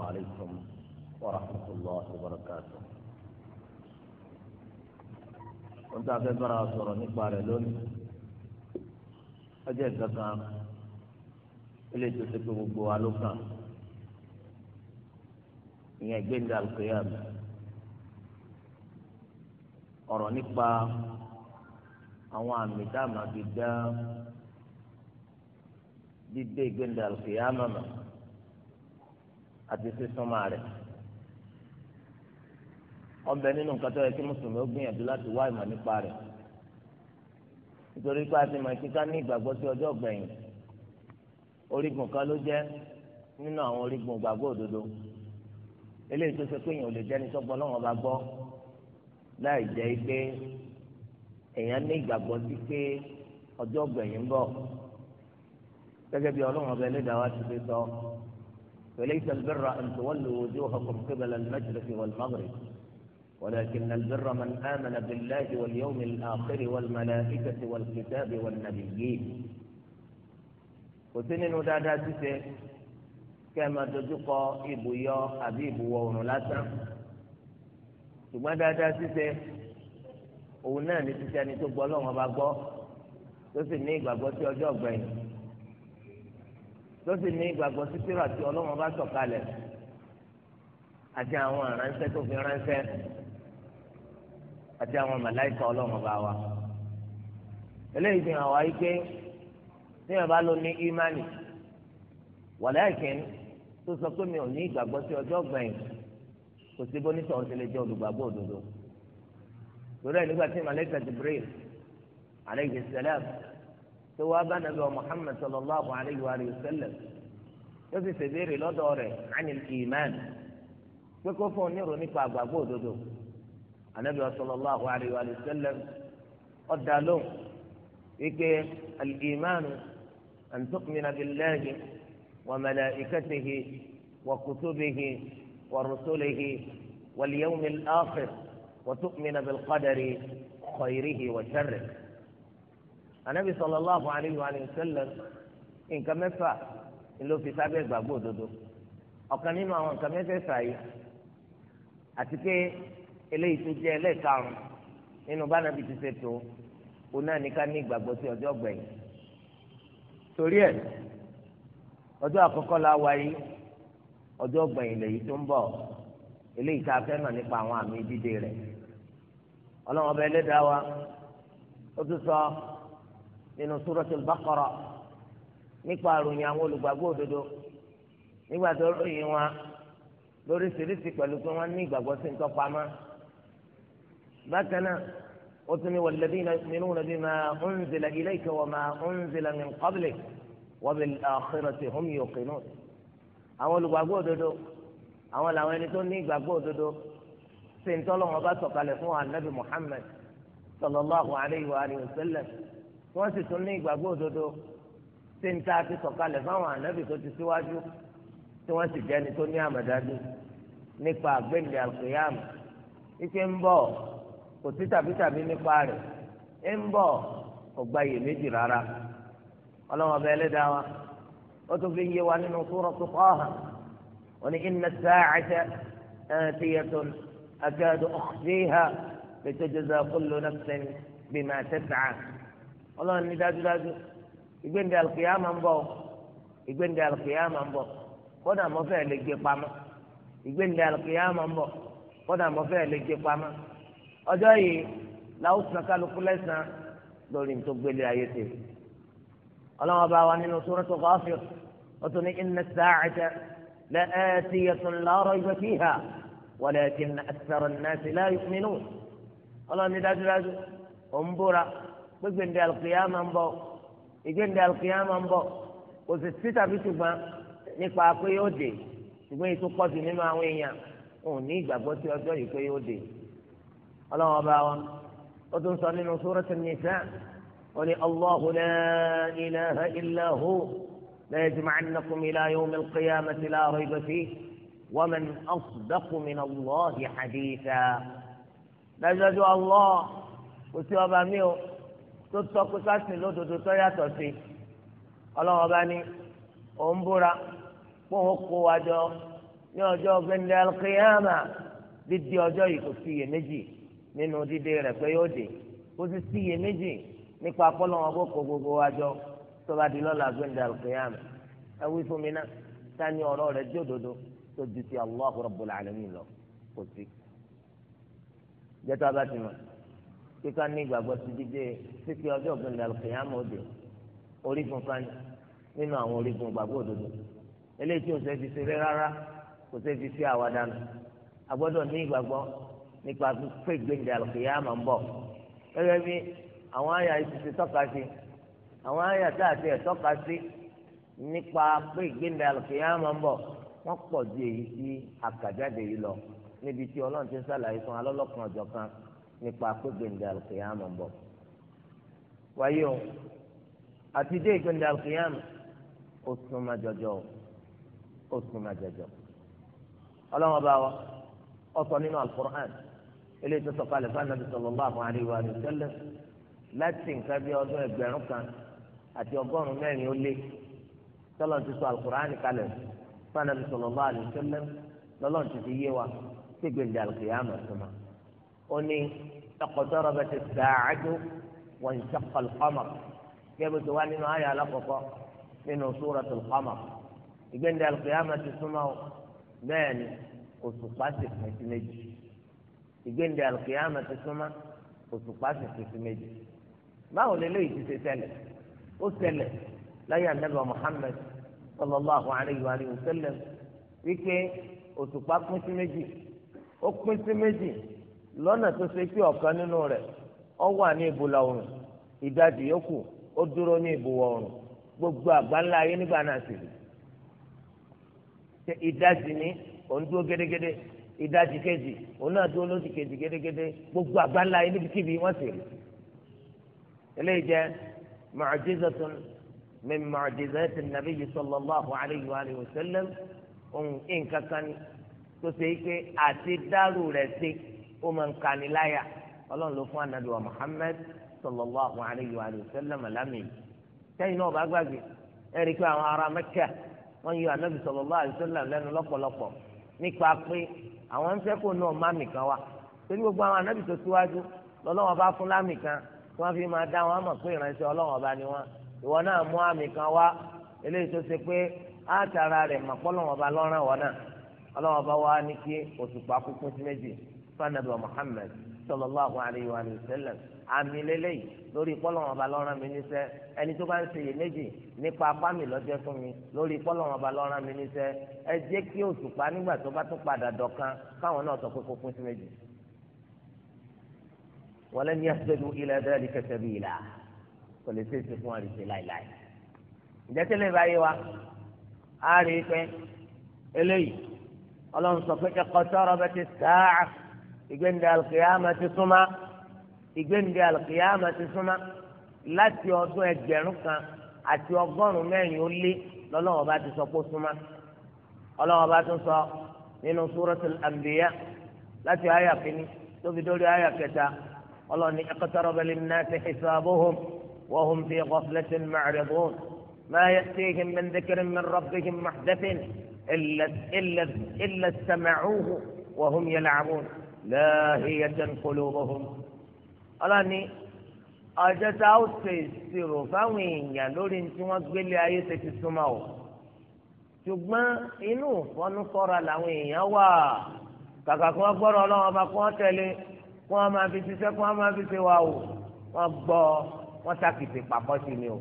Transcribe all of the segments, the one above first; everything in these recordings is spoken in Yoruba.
عليكم ورحمة الله وبركاته كنت أفكر أصور نقبال لون أجل زكاة إلي تسكب بوالوكا ìyẹn gbẹ̀ndé alukóyàmù ọ̀rọ̀ nípa àwọn àmì tá a máa fi dá dídé gbẹ̀ndé alukóyàmù mọ̀. àti sísúnmọ́ rẹ̀ ọbẹ̀ nínú nǹkan tó yẹ kí mùsùlùmí ó gbìyànjú láti wá ìmọ̀ nípa rẹ̀ nítorí pé a ti mọ̀ kíká ní ìgbàgbọ́ sí ọjọ́ gbẹ̀yìn orígun kan ló jẹ́ nínú àwọn orígun ìgbàgbọ́ òdodo eléyìí tó ṣe pé èèyàn ò lè jẹ́ni sọ́gbọ́n lọ́wọ́n bá gbọ́ láì jẹ́ pé èèyàn ní ìgbàgbọ́ sí pé ọjọ́ gbẹ̀yìn ń bọ̀ gẹ́gẹ́ bí ọlọ́wọ́n ọbẹ̀ lẹ́dàá wá ti fi sọ. فليس البر أن تولوا وجوهكم قبل المشرق والمغرب ولكن البر من آمن بالله واليوم الآخر والملائكة والكتاب والنبيين وسنن دادا سيسي كما تجقى يا حبيب ونلاتا ثم دادا سيسي òun náà ní títí ẹni tó gbọ́ lọ́wọ́ tó sì ní ìgbàgbọ́ sí tírà tí ọlọ́run bá sọ̀kalẹ̀ àti àwọn aránṣẹ́ tó fi ránṣẹ́ àti àwọn màláìkà ọlọ́run bá wa eléyìí fi hàn wá yí pé téèyàn bá lò ní ímánì wàláìkìn tó sọ pé mi ò ní ìgbàgbọ́ sí ọjọ́ gbẹ̀yìn kò sí bó nítorí ti lè jẹ́ olùgbàgbọ́ òdodo torí ẹ̀ nígbà tí màláìkà Jibril alayhi salam tó wá bá nàbẹ wa muhammad sallallahu alayhi wa sallam tó fi ṣèbéèrè lọ́dọ̀ rẹ̀ àní ìmán pé kó fún un ní ìròyìn nípa àgbàgbọ́ òdodo anabi wa sallallahu alayhi wa sallam ọ̀dà lóhùn al iman an tu'mina billahi wa malaikatihi wa kutubihi wa rusulihi wal yawmil akhir wa tu'mina bil qadari khayrihi wa sharrihi. anabi sallallahu alayhi wa sallam nǹkan mẹ́fà ló fi sábẹ́ gbàgbọ́ òdodo ọ̀kan nínú àwọn nǹkan mẹ́fẹ̀ẹ̀fà yìí àti pé eléyìí tó jẹ́ ẹlẹ́ẹ̀karùn nínú bánabi ti ṣe tó o náà ní ká ní ìgbàgbọ́ sí ọjọ́ gbẹ̀yìn torí ẹ̀ ọjọ́ àkọ́kọ́ la wá yìí ọjọ́ gbẹ̀yìn lèyí tó ń bọ̀ eléyìí tá a fẹ́ mọ̀ nípa àwọn àmì dídé rẹ̀ ọlọ́wọ́n ọba ẹlẹ́dàá wa ó tún sọ. nínú Suratul Baqara nípa àròyìn àwọn olùgbàgbọ́ òdodo nígbà tó ròyìn wọn lóríṣiríṣi pẹ̀lú pé wọ́n ní ìgbàgbọ́ sí nǹkan pamọ́ bákan náà ó tún ní nínú máa walladhina yu'minuna bima unzila ilayka wa ma unzila min qablik wa bil akhirati hum yuqinun àwọn olùgbàgbọ́ òdodo àwọn làwọn ẹni tó ní ìgbàgbọ́ òdodo ṣe ń wọn bá sọ̀kalẹ̀ fún wa nabi Muhammad sallallahu alayhi wa alihi wa sallam wọ́n sì tún ní ìgbàgbọ́ òdodo tí ń ta ti sọ̀kalẹ̀ fáwọn ànábì tó ti síwájú tí wọ́n sì jẹ́ni tó ní àmọ̀dájú nípa àgbẹ̀ndì àlùkìyàmù ike ń bọ̀ kò sí tàbítàbí nípa rẹ̀ ń bọ̀ kò gba iyèméjì rárá ọlọ́wọ́n ọba ẹlẹ́dàá wa ó tún fi ń yé wa nínú Suratu Taha wọ́n ní inna as-sa'ata atiyatun akadu ukhfiha litajza kullu ọlọ́run ní dájúdájú ìgbéǹde àlùkìyámà ń bọ̀ ìgbéǹde àlùkìyámà ń bọ̀ kódà mo fẹ́ lè gbé pamọ́ ìgbéǹde àlùkìyámà ń bọ̀ kódà mo fẹ́ lè gbé pamọ́ ọjọ́ yìí làwọn sàn kálukú lẹ́sàn lórí ní tó gbélé ayé tè ọlọ́run bá wa nínú to ko Ghafir wọ́n tun ní inna as-sa'ata la'atiyatun la rayba fiha walakinna akthara an-nasi la yu'minun ọlọ́run ní dájúdájú òun gbégbé ndé alùkìyàmà ń bọ̀ ìgbé ndé alùkìyàmà ń bọ̀ kò sì sí tàbí ṣùgbọ́n nípa pé yóò dé ṣùgbọ́n ètò pọ̀ sí nínú àwọn èèyàn òun ní ìgbàgbọ́ sí ọjọ́ yìí pé yóò dé ọlọ́wọ́n bá wa ó tún sọ nínú ní nìsa ó ní allahu la ilaha illa hu la yajma'annakum ila yawmi ti la rayba fihi wa man asdaqu min allahi haditha dájúdájú allah kò sí ọba mi o. tó tọ́ pé kásìn lódodo tó yàtọ̀ sí ọlọ́run ọba ní òun búra pé òun kó wa jọ ní ọjọ́ gbẹ̀ndẹ̀ alkiyama dídí ọjọ́ yìí kò sí iyèméjì nínú dídé rẹ̀ pé yóò dé kò sí sí iyèméjì nípa ọlọ́run ọba kó gbogbo wa jọ tó bá di lọ́la gbẹ̀ndẹ̀ alkiyama ẹ wí fún mi náà sani ọ̀rọ̀ rẹ̀ jó dodo tó ju ti Allahu Rabbul Alamin lọ kò sí jẹ́tọ́ abá ti mọ̀ kíkà ní ìgbàgbọ́ ti dídé títí ọjọ́ ògbìnlẹ̀ alùpùpù òde orígun kan nínú àwọn orígun ìgbàgbọ́ òdodo eléyìí tí o ṣe fi ṣeré rárá kò ṣe fi ṣe àwàdà nù a gbọ́dọ̀ ní ìgbàgbọ́ nípa pé gbẹ̀ǹdẹ̀ alùpùpù ń bọ̀ gẹ́gẹ́ bí àwọn àyà ìṣiṣẹ́ tọ́ka sí àwọn àyà tí àti ẹ̀ tọ́ka sí nípa pé gbẹ̀ǹdẹ̀ alùpùpù ń bọ̀ wọ́n pọ̀ ju èyí tí àkàjáde yìí lọ níbi tí ọlọ́run ti ń ṣàlàyé fún alọ́lọ́kan ọ̀jọ̀kan nípa pé gbẹ̀ndẹ̀ alùkìyàmù ń bọ̀. wáyé o àti dé gbẹ̀ndẹ̀ alùkìyàmù ó súnmọ́ jọjọ ó súnmọ́ jọjọ. ọlọ́wọ́n bá wa ọ sọ nínú alukur'an eléyìí tó sọ̀kọ́ àlẹ́ fáwọn sallallahu alaihi wa sallam láti nǹkan bí ọdún ẹgbẹ̀rún kan àti ọgọ́rùn-ún mẹ́rin ó lé tọ́lọ́n ti sọ alukur'an kalẹ̀ fáwọn sallallahu alaihi wa sallam lọ́lọ́n ti oni taqtarabati as-sa'atu wa inshaqqa al-qamar kẹbi tó wá nínú ayé alákọ̀ọ́kọ́ nínú suratu al-qamar ìgbẹ́ndé al-qiyama ti súnmọ́ o bẹ́ẹ̀ ni òṣùpá sì pín sí méjì ìgbẹ́ndé al-qiyama ti súnmọ́ òṣùpá sì pín sí méjì báwo ti ṣe ṣẹlẹ̀ ó ṣẹlẹ̀ láyé anábà Muhammad sallallahu alayhi wa sallam wípé òṣùpá pín sí ó pín sí lọ́nà tó ṣe pé ọ̀kan nínú rẹ̀ ọ wà ní ìbúlá oòrùn ìdajì yòókù ó dúró ní ìbúwọ̀ oòrùn gbogbo àgbáńlá ayé nígbà náà sì rí ìdajì ní òun dúró gédégédé ìdajì kejì òun náà dúró lóṣù kejì gédégédé gbogbo àgbáńlá ayé níbikíbi wọ́n sì rí eléyìí jẹ́ mu'jizatun min mu'jizati an-nabiy sallallahu alayhi wa sallam nǹkan kan tó ṣe é pé àti dárò rẹ̀ ṣe ó máa ń kani láyà ọlọ́run ló fún anabi wa muhammed sallallahu alayhi wa sallam alami sẹ́yìn náà bá gbàgbé ẹ̀rí pé àwọn ará mẹ́kà wọ́n yọ anabi sallallahu alayhi wa sallam lẹ́nu lọ́pọ̀lọpọ̀ nípa pé àwọn ń fẹ́ kó náà má mìkan wa torí gbogbo àwọn anabi tó síwájú lọ́lọ́wọ́n bá fún lámì kan tí wọ́n fi máa dá wọn àmọ̀ pé ìránṣẹ́ ọlọ́wọ́n bá ní wọn ìwọ náà mú àmì kan wá eléyìí tó ṣe pé á rẹ̀ mọ̀ pọ́lọ́wọ́n bá lọ́ràn wọn náà ọlọ́wọ́n bá wá ní kí òṣùpá kúkú sí méjì fanabi muhammed sallallahu alayhi wa sallam àmì lélẹyìí lórí pọlọmọ ọba lọrọ mi níṣẹ́ ẹni tó bá ń ṣe iyèméjì nípa apá mi lọjẹ fún mi lórí pọlọmọ ọba lọrọ mi níṣẹ́ ẹ jẹ́ kí òṣùpá nígbà tó bá tún padà dọ̀kan káwọn náà sọ pé kó pín sí méjì. walam yahtadu ila dhalika sabila kò lè ṣeé fún wa lè ṣe láìláì. ìjẹ́tẹ̀lẹ̀ wa a rí eléyìí ọlọ́run sọ pé iqtarabati as-sa'ah ìgbéǹde alikiyama ti suma ìgbéǹde alikiyama ti suma láti ọdún ẹgbẹ̀rún kan àti ọgọ́rùn-ún mẹ́rin ó lé lọ́lọ́wọ́ bá ti sọ kó suma súnmọ́ bá tún sọ nínú súrọ́tù àmbíyá láti àyà kínní tóbi dórí àyà kẹta ọlọ́ni ẹ̀kọ́tọ́rọ́bẹ̀lì náà ti hisabuhum wa hum fi ghaflatin ma'ridun ma ya'tihim min dhikrin min rabbihim muhdathin illa illa illa istamacuhu wa hum yal'abun. láhìyàtàn qulubuhum ọlọ́ni ọjọ́ tá a ó ṣe ìṣirò fáwọn èèyàn lórí tí wọ́n gbélé ayé ṣe ti súnmọ́ o ṣùgbọ́n inú ìfọ́nukọ́ra làwọn èèyàn wà kàkà kí wọ́n gbọ́rọ̀ ọlọ́wọ́n bá kí wọ́n tẹ̀lé kí wọ́n máa fi ṣiṣẹ́ kí wọ́n máa fi ṣe wà o wọ́n gbọ́ wọ́n ṣàkìtì pàpọ̀ sí ni o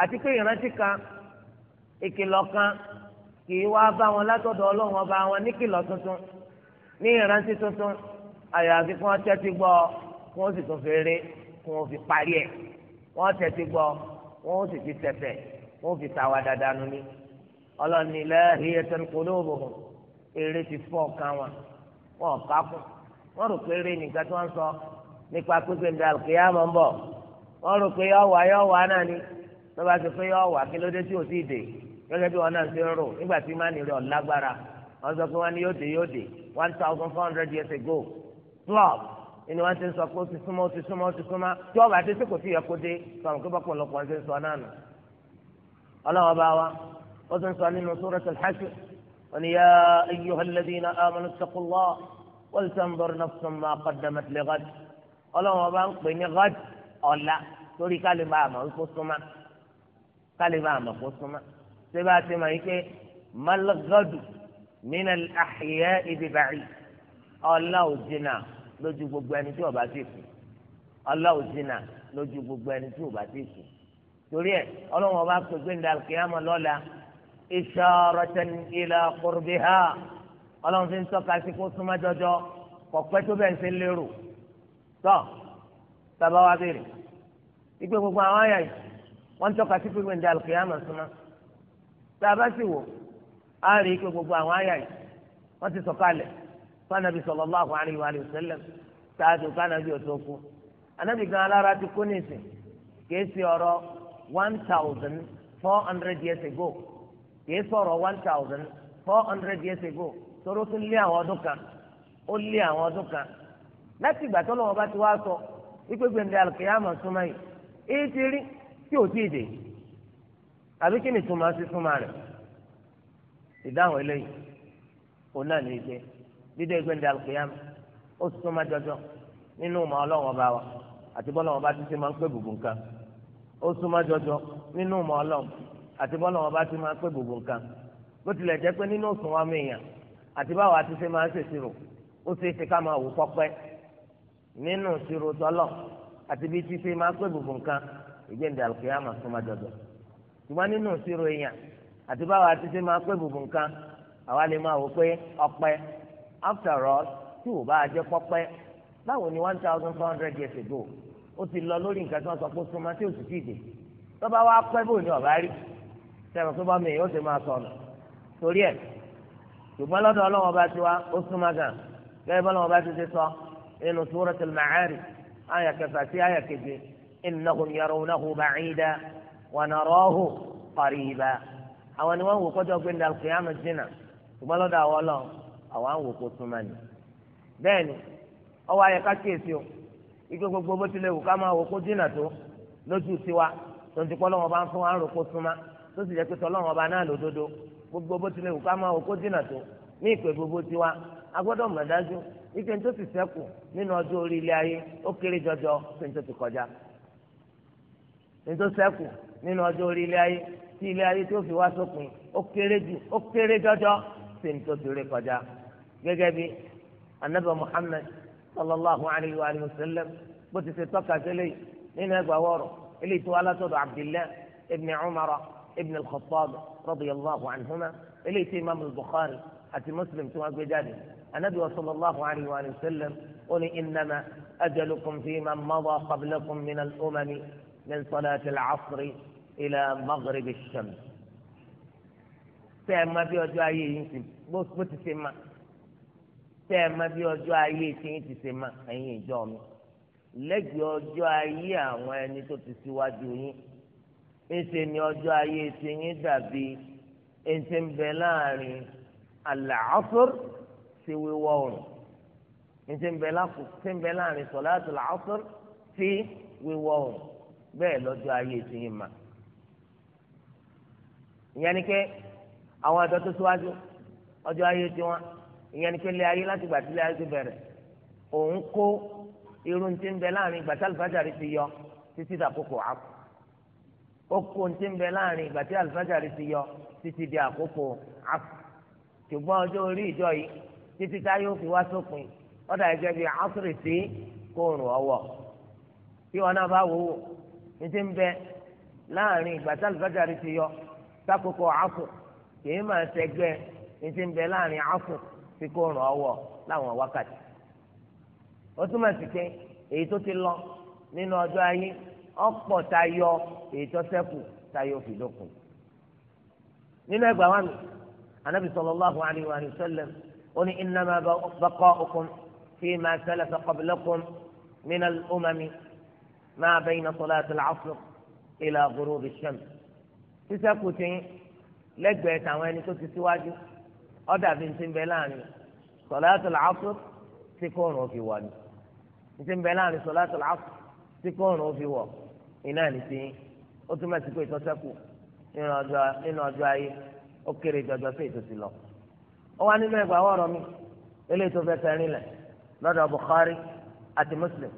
àti pé ìrántí kan ìkìlọ̀ kan kì í wá bá wọn látọ̀dọ̀ ọlọ́wọ́n bá wọn níkìlọ̀ tuntun. ní ìrántí tuntun àyàfi kí wọ́n tẹ́tí gbọ́ kí wọ́n sì tún fi rí fi parí ẹ̀ wọ́n tẹ́tí sì fi tẹ̀fẹ̀ fi tàwa dáadáa nu ní. ọlọ́ni lahiyatan qulubuhum eré ti fọ́ ọ̀kan wọn wọn ò kákùn wọ́n rò pé eré nìkan tí wọ́n sọ nípa pípé ní àlùkìyà máa ń bọ̀ rò pé náà ni tó bá ti pé kí ló dé tí ò sí gẹ́gẹ́ bí one thousand four hundred years ago plus ẹni wọn ti sọ pé ó ti súnmọ́ ó ti súnmọ́ ó ti súnmọ́ tí ọba àti tí kò sí ẹ̀kọ́ dé sọ̀rọ̀ pé bọ́pọ̀lọpọ̀ ń ṣe sọ náà nù. ọlọ́wọ́ bá wa ó ti ń pe bopolopo n so naa nu olowo ba wa o ti so ninu suratul Hashr wọn yá ayyuhal ladhina amanu ittaqullaha wal tanzur nafsun ma qaddamat li ghad ọlọ́wọ́ bá ń pè ní ghad ọ̀la torí kálíbà àmọ́ kó súnmọ́ kálíbà àmọ́ kó súnmọ́ mina àhìyẹ ìdìbàrí ọlọ́wọ́ jìnnà lójú gbogbo ẹni tí ó bá ti kú ọlọ́wọ́ jìnnà lójú gbogbo ẹni tí ó bá ti kú torí ẹ ọlọ́wọ́n bá pè gbé ndàlùkìyàmọ̀ lọ́la ìṣọ̀rọ̀tẹ̀ ìlà kùrùbí ha ọlọ́wọ́n fi ń tọ́ka sí kó súnmọ́ jọjọ kọ̀pẹ́ tó bẹ́ẹ̀ ń ṣe lérò tọ́ sábà wá béèrè ìgbé gbogbo àwọn àyà yìí wọ́n ń tọ́ka sí pé gbé ndàlùkìyàmọ̀ súnmọ́ sábà sì wò ó a rí i pé gbogbo àwọn àyà yìí wọ́n ti sọ̀kalẹ̀ fanabi sallallahu alayhi wa sallam ṣáájú kanabi ọ̀tún kú anabi gan alára ti kú nìsín kìí ṣe ọ̀rọ̀ one thousand four hundred years ago kìí sọ̀rọ̀ one thousand four hundred years ago tóró tún lé àwọn ọdún kan ó lé àwọn ọdún kan láti ìgbà tó lọ́wọ́ bá ti wá sọ wípé gbèndé alùkìyàmọ̀ súnmọ́ yìí èyí ti rí tí ò tí ì dé àbí kí ni túmọ̀ sí súnmọ́ rẹ̀ ìdáhùn eléyìí òun náà lè jẹ dídé ìgbẹ́ndé alùpùpù ó sì tún má jọjọ nínú ìmọ̀ ọlọ́run ọba wa àti bọ́lá ọba ti ti máa ń pè bùbù nǹkan ó sún má jọjọ nínú ìmọ̀ ọlọ́run àti bọ́lá ọba ti máa ń pè bùbù nǹkan bó tilẹ̀ jẹ́ pé nínú òsùn wa mìíyàn àti báwa ti ṣe máa ń ṣèṣirò ó ṣe é ṣe ká máa wò pọ́pẹ́ nínú ìṣirò tọ́lọ̀ àti bí ti máa ń pè bùbù nǹkan ìgbéǹde àlùkìyàmà àti báwa ti ṣe máa pé bùbù nǹkan àwa lè máa wò pé ọpẹ after all tí ò bá jẹ́ pọpẹ báwo ni one thousand four hundred years ago ó ti lọ lórí nǹkan tí wọ́n sọ pé súnmọ́ tí ò sì tìde tó bá wá pẹ bò ní ọba rí sẹwọn tó bá mi yóò ṣe máa sọnù torí ẹ̀ ṣùgbọ́n lọ́dọ̀ Ọlọ́run ọba tiwa ó súnmọ́ gan gẹ́gẹ́ bọ́lọ́run ọba ti ṣe sọ nínú Suratul Ma'arij àyà kẹfà sí àyà keje innahum yarawnahu ba'ida wa narahu qariba àwọn ni wọ́n wò kọjọ gbé ndàlù kìyàmù jìnnà ṣùgbọ́n lọ́dọ̀ àwọn Ọlọ́run àwọn àwọn wò kó súnmọ́ ni bẹ́ẹ̀ ni ọwọ́ ayẹ ká kíyèsí o ike gbogbo bó tilẹ̀ wù ká máa wò kó jìnnà tó lójú tiwa tó ń ti pọ́lọ́wọ́n bá ń fún wa ń rò kó súnmọ́ tó sì jẹ́ pé tọ́lọ́wọ́n bá náà lódodo gbogbo bó tilẹ̀ wù ká máa wò kó jìnnà tó ní ìpè gbogbo tiwa a gbọ́dọ̀ mọ̀ dájú ike tó sì sẹ́kù nínú ọjọ́ orí ilé ayé ó kéré jọjọ tó ń tí ilé ayé tí ó fi wá sópin ó kéré jù ó kéré jọjọ sí ní tó dúró kọjá gẹ́gẹ́ bí anabi muhammed sallallahu alayhi wa sallam bó ti ṣe tọ́ka sílẹ̀ nínú ẹgbàá wọ̀rọ̀ ilé ìtura alátọ́dọ̀ abdillah ibn umar ibn al-khattab radiyallahu anhuma ilé ìtura imam al-bukhari àti muslim tí wọ́n gbé jáde anabi wa sallallahu alayhi wa sallam ó ní innama ajalukum fi man mada qablakum min umami min salati al-asri ila maghribi shams tẹ ẹ ma bí ọjọ́ ayé yín ti bó ti ṣe ma tẹ ẹ ma bí ọjọ́ ayé tí yín ti ṣe ma ẹ̀yin ìjọ mi lẹ́gbẹ̀ẹ́ ọjọ́ ayé àwọn ẹni tó ti ṣíwájú yín ńṣe ni ọjọ́ ayé tí yín dàbí ńṣe ń bẹ láàrin al sí wíwọ̀ oòrùn ńṣe ń bẹ láàrin salatul asr sí wíwọ̀ oòrùn bẹ́ẹ̀ lọ́jọ́ ayé tí yín ma ìyẹn ni pé àwọn ọ̀dọ́ tó síwájú ọjọ́ ayé tiwọn ìyẹn ni pé ilé ayé láti gbà tí ilé ayé ti bẹ̀rẹ̀ òun kó irun tí ń bẹ láàrin ìgbà tí alifájàre ti yọ títí dàkókò àkù ó kó tí ń bẹ láàrin ìgbà tí alifájàre ti yọ títí di àkókò àkù ṣùgbọ́n ọjọ́ orí ìjọ yìí títí táyé ó fi wá sópin ọ̀dà ẹ̀jẹ̀ bíi àásùrì sí kóòrùn ọwọ́ bí wọn náà bá wò ó ti ń bẹ láàrin ìgbà tí alifájàre ti yọ sákòókò asùn kìí máa ṣẹgbẹ́ ètí ń bẹ láàrin asùn tí kò ràn ọwọ́ láwọn wákàtí. ó túmọ̀ sí pé èyí tó ti lọ nínú ọjọ́ ayé ọ̀pọ̀ tayọ èyí tó ṣẹ́kù tayọ fìdókùn. nínú ẹgbàá wa mi anabi sallallahu alayhi wa sallam ó ní innama baqa'ukum fima salafa qablakum min al-umami ma bayna salati al-asr ila ghurub ash-shams sísẹ́kù ti ń lẹ́gbẹ̀ẹ́ tàwọn ẹni tó ti síwájú ọ̀dà bíi ti ń bẹ láàrin sọ̀láàtùl Asr tí kò rùn fi wọ̀ ni ti ń bẹ láàrin sọ̀láàtùl Asr tí kò rùn fi wọ̀ iná ní ti yín ó túmọ̀ sí pé ìtọ́sẹ́kù nínú ọjọ́ ayé ó kéré jọjọ sí ìtòsí lọ. ó wá nínú ẹgbàá ọ̀rọ̀ mi eléyìí tó fẹ́ sẹ́rin lẹ̀ lọ́dọ̀ Bukhari àti Muslim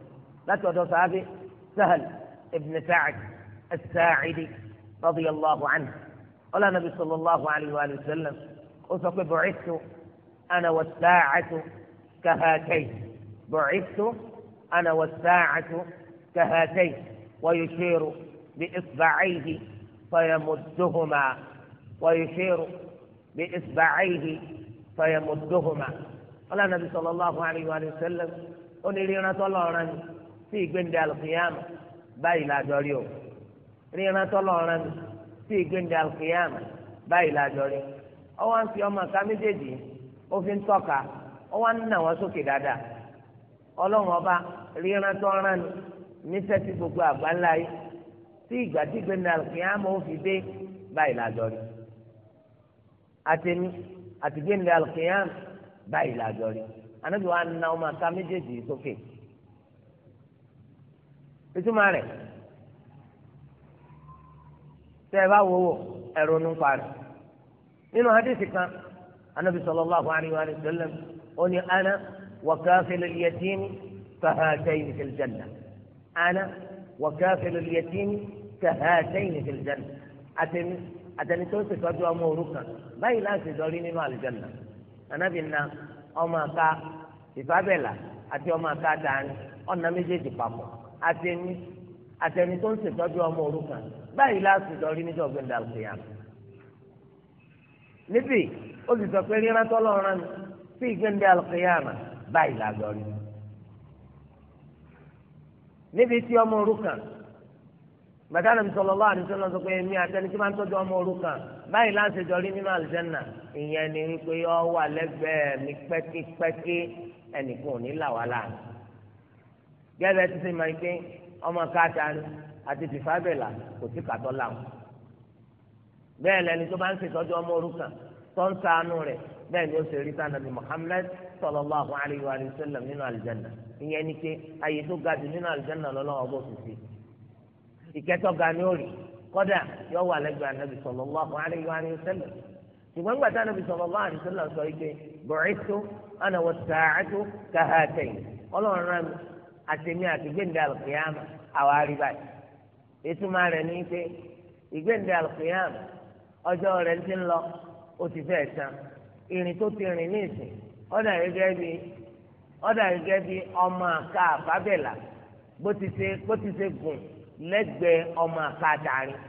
láti ọ̀dọ̀ sàábì Sahal ibn Sa'id as-Sa'idi. رضي الله عنه قال النبي صلى الله عليه وآله وسلم أسق بعثت أنا والساعة كهاتين بعثت أنا والساعة كهاتين ويشير بإصبعيه فيمدهما ويشير بإصبعيه فيمدهما قال النبي صلى الله عليه وآله وسلم أني لنا طلعنا في بند القيامة بين دوريو ríran tọ́lọ̀ ọ̀ràn mi sí ìgbéǹde alkiyama báyìí lájọ rí ọwọ́ ń fi ọmọ ká méjèèjì ń ọba mi tí gbogbo àgbáńlá yìí sí ìgbà tí ìgbéǹde alkiyama ó fi dé báyìí lájọ rí àtẹnu àti ìgbéǹde alkiyama báyìí lájọ rí anábìwá ń na ọmọ ká méjèèjì sókè tẹ́ ẹ bá wò wò ẹ̀rọ ń parí. nínú hadisi kan anabi sallallahu alayhi wa sallam ó ní ana wa kafilul yatimi kahatayn fil janna ana wa kafilul yatimi kahatayn fil janna àtẹni àtẹni tó ń ṣètọ́jú ọmọ òrukàn báyìí láti dọ́rí nínú àlùjánnà anabi na ọmọ àká ìfábẹ́là àti ọmọ àká dání ọ̀nà méjèèjì papọ̀ àtẹni àtẹni tó ń ṣètọ́jú ọmọ òrukàn báyìí láti sọ rí níjọ́ gbẹ̀ndà àlùkìyàm níbi ó sì sọ pé ríran tọ́lọ́ rán mi sí gbẹ̀ndà àlùkìyàm báyìí la sọ rí níbi tí ọmọ òrukàn bàtà nàbì sallallahu alaihi wasallam sọ pé èmi àtẹni tí máa ń tọ́jú ọmọ òrukàn báyìí láti sọ rí nínú àlùjẹ́nà ìyẹn ni wípé ọ wà lẹ́gbẹ̀ẹ́ mi pẹ́kípẹ́kí ẹnìkan ò ní là wá láàánú gẹ́gẹ́ bí máa ń gbé ọmọ káàtà ni àti tìfábẹ́là kò sí kàtọ́ làwọn. bẹ́ẹ̀ lẹni tó bá ń ṣètọ́jú ọmọ òrukàn tó ń ṣàánú rẹ̀ bẹ́ẹ̀ ni ó ṣe rí sànàbí Muhammad sallallahu alayhi wa sallam nínú àlùjánnà ìyẹn ni pé àyè tó ga jù nínú àlùjánnà lọ́lọ́wọ́ bó ti ṣe. ìkẹ́tọ́ ga ni ó rí kọ́dà yọ wà lẹ́gbẹ̀ẹ́ ànábì sallallahu alayhi wa sallam ṣùgbọ́n gbàtà ànábì sallallahu alayhi wa sallam sọ ike bu'ithtu ana was-sa'atu ọlọ́run rán mi àtẹ̀mí àtẹ̀gbẹ́ndẹ́ àlùkìyàmà àwa rí ìtumọ̀ rẹ̀ ní pé ìgbéǹde alùpùpù ọjọ́ rẹ̀ ti ń lọ ó ti fẹ́ tán ìrìn tó ti rìn ní ìsìn ọ̀dà gẹ́gẹ́ bí ọ̀dà gẹ́gẹ́ bí ọmọ àka àbábẹ̀là bó ti ṣe bó ti ṣe gùn lẹ́gbẹ̀ẹ́ ọmọ àka àtàrin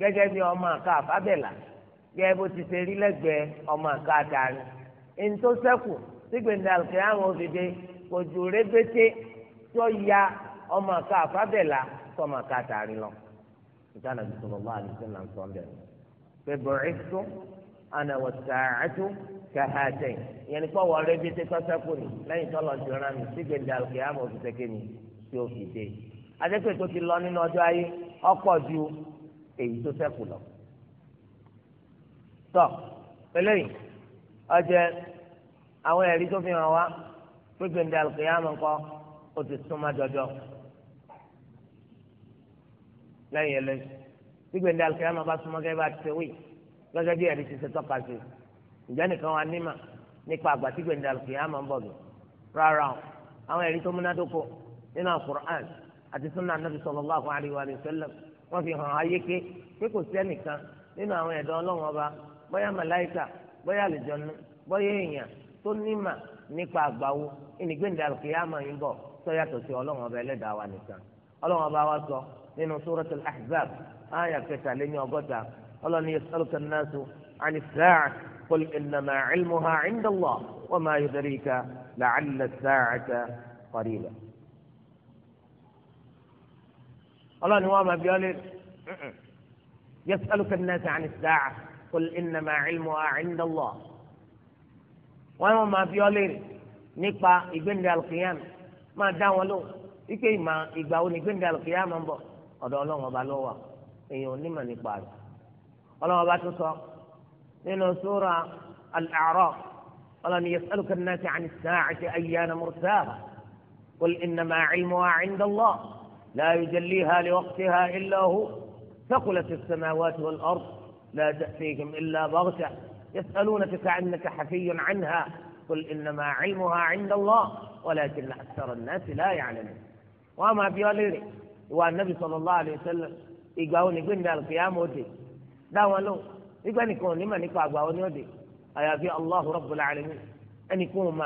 gẹ́gẹ́ bí ọmọ àka àbábẹ̀là gẹ́gẹ́ bó ti ṣe rí lẹ́gbẹ̀ẹ́ ọmọ àka àtàrin ẹni tó sẹ́kù sígbèǹde alùpùpù òfìdè kò jù rẹ́gbẹ́tẹ́ tó ya sọ́mà ká tààrin lọ ìtàn àti sọlọ́lá àdìsí náà sọ bẹ́ẹ̀ pé bu'ithtu ana was-sa'atu kahatayn ìyẹn ní pọ́wọ́ rẹ bí tẹ́ sọ́sẹ́kù ni lẹ́yìn tọ́lọ̀ ti rán mi sí gbèdà òkè àmọ́ òfìsẹ́ kémi tí ó fi dé adẹ́pẹ́ tó ti lọ nínú ọjọ́ ayé ọ̀pọ̀ ju èyí tó ṣẹ́kù lọ. tọ́ eléyìí ọjẹ́ àwọn ẹ̀rí tó fi hàn wá pé gbèdà òkè àmọ́ nǹkan ó ti súnmọ́ jọjọ. lẹ́yìn ẹlẹ́sìn gbígbé ní alikẹ́yàmá bá súnmọ́ gẹ́gẹ́ bá ti ṣe wí gẹ́gẹ́ bí ẹ̀rí ti ṣe tọ́ka sí ìjẹ́ nìkan wa nímà nípa àgbà tí gbèǹdé ń bọ̀ bẹ̀ rárá o àwọn ẹ̀rí tó múnádóko nínú àti anabi sallallahu alayhi wa sallam wọ́n fi hàn ayéke pé kò sí ẹnìkan nínú àwọn ẹ̀dọ́ ọlọ́wọ́n ọba bóyá màláìkà bóyá àlùjọ́nú bóyá èèyàn tó nímà nípa àgbáwo ìnìgbèǹdé bọ̀ sọ́yàtọ̀ sí ọlọ́wọ́n ọba ẹlẹ́dàá نينو سورة الأحزاب آية كتا لن يغدا الله يسألك الناس عن الساعة قل إنما علمها عند الله وما يدريك لعل الساعة قريبا الله ما بيالي يسألك الناس عن الساعة قل إنما علمها عند الله wọn yóò máa fi ọ léèrè nípa ìgbéǹde alùpùpù yẹn máa dáwọn lò wípé ìgbà wo ni ọ̀dọ̀ ọlọ́run ọba ló wà èèyàn onímọ̀ nípa rẹ̀ ọlọ́run ọba tó sọ nínú sura al-A'raf ọlọ́run yas'aluka an-nasu 'ani as-sa'ati ayyana mursaha qul innama 'ilmuha 'inda Allah la yujalliha liwaqtiha illa hu ثقلت السماوات والأرض لا تأتيهم إلا بغتة يسألونك كأنك حفي عنها قل إنما علمها عند الله ولكن أكثر الناس لا يعلمون وما في وليري ìwà anabi sallallahu alaihi wasallam ìgbà wo ni gbẹ̀ndẹ̀ alùpùpù òde dáwọn lóhùn nígbà nìkan ní mà nípa àgbà wọn ni òde àyàfi Allahu rabbul alamin ẹnì kún un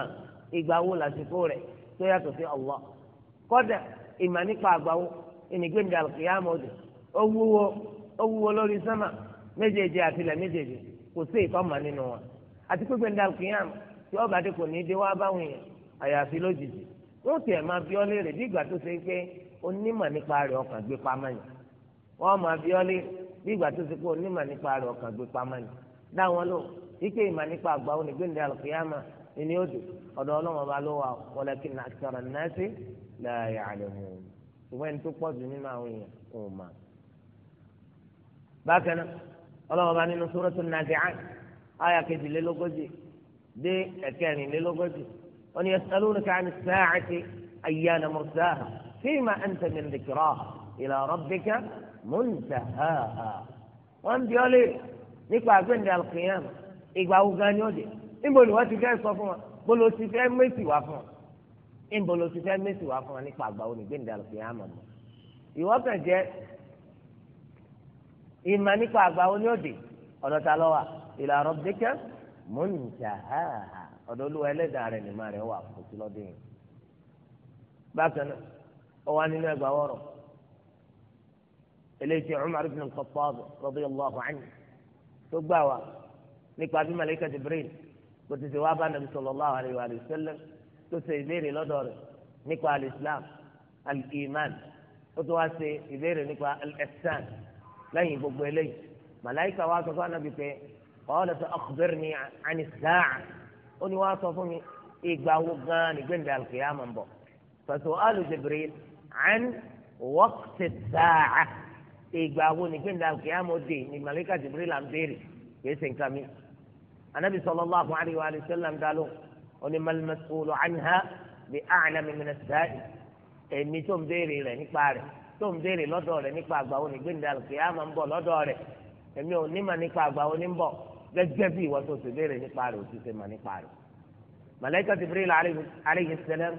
ìgbà wo làsìkò rẹ̀ tó sí Allah kọ́dà ìmà nípa àgbà wo ìní gbẹ̀ndẹ̀ alùpùpù òde ó wúwo lórí sánmà méjèèjì àtìlẹ̀ méjèèjì kò sí ìtọ́mà nínú wọn àti pé gbẹ̀ndẹ̀ alùpùpù tí ọba dé kò ní onímọ̀ nípa rẹ̀ ọkàn gbé pamọ́ yẹn wọ́n máa bí ọ́lé bí ìgbà tó ti pé onímọ̀ nípa rẹ̀ ọkàn gbé pamọ́ yẹn dáwọn lò ike ìmọ̀ nípa àgbà òní gbẹ̀ndẹ̀ àlùkìyàmà ìní odò ọ̀dọ̀ ọlọ́wọ́n bá ló wà wọlẹ́kì náà sọ̀rọ̀ náà sí láàyè àlẹ́mú ṣùgbọ́n ẹni tó pọ̀ jù nínú àwọn èèyàn kò mà. bákan náà ọlọ́wọ́n bá nínú sórọ́tò nàdìán àyà kejìlélógójì dé ẹ̀kẹrìnlélógójì ó ní ẹ̀sán lónìí káà ní sáà àti ayé ànàmọ̀sáà فيما أنت من ذكراها إلى ربك منتهاها وأن بيولي نكوى عند القيامة إقوى وغاني ودي إن بولي واتي جاي صفوة بولو سيفي ميسي وافوة إن بولو سيفي ميسي وافوة نكوى عقبوني عند القيامة ìwọ́kàn jẹ́ ìmọ̀ nípa àgbà oníòdì ọ̀dọ̀ ta إلى ربك rabbika muntaha ọ̀dọ̀ olúwa ẹlẹ́dàá rẹ̀ nìmọ̀ rẹ̀ wà kó ọwọ́ nínú ẹgbàá wọ̀rọ̀ eléyìí Umar ibn al-Khattab radiyallahu anhu tó gbà wá nípa bí malayika Jibril kò ti ṣe wá bá nàbí sallallahu alayhi wa sallam tó ṣe ìbéèrè lọ́dọ̀ rẹ̀ nípa al-Islam al-Iman ó tó wá ṣe ìbéèrè nípa al-Ihsan lẹ́yìn gbogbo eléyìí malayika wá sọ fún anabi pé qala fa akhbirni ani as ó ní wá sọ fún mi ìgbà wo gan-an nígbèǹdà al ń bọ̀ fa su'alu Jibril an waqti as-sa'a ìgbà wo ni gbẹ̀ndà kìámọ̀ dé ni màlíkà Jibril là ń béèrè kìí ṣe nǹkan mi. anabi sallallahu alayhi wa sallam dalo oni mal mas'ulu anha bi a'lami min as-sa'i èmi tó ń béèrè rẹ̀ nípa rẹ̀ tó ń béèrè lọ́dọ̀ rẹ̀ nípa àgbà wo ni gbẹ̀ndà kìámọ̀ ń bọ̀ lọ́dọ̀ rẹ̀ èmi ò ní ma nípa àgbà wo ni ń bọ̀ gẹ́gẹ́ bí ìwọ tó ti béèrè nípa rẹ̀ ò ti ṣe ma nípa rẹ̀. màlíkà Jibril alayhi salam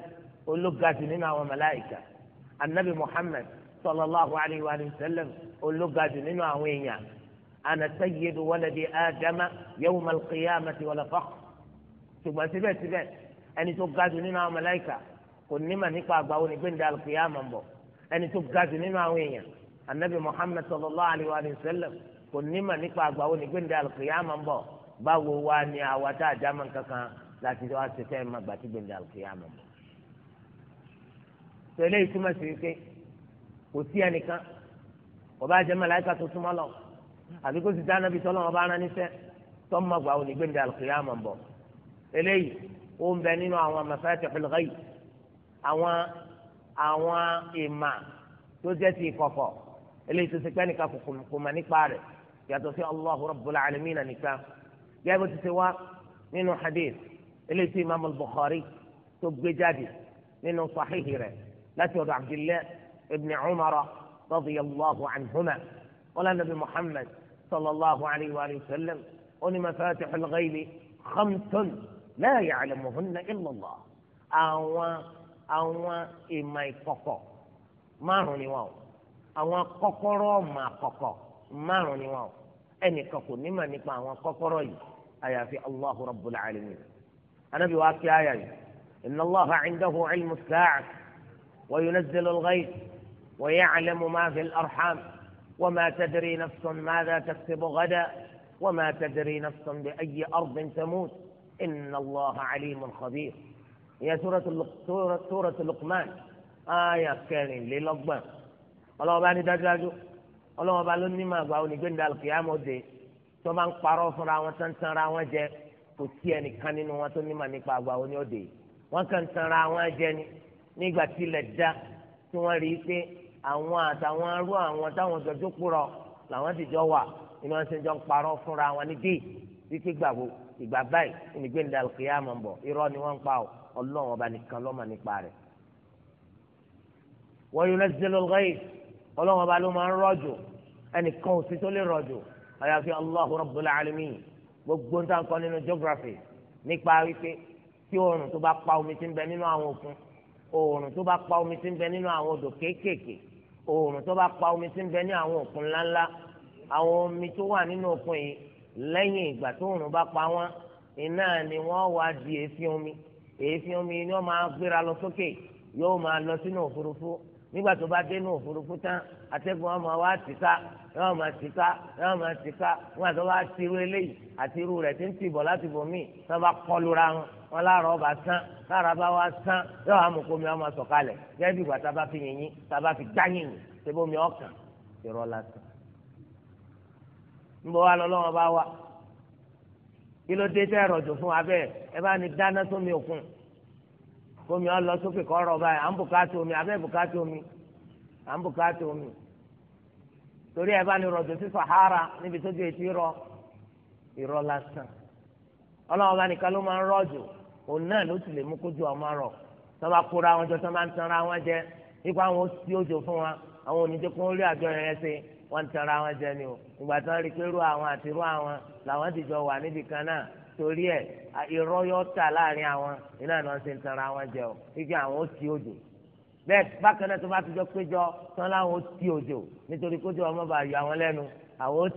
ológasi nínú àwọn màláìka anabi muhammed sallallahu alayhi wa sallam olùgàdù nínú àwọn èèyàn ana sayyidu waladi adama yawma alqiyamati wala faqr ṣùgbọ́n síbẹ̀síbẹ̀ ẹni tó gàdù nínú àwọn màláíkà kò ní mà nípa àgbáwo ní gbẹ̀ndé alqiyama bọ̀ ẹni tó gàdù nínú àwọn èèyàn anabi muhammed sallallahu alayhi wa sallam kò ní mà nípa àgbáwo ní gbẹ̀ndé alqiyama bọ̀ báwo wá ni àwa tá a jámọ̀ kankan láti wá ṣe fẹ́ máa gbàtí gbẹ̀ndé alqiyama bọ̀ tẹ̀lé ìtumọ̀ sí wípé kò sí ẹnìkan kò bá jẹ́ màláíkà tó súnmọ́ lọ àbí kó sì dá anábì tọ́lọ́ wọn bá rán níṣẹ́ tọ́mọ gbà wọn nígbè ní al-qiyāmah ń bọ̀ eléyìí ó ń bẹ nínú àwọn mafatihul ghaib àwọn àwọn ìmà tó jẹ́ ti ìkọ̀kọ̀ eléyìí tó ti pẹ́ nìkan kò mà nípa rẹ̀ yàtọ̀ sí Allahu Rabbul Alamin nìkan gẹ́gẹ́ bó ti ti wá nínú hadith eléyìí tí Imam bukhari tó gbé jáde nínú sahihi rẹ̀ الأسود عبد الله بن عمر رضي الله عنهما ولا النبي محمد صلى الله عليه وآله وسلم أن مفاتح الغيب خمس لا يعلمهن إلا الله اوا اوا إما يقفو ما روني واو اوا قفرو ما قفو ما روني واو أني قفو نما نقع وقفرو أيا في الله رب العالمين أنا بواكي آية إن الله عنده علم الساعة وينزل الغيث ويعلم ما في الارحام وما تدري نفس ماذا تكسب غدا وما تدري نفس باي ارض تموت ان الله عليم خبير يا سوره سوره سوره لقمان آية كان للقمان الله باني دجاجو الله بالني ما باوني بند القيامة دي ثم انقروا فراوة سنسن راوة جي فتيني كانين واتوني ما نقبع باوني ودي وكان سنسن راوة nígbà tí ilẹ̀ já tí wọ́n rí i pé àwọn àtàwọn arú àwọn táwọn jọ jókòrọ̀ làwọn ti jọ wà inú wọn ṣe jọ ń parọ́ fúnra wọn ní bíi wípé gbàgbó ìgbà báyìí ìnìgbé ní dàlùkìyà mọ̀ ń bọ̀ irọ́ ni wọ́n ń pa ọ́ ọlọ́run ọba nìkan ló nípa rẹ̀. wọ́n yóò lẹ́sẹ̀ ló ọlọ́run ọba ló máa ń rọ̀jò ẹnìkan ò sí tó lè rọ̀jò àyàfi Allahu Rabbul Alamin gbogbo oòrùn tó bá pa omi tí ń bẹ nínú àwọn odò kéékèèké oòrùn tó bá pa omi tí ń bẹ ní àwọn òkun ńláńlá àwọn omi tó wà nínú òkun yìí lẹ́yìn ìgbà tó oòrùn bá pa wọ́n iná ni wọ́n wá di èéfín omi èéfín omi ni wọ́n máa gbéra lọ sókè yóò máa lọ sínú òfurufú nígbà tó bá dénú òfurufú tán atẹ́gùn ọmọ wa tìka yọọ máa tìka yọọ máa tìka nígbà tó bá tirú eléyìí àti irú rẹ̀ tí ń tìbọ̀ láti bọ̀ míì wọn láàárọ̀ ọba sán láàárọ̀ bá wa sán yóò hàn mú kómi ọmọ sọ̀kalẹ̀ gẹ́gẹ́ bí ìgbà fi yìnyín tá a bá fi gbá yìnyín tẹ́bó mi ọ̀kàn wa lọ́lọ́wọ́ bá wa kí ló dé tẹ́ ẹ̀rọ̀jò fún wa bẹ́ẹ̀ ẹ bá ní dáná sómi òkun ọ lọ sókè báyìí à omi omi omi torí ẹ bá ní rọ̀jò sí Sahara níbi tó rọ lásán ọlọ́wọ́ bá nìkan ló òun náà ló sì lè mú kójú ọmọ rọ̀ tọ́ba kóra wọn jọ tọ́ba ń tanra wọn jẹ ipò àwọn tí ó jò fún wa àwọn oníjẹ kó ń rí àjọ yẹn ṣe wọ́n ń tanra wọn jẹ ni o ìgbà tí wọ́n rí pé rú àwọn àti rú àwọn làwọn ti jọ wà níbi kan náà torí ẹ̀ irọ́ yọ ta láàrin àwọn iná náà ṣe ń tanra wọn jẹ o igi àwọn ó ti òjò bẹ́ẹ̀ bákan náà tó bá ti jọ péjọ tán láwọn ó òjò nítorí kójú ọmọ bá yọ àwọn lẹ́nu àwọn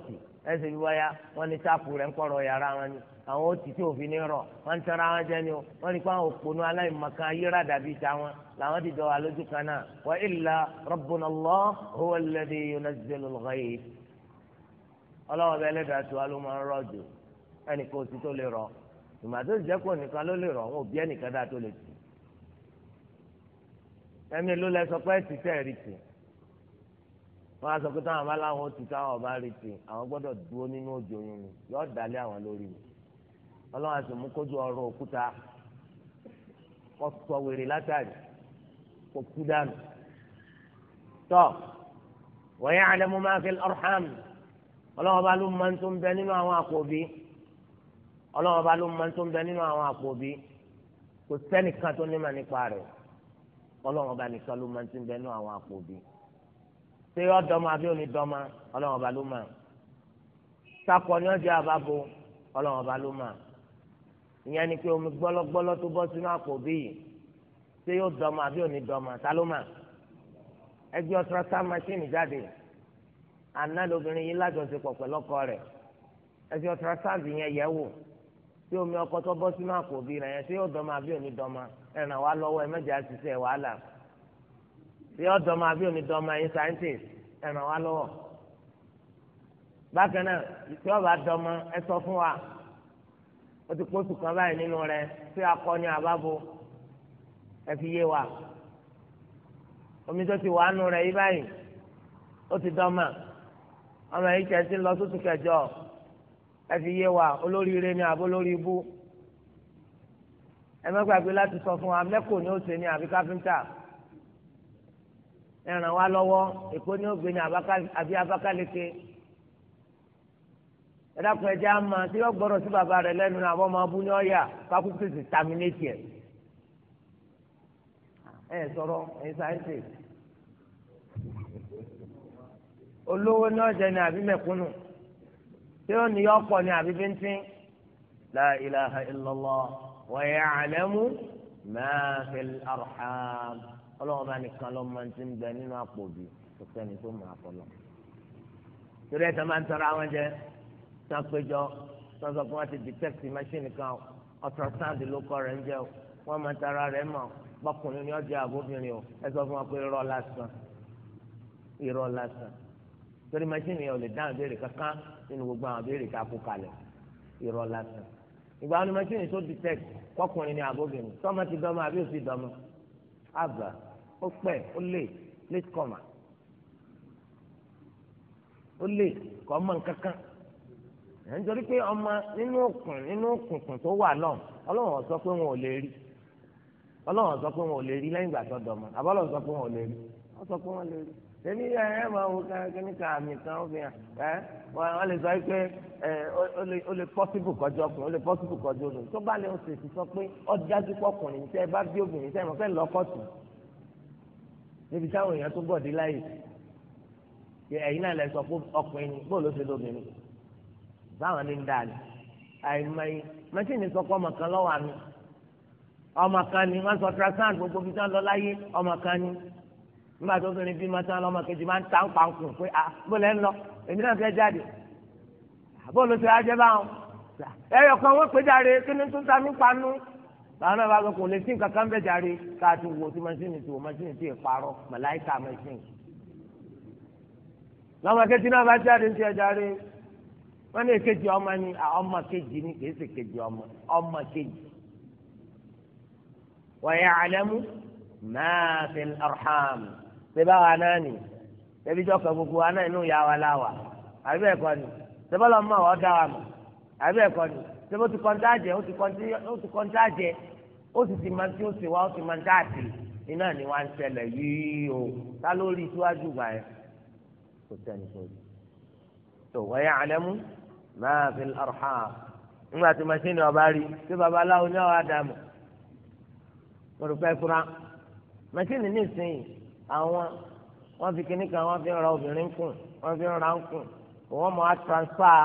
ó ti àwọn ó ti tí òfin ní rọ wọn ń tẹra wọn jẹ ni o wọn ní kó àwọn òpònú aláìmọ̀kan ayéra dàbí tàwọn làwọn ti dọ̀ wà lójú kan náà wa illa rabbuna Allah huwa alladhi yunazzilu al-ghayth ọlọ́wọ́ bẹ́ẹ̀ lẹ́dàá tó wa ló máa ń rọ̀ jù ẹnì kò sí tó lè rọ ìmọ̀tò ìjẹ́kù nìkan ló lè rọ wọn ò bí ẹnìkan dáa tó lè tì ẹ̀mí ló lẹ sọ pé ẹ̀sì tẹ̀ rí tì wọn á sọ pé táwọn bá láwọn ó ti táwọn rí tì àwọn gbọ́dọ̀ dúró nínú òjò yín ni yóò dálé àwọn lórí mi ọlọ́run àti mokójú ọrọ̀ òkúta kọ́ sọ wèrè látàrí kò kú dànù tọ́ wọ́n yẹ àlẹ́ mo máa fi ọ̀rọ̀hàm ọlọ́run bá ló máa ń tó ń bẹ nínú àwọn àkọ́bí ọlọ́run bá ló máa ń tó ń bẹ nínú àwọn àkọ́bí kò sẹ́nìkan tó nímọ̀ nípa rẹ̀ ọlọ́run ọba nìkan ló máa ń ń bẹ nínú àwọn àpòbí ṣé yọ dọ́mọ àbí òní dọ́mọ ọlọ́run ọba ló máa sakọ ni ọjà àbábo ọlọ́run ọba ló máa ìyẹn ni pé omi gbọ́lọ́gbọ́lọ́ tó bọ́ sínú àpò bíi ṣé yóò dọ́mọ àbí òní dọ́mọ sálọ́mà ẹgbẹ́ ultrasound machine jáde àná lobìnrin yìí lájọṣepọ̀ pẹ̀lú ọkọ rẹ̀ ẹgbẹ́ ultrasound yẹn yẹ̀ wò tí omi ọkọ tó bọ́ sínú àpò bíi rẹ̀ yẹn ṣé yóò dọ́mọ àbí òní dọ́mọ ẹ̀ràn wá lọ́wọ́ ẹ mẹ́jọ àṣìṣe wàhálà ṣé yóò dọ́mọ àbí òní dọ́mọ ẹ̀yin scientist ẹ̀ràn wá lọ́wọ́ bákan náà tí ọba dọ́mọ ẹ sọ fún wa ó ti pósù kan báyìí nínú rẹ tí akọni àbábo ẹ fi yé wa omi tó ti wà nù rẹ yí báyìí ó ti dọ́mà ọmọ yìí tẹ̀ sí lọ sóṣù kẹjọ ẹ fi yé wa olóríire ni àbó lórí ibú ẹ má gbàgbé láti sọ fún wa mẹ́kò ni ó ṣe ni àbí káfíńtà ẹ ràn wá lọ́wọ́ èkó ni ó gbé ni àbí Abakaliki ẹ̀dàkùn ẹ̀jẹ̀ á máa tí yóò gbọ́dọ̀ sí bàbá rẹ̀ lẹ́nu náà àwọn ọmọ abú ní ọ̀yà kákúkú tètè tàmínétì ẹ̀. ẹ sọ̀rọ̀ ẹ sáyẹ́ǹsì olówó ní ọ̀jẹ̀ ni àbí mẹ̀kúnnù tí ó ní ọ̀pọ̀ ni àbí bíntín la ilaha illallah wa ya'lamu ma fil arham ọlọ́wọ́n bá nìkan lọ́ máa ti ń bẹ nínú àpò bì kò sẹ́ni tó máa fọlọ́ torí ẹ̀ sọ máa ń tọrọ àwọn jẹ́ tán péjọ tán sọ pé ti detect machine kan ultrasound ló kọ́ rẹ̀ ń jẹ́ o wọ́n máa tara rẹ̀ mọ̀ bọ́kùnrin ni ọjà àbóbìnrin o ẹ sọ fún wa pé irọ́ lásán irọ́ lásán torí machine yẹn ò lè dáhùn béèrè kankan nínú gbogbo àwọn béèrè tá a kó kalẹ̀ irọ́ lásán ìgbà wọn ni machine tó detect kọkùnrin ni àbóbìnrin tọ́mọ ti dọ́mọ àbí òsì dọ́mọ àgbà ó pẹ́ ó lè late comer ó lè kọ́ mọ́ nǹkankan nítorí pé ọmọ nínú òkùn nínú òkùnkùn tó wà náà ọlọ́run sọ pé wọn ò lè rí ọlọ́run sọ pé wọn ò lè rí lẹ́yìn ìgbà tó dọ̀mọ́ àbọ̀lọ́run sọ pé wọn ò lè rí wọ́n sọ pé wọ́n lè rí èmi ẹ ẹ máa wo kíní ká àmì kan ó fi hàn ẹ wọ́n lè sọ pé ẹ ó lè pọ́sibù kọjú ọkùnrin ó lè pọ́sibù kọjú obìnrin tó bá lè ó sì sọ pé ó dájú pọ́kùnrin tẹ́ ẹ bá bí obìnrin tẹ́ ẹ mọ̀ fẹ́ lọ́kọ̀tù níbi táwọn èèyàn tó bọ̀ dé láyè ẹ̀yin náà lẹ sọ pé ọkùnrin bóòlù ó ṣe lóbìnrin báwọn ní ń dà ní àìmọye mẹsìnì sọkọ ọmọ kan lọ́wọ́ àmì ọmọ kan ni wọ́n sọ ultrasound gbogbo fi tán lọ láyé ọmọ kan ni nígbà tó obìnrin bímọ tán lọ́mọ kejì máa ń ta ń pa ń kùn pé à ah, bó lẹ́ ń lọ èmi náà fẹ́ jáde àbó ah, ló ti ajẹ́ báwọn ah, ẹyọ kan wọ́n pé jáde kí ni tún ta mí panú báwọn náà bá gbọ́ kò lè sí nǹkan kan bẹ́ẹ̀ jáde káàtó wo tí mẹsìnì tó mẹsìnì tó ìparọ́ màláìka mẹsìnì lọ́mọ kejì náà bá jáde ń ti jáde wọn ní èkejì ọmọ ni ọmọ kejì ni kì í ṣe kejì ọmọ ọmọ kejì wa ya'lamu ma fil arham ṣẹba wa náà ni ṣẹbi jọ kan gbogbo wa náà inú ya wa láwa àbí ẹ̀kọ́ ni ṣẹba lọ mọ ọ̀dà wa mọ̀ àbí ẹ̀kọ́ ni ṣẹba ó ti kọ́ńtà jẹ ó ti kọ́ńtà jẹ ó sì ti máa tí ó sì wá ó ti máa dá àtì iná ni wọ́n á yìí o ta ló rí síwájú gbà yẹn kò sẹ́ni sórí. tó wa ya'lamu máa fi arham nígbà tí machine ọba rí tí babaláwo ní ọ̀hún àdàmú olùkọ́ ìfura machine nísìnyí àwọn wọ́n fi kíní kan wọ́n fi ń ra obìnrin kùn wọ́n fi ń ra ń kùn wọ́n mọ̀ á transfer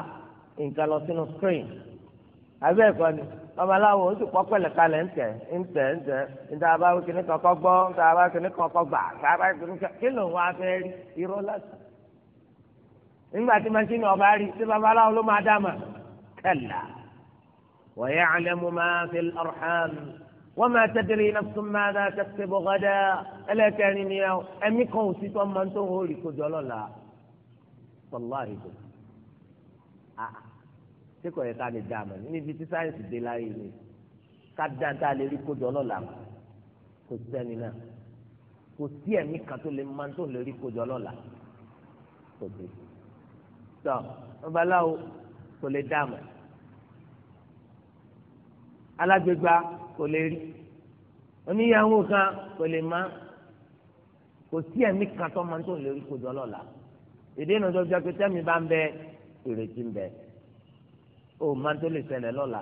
nǹkan lọ sínú screen àbí ẹ̀kọ́ ni babaláwo ó sì kọ́ pẹ̀lẹ́ kalẹ̀ ńtẹ̀ ńtẹ̀ ńtẹ̀ níta bá kíní kan kọ́ gbọ́ níta bá kíní kan kọ́ gbà níta bá kíní kan kí ló wá fẹ́ rí irọ́ lásán nígbà tí machine ọba rí sí babaláwo ló máa dáàmà kalla wa ya'lamu ma fil arham wa ma tadri nafsun madha taksubu ghada ẹlẹ́kẹ̀rin ni ẹ̀mí kan ò sí tó máa ń tó ń hórì kó jọ lọ́la wàláhi bò ṣé kò yẹ ká lè dáàmà níbi tí sáyẹ̀nsì dé láyé ni ká dáadáa lè rí kó jọ lọ́la kò sẹ́ni náà kò sí ẹ̀mí kan tó lè máa tó lè rí kójọ lọ́la kò dé tọ babaláwo kò lè dá àmọ́ alágbègbà kò lè rí oníyàwó kan kò lè má kò sí ẹ̀mí kan tó máa ń tó lè rí kojọ lọ́la èdè ìnà tó jẹ́ pé tẹ́mi bá ń bẹ ìrètí ń bẹ ó máa ń tó lè ṣẹlẹ̀ lọ́la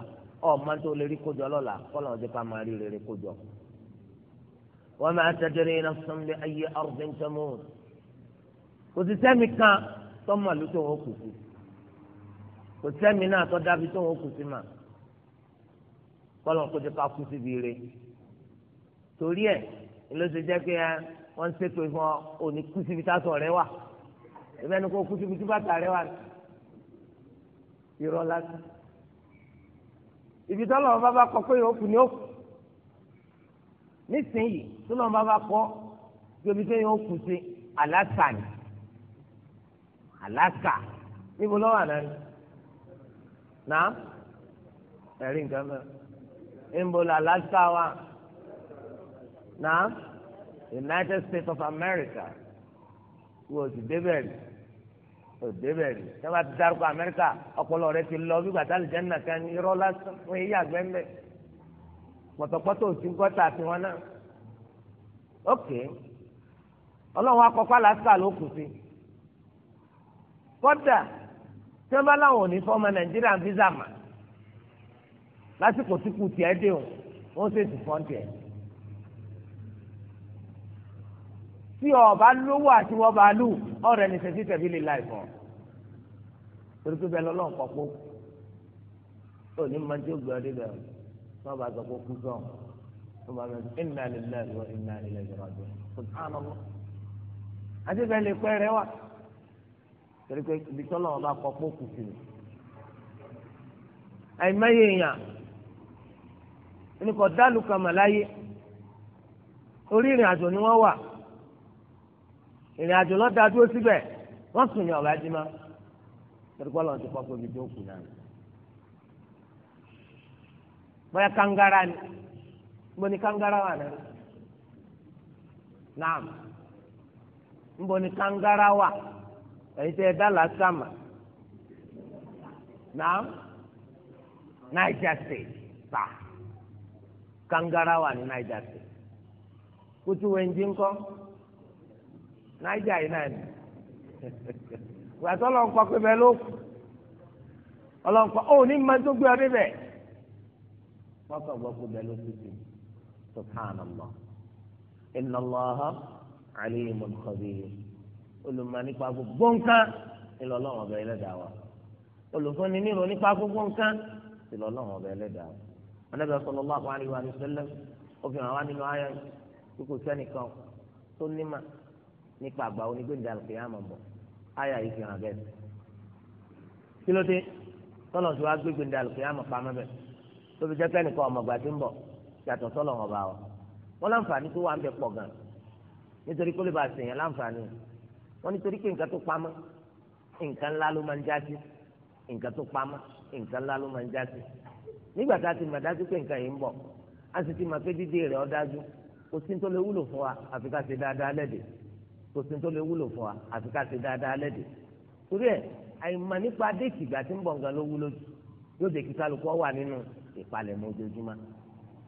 ó máa ń tó lè rí kojọ lọ́la kọ́lá ọ̀jẹ̀ ká máa rí rere kojọ. wa ma tadri nafsun bi ayyi ardin tamut kò sí sẹ́mi kan tọ́mọ̀ ló tó wọn kù sí kò sẹ́mi náà tọ́ dábí tó wọn kù sí mà kọ́lọ̀ kó ti ká kú síbi rè torí ẹ̀ ló ti jẹ́ pé wọ́n ń ṣépè fún ọ òní kú síbi tásọ̀ rẹ wà ìbẹ́ ni kò kú síbi tí bàtà rẹ wà irọ́ lásán ibi tọ́lọ̀ bá bá kọ pé òkú ni òkú nísìnyí tọ́lọ̀ bá bá kọ pé ibi tẹ́yìn òkú sí alásàní. Alaska níbo lọ́wọ́ àná ni náà ẹ̀rí nǹkan mẹ́rin níbo lọ Alaska wa United States of America wọ́n ti débẹ̀ rí òdebẹ̀ rí sábà ti dárúkọ America ọpọlọ rẹ ti lọ gbígbà tá àlùjánnà kan ní irọ́ lásán fún eyín àgbẹ̀ ń bẹ̀ pọ̀tọ̀pọ̀tọ̀ òsì gọ́tà náà ok ọlọ́run akọ́kọ́ Alaska kọ́dà tí wọ́n bá láwọn ò ní fọ́ọ̀mù nàìjíríà visa mà lásìkò tí kù tiẹ̀ dé o wọ́n sì ti fọ́ọ̀n tiẹ̀. tí ọba lówó àti wọ́n bá lù ọ̀rẹ́ ní sẹ́sí tẹ̀bí lè láì fọ́ torí pé bẹ́ẹ̀ lọ́lọ́ nǹkan kó ó ní máa ń tí ó gbé ọdẹ bẹ́ẹ̀ tí wọ́n bá sọ pé kú sọ̀ tó bá bẹ́ẹ̀ inna lillahi wa inna ilayhi raji'un subhanallah àti bẹ́ẹ̀ lè pẹ́ rẹ wà. eriko pé ibi ọba kọ pókù sí ni. àìmọye èèyàn oníkọ̀ láyé orí ìrìn àjò ni wọ́n wà ìrìn àjò lọ́ọ́ dúró síbẹ̀ wọ́n sùn ní ọ̀rọ̀ ajé má torí ti kangara ni bó ni kangara wà náà naam nbọ ni kangara wà. ẹ̀yin tẹ́ ẹ dá làásàmà náà Niger State ta kangara wà ní Niger State kutu wẹ̀njí ńkọ́ Niger yìí náà ni wàtí ọlọ́nkọ́ pé bẹ́ẹ̀ ló kù ọlọ́nkọ́ ó ní ma gbé ọ níbẹ̀ wọ́n gbọ́ pé bẹ́ẹ̀ ló kù sí subhanallah inna Allah alimun khabir olùmọ̀ nípa gbogbo nǹkan ìlọlọ́run ọba ẹlẹ́dàá wa olùfúnni nírò nípa gbogbo nǹkan ìlọlọ́run ọba ẹlẹ́dàá wa Ànábì sallallahu alaihi wa sallam obìnrin àwa nínú ayé tí kò sẹ́nìkan tó nímà nípa àgbà onígbèǹdà àlùkìyàmọ̀ bọ̀ ayé yìí fi hàn bẹ́ẹ̀ kí ló dé tọ́lọ̀ tí wàá gbégbèǹdà àlùkìyàmọ̀ pamọ́ bẹ́ẹ̀ tóbi jẹ́ kẹ́nìkan ọmọgbà tí ń bọ̀ yàtọ̀ tọ́lọ̀ ọba tó wà ń wọ́n nítorí pé nǹkan tó pamọ́ nǹkan ńlá ló máa ń já sí nǹkan tó pamọ́ nǹkan ńlá ló máa ń já sí nígbà tá a ti mọ̀ dájú pé nǹkan yìí ń bọ̀ a sì ti mọ̀ pé dídé rẹ̀ ọ́ dájú kò sí tó lè wúlò fún wa àfi ká ṣe dáadáa lẹ́dẹ̀ kò sí tó lè wúlò fún wa àfi ká ṣe dáadáa lẹ́dẹ̀ torí ẹ̀ àìmọ̀ nípa déètì ìgbà tí ń bọ̀ nǹkan ló wúlò jù yóò dé kí kálukú wà nínú ìpalẹ̀mọ́ ojoojúmọ́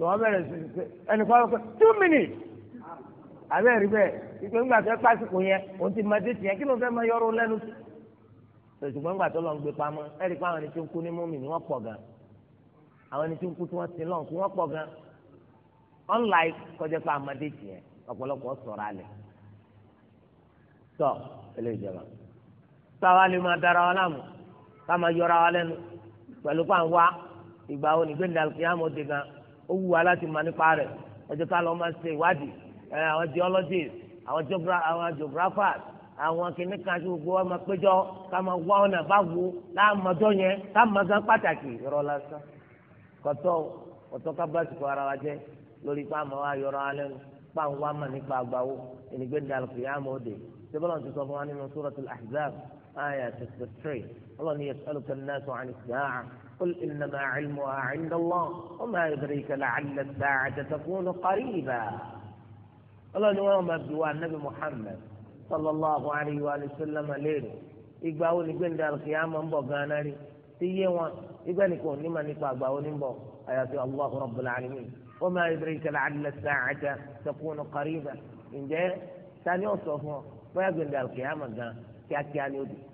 lọ́wọ́ bẹ̀rẹ̀ sí ṣe ẹnì kan sọ two minutes àbẹ́ rí bẹ́ẹ̀ ìpè ńgbà tó pásìkò yẹn òun ti máa dé tiẹ̀ kí ló fẹ́ máa yọrọ lẹ́nu tó ṣùgbọ́n ńgbà tó lọ ń gbé pamọ́ ẹ̀rí pé àwọn ẹni tó ń kú ní mọ́mì ni wọ́n pọ̀ gan àwọn ẹni tó ń kú tí wọ́n ti lọ́n kú wọ́n pọ̀ gan unlike kọjá pé àmàdé tiẹ̀ ọ̀pọ̀lọpọ̀ sọ̀rọ̀ alẹ̀ tọ́ ilé ìjọba sáwa lè máa dára wa láàmú ká máa yọra wa lẹ́nu pẹ̀lú pàǹwá ìgbà wo nìgbẹ́ndàlùkì ó wù wá láti mọ̀ nípa rẹ̀ ọjọ́ ká lọ́ọ́ máa ṣe ìwádìí àwọn geologists àwọn geographers àwọn kìnnì kan tí gbogbo wa máa péjọ ká máa wá ọ̀nà bá wo láàmọ́jọ́ yẹn ká máa gan pàtàkì yọrọ lásán kọtọ ọ̀tọ́ ká bá sùkọ́ ara wa jẹ́ lórí ipá àmọ́ wa yọrọ alẹ́ nu pa ń wá mà nípa àgbáwo ènìgbé dàlù kìí àmọ́ òde sẹ́fọ́lọ́n ti sọ fún wa nínú suratul ahzab ayat sixty three ọlọ́ni yẹ sọ́lù kan náà sọ àní sàá قل إنما علمها عند الله وما يدريك لعل الساعة تكون قريبا الله نوام أبدوا النبي محمد صلى الله عليه وآله وسلم ليله إقبعوا لقند القيامة بغانا لي تيوا إقبعوا لما نقبعوا نبو آيات الله رب العالمين وما يدريك لعل الساعة تكون قريبا إن جاء ثاني أصفه ويقند القيامة كاكيان يدري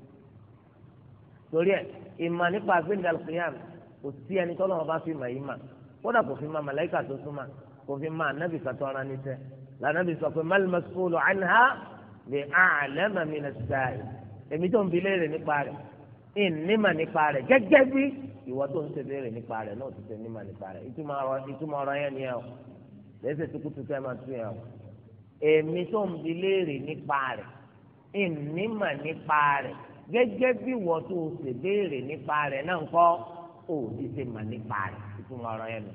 torí ẹ ìmọ̀ nípa gbẹ̀ndà lùkìyàm kò sí ẹni tọ́lọ́ wọn bá fi mọ̀ yìí mà kódà kò fi mọ̀ màláìkà tó súnmọ́ kò fi mọ̀ ànábì kàtó ara níṣẹ́ lànàbì sọ pé mal mas'ulu anha bi a'lama min as-sa'il èmi tó ń bi léèrè nípa rẹ̀ ìnímọ̀ nípa rẹ̀ gẹ́gẹ́ bí ìwọ tó ń ṣe léèrè nípa rẹ̀ náà ti ṣe nímọ̀ nípa rẹ̀ ìtumọ̀ ọ̀rọ̀ yẹn ni ẹ o lẹ́sẹ̀ tukutu fẹ́ máa tún yẹn o èmi tó ń bi léèrè nípa rẹ̀ ìnímọ̀ nípa rẹ̀ gẹ́gẹ́ bí wọ́n tó o ṣe béèrè nípa rẹ̀ náà kọ́ ò ti ṣe mà nípa rẹ̀ ìtumọ̀ ọ̀rọ̀ yẹn nù.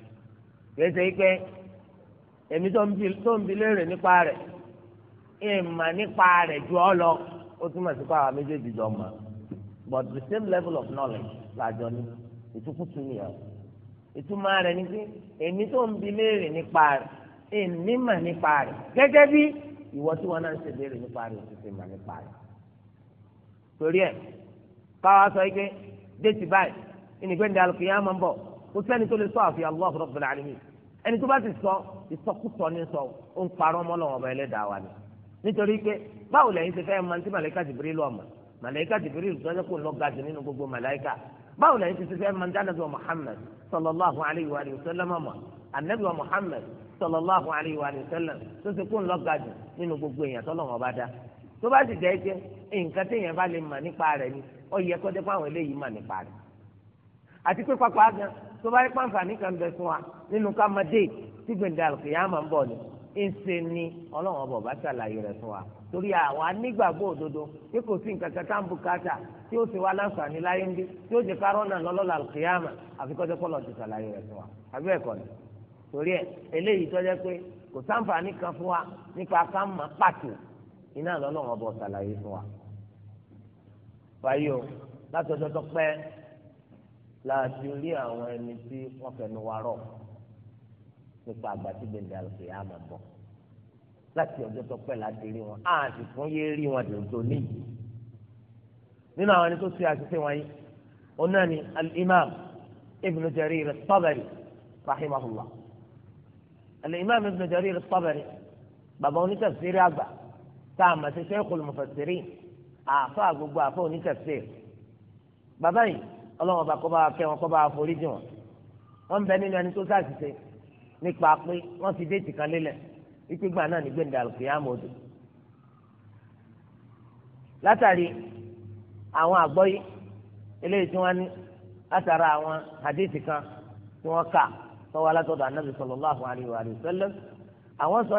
gbèsè pé èmi tó ń bi léèrè nípa rẹ̀ ìmọ̀ nípa rẹ̀ ju ọ lọ ó túmọ̀ sí pé àwọn méjèèjì jọ mọ̀ but the same level of knowledge làjọ ní ìtukùtù nìyàwó ìtumọ̀ rẹ̀ ni pé èmi tó ń bi léèrè nípa rẹ̀ èmi mà nípa rẹ̀ gẹ́gẹ́ bí ìwọ tí wọn náà ń ṣe béèrè nípa rẹ̀ ò ti ṣe mà nípa rẹ̀ torí ẹ̀ káwa sọ pé déètì báyìí ìnìgbẹ́ni alùpùpù yẹn á máa ń bọ̀ kò sẹ́ni tó lè sọ àfi Allah Rabbul Alamin ẹni tó bá ti sọ ìsọkúsọ ní sọ ó ń parọ́ mọ́lọ́wọ́ ọba ẹlẹ́dàá wa ni nítorí pé báwo lẹ́yìn ṣe fẹ́ máa ń tí màlẹ́kà Jibril lọ mọ̀ màlẹ́kà Jibril lọ́jọ́ kó lọ ga jù nínú gbogbo màlẹ́kà báwo lẹ́yìn ṣe fẹ́ máa ń dáná sọ Muhammad sallallahu alayhi wa sallam mọ̀ anabi wa Muhammad sallallahu alayhi wa sallam tó ṣe kó lọ ga jù nínú gbogbo èèyàn tọ́lọ́wọ́ ọba dá tó bá sì jẹ́ jẹ́ nǹkan téèyàn bá lè mà nípa rẹ̀ ni ó yẹ kó jẹ́ pé àwọn eléyìí mà nípa rẹ̀ àti pé pápá gan tó bá rí pàǹfààní kan bẹ fún wa nínú ká máa dé tí gbèǹda àlùkìyámà ń bọ̀ ni ńṣe ni ọlọ́run ọba ọba ṣàlàyé rẹ̀ fún wa torí àwa nígbàgbọ́ òdodo tí kò sí nǹkan kan tá ń bùkátà tí ó sì wá láǹfààní láyé ń bí tí ó jẹ ká rọ́nà lọ́lọ́lá àlùkìyámà àfi kọ́jọ́ pọ́lọ́ ti ṣàlàyé rẹ̀ fún wa àbí ẹ̀kọ́ ni torí ẹ̀ eléyìí tọ́jẹ́ pé kò sáǹfààní kan fún wa nípa ká máa pàtó iná lọ́lọ́run ọba ọ̀sàlàyé fún wa. wáyé o látọjọ́ tó pẹ́ la ti rí àwọn ẹni tí wọ́n fẹnu wa rọ̀ nípa àgbà tí gbèndé àlùfẹ́ yà máa bọ̀ láti ọjọ́ tó pẹ́ la ti rí wọn á sì fún yé rí wọn dòdò níyì. nínú àwọn ẹni tó ṣe àṣìṣe wọ̀nyí òun náà ni al-imam ibn jarir at rahimahullah al-imam ibn jarir at-tabari bàbá onítafsiri àgbà tá a mọ̀ sí Sheikhul Mufassirin àfa gbogbo àfa onítẹ̀sẹ̀ bàbá yìí ọlọ́wọ́n bá kọ́ bá kẹ́ wọn kọ́ bá forí jì wọn wọ́n ń bẹ nínú ẹni tó sàṣìṣe nípa pé wọ́n ti dé tìkan lélẹ̀ wípé gbà náà ní gbẹ̀ndà àlùkìyàmù odò látàrí àwọn àgbọ́yé eléyìí tí wọ́n ní látara àwọn hadith kan tí wọ́n kà tọ́wọ́ alátọ́dọ̀ anábì sallallahu alaihi àwọn sọ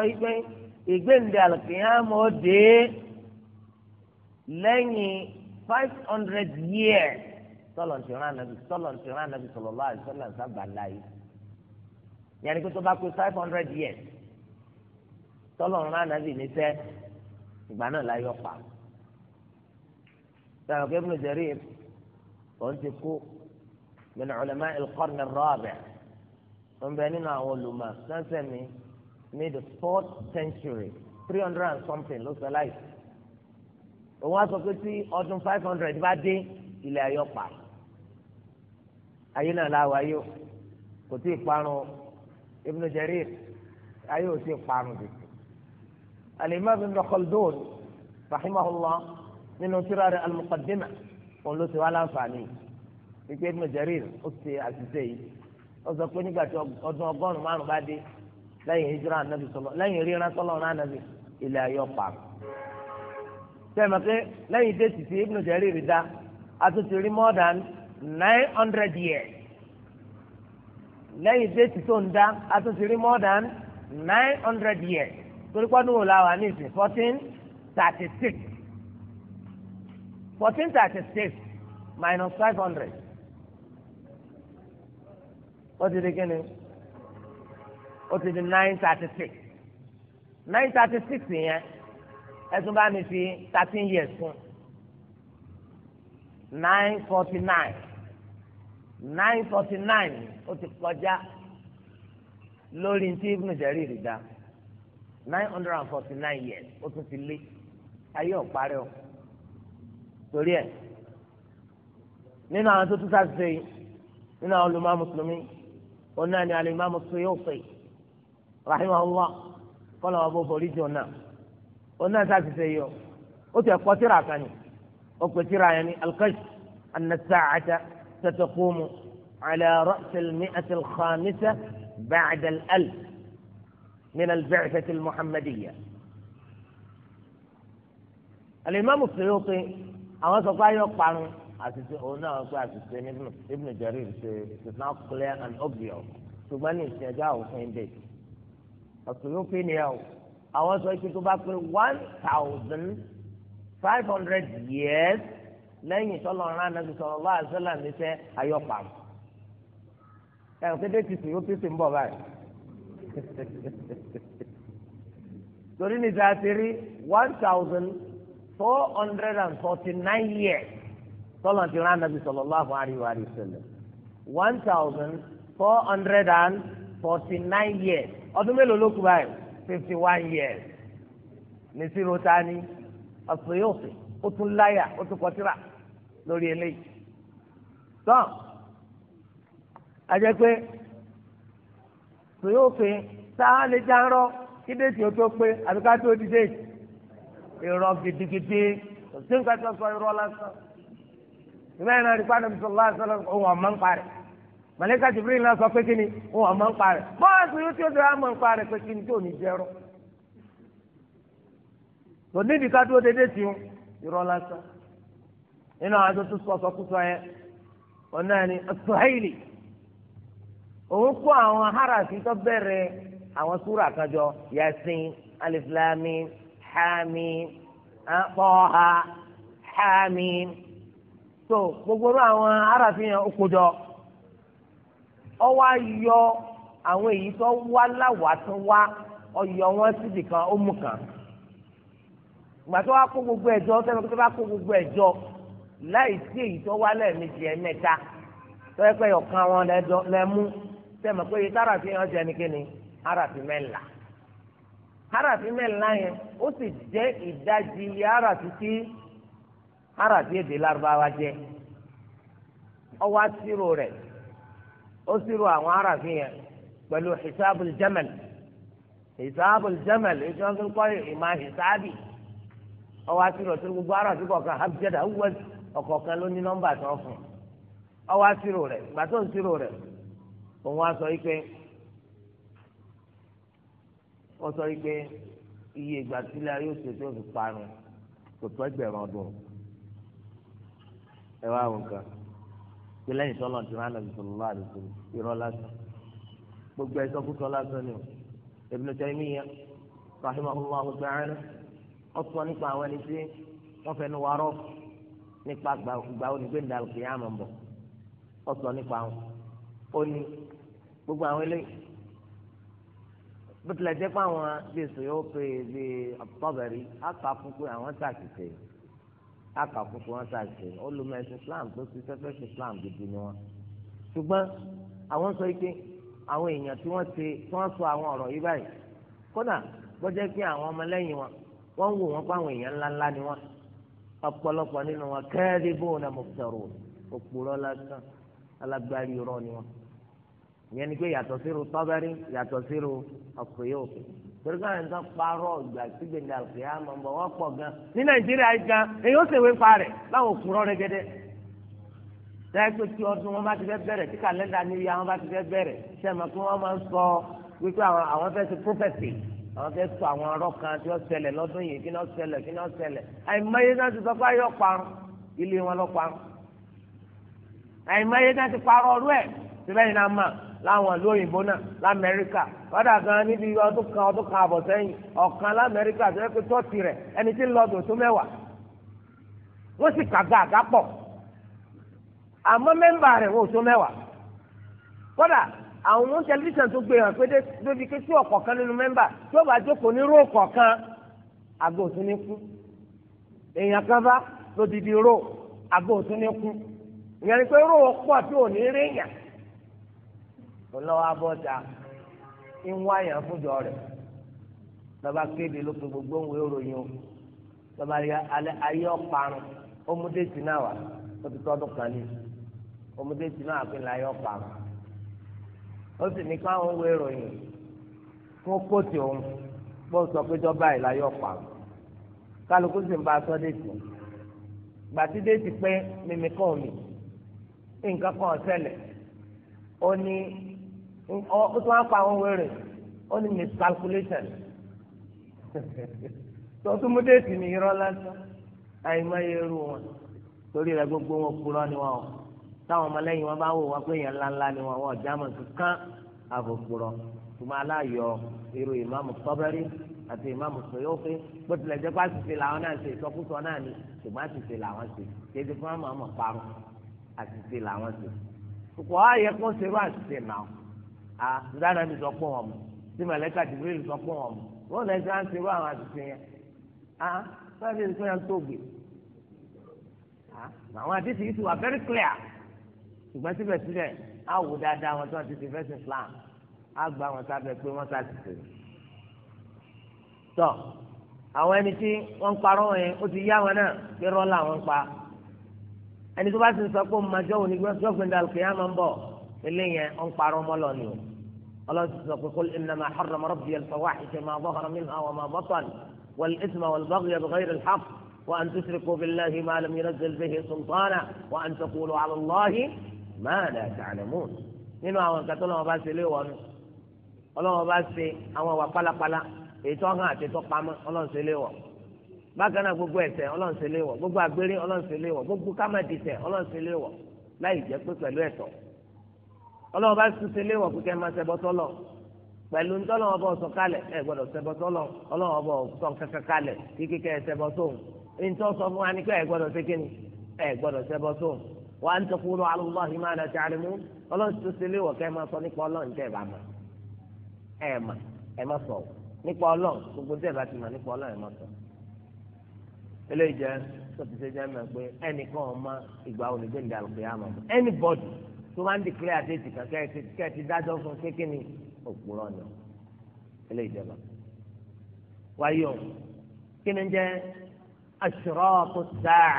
ìgbéǹde àlùkìyàmọ́ dé lẹ́yìn five hundred years sọlọ ntìrán anabi sọlọ ntìrán anabi sọlọ lọ àti sọlọ nsàgbà láàyè yẹn kó tó bá pé five hundred years sọlọ ntìrán anabi níṣẹ́ ìgbà náà láyọ pa sọlọ kébùnú jẹrìí òun ti kú min ulama al-qarn ar nínú àwọn olùmọ̀ sẹ́nsẹ́ mi ní the fourth century three hundred and something ló sọ láì òun á sọ pé tí ọdún five hundred bá dé ilẹ̀ ayọ̀ pa ayé náà láwa yó kò tí ì parun Ibn Jarir ayé ò tí ì parun dè Al-Imam Ibn Khaldun rahimahullah nínú tírà rẹ̀ al-Muqaddimah òun ló ti wá láǹfààní wípé Ibn Jarir ó ti àṣìṣe yìí ó sọ pé nígbà tí ọdún ọgọ́rùn-ún bá dé lẹ́yìn hijira anabi sọlọ lẹ́yìn ríran sọlọ náà anabi ilẹ̀ ayọ̀ pààrọ̀. sẹ́mi pé lẹ́yìn déètì tí ibùdó jẹ́rìí rí dá a tún ti rí more than nine hundred years. lẹ́yìn déètì tó ń dá a tún ti rí more than nine hundred years. torí pọ́n la wà ní ìsìn fourteen thirty six fourteen thirty six minus five hundred. ó ti di kí ni ó ti di nine thirty six nine thirty six yẹn ẹtún bá mi fi thirteen years kún nine forty nine nine forty nine ó ti kọjá lórí tí ibùdó jẹ́rì rí da nine hundred and forty nine years ó tún ti lé ayé ọ̀parẹ́ o torí ẹ̀ nínú àwọn tó tún sáà ṣe nínú àwọn olùmọ̀ mùsùlùmí onáni alimami Suyuti. rahimahullah kọ́lọ́ wà bó forí jù náà òun náà sá ti ṣe yìí o ó ti ẹ̀kọ́ tíra kan ni ó pè tíra yẹn ni alkash anasacata kúmu ala ra'sil mi'atil khamisa ba'da al min al-bi'thati al-muhammadiyya. alimami Suyuti àwọn sọ pé ayọ̀ parun àtìsí òun náà pé àtìsí ibnu Jarir ṣe it is now clear and obvious ṣùgbọ́n ní ìṣẹ́jú àwọn fún ẹ̀ ń bẹ̀rẹ̀. As-Suyuti ni ẹ o àwọn sọ pé tó bá pé one thousand five hundred years lẹ́yìn tọ́lọ̀ rán Ànábì sallallahu alaihi wasallam níṣẹ́ ayọ́pàá ẹ̀ ò kéde ti Suyuti ti ń bọ̀ báyìí torí ní sáà ti rí one thousand four hundred and forty nine years tọ́lọ̀ ti rán Ànábì sallallahu alaihi wasallam one thousand four hundred and forty nine years ọdún mélòó ló kù báyìí fifty one years ní sírò tá a ní ọ̀sẹ̀ yóò sè ó tún láyà ó tún kọtíra lórí eléyìí tán àjẹ pé sòyóòfin tá a lè já rọ kí déètì ó tó pé àbí ká tó di déètì irọ́ gidigidi kò sí nǹkan tó sọ irọ́ lásán ìbẹ́ẹ̀ náà rí pàdé bisalòlá sọlá ohun ọ̀mọ́ ń parẹ́ màlẹ́kà jibril náà sọ pé kí ni wọn àmọ́ ń pa rẹ̀ bọ́ọ̀sì yóò tí ó sọ̀rọ̀ àmọ́ ń pa rẹ̀ pé kí ni tí ò ní jẹ́rọ. kò nídìí ká dúró déédéé tí ń irọ́ lásán nínú àwọn àtúntò sọ̀sọ̀kúsọ yẹn ọ̀nà ni as-Suhaili òun kó àwọn harafi tó bẹ̀rẹ̀ àwọn súrà kanjọ yasin alif lam mim hamim taha so gbogbo àwọn harafi yẹn ó kó jọ. ọwọ́ ayọ àwọn èyí tó wá láwàá tó wá ọyọ wọn síbi kan ó mú kan gbà tó wá kó gbogbo ẹjọ sẹ́nu tó bá kó gbogbo ẹ̀jọ láì sí èyí tó wá lẹ́ẹ̀mejì ẹ̀mẹ́ta tó yẹ pé ọ̀kan wọn lẹ́mú sẹ́mi pé iye tára fi hàn jẹ́ mẹ́la mẹ́la yẹn ó sì jẹ́ ìdajì tí èdè lárúbáwá jẹ́ ọwọ́ àtìrò rẹ̀ ó sì ro àwọn aráàfin yẹn pẹ̀lú hisabul jamal hisabul jamal èyí tí wọ́n tún kọ́ ìmọ̀ hisabi ọwọ́ àtúrò tó gbogbo aráàfin kọ̀ọ̀kan abjada awwal ọ̀kọ̀ọ̀kan ló ní nọ́mbà tó fún ọwọ́ àtúrò rẹ̀ ìgbà tó ń tírò rẹ̀ òun á sọ yìí pé ó sọ yìí pé iye ìgbà sílẹ̀ ayé òṣèlú tó fi parun kò tó ẹgbẹ̀rún ọdún ẹ wá wọn kan pé lẹ́yìn tọ́lọ̀ tí wọ́n á nàbì sọ̀rọ̀ lọ́wọ́ àdìsọ irọ́ lásán gbogbo ẹ̀ sọ́kútọ́ lásán ni o Ibn Taymiyyah rahimahullahu ta'ala ó sọ nípa àwọn ẹni tí wọ́n fẹ́ nu warọ́ nípa gbà ó ní pé ndàlù kìí àmọ̀ bọ̀ ó sọ nípa àwọn ó gbogbo àwọn eléyìí bí tilẹ̀ jẹ́ pé àwọn bí èso yóò pè é bí Tabari á kà fún pé àwọn sàkìtì yìí akàkùn tí wọ́n ṣàṣe olùmọ̀ẹ́sìn Islam tó ti sẹ́fẹ̀sì Islam gidi ni wọ́n. ṣùgbọ́n àwọn sọ pé àwọn èèyàn tí wọ́n ṣe tí wọ́n sọ àwọn ọ̀rọ̀ yìí báyìí kódà gbọ́jẹ́ pé àwọn ọmọlẹ́yìn wọn wọ́n wò wọ́n pa àwọn èèyàn ńláńlá ni wọ́n ọ̀pọ̀lọpọ̀ nínú wọn kẹ́ẹ́dé bóun náà mọ̀tẹ́rù òpùrọ̀ lásán alágbárí irọ́ ni wọn ìyẹn ni pé yàtọ̀ síru tọ́bẹ́rí yàtọ̀ síru ọ̀pẹ̀yẹ́ òfin torí káwọn ẹni kan parọ́ ìgbà tí gbẹ̀ngà òkè á máa ń bọ̀ wọ́n pọ̀ gan ní nàìjíríà gan èyí ó ṣèwé pa rẹ̀ láwọn òkúrọ́ rẹ́gẹ́dẹ́ tẹ́ẹ̀pẹ́ tí ọdún wọn bá ti fẹ́ bẹ̀rẹ̀ tí kàlẹ́ndà níbi àwọn bá ti fẹ́ bẹ̀rẹ̀ sẹ́mi pé wọ́n máa ń sọ wípé àwọn fẹ́ ṣe prophecy àwọn fẹ́ sọ àwọn ọ̀rọ̀ kan tí wọ́n ṣẹlẹ̀ lọ́dún yìí kí wọ́n ṣẹlẹ̀ kí wọ́n ṣẹlẹ̀ àìmọye náà ti sọ pé ayọ̀ parun ilé wọn lọ parun àìmọye náà ti parọ́ láwọn ìlú òyìnbó náà lamẹ́ríkà kọ́dà gan níbi ọdún kan ọdún kan àbọ̀ sẹ́yìn ọ̀kan lamẹ́ríkà tó yẹ pé tọ́ọ̀tì rẹ̀ ẹni tí ń lọ dò mẹ́wàá wọ́n sì kàga àga pọ̀ àmọ́ mẹ́mbà rẹ̀ wọ́n ò tó mẹ́wàá kọ́dà àwọn tẹlifíṣàn tó gbé hàn pé débi pé nínú mẹ́mbà tó bá jókòó ní róò kọ̀ọ̀kan àgọ́ òtún ní kú èèyàn kan bá lọ́wọ́ abọ́ta ń wáyà fúnjọ rẹ̀ lọ́ba kéde ló pe gbogbo òun ìròyìn o lọ́ba ayé ọ̀parun ọmọdé tì náà wà ó ti tọ́dún kan ní ọmọdé tì náà àpínlẹ̀ ayé ọ̀parun ó sì ní káwọn òun ìròyìn fún kóòtù òun bó sọ pé jọba ìlà yọ ọ̀parun kálukú sì ń bá aṣọ déètì gbàtí déètì pé mímí kàn nǹkan kan ṣẹlẹ̀ ó ní ó tún á pa àwọn òwe rẹ̀ ó ní miscalculation tọ́tún mú déètì ní irọ́ lásán àìmọye irú wọn torí rẹ̀ gbogbo wọn kúrọ́ ni wọn o táwọn ọmọlẹ́yìn wọn bá wò wọn pé èèyàn ńláńlá ni wọn wọn ọ̀já mọ̀ kankan àbòkúrọ̀ tùmọ̀ aláyọ̀ irú ìmáàmù Tabari àti ìmáàmù Suyuti bó tilẹ̀ jẹ́ pàṣẹ ṣe làwọn náà ṣe ìsọkúsọ náà ni ṣùgbọ́n àṣìṣe làwọn ṣe kéde fún àwọn ọmọ parun àṣìṣe làwọn ṣe kò wá yẹ kó ṣerú náà àtúndàrà mi sọ pé wọn mọ tí mọlẹka dìbìrì sọ pé wọn mọ wọn lè ṣe à ń ṣerú àwọn àṣìṣe yẹn ah wọn lè ṣe à ń tóbi ah àwọn àdìsí yìí ti wà very clear ṣùgbọ́n síbẹ̀síbẹ̀ á wò dáadáa wọn tí wọ́n ti ti fẹ́sìn Islam á gba wọn sábẹ́ pé wọ́n sá ti tèmi. tọ́ àwọn ẹni tí wọ́n ń parọ́ yẹn ó ti yá wọn náà pé rọ́lá wọn pa ẹni tó bá ti sọ pé mo máa jọ́ òní gbọ́dọ̀ gbẹ̀ndà kìí máa ń bọ̀ eléyẹn ọ̀n parọ́ mọ́lọ ni o ọlọ́sì sọ pé kul innama harrama rabbiya al-fawahisha ma zahara minha wa ma batana wal-ithma wal-baghya bighayri al-haqq wa an tushriku billahi ma lam yunzil bihi sultana wa an taqulu ala allahi ma la ta'lamun nínú àwọn nǹkan lọ́wọ́ bá ṣe léwọ́nu ọlọ́wọ́ bá ṣe àwọn ìwà pálapàla èyí hàn àti tó pamọ́ ọlọ́run ṣe léwọ́ bákan náà gbogbo ẹ̀ṣẹ̀ ọlọ́run ṣe léwọ́ gbogbo àgbèrè ọlọ́run ṣe léwọ́ gbogbo kámẹ́dìtẹ̀ ọlọ́run ṣe léwọ́ láì jẹ́ pé pẹ̀lú ẹ̀tọ́ ọlọ́run bá tún ṣe léwọ̀ pé kẹ́ máa ṣẹbọ sọ́lọ̀ pẹ̀lú ntọ́lọ́ ọba ọ̀sán kalẹ̀ ẹ gbọ́dọ̀ ṣẹbọ sọ́lọ̀ ọlọ́run ọba ọ̀sán kankan kalẹ̀ kíkí kẹ́ ẹ ṣẹbọ sóhun ntọ́ sọ fún wa ní kẹ́ ẹ gbọ́dọ̀ ṣe kíni ẹ gbọ́dọ̀ ṣẹbọ sóhun wa an taqulu ala Allahi ma la ta'lamun ọlọ́run tún ṣe léwọ̀ kẹ́ máa sọ nípa ọlọ́run tẹ́ ẹ bá mọ̀ ẹ mà ẹ má sọ pé ẹnìkan ọmọ ìgbà òní gbẹ̀ǹdà lùkìyàmọ̀ anybody tó máa ń dìklẹ́ àdéhùn ti dájọ́ fún kékeré òpùrọ̀ ni ilé ìjọba. wáyé o kí ni jẹ́ aṣọ́rọ́ọ̀kú sáà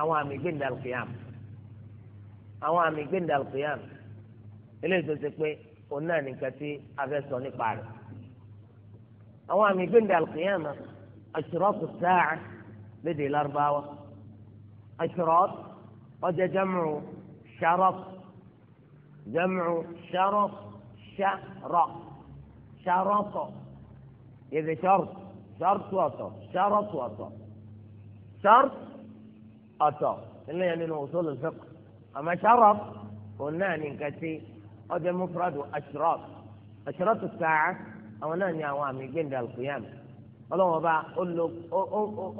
àwọn àmì gbẹ̀ndàlùkìyàm àwọn àmì gbẹ̀ndàlùkìyàm ilé ìjọba pé òun náà nìkan tí a fẹ́ sọ nípa rẹ̀. àwọn àmì gbẹ̀ndàlùkìyàm aṣọ́rọ́ọ̀kú sáà lédè lárúbáwá شرف جمع شرف شهر شرط إذا شرط شرط وطا شرط وطا شرط أطا قلنا يعني وصول الفقه أما شرف قلنا يعني كتي هذا مفرد أشراط أشراط الساعة أو نان يا وامي جند القيامة اللهم با قل له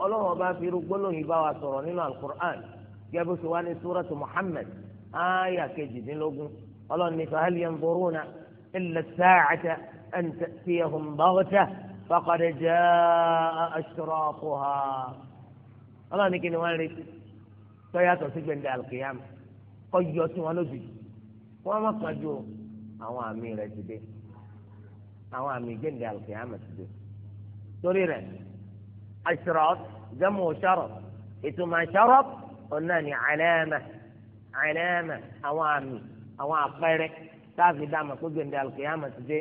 اللهم با في رجل يبا وصرنا القرآن جابوا سواني سورة محمد آية كجدين الله فهل ينظرون إلا الساعة أن تأتيهم بغتة فقد جاء أشراطها الله نكين وارد فياتوا سجن دع القيامة قيوت ونزج وما قجوا أوامي رجبه أوامي جن دع القيامة سجن تريد أشراق جمع شرط إتما شرط قلنا علامة àìrẹ́mẹ̀ àwọn àmì àwọn àpẹẹrẹ táàfin dáàmà pé gbèǹde àlùkìyàmà ti dé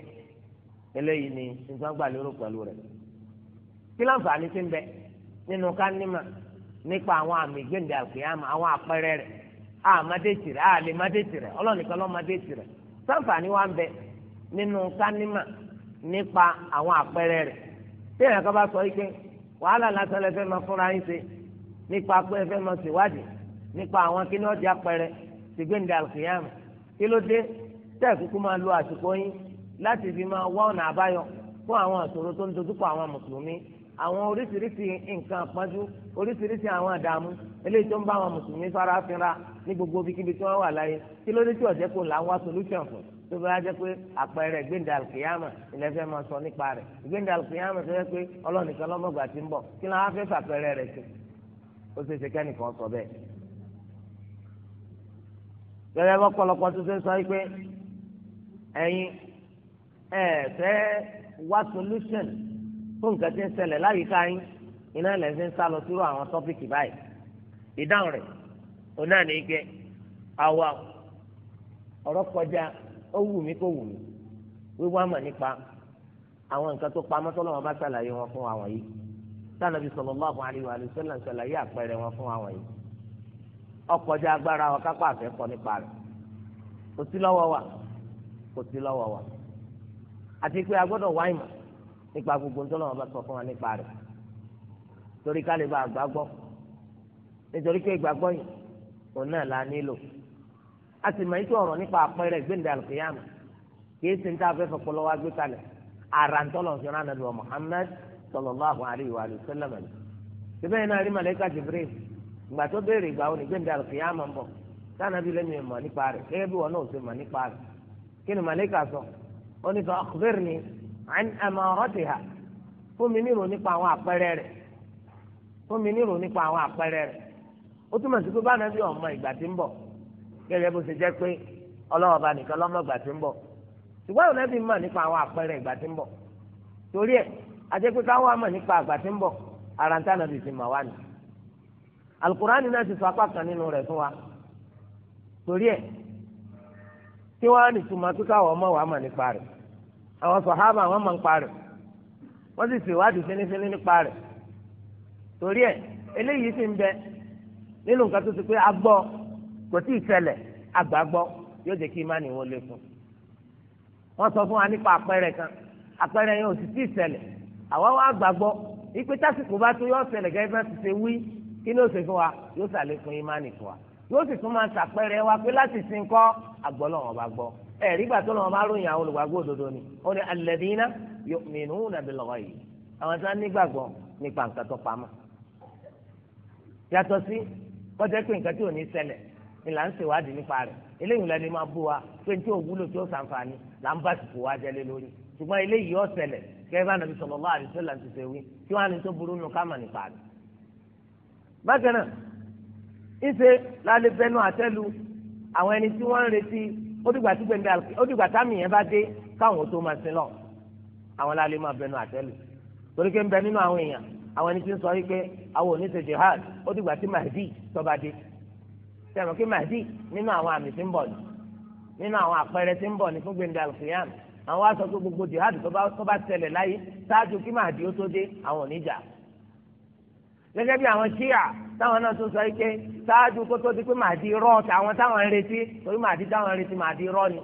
eléyìí ni nǹkan gbà lérò pẹ̀lú rẹ̀ kí láǹfààní ti ń bẹ nínú kánímà nípa àwọn àmì àwọn àpẹẹrẹ rẹ̀ àmàdétì rẹ̀ àlèmàdétì ọlọ́nìkan lọ́màdétì sáǹfààní wa ń bẹ nínú kánímà nípa àwọn àpẹẹrẹ rẹ̀ tí èèyàn kan bá sọ yìí pé wàhálà lásán lẹ máa fúnra yín ṣe nípa pé ẹ nípa àwọn kí ni ọjà apẹrẹ ti gbẹ̀ǹdà àlùkìyàmù kí ló dé tẹ́ kúkú máa lo àsìkò yín láti fi máa wá ọ̀nà àbáyọ fún àwọn àṣòro tó ń dojúkọ àwọn mùsùlùmí àwọn oríṣiríṣi nǹkan àpọ́njú oríṣiríṣi àwọn àdààmú eléyìí tó ń bá àwọn mùsùlùmí fara fínra ní gbogbo ibikíbi tí wọ́n wà láyé kí ló dé tí ọ̀jẹ̀ kò là solution fún tó bá jẹ́ pé àpẹẹrẹ ìgbéǹda alùkìyàmà ilẹ̀ fẹ́ máa sọ nípa rẹ̀ ìgbéǹda alùkìyàmà tó yẹ pé ọlọ́nìkan lọ́mọgbà ti ń bọ̀ kí ló wá gẹ́gẹ́ bá pọ̀lọpọ̀ tó ṣe sọ pé ẹ̀yin ẹ fẹ́ wá solution fún nǹkan tí ń ṣẹlẹ̀ láyìíká yín iná ilẹ̀ fi ń sá lọ sírò àwọn tọ́pìkì báyìí ìdáhùn rẹ̀ òun náà ní gbẹ àwa ọ̀rọ̀ kọjá ó wù mí kó wù mí wíwá mà nípa àwọn nǹkan tó pamọ́ tọ́lọ́wọ́n bá ṣàlàyé wọn fún wa wọ̀nyí sanabi sallallahu alaihi wa sallam ṣàlàyé àpẹẹrẹ wọn fún wa wọ̀nyí ọkọjá agbára wa kápá àfẹ́kọ́ nípa rẹ̀ kò sí lọ́wọ́ wa kò sí lọ́wọ́ wa àti pé a gbọ́dọ̀ wá ìmọ̀ nípa gbogbo nítorí wọn bá sọ fún wa nípa rẹ̀ torí ká lè bá àgbàgbọ́ nítorí pé ìgbàgbọ́ yìí òun náà la nílò a sì mọ̀ ikú ọ̀rọ̀ nípa àpẹẹrẹ gbẹ̀ndé alùpùpù kìí sin tá a fẹ́ fọpọlọ wa gbé kalẹ̀ ara ń tọ́lọ̀ fi rán wa Muhammad sallallahu sallam ẹ̀ síbẹ̀ yìí náà rí màlẹ́kà ìgbà tó béèrè ìgbà wo ni gbẹ̀ndà àlùkìyámà ń bọ̀ sànàbí lẹ́mi mọ̀ nípa rẹ̀ gẹ́gẹ́ bí wọn náà ṣe mọ̀ nípa rẹ̀ kí ni màlẹ́kà sọ ó ní sọ akhbirni ha amaratiha fún mi nírò nípa àwọn àpẹẹrẹ rẹ̀ fún mi nírò nípa àwọn àpẹẹrẹ rẹ̀ ó túmọ̀ sí pé báwọn ẹbí ọmọ ìgbà tí ń bọ̀ gẹ́gẹ́ bó ṣe jẹ́ pé ọlọ́wọ́ bá nìkan alukurani náà ti sọ apá kan nínú rẹ̀ fún wa torí ẹ̀ tí wọ́n á ní túmọ̀ pé káwọn ọmọ wa mà nípa rẹ̀ àwọn sọ̀hábà wọn mà nípa rẹ̀ wọ́n sì ṣèwádìí fínífíní nípa rẹ̀ torí ẹ̀ eléyìí sì ń bẹ nínú nǹkan tó ti pé agbọ́ kò tí ì ṣẹlẹ̀ agbàgbọ́ yóò jẹ́ kí imáni wọn lékún wọ́n sọ fún wa nípa àpẹẹrẹ kan àpẹẹrẹ yẹn ò sì tí ì ṣẹlẹ̀ àwa wá gbàgbọ́ ìpè tásìkò bá tó yọ ọ̀sẹ̀lẹ̀ gẹ́gẹ́ bá ti ṣe wí kí ló ṣe fún wa yóò ṣàlékún ìmánì fún wa yóò sì tún máa ṣàpẹẹrẹ wa pé láti sin kọ́ àgbọ̀lọ́wọ́n bá gbọ́ ẹ̀rí gbà tó lọ́wọ́ bá ròyìn àwọn olùgbàgbọ́ òdodo ni ó ní alladhina yu'minuna bil ghaib àwọn tí wọ́n nígbàgbọ́ nípa nǹkan tó pamọ́ yàtọ̀ sí kọjá pé nǹkan tí ò ní ṣẹlẹ̀ ni là ń ṣèwádìí nípa rẹ̀ eléyìí lẹni máa bú wa pé tí ò wúlò tí ó ṣàǹfààní là ń bá sìkò wa jẹlé lórí ṣùgbọ́n eléyìí ó ṣẹlẹ̀ kẹ́ bá nàbí sallallahu alaihi wasallam ti ṣe wí kí wọ́n á ní tó burú nù ká mà nípa rẹ̀ bákan náà ńṣe lálẹ́ bẹnu àtẹ́lu àwọn ẹni tí wọ́n ń retí ódìgbà tí gbẹ̀ndẹ̀ ódìgbà támì yẹn bá dé káwọn tó máa sin lọ àwọn lálẹ́ máa bẹnu àtẹ́lu torí pé ń bẹ nínú àwọn èèyàn àwọn ẹni tí ń sọ yìí àwọn òní ṣe jihad ódìgbà tí mahdi tó bá dé sẹ́wọ̀n kí mahdi nínú àwọn àmì tí ń bọ̀ ni nínú àwọn àpẹẹrẹ tí ń bọ̀ ni fún gbẹ̀ndẹ̀ alùpùpù àwọn aṣọ tó gbogbo jihad tó bá ṣẹlẹ̀ láyé ṣáájú kí mahdi ó tó dé àwọn òní jà gẹ́gẹ́ bí àwọn ṣíà táwọn náà tún sọ ike ṣáájú kó tó di pé màdí rọ táwọn táwọn ń retí torí màdí táwọn ń retí màdí rọ ni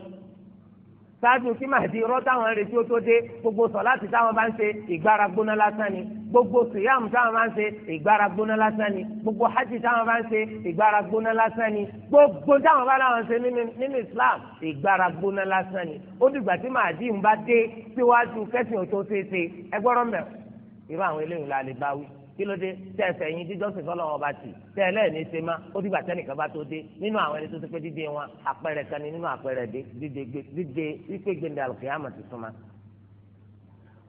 ṣáájú kí màdí rọ táwọn ń retí ó tó dé gbogbo sọ̀láàtì táwọn bá ń ṣe ìgbára gbóná lásán ni gbogbo sìyàm táwọn bá ń ṣe ìgbára gbóná lásán ni gbogbo hajj táwọn bá ń ṣe ìgbára gbóná lásán ni gbogbo táwọn bá láwọn ṣe nínú islam ìgbára gbóná lásán ni ó dìgbà tí màdí ń bá dé síwájú kẹsìn òtó ṣeéṣe ẹgbọ́rọ̀ mẹ́rin irú àwọn eléyìí la lè bá wí kí ló dé tẹ ẹsẹ̀ yín jíjọ́sìn fọlọ́wọ́n bá tì tẹ ẹ lẹ́ẹ̀ni ṣe má ó dìgbà tẹ́nìkan bá tó dé nínú àwọn ẹni tó ti pé dídé wọn àpẹẹrẹ kan ní nínú àpẹẹrẹ dídé dídé wípé gbẹndẹ àlùkìyàmọ̀ ti súnmọ́.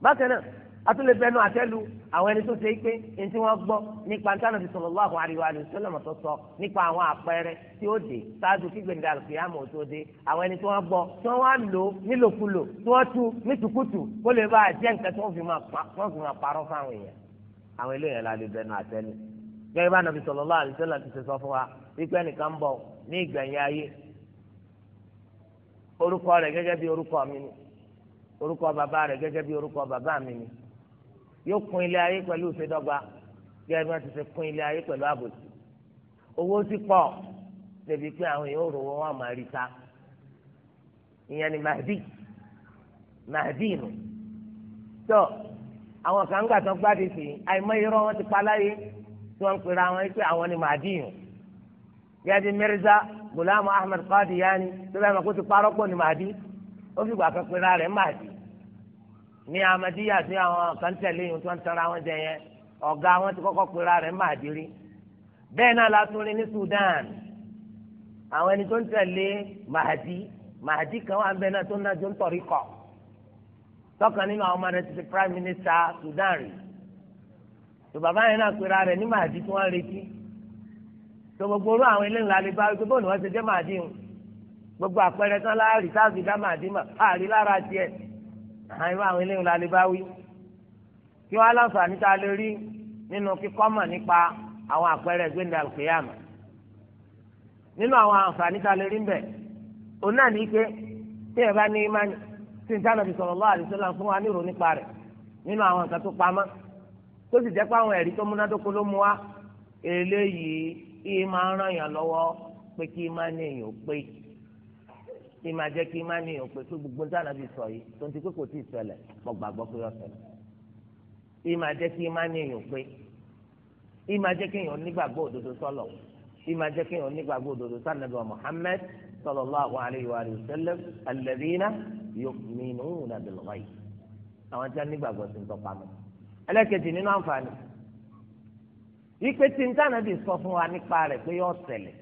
bákan náà atúlẹ̀ bẹnu àtẹ́lu àwọn ẹni tó ṣe pé ní tí wọ́n gbọ́ nípa ntánà ti sallallahu alaihi wa sallam tó sọ nípa àwọn àpẹẹrẹ tí ó dé ṣáájú kí gbẹ̀ndà àlùkìyàmọ̀ tó dé àwọn ẹni tí wọ́n gbọ́ tí wọ́n wá lò nílòkulò tí wọ́n tú nítùkùtù kó lè bá jẹ́ nǹkan tí wọ́n fi máa parọ́ fáwọn èèyàn. àwọn eléyàn la lè bẹnu àtẹ́lù gẹ́gẹ́ bá nàbì sallallahu alaihi wasallam ti sọ fún wa wípé nìkan bọ̀ ní ìgbẹ̀yìn ayé orúkọ rẹ̀ gẹ́gẹ́ bí orúkọ mi ni orúkọ bàbá bí orúkọ bàbá mi ni yóò kún ilé ayé bí ti kún ilé àwọn kan gbà tán gbáde sí i àìmọye irọ́ wọn ti pa láyé tí wọ́n ń pera àwọn yìí pé àwọn ni màdíyàn yàtí Mirza Ghulam Ahmad Qadiani tó bá yẹ kó ti parọ́ pọ̀ ni màdí ó fi gbà kan pera rẹ̀ màdí ní amadiya tí àwọn kan tẹ̀lé yìí tó ń tara wọn jẹ yẹn ọ̀gá wọn ti kọ́kọ́ pera rẹ̀ màdí rí bẹ́ẹ̀ náà la rí ní Sudan àwọn ẹni tó ń tẹ̀lé màdí màdí kan wà ń bẹ náà tó ń náà ń tọ̀rí kọ̀ tọkàn nínú àwọn ọmọ rẹ ti di prime minister Sudan rí tó bàbá yẹn náà pera rẹ ní màdí tí wọn retí tó gbogbo orú àwọn eléyìí lálẹ́ bá wípé bóun ni wọn ti dé màdí o gbogbo àpẹẹrẹ tán láàrí sáàfì dá màdí mà àrí lára tiẹ̀ àìrú àwọn eléyìí lálẹ́ bá wí kí wọn aláǹfààní tá a lè rí nínú kíkọ́ mọ̀ nípa àwọn àpẹẹrẹ gbẹ̀ndà òkèèyàmà nínú àwọn àǹfààní tá a lè rí ń bẹ̀ òun náà ní pé tí ẹ bá ní imáni tí n tánàbí sallallahu alaihi wasallam fún wa nírò nípa rẹ̀ nínú àwọn nǹkan tó pamọ́ tó sì jẹ́ pé àwọn ẹ̀rí tó múnádóko ló mú wa eléyìí ìyí máa ń ràn yàn lọ́wọ́ pé kí má ní èèyàn pé kí má jẹ́ kí má ní èèyàn pé pé gbogbo tánàbí sọ yìí tó ń ti pé kò tí ì ṣẹlẹ̀ gbàgbọ́ pé ó ṣẹlẹ̀ kí má jẹ́ kí má ní èèyàn pé kí má jẹ́ kí èèyàn nígbàgbọ́ òdodo sọ́lọ̀ kí má jẹ́ kí èèyàn nígbàgbọ́ òdodo sánàbí Muhammad صلى الله عليه وآله وسلم الذين يؤمنون بالغيب àwọn tí a nígbà gbọ́ sí ń tọ́pa mọ́ ẹlẹ́kẹ̀jì nínú àǹfààní wípé tí n tànà bí sọ fún wa nípa rẹ̀ pé yóò ṣẹlẹ̀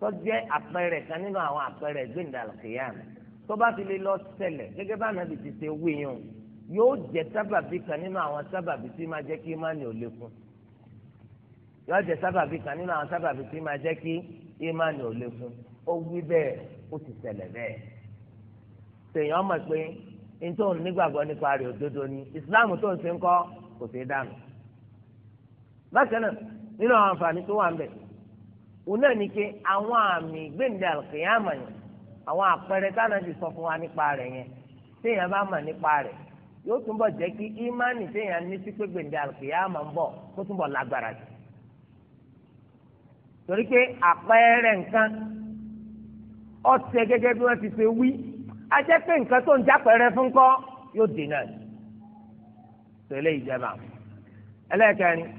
tó jẹ́ àpẹẹrẹ kan nínú àwọn àpẹẹrẹ gbẹ̀ndàlùkìyàmù tó bá fi lè lọ ṣẹlẹ̀ gẹ́gẹ́ bá nàbì ti ṣe wíyùn yóò jẹ́ sábàbí kan nínú àwọn sábàbí tí máa jẹ́ kí ìmánì ò lékún yóò jẹ́ sábàbí kan nínú àwọn sábàbí tí máa jẹ́ kí ìmánì ò lékún ó wí bẹ́ẹ̀ ó ti sẹlẹ̀ bẹ́ẹ̀ tèèyàn mọ̀ pé nítorí nígbàgbọ́ nípa rẹ̀ òdodo ni ìsìláàmù tó ń ṣe ń kọ́ kò sí dànù bákan náà nínú àwọn àǹfààní tó wà ń bẹ òun náà ni pé àwọn àmì gbẹ̀ǹdà kìyàmà yẹn àwọn àpẹẹrẹ táwọn ti sọ fún wa nípa rẹ̀ yẹn téèyàn bá mọ̀ nípa rẹ̀ yóò jẹ́ ọsẹ gẹ́gẹ́ bí wọ́n ti ṣe wí ajẹ́ pé nǹkan tó ń jápẹ̀rẹ̀ fún kọ́ yóò dènà tẹ̀lé ìjẹba ẹlẹ́kẹrin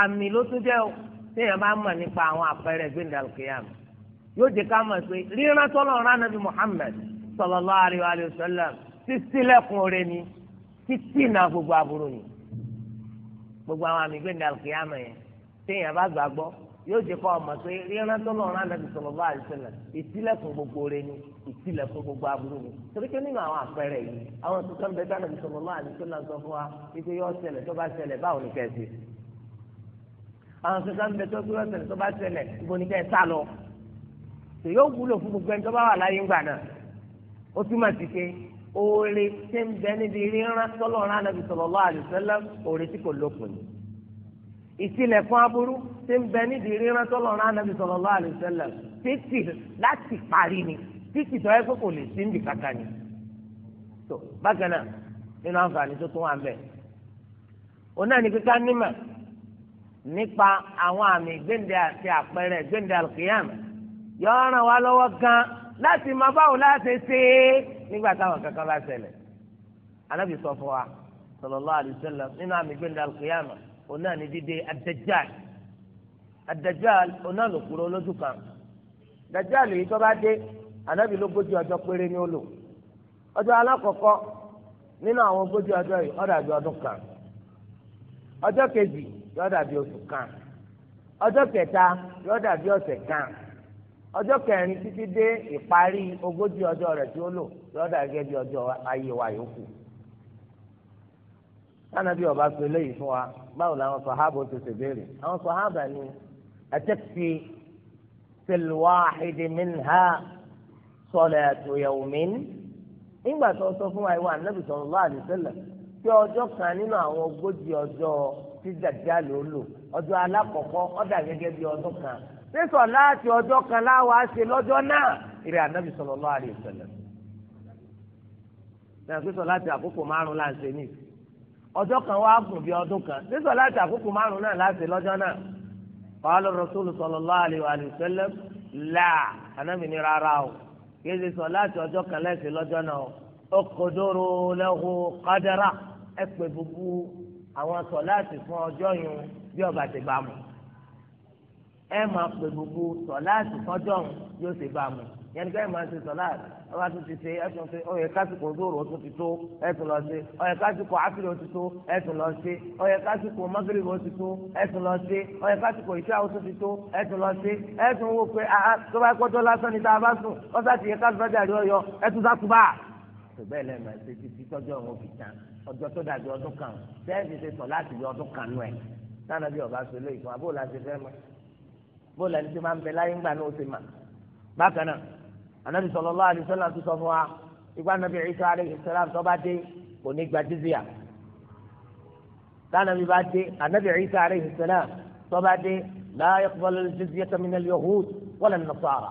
àmì ló tún jẹ́ o téèyàn bá mọ̀ nípa àwọn àpẹẹrẹ gbẹ̀ndàlùkìyàm yóò jẹ́ ká mọ̀ pé ríran tọ́lọ̀ rán nàbí Muhammad sallallahu alaihi wa sallam títí lẹ́kùn oore ni títí náà gbogbo aburú ni gbogbo àwọn àmì gbẹ̀ndàlùkìyàm yẹn téèyàn bá gbàgbọ́ yóò jẹ kọ́ ọmọ pé ríran tó lọ rán Ànábì sallallahu alaihi wasallam ìtìlẹ̀kùn gbogbo rẹ ni ìtìlẹ̀kùn gbogbo aburú ni torí pé nínú àwọn àpẹẹrẹ yìí àwọn tó kàn bẹ tí Ànábì sallallahu alaihi wasallam sọ fún wa wípé yóò ṣẹlẹ̀ tó bá ṣẹlẹ̀ báwo ni kẹ́ ẹ ṣe àwọn tó kàn bẹ tó kúrò ṣẹlẹ̀ tó bá ṣẹlẹ̀ ibo ni kẹ́ ẹ sá lọ tò yóò wúlò fún gbogbo ẹni tó bá wà láyé ńgbà náà ó túmọ̀ sí pé oore ṣe ń bẹ níbi ríran tó lọ rán Ànábì sallallahu alaihi wasallam oore tí kò lópin ni ìtìlẹ̀kùn aburú ti ń bẹ nídìí ríran tọ́lọ́run anábì sallallahu alaihi wasallam títì láti parí ni títì tó yẹ pé kò lè sí níbi kàkà ni. tó bákan náà nínú àǹfààní tó tún wà ń bẹ. òun ní kíkà nímọ̀ nípa àwọn àmì gbẹ̀ǹdẹ̀ àti àpẹẹrẹ gbẹ̀ǹdẹ̀ alqiyam yọ ràn wá lọ́wọ́ gan láti máa báwo láti ṣe é nígbà táwọn kankan bá ṣẹlẹ̀ anábì sọ fún wa sallallahu alaihi wasallam nínú àmì gbẹ̀ǹdẹ̀ alqiyam Ona ni dide dídé adajal adajal òun náà ló lójú kan dajal yìí tó bá dé ànábì lógójì ọjọ́ péré ni ó lò ọjọ́ alákọ̀ọ́kọ́ nínú àwọn ogójì ọjọ́ yìí ó dàbí ọdún kan ọjọ́ kejì yóò dàbí oṣù kan ọjọ́ kẹta yóò dàbí ọ̀sẹ̀ kan ọjọ́ kẹrin títí dé ìparí ogójì ọjọ́ rẹ̀ tí ó lò yóò dàbí gẹ́gẹ́ bí ọjọ́ ayé wa yòókù anabi ọba sọ eléyìí fún wa báwo làwọn sọhábà ti ṣe béèrè àwọn sọhábà ni àtẹkùsì tẹlifáàhídì mìnhà sọlẹ àtòyẹwòmín nígbà tó sọ fún wa ìwà anabi sọlọ lọ àdìsẹlẹ tí ọjọ́ kan nínú àwọn ogójì ọjọ́ tí dàjálù ó lò ọjọ́ alákọ̀ọ́kọ́ ọdà gẹ́gẹ́ bí ọdún kan sísọ láti ọjọ́ kan láwa ṣe lọ́jọ́ náà ìrẹ anabi sọlọ lọ àdìsẹlẹ ọjọ́ kan wá gùn bí ọdún kan nígbà láti àkókò márùn náà láti lọ́jọ́ náà wàá lọ Rasulu sallallahu alaihi wa sallam là ànábì ní rárá o kì í ṣe sọ láti ọjọ́ kan láti lọ́jọ́ náà o quduru lahu qadara ẹ pè gbogbo àwọn sọ láti fún ọjọ́ yun bí ọba ti bá mu ẹ máa pè gbogbo sọ láti fọjọ́ yun yóò ti bá mu yẹn ní ká yẹn máa ṣe sọlá ọba tó ti ṣe ẹtùn ṣe ọyẹ kásìkò zoro ó tún ti tó ẹtùn lọ ṣe ọyẹ kásìkò afiri ó ti tó ẹtùn lọ ṣe ọyẹ kásìkò magiri ó ti tó ẹtùn lọ ṣe ọyẹ kásìkò ìṣá ó tún ti tó ẹtùn lọ ṣe ẹtùn wò pé aha tó bá pọ́jọ́ lásán ni tá a bá sùn ọ̀sá ti yẹ kásìkò dàrí ọyọ ẹtùn sákùbà. bẹ́ẹ̀ lẹ́ẹ̀ máa ṣe títí tọ́jọ́ ọ̀hún fi tán ọjọ́ tó dàbí ọdún kan sẹ́ẹ̀sì ṣe sọ láti bí ọdún kan nù ẹ̀ tánàbí ọba ṣe lóyún àbó làṣẹ fẹ́ mọ́ bó làṣẹ máa ń bẹ láyé ńgbà náà ó ṣe mà bákan náà anabi sallallahu alaihi wasallam tó sọ fún wa ìgbà anabi Isa alaihi salam tó bá dé kò ní gba jizya tànàbí bá dé anabi Isa alaihi salam tó bá dé la yaqbalu al-jizyata min al nasara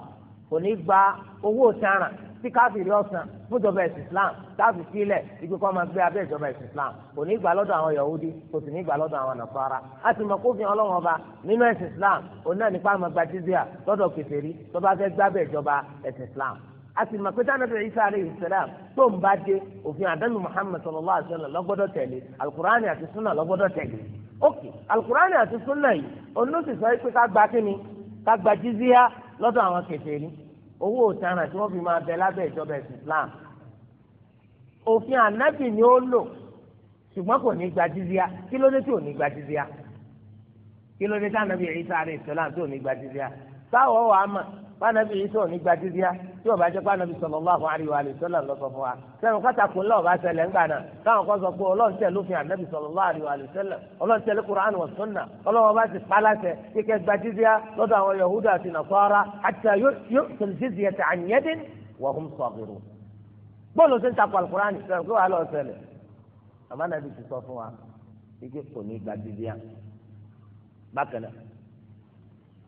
kò ní gba owó ìtanràn tí káfíìrì ọ̀sán fúnjọba ẹ̀sìn islam táàfì sílẹ̀ ibi kan máa gbé abẹ́ ìjọba ẹ̀sìn islam kò ní gbà lọ́dọ̀ àwọn yahudi kò sì ní gbà lọ́dọ̀ àwọn nàfàrà a sì mọ̀ kó fi ọlọ́run ọba nínú ẹ̀sìn islam òun náà nípa àmọ́ gba jizya lọ́dọ̀ kèfèrí tó bá fẹ́ gbé abẹ́ ìjọba ẹ̀sìn islam a sì mọ̀ pé tánàbí isa aleyhi salam tó ń bá dé òfin àdánù muhammad sallallahu alaihi wa sallam lọ́gbọ́dọ̀ tẹ̀lé alukur'ani àti sunna lọ́gbọ́dọ̀ tẹ̀lé ok alukur'ani àti sunna yìí onú sì sọ pé ká gba kíni ká gba jizya lọ́dọ̀ àwọn kèfèrí owó òtaràn tí wọ́n fi máa bẹ lábẹ́ ìjọba ẹ̀sìn Islam òfin ànábì ni ó lò ṣùgbọ́n kò ní gba jizíya kí ló dé tí ò ní gba jizíya kí ló dé tí ànábì Ìsá alayhi salam tí ò ní gba jizíya táwọn wàá mọ̀ bá ànábì Ìsá ò ní gba jizíya tí ọba jẹ́ pé anabi sallallahu alaihi wa sallam lọ sọ fún wa sẹ́nu kátàkùn lọ́wọ́ bá ṣẹlẹ̀ ńgbà náà káwọn kan sọ pé ọlọ́run tẹ̀ lófin anabi sallallahu alaihi wa sallam ọlọ́run tẹ̀lé Qur'an wa sunna ọlọ́run bá ti paláṣẹ kíkẹ́ gba jizya lọ́dọ̀ àwọn yahuda àti nasara hatta yu'tul jizyata an yadin wa hum saghirun. bọ́ọ̀lù ti ń takò alukur'an sẹ́nu kí wàá lọ ṣẹlẹ̀ àmọ́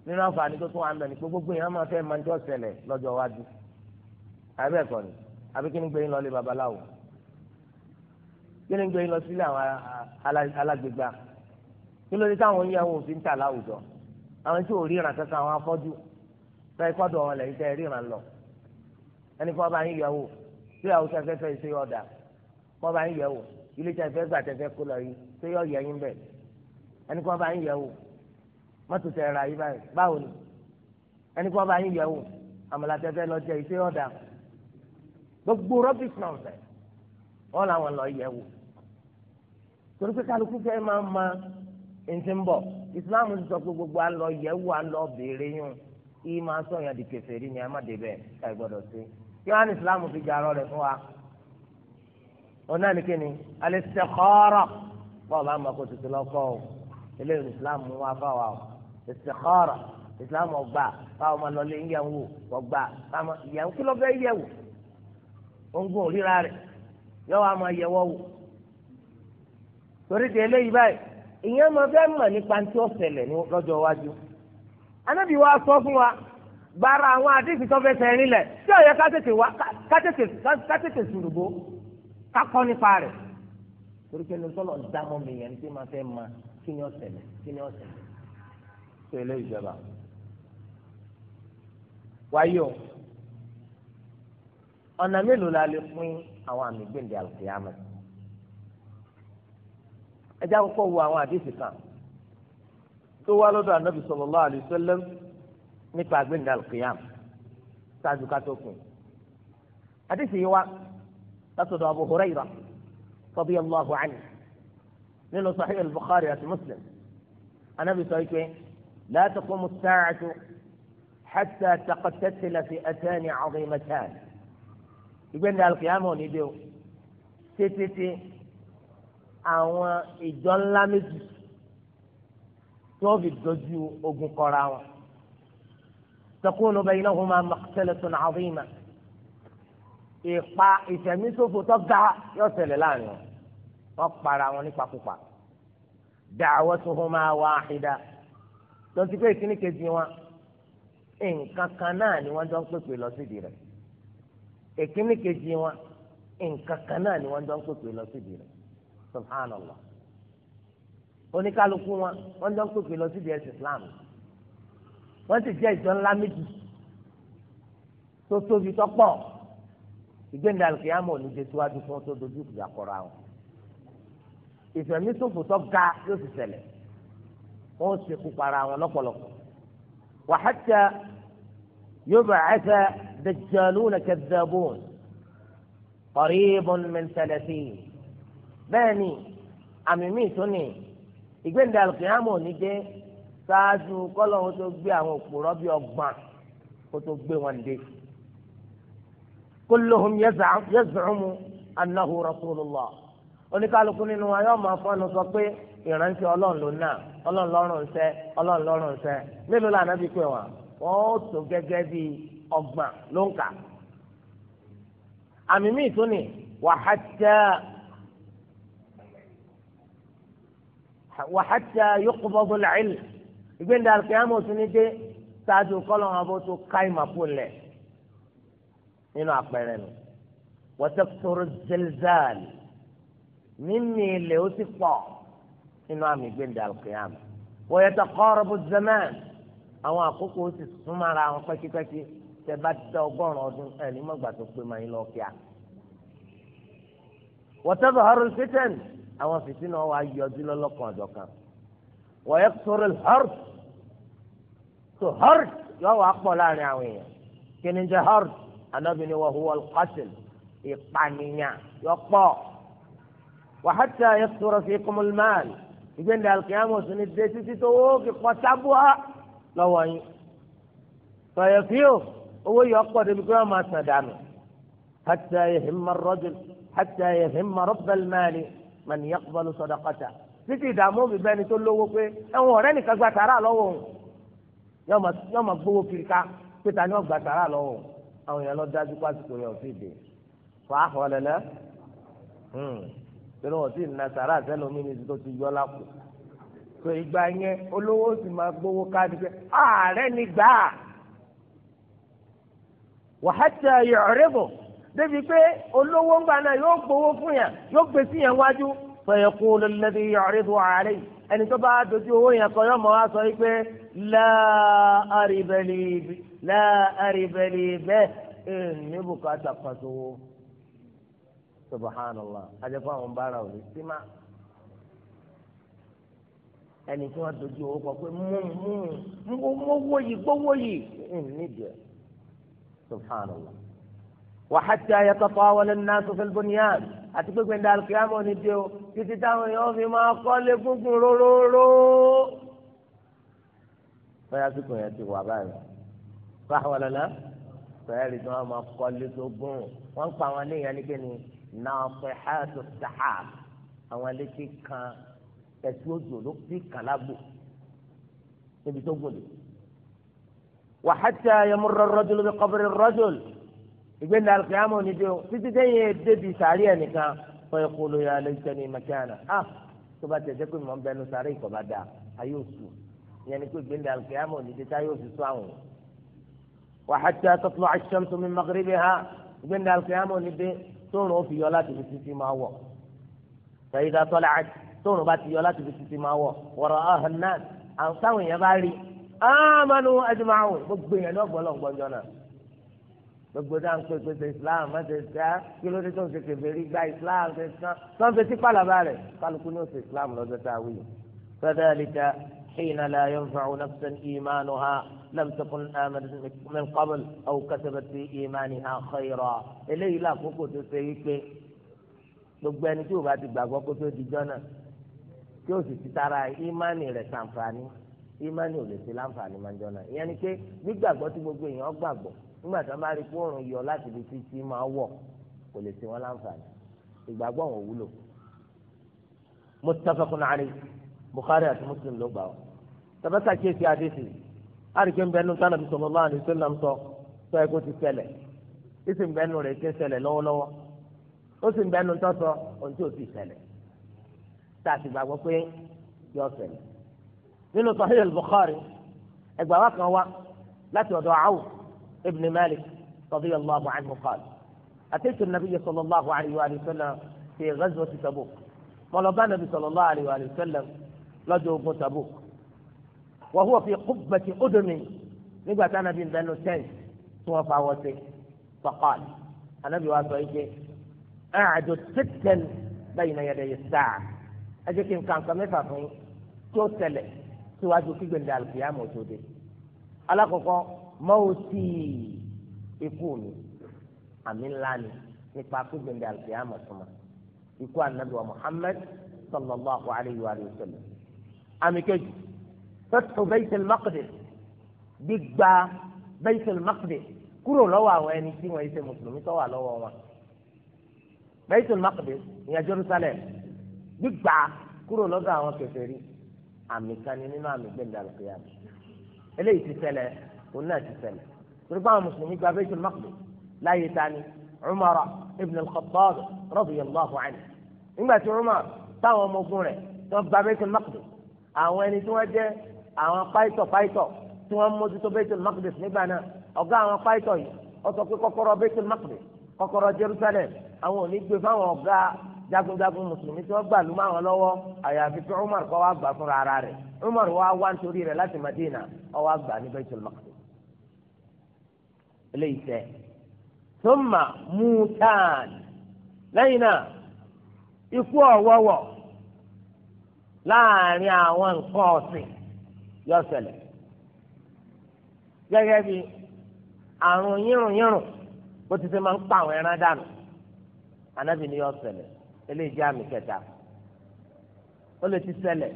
nínú àǹfààní tó tún wà ń bẹ̀ ni gbogbo èèyàn máa fẹ́ máa ń jọ́ ṣẹlẹ̀ lọ́jọ́ iwájú àbí ẹ̀kọ́ ni àbí kí ni gbé yín lọ lé babaláwo kí ni gbé yín lọ sílé àwọn alágbègbà kí ló dé táwọn oníyàwó fi ń tà láwùjọ àwọn tí ò ríran kankan àwọn afọ́jú fẹ́ẹ́ kọ́dọ̀ wọn lẹ́yìn tẹ́ ríran lọ ẹni fọ́ bá yín yẹ̀wò tí ìyàwó tẹ fẹ́ fẹ́ ṣe ọ̀dà fọ́ bá yín yẹ̀wò ilé tẹ fẹ́ gbà tẹ fẹ́ kó lọ yìí tó yọ yẹ yín bẹ̀ ẹni fọ́ bá yín yẹ̀wò mọ́tò tẹ ra yìí báyìí báwo ni ẹni fọ́ bá yín yẹ̀wò àmàlà tẹ fẹ́ lọ jẹ ìṣe ọ̀dà gbogbo rubbish náà sẹ wọn làwọn lọ yẹ̀ wò torí pé kálukú fẹ́ máa ma ẹnjẹ ń bọ̀ ìsìláàmù ti sọ pé gbogbo alọ yẹ̀ wò alọ béèrè yún yìí máa sọ yàn di kèfèrí ni ẹ má débẹ̀ ẹ gbọ́dọ̀ sí kí wọn ní ìsìláàmù fi jà arọ rẹ fún wa ọ̀nà ni kíni al-istikhara bọ́ọ̀ bá ń bọ̀ kó tuntun lọ́kọ́ o eléyìí ìsìláàmù wá fáwa o istikhara ìsìláàmù ọgbà fáwọn ọmọ lọlé ń yẹ̀ wò ọgbà fáwọn ìyẹ̀wò kí ló fẹ́ yẹ̀ wò òǹgùn òríra rẹ̀ yọ̀wọ́ àmọ́ yẹ̀wọ́ wò torí di eléyìí báyìí ìyẹn máa fẹ́ mọ̀ nípa tí ó ṣẹlẹ̀ lọ́jọ́ iwájú anábì wa sọ fún wa gbara àwọn àdéhùn tó fẹ́ sẹ́yìn tí ọ̀yẹ́ kátètè wá kátètè sùrùgbó kakọ́ nípa rẹ̀ torí mi yẹn tí máa fẹ́ ma kí ni ó ṣẹlẹ̀ kí ni ó ṣẹlẹ̀ eléyìí wáyé o. ọ̀nà mélòó la lè pín àwọn àmì gbèǹde àlùkìyàmẹ́ ẹjẹ́ àkọ́kọ́ wo àwọn àdéhùn kan tó wá lọ́dọ̀ ànábì sallallahu alaihi wasallam nípa gbèǹde àlùkìyàmẹ́ sáájú ká tó kùn àdéhùn yìí wá látọ̀dọ̀ Abu Hurairah radiyallahu anhu nínú Sahih al-Bukhari àti Muslim ànábì sọ wípé la taqumu as-sa'atu hatta taqtatil fi'atan 'azimatani. ìgbẹ́ni alùpùpù ní dé o tètè àwọn ìjọ ńlá méjì tí wọ́n fi dojú ogun kọra wọn takunu baynahuma maqtalatun azima ìpa ìfẹ̀míṣòfò tó ga yóò ṣẹlẹ̀ láàrin wọn wọ́n para wọn nípakúpa da'watuhuma wahida lọ́sí pé ìkíní kejì wọn nǹkan kan náà ni wọ́n jọ ń pèpè lọ sídìí rẹ̀ èkíní kejì wọn nǹkan kan náà ni wọ́n jọ ń pèpè lọ síbi rẹ̀ subhanallah oníkálukú wọn wọ́n jọ ń pèpè lọ síbi ẹ̀sìn islam wọ́n sì jẹ́ ìjọ ńlá méjì tó tóbi tó pọ̀ ìgbéǹda àlùkìyàmọ̀ ní jẹ́ síwájú fún tó dojú ìjà kọra wọn ìfẹ̀míṣòfò tó ga yóò sì ṣẹlẹ̀ wọ́n ó ṣekú para wọn lọ́pọ̀lọpọ̀ wa hatta yub'atha. دجالون كذابون قريب من ثلاثين bẹ́ẹ̀ni àmì míì tó ní ìgbéǹde alùpùpù ní dé ṣáájú kọ́lọ́hún tó gbé àwọn òpùrọ́ bíi ọgbọ̀n kó tó gbé wọn dé. kulluhum yaz'umu annahu rasulullah oníkálukú nínú wa yóò máa fọ́nu sọ pé ìránṣẹ́ ọlọ́run ló náà ọlọ́run lọ́rùn ń sẹ́ ọlọ́run lọ́rùn ń sẹ́ mélòó lànà bí pé wọn wọn ó tó gẹ́gẹ́ bíi ọgbọ̀n ló ń kà àmì míì tó ní wàhátà wàhátà yókùbọ́bù làìl ìgbéǹda àlùkìyàmù tún ní dé sáájú kọ́lọ́n abó tó ká ìmàkú lẹ̀ nínú àpẹẹrẹ nù wọ́tẹ́kùtòrò zelzali mímì ilẹ̀ ó sì pọ̀ nínú àmì ìgbéǹda àlùkìyàmù wọ́yẹ̀tẹ̀ kọ́rọ̀bù zaman àwọn àkókò ó sì súnmọ́ra àwọn pẹ́kípẹ́kí tẹ bá ti tẹ ọgọ́rùn ọdún ẹ ní mọ̀gbà tó pé máa ń lọ kíá. wọ́tẹ́bù haru fitẹ́n àwọn fìtínà wa yọjú lọ́lọ́kan àjọkan wọ́yẹ sọ̀rọ̀ har tó har yọ wà pọ̀ láàrin àwọn èèyàn kí ni jẹ́ anábì ni wọ́n huwọ́ kọ́tìl ìpànìyàn yọ pọ̀ wàhátà yẹ sọ̀rọ̀ fi kọ́mọlmáàlì ìgbẹ́ndẹ̀ alùkìyàmù sí ni dé títí tó wó fi pọ̀ sábúà lọ́wọ́ yín sọ̀yẹ̀ fíò owó yọ ọkọ débi pé wọn máa tàn dànù hatta yahimma ar-rajul hatta yahimma rabbal mali man yaqbalu sadaqata títí ìdààmú mi bẹni tó lówó pé ẹwọn ọ̀rẹ́ nìkan gba tààrà lọ́wọ́ òun yọọ máa gbowó kiri pé ta wọn gba tààrà lọ́wọ́ àwọn èèyàn lọ dájú pásítọ̀ yẹn òfin dè fà á hàn lẹ́lẹ́ tẹ̀lé wọn sì na sàrà àtẹ́lẹ̀ omi ni tó ti yọ lápò tó ìgbà yẹn olówó sì máa gbowó káàdì pé ààrẹ ni gbà wàhátà yọ̀rẹ́bù débi pé olówó ńgbà náà yóò gbowó fún yàn yóò gbé sí yàn wájú fẹ̀yẹ̀ kú lọ́lẹ́bí yọ̀rẹ́bù àárẹ̀ ẹni tó bá dojú owó yẹn kọ yọ mọ wá sọ yìí pé láàrìbẹ̀lì bẹ́ẹ̀ ní bùkátà kan subhanallah ajẹ́pọ̀ àwọn bára ò ní ẹni tí wọ́n subhanallah wàhátí ayẹkọ̀tọ̀ àwọn ẹnìyàtọ̀ fẹlbọnìyàn àti pípẹ́ ní alùpùpù ní ti o títí táwọn èèyàn fi máa kọ́lé gúngùn róróró. bóyá síkò yẹn ti wà báyìí báwo lọ́la bóyá rí tí wọ́n máa kọ́lé tó gùn wọ́n ń pa àwọn aléyàn ní kíni náà fẹ́ hàtó sàhà àwọn alétí kan ẹ̀sùn òjò ló fi kàlágbò níbi tó gùn lè. وحتى يمر الرجل بقبر الرجل يقول لها القيامة نديو تتدين يددي ساريا نكا فيقول يا ليتني مكانا آه تبا تجكو من بين ساري كبدا أيوسو يعني كل بين القيامة ونجي تايوسو سواهو وحتى تطلع الشمس من مغربها يقول لها القيامة ونجي تونو في يولات بسيسي ما هو فإذا طلعت تونو بات يولات بسيسي ما هو ورآها الناس أو يا يبالي amanu ajma'u gbogbo yẹn lọ gbọlọ gbọjọ náà gbogbo dáa ń pè pèsè islam má ṣe sá kí ló dé tó ń ṣe kèfèrí gba islam ṣe sá tó ń fetí pàlàbà rẹ kálukú ní oṣù islam lọ́jọ́ tá a wí. kadhalika hina la yanfa'u nafsan imanuha lam takun amanat min qabl aw kasabat fi imaniha khayra eléyìí làkókò tó ṣe wípé gbogbo ẹni tí o bá ti gbàgbọ́ kó tó di jọ́nà tí o sì ti tara imani rẹ̀ ṣàǹfààní Imani ò lè ṣe láǹfààní máa ń jọ́nà ìyẹn ni pé gbígbàgbọ́ tí gbogbo èèyàn gbàgbọ́ nígbà tí wọ́n bá rí kóòrùn yọ láti ibi tí tí máa wọ̀ kò lè ṣe wọ́n láǹfààní ìgbàgbọ́ wọn ò wúlò. muttafaqun alayhi bukhari àti muslim ló gbà ọ́ tabata kéèsì adéṣe àríkè ńbẹ́nu tánà bí sallallahu alaihi wasallam sọ sọ ẹ kó ti ṣẹlẹ̀ ìsì ńbẹ́nu rẹ̀ ké ṣẹlẹ̀ lọ́wọ́lọ́wọ́ ó sì ńbẹ́nu tọ́sọ ohun tí ò ti ṣẹlẹ̀ tá a sì gbàgbọ́ pé yọ ṣẹlẹ̀ nínú sahih al-bukhari ẹgbàá wa kan wá láti ọ̀dọ̀ awf ibn malik radiyallahu anhu qala ataytu an-nabiy sallallahu alayhi wa sallam fi ghazwati tabuk mo lọ bá nabi sallallahu alayhi wa sallam lọ́jọ́ ogun tabuk wa huwa fi qubbati udmi nígbà tí anabi ń bẹnu tẹ́ǹt tí wọ́n fa wọ́sẹ̀ faqala anabi wa sọ ike a'du sittan bayna yaday as-sa'a ẹ jẹ́ kí n kàn kàn mẹ́fà fún yín tí ó síwájú kí gbẹ̀ndẹ̀ àlùkìyàmọ̀ tó dé alákọ̀ọ́kọ́ mọ́wòtì ikú mi àmì ńlá ni nípa kí gbẹ̀ndẹ̀ àlùkìyàmọ̀ tó ma ikú anabi wa muhammed sallallahu alayhi wa sallam àmì kejì fẹ́tù bẹ́tẹ̀l maqdis gbígba bẹ́tẹ̀l maqdis kúrò lọ́wọ́ àwọn ẹni tí wọ́n yìí ṣe mùsùlùmí tó wà lọ́wọ́ wọn bẹ́tẹ̀l maqdis ìyẹn jerusalem gbígba kúrò lọ́dọ̀ àwọn kèfèrí àmì kan ni nínú àmì gbẹ̀dẹ̀ àlùkìyàmù eléyìí ti ṣẹlẹ̀ òun náà ti ṣẹlẹ̀ torí báwọn mùsùlùmí gba Baitul Maqdis láyé tani Umar ibn al-Khattab radiyallahu anhu nígbà tí Umar táwọn ọmọ ogun rẹ̀ tó gba Baitul Maqdis àwọn ẹni tí wọ́n jẹ́ àwọn pàìtọ̀ pàìtọ̀ tí wọ́n mójútó Baitul Maqdis nígbà náà ọ̀gá àwọn pàìtọ̀ yìí ó pé kọ́kọ́rọ́ Baitul Maqdis kọ́kọ́rọ́ Jerusalem àwọn ò gbé fáwọn ọ̀gá jagunjagun mùsùlùmí tí wọ́n gbà ló máa wọn lọ́wọ́ àyàfi tí Umar kọ́ wá gbà fúnra ara rẹ̀ Umar wá wá nítorí rẹ̀ láti Madina ọwọ́ àgbà ní Baitul Maqdis eléyìí tẹ thumma mutan lẹ́yìn náà ikú ọ̀wọ́wọ́ láàrin àwọn nǹkan ọ̀sìn yó ṣẹlẹ̀ gẹ́gẹ́ bí àrùn yírùnyírùn bó ti ṣe máa ń pa àwọn ẹran dànù anábì ni yó ṣẹlẹ̀ eléyìí jẹ́ àmì kẹta ó lè ti ṣẹlẹ̀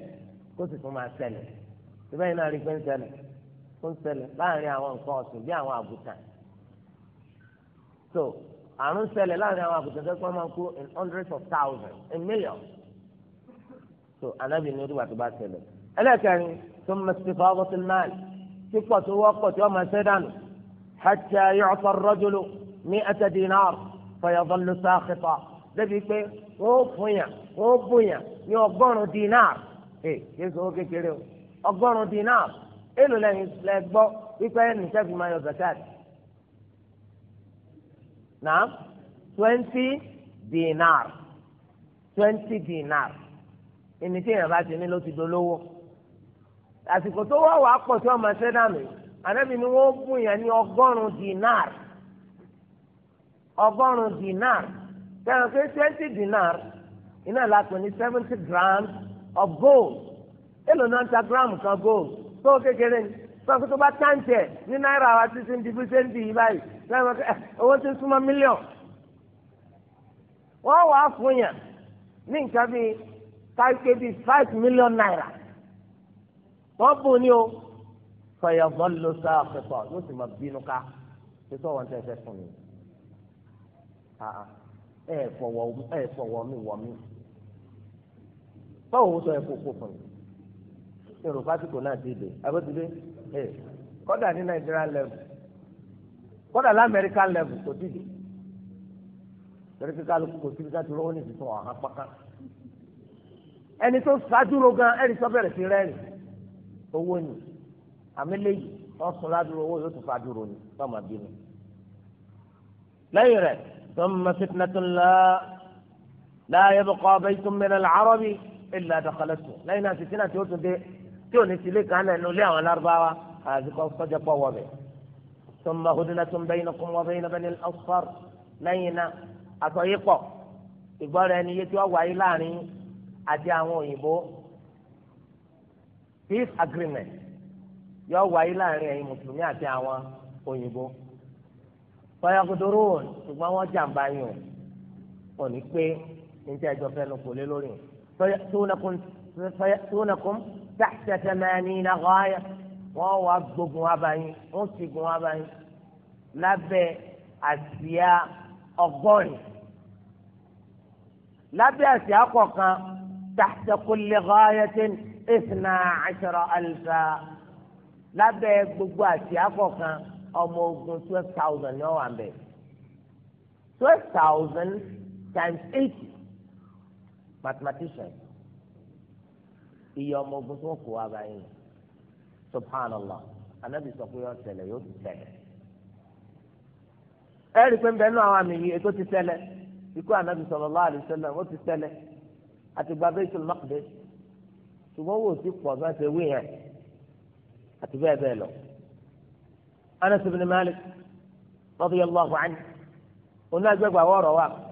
kó sì tún máa ṣẹlẹ̀ síbẹ̀ yìí náà rí pé ń ṣẹlẹ̀ ó ń ṣẹlẹ̀ láàrin àwọn nǹkan ọ̀sìn bí àwọn àgùntàn so àrùn ṣẹlẹ̀ láàrin àwọn àgùntàn tó kọ́ máa kú in hundreds of thousands in millions so anábì ní orí wa tó bá ṣẹlẹ̀ ẹlẹ́kẹ̀rin tó ń mẹ́sì fún ọgọ́sìn náà pípọ̀ tó wọ́pọ̀ tí wọ́n máa ṣẹ́ dànù hatta yu'ta ar-rajulu mi'ata dinar débi pé wọ́n ó fúnyàn wọ́n ó bùnyàn ní ọgọ́rùn-ún dinar ee yéésù owó kékeré o ọgọ́rùn-ún dinar èlò lẹ́yìn lẹ́ gbọ́ wípé nìṣẹ́ fi máa yọ zakat náà twenty dinar twenty dinar ẹni tí èèyàn bá ti ní ló ti dolówó àsìkò tó wá wàá pọ̀ tí wọ́n máa ṣẹ́ dàmì ànábì ni wọ́n bùnyàn ní ọgọ́rùn-ún dinar ọgọ́rùn-ún dinar sẹ́wọ̀n pé twenty dinar iná lápẹ̀ ní seventy grams of gold èlò náà ń ta gíráàmù kan gold tó kékeré ni sọ́kù tó bá táǹtì ẹ̀ ní náírà wa títí ń di bí ṣe ń di yìí báyìí sẹ́wọ̀n pé eh, owó ti súnmọ́ mílíọ̀n wọ́n wàá fún yàn ní nǹkan bíi káyọ̀pé bíi five million naira wọ́n bù ní o fọyọ̀ bọ́ọ̀lù ló sá àpẹ̀pọ̀ ló sì mọ̀ bínú ká ṣé tó wọ́n tẹ̀ fẹ́ fún mi ẹ fọwọ́ mi wọ̀ mí tọ́wọ́ sọ ẹ kókó fún mi ṣèrò fásitì náà ti dè abẹ́tìdé ẹ kọ́dà ní Nàìjíríà level kọ́dà ní Amẹ́ríkà level kò ti dè torí kíkà ló kò síbi káàtó lọ́wọ́ ní ìfisùn ọ̀hán pákà ẹni tó ṣáájú ló gan ẹni tó bẹ̀rẹ̀ sí rẹ́rìn owó ni àmì lẹ́yìn ọ̀sùn ládùúró owó yóò tún fàdúró ni tọ́mọ bínú lẹ́yìn rẹ̀. ثم فتنة لا لا يبقى بيت من العرب إلا دخلته لأنها فتنة يوتن دي تونس لك أنا أنه لا والأربعة هذه قد صدق ووضع ثم هدنة بينكم وبين بني الأصفر لينا أطيقوا ìgbọ́ra ẹni yé tí wọ́n wáyé peace agreement yọ wáyé láàrin ẹ̀yin mùsùlùmí àti àwọn òyìnbó fọyàgùdúró ṣùgbọ́n wọ́n jàǹbá yín o wọ́n ní pé níta ẹjọ́ fẹ́ lọ kò lé lórí tónakùn tàṣẹṣẹ mẹ́ni nàkọ́ ayẹ wọ́n wá gbógun wá báyìí wọ́n sì gun wá báyìí lábẹ́ àsíá ọgọ́rin lábẹ́ àsíá kọ̀ọ̀kan tàṣẹ kò lè kọ́ ayẹ tẹ́ni ìsìnà àṣọrọ̀ àlùfáà lábẹ́ gbogbo àsíá kọ̀ọ̀kan ọmọ ogun twelve thousand ní ọ̀wà mbẹ́ twelve thousand times eighty mathematician iye ọmọ ogun tó kó wa báyìí subhanallah anabi sọ pé yọ ṣẹlẹ̀ yóò ti ṣẹlẹ̀ ẹ rí i pé nbẹ nínú àwọn àmì yìí ètò ti ṣẹlẹ̀ ikú anabi sallallahu alaihi wasallam ó ti ṣẹlẹ̀ àti gba Baitul Maqdis ṣùgbọ́n wò ó ti pọ̀ bá ṣe wí yẹn àti bẹ́ẹ̀ bẹ́ẹ̀ lọ. أنس بن مالك رضي الله عنه قلنا ورا وروا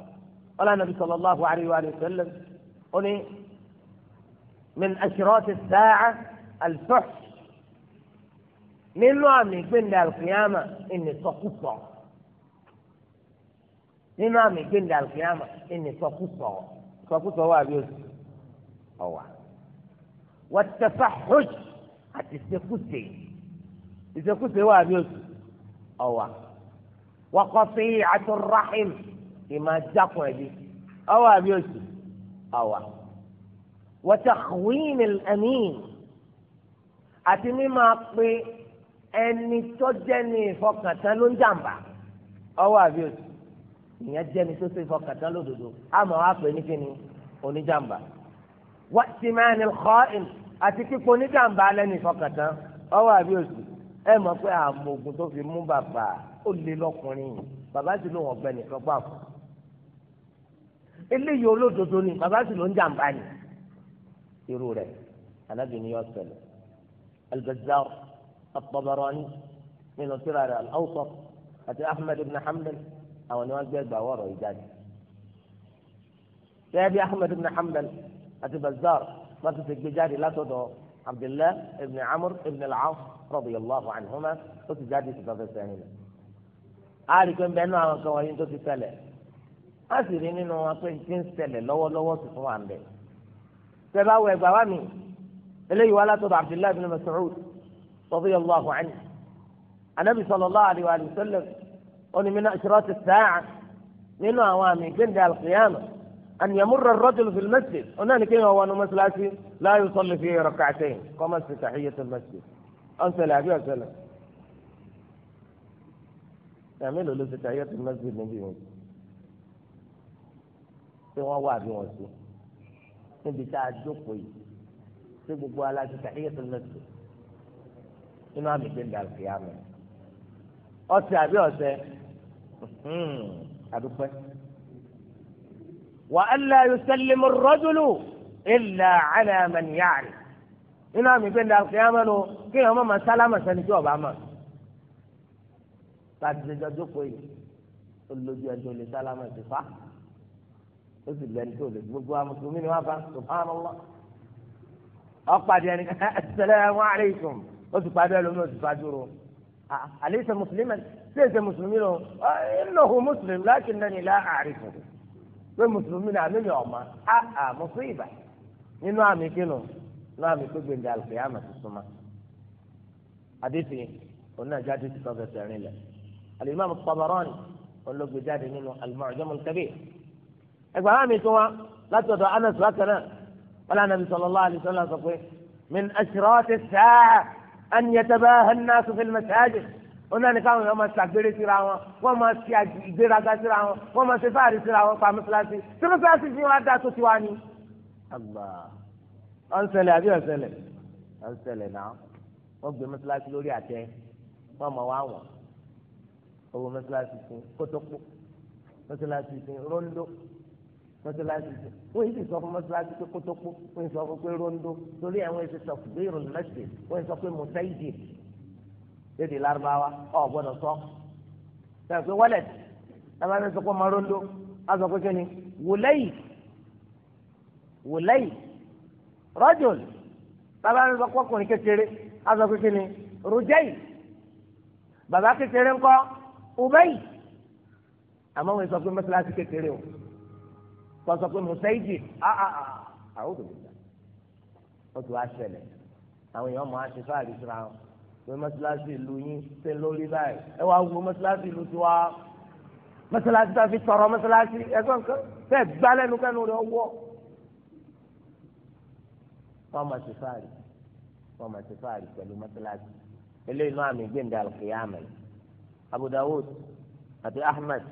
قال النبي صلى الله عليه وآله وسلم قل إيه؟ من أشراط الساعة الفحش من نامي بين القيامة إني سقطت من نامي بين القيامة إني سقطت سقطت هو أبي يوسف هو والتفحش حتى السقطين ìṣekúṣe wà bí oṣù ọ̀wà wakọ̀sí àtúnráhìm ìmọ̀ jákun ẹ̀bí ọ̀wà bí oṣù ọ̀wà wọ́tàkùwìn ẹ̀mín àti mímọ́ pé ẹni tó jẹ́ni ìfọkàntán ló ń jàǹbá ọwọ́ àbí oṣù ìyẹn jẹ́ni tó ṣe ìfọkàntán lódodo àmọ́ wàá pè é ní kíni oníjàǹbá wọ́n ti máa ní àti pípọ̀ oníjàǹbá lẹ́nu ìfọkàntán ọwọ́ àbí oṣù ẹ mọ̀ pé àmọ̀gùn tó fi mú bàbá ó lé lọ́kùnrin yìí bàbá sì ló wọ̀n gbẹ nìkan gbà fún eléyìí olódodo ni bàbá sì ló ń jàǹbá ni irú rẹ̀ anábì ni yóò ṣẹlẹ̀ Al-Bazzar At-Tabarani nínú tírà rẹ̀ Al-Awsat àti Ahmad ibn Hanbal àwọn ni wọ́n gbé ẹgbàá wọ̀rọ̀ ìjáde gẹ́gẹ́ bí ibn Hanbal àti Bazzar wọ́n ti ti gbé jáde látọ̀dọ̀ Abdullah ibn Amr ibn al-As. rọ́bì yọ̀lọ́hu àníhùnmá ó ti jáde ìsìnkà fẹsẹ̀ nílẹ̀. a rí i pé nbẹ nínú àwọn kan wọ̀nyí tó ti ṣẹlẹ̀ a sì rí nínú wọn pé ti ń ṣẹlẹ̀ lọ́wọ́lọ́wọ́ tuntun wà ń bẹ̀. sẹ́bà wọ ẹgbàá wa mi eléyìí wà látọ̀dọ̀ abdullahi bin mas'ud rọ́bì yọ̀lọ́hu àní. anabi sallallahu alayhi wa sallam onímínà ìṣòro sáà nínú àwọn àmì gbẹ̀ndẹ̀ alqiyama أن يمر الرجل في المسجد هناك كلمة وأنه مسلسي لا يصلي فيه ركعتين قام في تحية المسجد ọ̀sẹ̀lẹ̀ àbí ọ̀sẹ̀lẹ̀ ìyàmí ló ló ti ta ayé tó mẹ́sì níbi wọn tí wọ́n wà àbí wọ́n sí níbi tá a jókòó yìí tí gbogbo aláṣẹ ta ayé tó mẹ́sì nínú àmì tó ń da òkè àmì ọ̀sẹ̀ àbí ọ̀sẹ̀ àdúpẹ́ hmm, wà á lè ayọ̀ sẹ́lẹ̀mù rọ́júlù ìlà ànàmẹ́ni yára nínú àmì gbẹ̀ndà kìámẹ́ nu kéèyàn má ma sálámà sẹ́ni tí ọba mà tàdéjọ jókòó yìí olójú ẹjọ́ lè sálámà ti fa ó sì lẹ́ni tó lè gbogbo amùsùlùmí ni wọ́n bá subhanallah ọ̀pàdé ẹni assalamu alaykum ó sì padà lómi ó sì fàdúró àlẹ́sẹ̀ mùsùlùmí ṣèṣe mùsùlùmí lọ innahu muslim lakinnani la a'rifuhu pé mùsùlùmí ni àmì mi ọ̀ ma a ìbà nínú àmì kínú. náà mi gbégbé ndé alùpùpù àmàtúntúnmá àdìsí onájáde ti tọ́jú ẹsẹ̀ rìn lẹ̀ alimam Tabarani olóògbé jáde nínú al-Mu'jam al-Kabir ẹgbẹ́ àwọn mi tún wá láti ọ̀dọ̀ Anas bákan náà wọn lànà bí sallallahu alaihi wasallam sọ pé min ashrati as-sa'a an yatabaha an-nasu fil masajid ní káwọn èèyàn máa ṣàgbére síra wọn wọn máa ṣe ìgbéraga síra wọn wọn ma ṣe fari síra wọn pa mọ́sálásí tí mọ́sálásí fi wọn á dá tó tiwa ni. ọ̀nsẹ̀lẹ̀ àbí ọ̀nsẹ̀lẹ̀ ọ̀nsẹ̀lẹ̀ náà wọ́n gbé mọ́sálásí lórí àtẹ wọ́n mọ̀ wá wọ̀n owó mọ́sálásí fún kótópó mọ́sálásí fún róńdó mọ́sálásí fún wọ́n yìí sì sọ fún mọ́sálásí pé kótópó wọ́n yìí sọ fún pé róńdó torí àwọn èsì sọ pé ìrùn mẹ́sì wọ́n yìí sọ pé mùsáìdì lédè lárúbáwá ọ̀ gbọ́dọ̀ sọ sọ pé wọ́lẹ̀t tábà ní sọ pé ọmọ róńdó rajul bàbá mi sọ kọkùnrin kékeré azọ pé kíni rujai bàbá kékeré ńkọ́ ubayi àmọ́ wọn sọ pé mọ́sálásí kékeré o kọ́ sọ pé musaidi aa àwọn òbí ta ó ti wá ṣẹlẹ̀ àwọn èèyàn mọ̀ aṣọ fáàrí síra wọn pé mọ́sálásí ìlú yín ṣe lórí báyìí ẹ wá wo mọ́sálásí ìlú tiwa mọ́sálásí tá a fi tọrọ mọ́sálásí ẹ̀gbọ́n kan fẹ́ẹ̀ gbálẹ́nu kẹ́nu rẹ̀ wọ́ wọ́n máa ti fáàrí wọ́n máa ti fáàrí pẹ̀lú mọ́tíláṣí eléyìí náà àmì gbẹ̀ǹdà alkiyama Abu Dawud àti Ahmad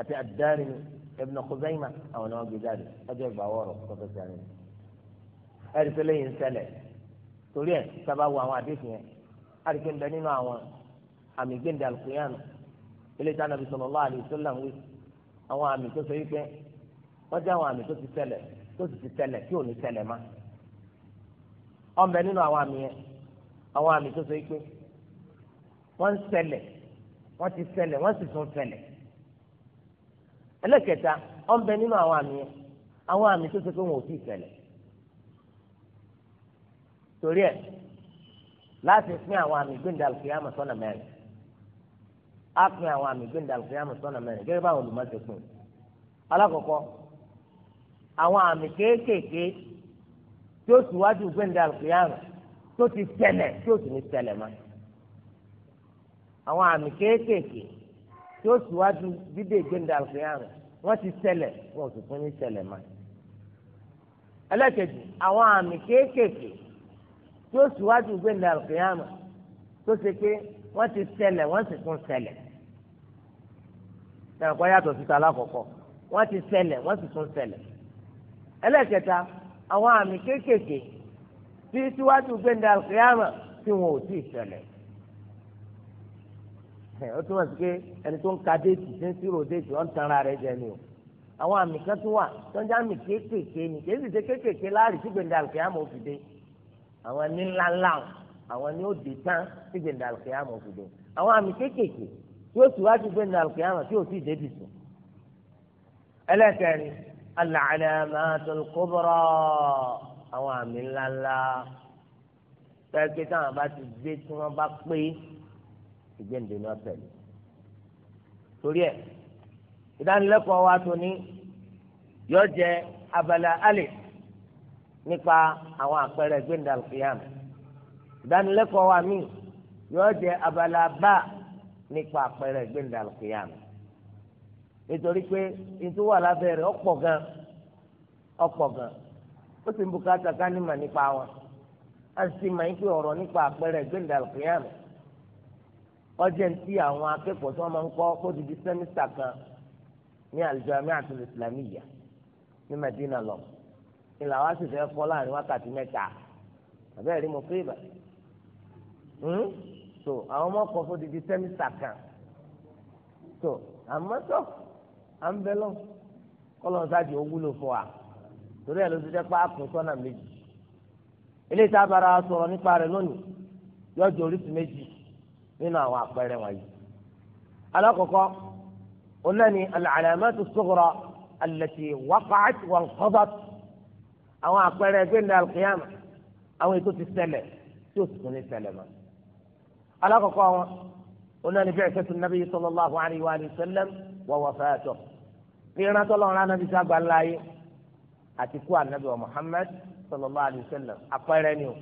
àti ad-Darimi ibn Khuzaimah àwọn náà gbé jáde ọjọ́ ìgbà wọ̀rọ̀ tọ́tọ́ sí àná ẹ̀rí tó léyìn ṣẹlẹ̀ torí ẹ̀ sábà wo àwọn àdéhùn yẹn àdéhùn ń bẹ nínú àwọn àmì gbẹ̀ǹdà alkiyama eléyìí tá Nabi sallallahu alaihi wasallam wí àwọn àmì tó sọ yìí pé wọ́n jẹ́ àwọn àmì tó ti ṣẹlẹ̀ tó ti ti ṣẹlẹ̀ tí ò ní ṣẹlẹ̀ máa ọmọ nínú àwọn àmì yẹn àwọn àmì tó so pé wọ́n ń ṣẹlẹ̀ wọ́n ti ṣẹlẹ̀ wọ́n sì tún ṣẹlẹ̀ ẹlẹ́kẹta ọmọ nínú àwọn àmì yẹn àwọn àmì tó so pé wọn ò tí ì ṣẹlẹ̀ torí ẹ̀ láti pín àwọn àmì gbẹ̀ndà àlùkìyàmù sọ́nà mẹ́rin á pín àwọn àmì gbẹ̀ndà àlùkìyàmù sọ́nà mẹ́rin gẹ́gẹ́ báwọn olùmọ̀ ṣe pín alákọ̀ọ́kọ́ àwọn àmì kéékèèké tí ó sì wájú gbẹ̀ndẹ̀ àlùkìyàmù tí ó ti ṣẹlẹ̀ tí ó sì ní ṣẹlẹ̀ mọ́. àwọn àmì kéékèèké tí ó sì wájú dídé gbẹ̀ndẹ̀ àlùkìyàmù wọ́n ti ṣẹlẹ̀ wọ́n sì tún ní ṣẹlẹ̀ mọ́. ẹlẹ́kẹ̀jì àwọn àmì kéékèèké tí ó sì wájú gbẹ̀ndẹ̀ àlùkìyàmù tó ṣe pé wọ́n ti ṣẹlẹ̀ wọ́n sì tún ṣẹlẹ̀. ẹ̀rọ kan yàtọ̀ síta lákọ̀ọ́kọ́ wọ́n ti ṣẹlẹ̀ wọ́n sì tún ṣẹlẹ̀. ẹlẹ́kẹta àwọn àmì kéékèèké tí síwájú gbẹ̀ndà àlùkìyàmà tí wọn ò tí ì ṣẹlẹ̀ ó túmọ̀ sí pé ẹni tó ń ka déètì tí ń sírò déètì ọ̀ ń tanra rẹ̀ jẹ ni o àwọn àmì kan tún wà tọ́jà àmì kéékèèké ni kì í sì ṣe kéékèèké láàrin tí gbẹ̀ndà àlùkìyàmà ò fi dé àwọn ní ńláńlá àwọn ni ó dé tán tí gbẹ̀ndà àlùkìyàmà ò fi dé àwọn àmì kéékèèké tí ó síwájú gbẹ̀ndà àlùkìyàmà tí ò al-alamatul kubra àwọn àmì ńláńlá pẹ́ẹ́kì táwọn bá ti gbé tí wọ́n bá pé ìgbéǹde náà tẹ̀lé torí ẹ̀ ìdánilẹ́kọ̀ọ́ wa tó ní yọ jẹ abala alif nípa àwọn àpẹẹrẹ ìgbéǹde alqiyam ìdánilẹ́kọ̀ọ́ wa míì yọ jẹ abala bá nípa àpẹẹrẹ ìgbéǹde alqiyam nítorí pé ètò wà lábẹ́ rẹ̀ ọ̀pọ̀ gan ọ̀pọ̀ gan ó sì ń bùkátà ká ní mà nípa wọn a sì mà yín pé ọ̀rọ̀ nípa àpẹẹrẹ ìgbéǹda àlùkìyàmù ọjọ́ ní ti àwọn akẹ́kọ̀ọ́ tí wọ́n máa ń kọ́ kó didi sẹ́mísítà kan ní al-Jami'atul Islamiyya ní Madina lọ ní làwọn á sì fẹ́ kọ́ láàrin wákàtí mẹ́ta àbẹ́rẹ́ rí mo fẹ́ ibà so àwọn ọmọ kọ́ fún didi sẹ́mísítà kan so àmọ́ sọ́kù à ń bẹ lọ kọlọ́n sáàjì ó wúlò fún wa torí ẹ̀ ló ti jẹ́ pé a kún sọ́nà méjì eléyìí tá a bára sọ̀rọ̀ nípa rẹ̀ lónìí yọjọ́ oríṣi méjì nínú àwọn àpẹẹrẹ wọ̀nyí alákọ̀ọ́kọ́ onáni alàlámẹ́tò sọ̀rọ̀ alẹ́tì wákàtí wọn kọ́bọ̀t àwọn àpẹẹrẹ gbẹ̀ndẹ̀ alùkìyàmà àwọn ètò ti ṣẹlẹ̀ tí ó sì tún ní ṣẹlẹ̀ mọ́ alákọ̀ọ́kọ́ wọn onáni bi'satu nàbí sallallahu alayhi wa sallam wa wafatuhu ríran tọ́lọ́run anábì sábà láàyè àti kú anábì wa Muhammad sallallahu alayhi wa sallam àpẹẹrẹ ni o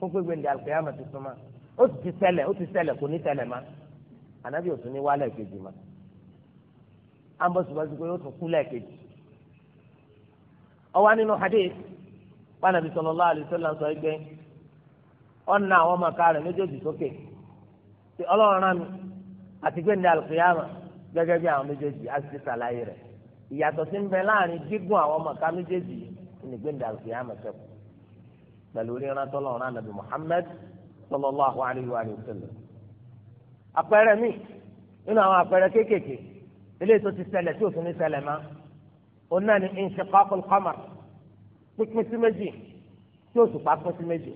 fún gbégbé ndé ti súnmọ́ ó ti ṣẹlẹ̀ ó ti kò ní ma anábì ò tún ní ma ambosibazi pé ó tún kú ọwọ́ nínú sallallahu alayhi wa sallam sọ ẹgbẹ́ ọ̀nà àwọn màkà rẹ̀ méjèèjì sókè ọlọ́run rán mi àti gbé ndé gẹ́gẹ́ bí àwọn méjèèjì á rẹ̀. ìyàtọ̀ tí ń bẹ láàrin gígùn àwọn ọmọ ká méjèèjì nígbèǹda àlùkìyàmọ̀ sẹ́kù pẹ̀lú ríran tọ́lọ̀ ọ̀rán nàbì Muhammad sallallahu alayhi wa sallam. àpẹẹrẹ mi nínú àwọn àpẹẹrẹ kéékèèké eléyìí tó ti ṣẹlẹ̀ tí òfin ní ṣẹlẹ̀ mọ́ òun náà ni inshiqaqul qamar pínpín sí méjì tí òṣùpá pín sí méjì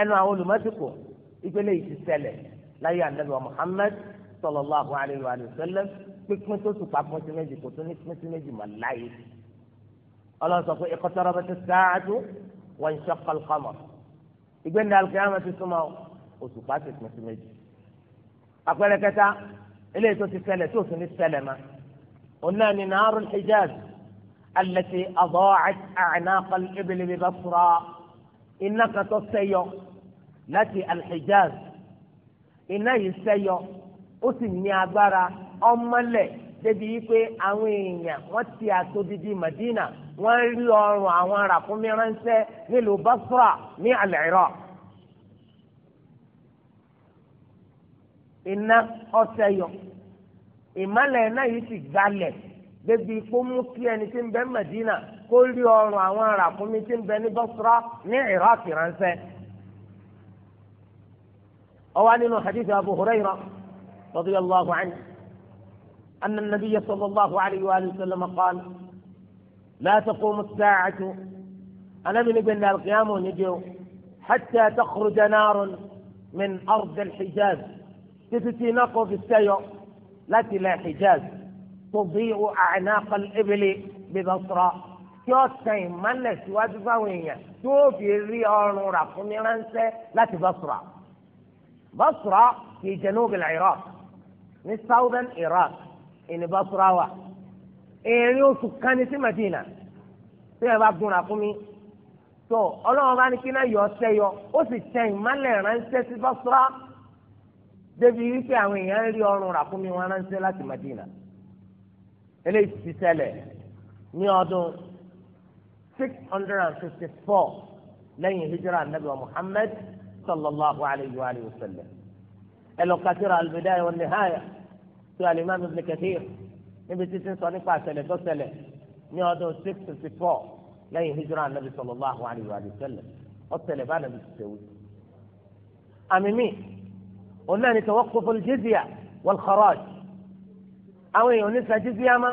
ẹnu àwọn olùmọ́sìkò ìpele pínpín tó sùpà pín sí méjì kò tún ní pín sí méjì mà láyé ọlọ́run sọ pé iqtarabati sa'atu wa inshaqa al-qamar ìgbẹ́ni al-qiyamah ti súnmọ́ òṣùpá ti pín sí méjì. àpẹẹrẹ kẹta eléyìí tó ti ṣẹlẹ̀ tó sì ní ṣẹlẹ̀ ma òun náà ni naaru al-hijaz allati ada'at a'naqa al-ibli bi Basra iná kan tó ṣẹ́yọ láti al-hijaz iná yìí ṣẹ́yọ ó sì ní agbára. ọmọlẹ̀ débi wípé àwọn èèyàn wọ́n ti àtòdìdì Madina wọ́n rí ọrùn àwọn ràkúnmí ránṣẹ́ nílùú Basra ní al-Iraq. iná ọ̀sẹ̀ yọ ìmọ̀lẹ̀ náà yìí ti gbalẹ̀ débi kó mú kí ẹni tí bẹ Madina kó rí ọrùn àwọn ràkúnmí tí ń bẹ ní Basra ní Iraq ránṣẹ́. ọwọ́ nínú hadith Abu Hurairah radiyallahu anhu. أن النبي صلى الله عليه وآله وسلم قال لا تقوم الساعة أنا من ابن القيام ونجيو حتى تخرج نار من أرض الحجاز نقو في السيو التي لا حجاز تضيء أعناق الإبل ببصرة يوسعين من لسواد فوينيا توفي الريال ورق ميرانسة التي بصرة بصرة في جنوب العراق من ساوذن إيراق ìnìbásúra wà èrè oṣù kan ní sí Madina tí ẹ bá gunra fún mi tó ọlọ́run bá ní kí náà yọ ọtẹ yọ ó sì tẹ ìmálẹ̀ ránṣẹ́ sí Basra débi wípé àwọn èèyàn ń rí ọrùn rà fún mi wọn ránṣẹ́ láti Madina eléyìí ti ṣẹlẹ̀ ní ọdún six hundred and fifty four lẹ́yìn hijira anabi wa Muhammad sallallahu alayhi wa sallam ẹ lọ kásìrò al-Bidaya nihaya tó alimami Ibn Kathir níbi títí sọ nípa àṣẹlẹ̀ tó ṣẹlẹ̀ ní ọdún six sixty four lẹ́yìn hijra anabi sallallahu alayhi wa sallam ọ̀ṣẹlẹ̀ bá anabi ti sèwé. àmì mi òun náà ni tawaqquf al-jizya wal-kharaj àwọn èèyàn ní san jizya ma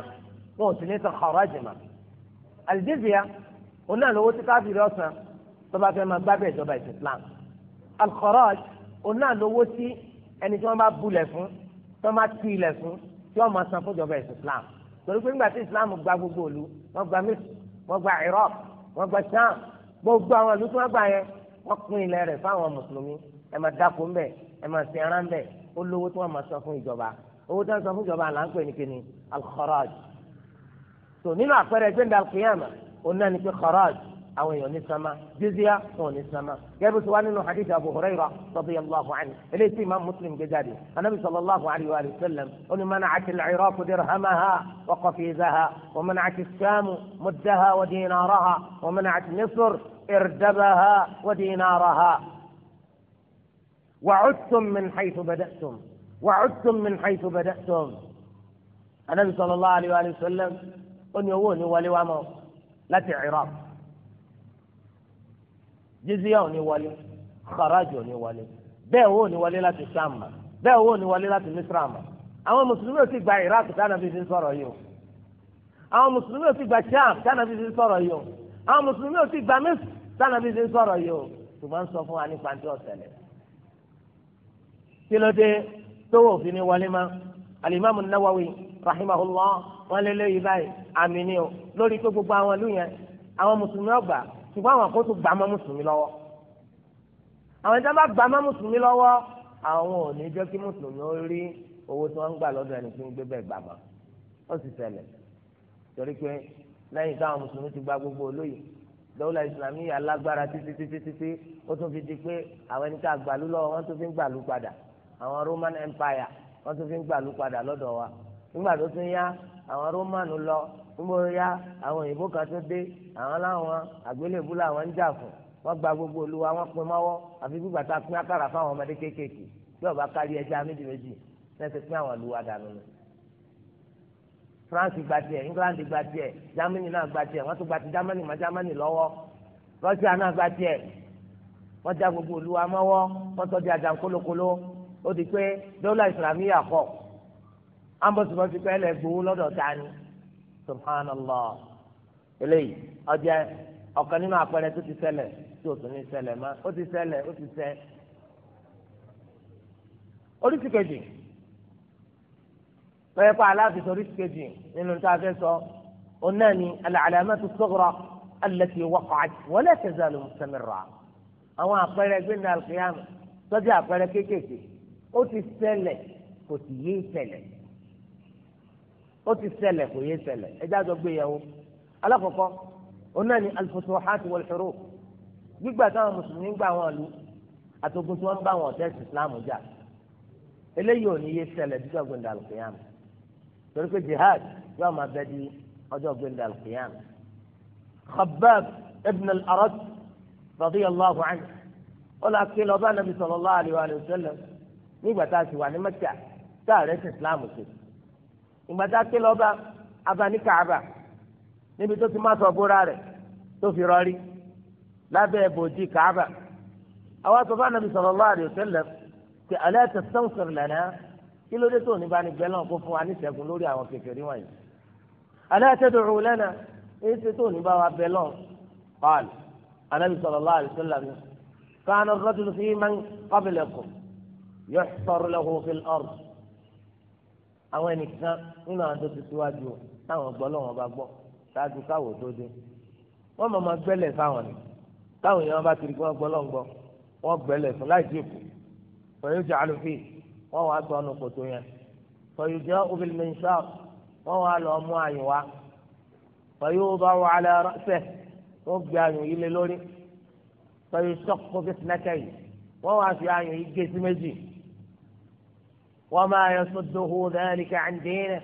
wọn ò sì ní san kharaj ma al-jizya òun náà lówó tí káfíìrì ọ̀sán tó fẹ́ máa gbábẹ́ ìjọba ìsìlám al-kharaj òun náà lówó tí ẹni tí wọ́n bá bulẹ̀ fún tó máa ti ilẹ̀ fún tí wọ́n máa san fúnjọba ẹ̀sìn Islam torí pé nígbà tí Islam gba gbogbo òlu wọ́n gba Misr wọ́n gba Iraq wọ́n gba Sham gbogbo àwọn ìlú tí wọ́n gbà yẹn wọ́n pín ilẹ̀ rẹ̀ fáwọn mùsùlùmí ẹ máa dáko ń bẹ̀ ẹ máa sin ara ń ó lówó tí wọ́n máa san fún ìjọba owó tí wọ́n san fún ìjọba là ń pè ní kíni al nínú àpẹẹrẹ gbẹ̀ndà òun náà ní pé kharaj àwọn èèyàn ní sánmà jizya wọn ní sama gẹbi bí wọ́n nínú hadith abu huraira rabi allahu anhi eléyìí tí imam muslim gbé jáde anabi sallallahu alayhi wa sallam ó ní mana'at al-iraq dirhamaha wa qafizaha wa mana'at as-sham muddaha wa dinaraha wa mana mana'at misr irdabaha wa dinaraha وعدتم من حيث بدأتم وعدتم من حيث بدأتم النبي صلى الله عليه وآله وسلم أن يووني ولي وامو لا تعراف jizíyà ò ní wọlé kharaju ò ní wọlé bẹ́ẹ̀ owó ò ní wọlé láti sham ma bẹ́ẹ̀ owó ò ní wọlé láti misra ma àwọn mùsùlùmí ò sì gba iraq tánà fi fi sọ̀rọ̀ yìí o àwọn mùsùlùmí ò sì gba sham tánà fi fi sọ̀rọ̀ yìí o àwọn mùsùlùmí ò sì gba misr tánà fi sọ̀rọ̀ yìí o ṣùgbọ́n sọ fún wa nípa tí ó kí ló dé tówó òfin ni wọlé ma alimami nawawi rahimahullah wọn lé lé yìí báyìí àmì ni o lórí pé gbogbo àwọn ìlú yẹn àwọn mùsùlùmí ọgbà ṣùgbọ́n àwọn àkóso gbà má mùsùlùmí lọ́wọ́ àwọn ìjọba gbà má mùsùlùmí lọ́wọ́ àwọn ò ní jẹ́ kí mùsùlùmí ó rí owó tí wọ́n ń gbà lọ́dọ̀ ẹni tí ń gbé bẹ́ẹ̀ gbà má ó sì ṣẹlẹ̀ torí pé lẹ́yìn táwọn mùsùlùmí ti gba gbogbo olóyè dọ́wọ́lá ìsìlámì alágbára títí títí títí ó tún fi di pé àwọn ẹni tá a gbàlú lọ́wọ́ wọ́n tún fi ń gbàlú padà àwọn Roman Empire wọ́n tún fi ń gbàlú padà lọ́dọ̀ wa nígbà tó tún yá àwọn rómánù lọ níbo ya àwọn òyìnbó kan tó dé àwọn láwọn àgbélébú làwọn ń jà fún wọn gba gbogbo olúwa wọn pin mọ́wọ́ àfi bí bàtà pín àkàrà fáwọn ọmọdé kéékèèké bí ọba kárí ẹja méjì náà ti pín àwọn olúwa dànù nù. France gba tiẹ̀ England gba tiẹ̀ Germany náà gba tiẹ̀ wọ́n tún gba ti Germany mọ́ Germany lọ́wọ́ Russia náà gba tiẹ̀ wọ́n já gbogbo olúwa mọ́wọ́ wọ́n tọ́jú àjàǹkólókóló ó di pé dọ́là ìsìlámù yà kọ́ ambosibosi pẹlẹ gbowó lọ́dọ̀ tani subhanallah eléyìí ọjẹ ọ̀kan nínú àpẹẹrẹ tó ti ṣẹlẹ̀ tí o tún ní ṣẹlẹ̀ má ó ti ṣẹlẹ̀ ó ti ṣẹ oríṣi kejì pẹ̀lú pa aláàfin oríṣi kejì nínú tá a fẹ́ sọ òun náà ni al-alamatu as-sughra allati waqa'at wa la tazalu mustamirra àwọn àpẹẹrẹ gbẹndé al-qiyama sọjá àpẹẹrẹ kéékèèké ó ti ṣẹlẹ̀ kò sì yé ṣẹlẹ̀ ó ti ṣẹlẹ̀ kò yé ṣẹlẹ̀ ẹjá jọ gbé yẹ̀wò alákọ̀ọ́kọ́ òun náà ni al-futuhat wal-hurub gbígbà táwọn mùsùlùmí gbà wọn lu àtògùn tí wọn bá wọn ọ̀tẹ́sì ìsìláàmù jà eléyìí ò ní yé ṣẹlẹ̀ dídọ̀ gbẹ̀ndà al-qiyam torí pé jihad yóò máa bẹ di ọjọ́ gbẹ̀ndà al-qiyam Khabbab ibn al-Arat radiyallahu anhu ó lọ kí lọ́ba nàbì sallallahu alayhi wa sallam nígbà tá a wà ní Mẹ́kà tá a rẹ̀ sí ìsìláàmù ìgbà tá a ké lọ́ba abanikaaba níbi tó ti má sọ bóra rẹ̀ tó fi rọrí lábẹ́ bòjì kaaba àwọn asọ́fà nàbì sallallahu alaihi wasallam ti ala tastansir lana kí ló dé tó ní bá ní bẹ́ẹ̀ náà kó fún wa ní ìṣẹ́gun lórí àwọn kékeré wọ̀nyí ala tad'u lana èyí ti tó ní bá wa bẹ́ẹ̀ náà anabi sallallahu alaihi wasallam kana ar-rajulu fi àwọn ẹnìkan nínú àwọn tó ti síwájú táwọn gbọ́ lọ́wọ́ bá gbọ́ ṣáájú káwọ́ tó dé wọ́n mọ̀ máa gbẹ́lẹ̀ fáwọn ni táwọn èèyàn bá ti rí kí wọ́n gbọ́ lọ́wọ́ gbọ́ wọ́n gbẹ́lẹ̀ fún láì sí èkó pẹ̀lú ìjà àlùfí wọ́n wá gbọ́ ọ̀nà kòtò yẹn pẹ̀lú ìjà obìnrin wọ́n wá lọ mú àyùn wá pẹ̀lú ọba wàhálà rẹ̀ wọ́n gbé àyùn yìí lé lórí pẹ̀lú sọ́kù kó fi sinẹ́kẹ̀ yìí wọ́n wá fi àyùn yìí gé sí méjì wa ma yasudduhu dhalika an dinihi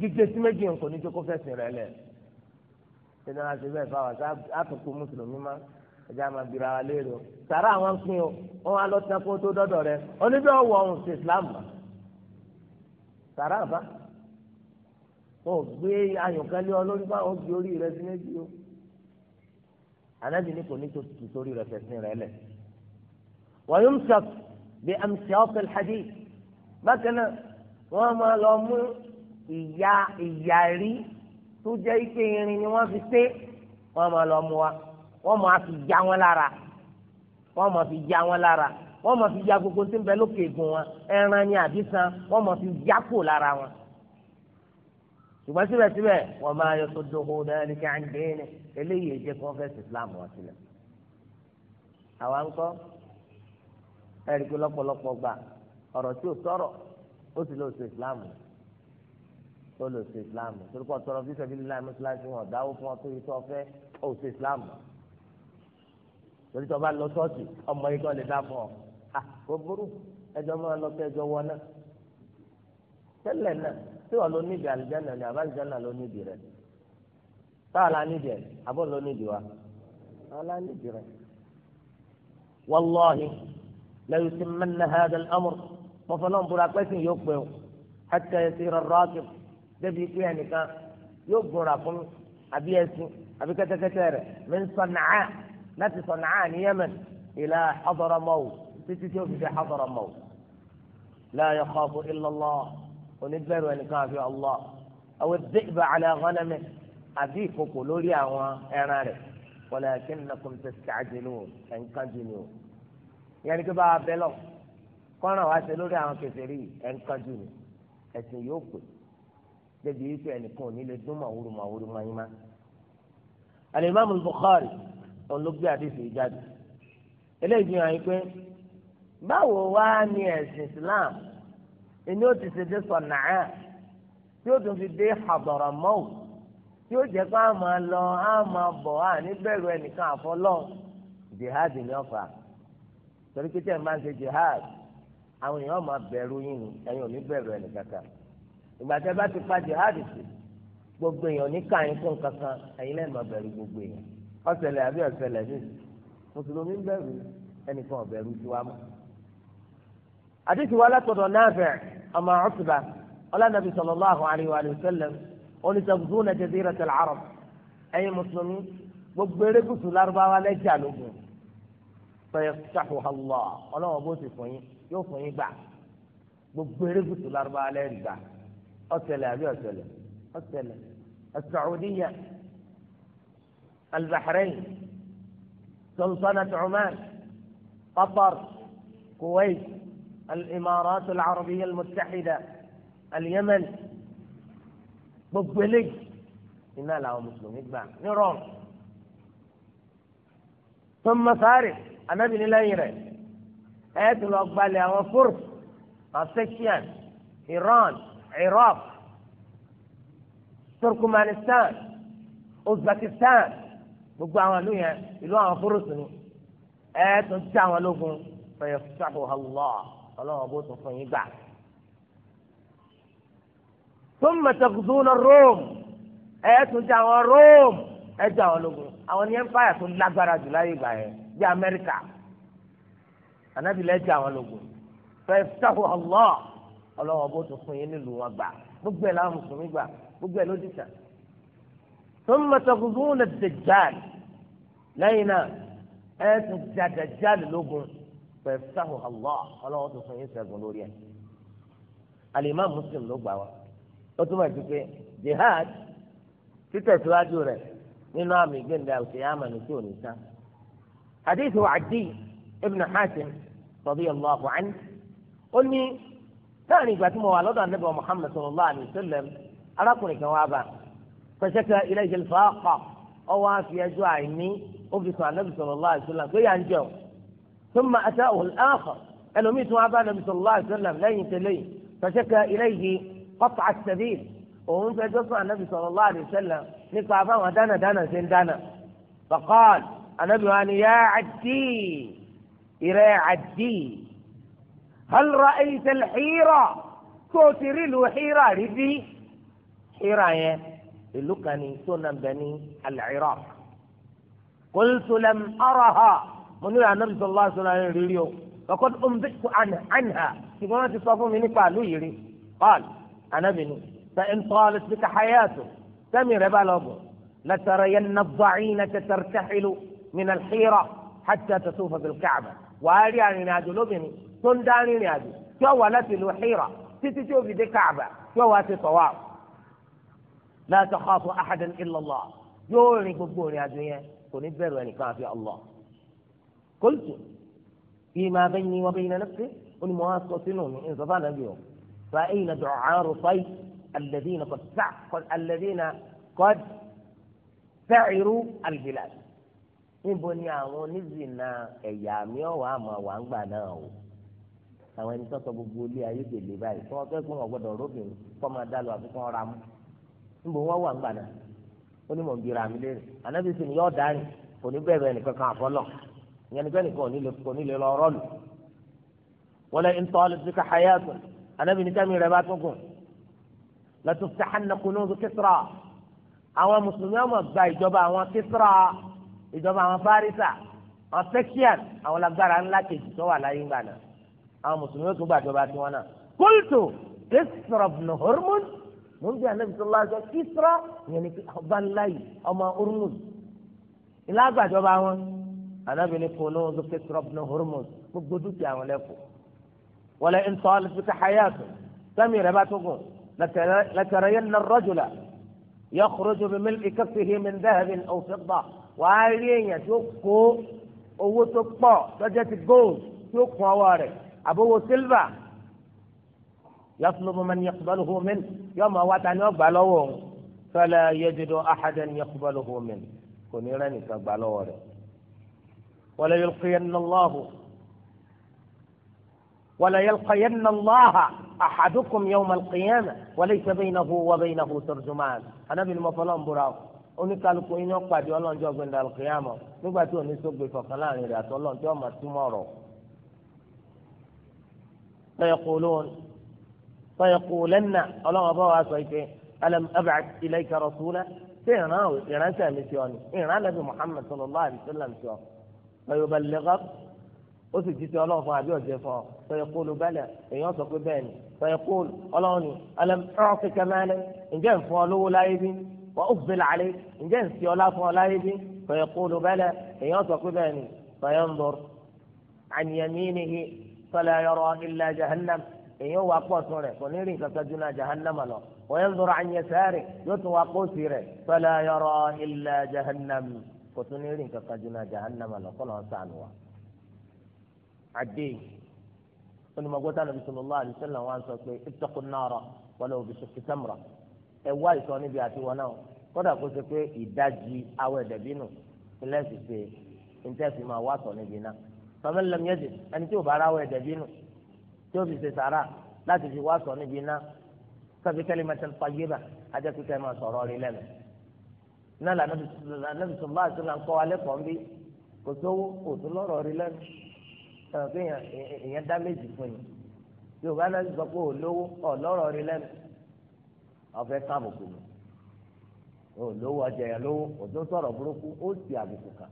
gígbé sí méjì nǹkan ní jókòó fẹsẹ̀ rẹ̀ lẹ̀ ṣẹ́ni wọn ṣe bẹ́ẹ̀ fáwọn àtúntò mùsùlùmí má ẹja máa bira wa léèrè o sàrà àwọn ń pín o wọn wá lọ tẹkọ tó dọdọ rẹ oníbẹ ọwọ ọhún ṣe islam ma sàrà àbá wọn ò gbé ayọkẹlẹ olórí bá wọn gbé orí rẹ sí méjì o anabi ní kò ní tó tutù sórí rẹ fẹsẹ̀ rẹ̀ lẹ̀ wọ́n yóò sọ bí amṣẹ́ ọ̀fẹ́ hadith bákan náà wọ́n máa lọ mú ìyá ìyàrí tó jẹ́ ike irin ni wọ́n fi ṣe wọ́n máa lọ mú wa wọ́n máa fi já wọn lára wọ́n máa fi já wọn lára wọ́n máa fi ya gbogbo tí ń bẹ lókè egun wọn ẹran ni àbí san wọ́n máa fi já kò lára wọn. ṣùgbọ́n síbẹ̀síbẹ̀ wọ́n máa yọ sódò hó dáadé kí á ń dé ní eléyìí èjẹ kọ́fẹ́sì Islam wọn sílẹ̀. àwa ń kọ́ ẹ̀rí pé lọ́pọ̀lọpọ̀ gbà ọ̀rọ̀ tí ò sọ̀rọ̀ ó sì lọ sí islam ó lọ sí islam torí kọ́ tọrọ fífẹ bí lílá mọ́ṣáláṣí wọn dáwó fún ọ tó yẹ tó ọfẹ ó sí islam torí tó bá lọ ṣọ́ọ̀ṣì ọmọ yìí kan lè dá fún ọ à kò burú ẹjọ máa lọ kẹjọ wọ náà tẹ́lẹ̀ náà tí wọn lọ níbi àlùjáná ni àbájáná lọ níbi rẹ táwọn la níbi àbọ̀ lọ níbi wa àwọn la níbi rẹ. والله ليتمن هذا الأمر mọ̀fọ́lọ́n búra pẹ́sìn yóò pẹ́ o ẹ̀sìn ìṣirò rọ́ọ̀kì débi pé ẹnìkan yóò gbọ́ra fún àbí ẹṣin àbí kẹ́tẹ́kẹ́tẹ́ rẹ̀ mí min Sana'a láti Sana'a ní Yemen ila Hadramaut títí tí ó fi dé Hadramaut. la yakhafu illa Allah oníbẹ̀rù ẹnìkan àfi ọlọ àwọn ad àlẹ́ ala àbí ìkòkò lórí àwọn ẹran rẹ̀ walakinnakum tasta'jilun ẹ̀ńkájú ni o. ìyẹn ni kí bá a bẹ́ lọ́wọ́. kọ́ran wá ṣe lórí àwọn kẹsìrì ẹ̀ńkájú ni ẹ̀sìn yóò pè débi wípé ẹnìkan ò ní lè dún màwúrú màwúrú máa yín má. alimami Bukhari òun ló gbé àdìsí jáde eléyìí fi hàn yín pé báwo wá ní ẹ̀sìn Islam ẹni ó ti ṣe dé sọ̀nàá tí ó tún fi dé Hadramaut tí ó jẹ́ pé a máa lọ a máa bọ̀ a ní ẹnìkan àfọlọ́ jihad ni ọ̀fà torí pé tẹ̀ máa ń ṣe jihad àwọn èèyàn máa bẹ̀rù yín ni ẹ̀yin ò ní bẹ̀rù ẹnì kankan ìgbà tẹ́ bá ti pa jihad sí gbogbo èèyàn ní káyín fún kankan ẹ̀yin lẹ́yìn máa bẹ̀rù gbogbo èèyàn ọ̀sẹ̀lẹ̀ àbí ọ̀sẹ̀lẹ̀ ní mùsùlùmí ń bẹ̀rù ẹnìkan ọ̀bẹ̀rù tiwa mọ́. àdìsí wa látọ̀dọ̀ Nafi' ọmọ Utba ọlọ́nàbí sallallahu alayhi wa sallam oníṣàbùsùn jazirata yóò fún yín gbà gbogbo erékùtù lárúbáwá alẹ́ gbà ọ̀tẹlẹ̀ àbí ọ̀tẹlẹ̀ ọ̀tẹlẹ̀ asaudiya albahrain sultanat oman qatar kuwait الإمارات العربية المتحدة اليمن gbogbo eléyìí iná làwọn mùsùlùmí gbà ní rome tó ń mọ sáré anábìnrin lẹ́yìn rẹ̀ ẹ tún lọ gbalẹ̀ àwọn fúrùs afẹ́kíàn Iran Iraq Turkmenistan Uzbekistan gbogbo àwọn ìlú yẹn ìlú àwọn fúrùs ni ẹ tún tí àwọn lógun fẹ̀yẹ̀ fúṣàbù Allah ọlọ́wọ́n bó tún fún yín gbà. ثم تغزون الروم ẹ̀ẹ́dùn jẹ́ àwọn Rome ẹ̀jẹ̀ àwọn ológun àwọn ní empire tó lágbára jù láyé ìgbà yẹn bí Amẹ́ríkà anabi lẹ́tí àwọn lògùn fẹ́fẹ́tàwọ̀ ọlọ́ ọlọ́wọ́ bó tún fún yín nílùú wọn gbà gbogbo ẹ̀ láwọn mùsùlùmí gbà gbogbo ẹ̀ ló dìtà. tó ń mọ̀tàkùnkùn lè dẹ̀jáàlì lẹ́yìn náà ẹ̀ tún dàdàjáàlì lógun fẹ́fẹ́tàwọ̀ ọlọ́ ọlọ́wọ́ tún fún yín ṣẹ́gun lórí ẹ̀. àlìmá muslim ló gbà wá ó tún bá ti pé jihad títẹ̀síwájú rẹ̀ nínú àmì gbẹ̀ndẹ̀ àwùjọ yàrá radiyallahu anhu ó ní láàrin ìgbà tí mo wà lọ́dọ̀ anábì muhammed sallallahu alayhi wa sallam arákùnrin kan wá bá fẹsẹ̀kẹ́ ilé ìjẹ̀lifà pa ọwọ́ àfi ẹjọ́ àìní ó fi sàn anábì sallallahu alayhi wa sallam pé yà ń jẹun ثم أتاه الآخر قالوا ميت أبا النبي صلى الله عليه وسلم لا ينتلي فشكى إليه قطع السبيل وهم تجسع النبي صلى الله عليه وسلم نقع فهم دانا دانا زين دانا فقال النبي أنا يا عدي إلى عدي هل رأيت الحيرة كوتر حيرة ربي حيرة اللقني سنن بني العراق قلت لم أرها من يرى النبي صلى الله عليه وسلم فقد أنبئت عنها عنها كما تصفون من قالوا يري قال أنا بني فإن طالت بك حياته سمر بلغ لترين الضعينة ترتحل من الحيرة حتى تطوف بالكعبة wàá rí arìnrìn àjò lóbìnrin tó ń dá arìnrìn àjò tí ó wà láti lu xira títí tí ó fi dé Káàbà tí ó wà ti tawaf la takhafu ahadan illa yóò rìn gbogbo rìn àjò yẹn àjò yẹn kò ní bẹ̀rù eni kan àfi olo kootu yẹn lẹ́sẹ̀ bee bayna lese ó ní mo wá sọ sínú mi ǹsọ́ bá nàbí o fa eyín ayna du'aaru sayf alladhina qad sa'a alladhina qad sa'iru albilad níbo ni àwọn onízìnnà ẹ̀yà mi ọ̀wà àmọ́ wà ń gbà náà o àwọn ẹni tó sọ gbogbo ilé ayé gbèlè báyìí tí wọ́n fún ọ̀gbọ́dọ̀ róbìn kọ́ máa dá lọ àfi kọ́ níbo wọ́n wà ń gbà náà ó ní mò ń bira mi léèrè ànábì sì ni yọ́ dání kò ní bẹ̀rẹ̀ nìkan kan àfọ́lọ̀ ìyẹn nìkan nìkan kò ní lè lọ rọ́ọ̀lù wọlé ntọ́lẹ̀ ìjọba àwọn fárísà àwọn Persian àwọn lágbára ńlá kejì tó wà láyé ńgbà náà àwọn mùsùlùmí tó gbàjọba tiwọn náà kúlùtù kìsìtìrọ̀ bùnú hormon mo ń bí anabi sọlá sọ kìsìtìrọ̀ yẹn ni ọba ńlá yìí ọmọ Hormuz ìlà àgbàjọba wọn anabi ni kùnú ọdún kìsìtìrọ̀ bùnú hormon gbogbo dúkìá wọn lẹ́kọ̀ wọlé ntọ́lẹ̀ fi káyàtò sami rẹ̀ bá tó gùn lẹ́tẹ̀rẹ̀ yẹn na rọ́jùlá yọ kúrò jù bí mílíkì kẹfì hí ń dẹ́hẹ̀ bí ní bá. wà á rí èèyàn tó kó owó tó pọ̀ lọ́jọ́ ti gold tó kún ọwọ́ rẹ̀ àbówó sílvà yaslubu man yaqbaluhu min yóò ọmọ wá ta ni ó gbà lọ́wọ́ òun fala yajidu ahadan yaqbaluhu min kò ní rẹ́ nìkan gbà lọ́wọ́ rẹ̀. wàlẹ̀ yulqiyanna Allahu wala yulqiyanna Allaha ahadukum yawma al-qiyamah wa laysa baynahu wa baynahu tarjuman anábìnrin mọ́fọ́lọ́ ń búra o. oníkálukú yín náà pàdé ọlọ́njọ́ gbẹ̀ndà lùkìyàmọ̀ nígbà tí òní sógbè kọ̀ọ̀kan láàrin rẹ̀ àtọ́ ọlọ́njọ́ ọmọ túmọ̀ ọ̀rọ̀. fẹ̀yẹ̀kùlẹ́nà ọlọ́wọ́n bá wa sọ pé alam ab'ath ilayka rasula ṣé ìran ìránṣẹ́ mi ti ọ ni ìran nàbì Muhammad sallallahu alayhi wa sallam ti ọ fẹ̀yẹ̀bẹ̀lẹ́gàp ó sì jí ti ọlọ́run fún àbí ọ̀jẹ̀ fún ọ fẹ̀yẹ̀kùlù èèyàn sọ wà ó fi làálẹ̀ ǹjẹ́ ń fi ọlá fún ọlá yé bí fẹ̀yẹ̀ kó ló bẹ́lẹ̀ èèyàn sọ pé bẹ́ẹ̀ ni fẹ̀yẹ̀ ń lọ àníyàmí ni hi fẹlẹ̀ yọrọ ilẹ̀ jahannam èèyàn wà pọ̀ tún rẹ̀ kò ní rìn kankan júnà jahannam lọ wọ́n lọ́rọ̀ ànyẹ̀sẹ́rẹ̀ yóò tún wà pọ̀ sí rẹ̀ fẹlẹ̀ yọrọ ilẹ̀ jahannam kò tún ní rìn kankan júnà jahannam lọ kọ́ lọ́n sànù wa. àdé onímọ̀gbọ́tà nàbísọ̀lọ́lá àdìsẹ́lẹ̀ wọn sọ pé ìtọ́kùn náà rọ wọlé òbí sọ ẹ wá ìsọ níbi àtiwọ́ náà kódà kó ṣe pé ìdajì awọ ẹ̀dẹ̀bí nù ilé ti ṣe ntẹ́sí máa wá sọ níbi náà sọmọlẹ lẹmi ẹsẹ ẹni tí ò bá ara awọ ẹ̀dẹ̀bí nù tí ó fi ṣe sàrà láti fi wá sọ níbi náà sọfí kẹlẹ mẹtẹl fàyébà ajá pípẹ́ máa sọ̀rọ̀ rí lẹ́nu náà lànàbì sọ̀rọ̀ àti sọ̀rọ̀ kọ́ alẹ́ pọ̀ nbí kò sówó kò tó lọ́rọ̀ rí lẹ́nu èèyàn ọfẹ sábùkù mi olówó ọjàyà lówó òtún sọ̀rọ̀ burúkú ó sì àbùkù kan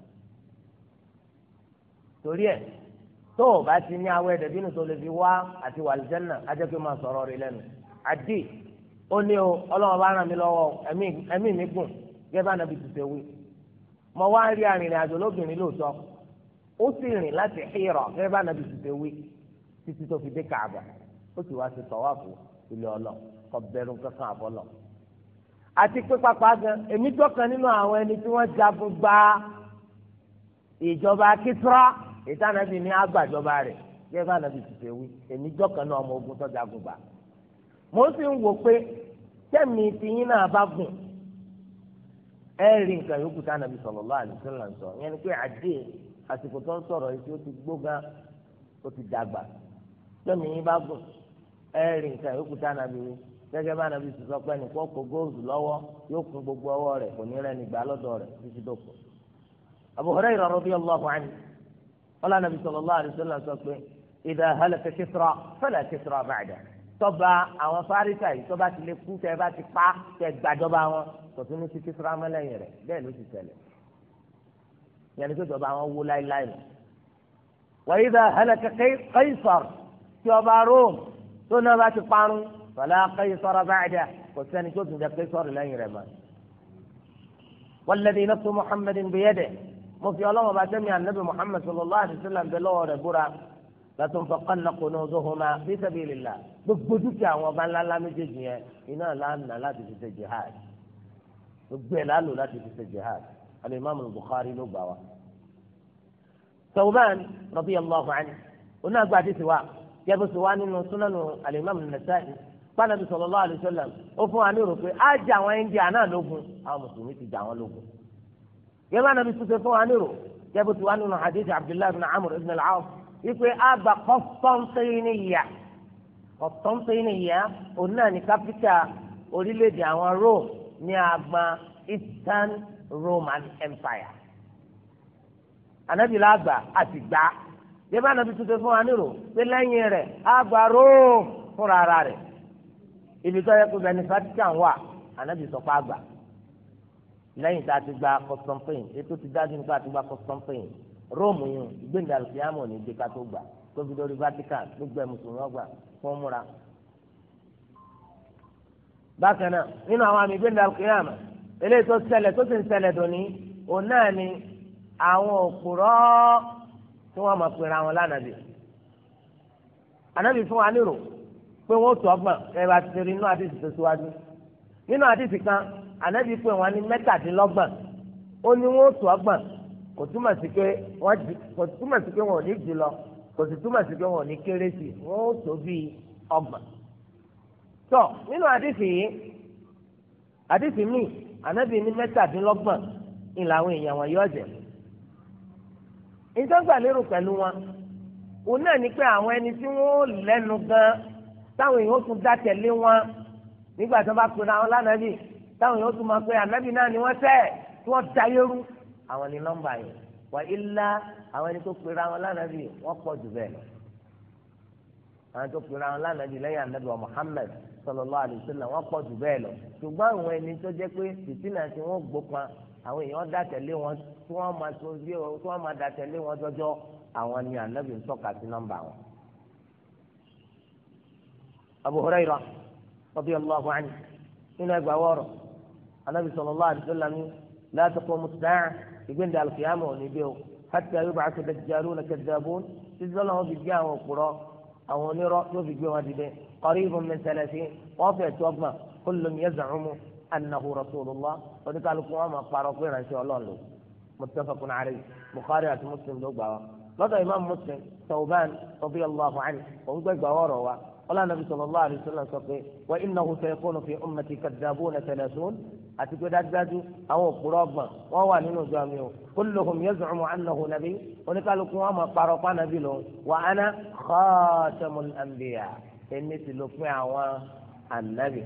torí ẹ tó o bá ti ní awọ ẹdẹ bínú tó lè fi wá àti wàlìjẹnà ajẹ pé máa sọ̀rọ̀ rẹ lẹ́nu àdì ó ní o ọlọ́wọ́ bá ràn mí lọ́wọ́ ẹ̀mí mi gùn gẹ́gẹ́ bá nàbí ti ṣe wí mo wá ń rí arìnrìn àjò lóbìnrin lóòótọ́ ó sì rìn láti hírọ̀ gẹ́gẹ́ bá nàbí ti ṣe wí títí tó fi dé kààbà ó sì wá sí tọ́wáfù ilé ọlọ́ọ̀ ọbẹrun kankan àbọlọ àti pé pápá gan èmi jọkan nínú àwọn ẹni tí wọ́n jagun gba ìjọba kítrá ìtànàbí ní àgbàjọba rẹ̀ bí ẹ bá nàbí tètè wí èmi jọkan náà ọmọ ogun tó jagun gbà mo sì ń wò pé tẹmí tiyín náà bá gùn ẹ rí nǹkan yòókù tànàbí sallallahu alaihi wasallam sọ yẹn ni pé àdé àsìkò tó ń sọ̀rọ̀ yìí tí ó ti gbógan ó ti dàgbà tẹmí yín bá gùn ẹ rí nǹkan yòókù tànàbí wí gẹ́gẹ́ bá nàbí sísọ pé nìkan kó góòlù lọ́wọ́ yóò kún gbogbo ọwọ́ rẹ̀ kò ní rẹ́ni gbà lọ́dọ̀ rẹ̀ títí dòkò. Abu Hurairah radiyallahu anhu ọlá nàbí sallallahu alaihi wasallam sọ pé idha halaka Kisra fala Kisra ba'da tọba àwọn fárísà yìí tọba ti lè kú tẹ bá ti pa tẹ gbàjọba wọn tọtún ní sí Kisra mọ́lẹ́yìn rẹ̀ ló ti tẹ̀lẹ̀ yẹnni pé tọba àwọn wó láéláé lọ. wa idha halaka Qaisar tí ọba Rome tó náà bá ti parun fàlà qaysara ba'da kò sẹ́ni tó tún jẹ́ qaysara lẹ́yìn rẹ̀ mọ́. walladhi nafsu muhammadin biyadihi mo fi ọlọ́wọ́ bá tẹ́mi ànábì muhammad sallallahu alayhi wa sallam bẹ́ẹ̀ lọ́wọ́ rẹ̀ búra latunfaqanna kunuzuhuma fi sabilillah gbogbo dúkìá àwọn ọba ńlá ńlá méjèèjì yẹn iná lánàá láti fi ṣe jihad gbogbo ẹ̀ lálò láti fi ṣe jihad alimami bukhari ló gbà wá. sawban radiyallahu anhu onáàgbà ti ti wá yẹ́bùsùn wá nínú súnánù alimami nasa'i pàdánù sallallahu alaihi wasallam o fún wa ní rò á India náà lógun àwọn mùsùlùmí ti jà wọn lógun yẹ anabi nàbí fún wa ní rò yẹ bó ti nínú hadith abdullahi bin amr ibn al-awf ipe àgbà Constantinople Constantinople òun náà ní kápítà orílẹ̀-èdè àwọn Rome ní Eastern Roman Empire anabi la àti gbà ibi tó yẹ kó benefaction wà ànábì sọ pé àgbà lẹ́yìn tá a ti gba custom pain ètò ti dájú nípa àti gba custom pain róòmù yìí gbẹ̀ngà lùfíàmù ní ìdí ká tó gbà tóbi lórí Vatican gbogbo ẹ̀ mùsùlùmí ọgbà fún múra. bákan náà nínú àwọn àmì gbẹ̀ngà lùfíàmù eléyìí tó ṣẹlẹ̀ tó sì ń ṣẹlẹ̀ dòní òun náà ni àwọn òpùrọ́ tí wọ́n máa pera wọn lánàbì ànábì fún wa nírò pé wọ́n sọ ọgbọ̀n ẹ bá ti tẹ̀lé inú àdìsí tó síwájú nínú àdìsí kan ànábì pé wọ́n ní mẹ́tàdínlọ́gbọ̀n ó ní wọ́n sọ ọgbọ̀n kò túmọ̀ sí pé wọ́n ò ní jù lọ kò sì túmọ̀ sí pé wọ́n ò ní kéré sí wọ́n sọ bíi ọgbọ̀n. tọ nínú àdìsí yìí àdìsí míì ànábì ní mẹ́tàdínlọ́gbọ̀n ni làwọn èèyàn wọn yóò jẹ ìjọba lérò pẹ̀lú wọn òun náà ní pé àwọn ẹni tí wọ́n lẹ́nu gan-an táwọn èèyàn tún dá tẹ̀lé wọn nígbà tí wọ́n bá pinnu àwọn lánàbì táwọn èèyàn tún máa pe ànábì náà ni wọ́n tẹ̀ tí wọ́n da àwọn ni nọ́mbà yẹn wà ilá àwọn ẹni tó pera àwọn lánàbì wọ́n pọ̀ jù bẹ́ẹ̀ lọ àwọn tó pera àwọn lánàbì lẹ́yìn ànábì wa Muhammad sallallahu alaihi wasallam wọ́n pọ̀ jù bẹ́ẹ̀ lọ ṣùgbọ́n àwọn ẹni tó jẹ́ pé fìtínà tí wọ́n gbókan àwọn èèyàn dá tẹ̀lé wọn tí wọ́n máa tó bí wọn ni ànábì ń tọ́ka أبو هريرة رضي الله عنه هنا جواره النبي صلى الله عليه وسلم لا تقوم الساعة يقول ده القيامة ونبيه حتى يبعث دجالون كذابون تزلهم بالجاه والقراء أو نرى يوفي جواد قريب من ثلاثين وافع توقف كل يزعم أنه رسول الله وذكر القرآن أقبار إن شاء الله له متفق عليه بخاري مسلم لو لدى إمام مسلم ثوبان رضي الله عنه وهو جواره ọlọ́run nàbí sallallahu alaihi wasallam sọ pé wa innahu sayakunu fi ummati kadhabuna thalathun àti pé dájúdájú àwọn òpùrọ́ ọgbọ̀n wọ́n wà nínú ìjọ mi o kulluhum yaz'umu annahu nabi oníkálukú wọn máa parọ́ pa nàbí lòun wa ana khatamul anbiya ẹni tí lópin àwọn ànàbì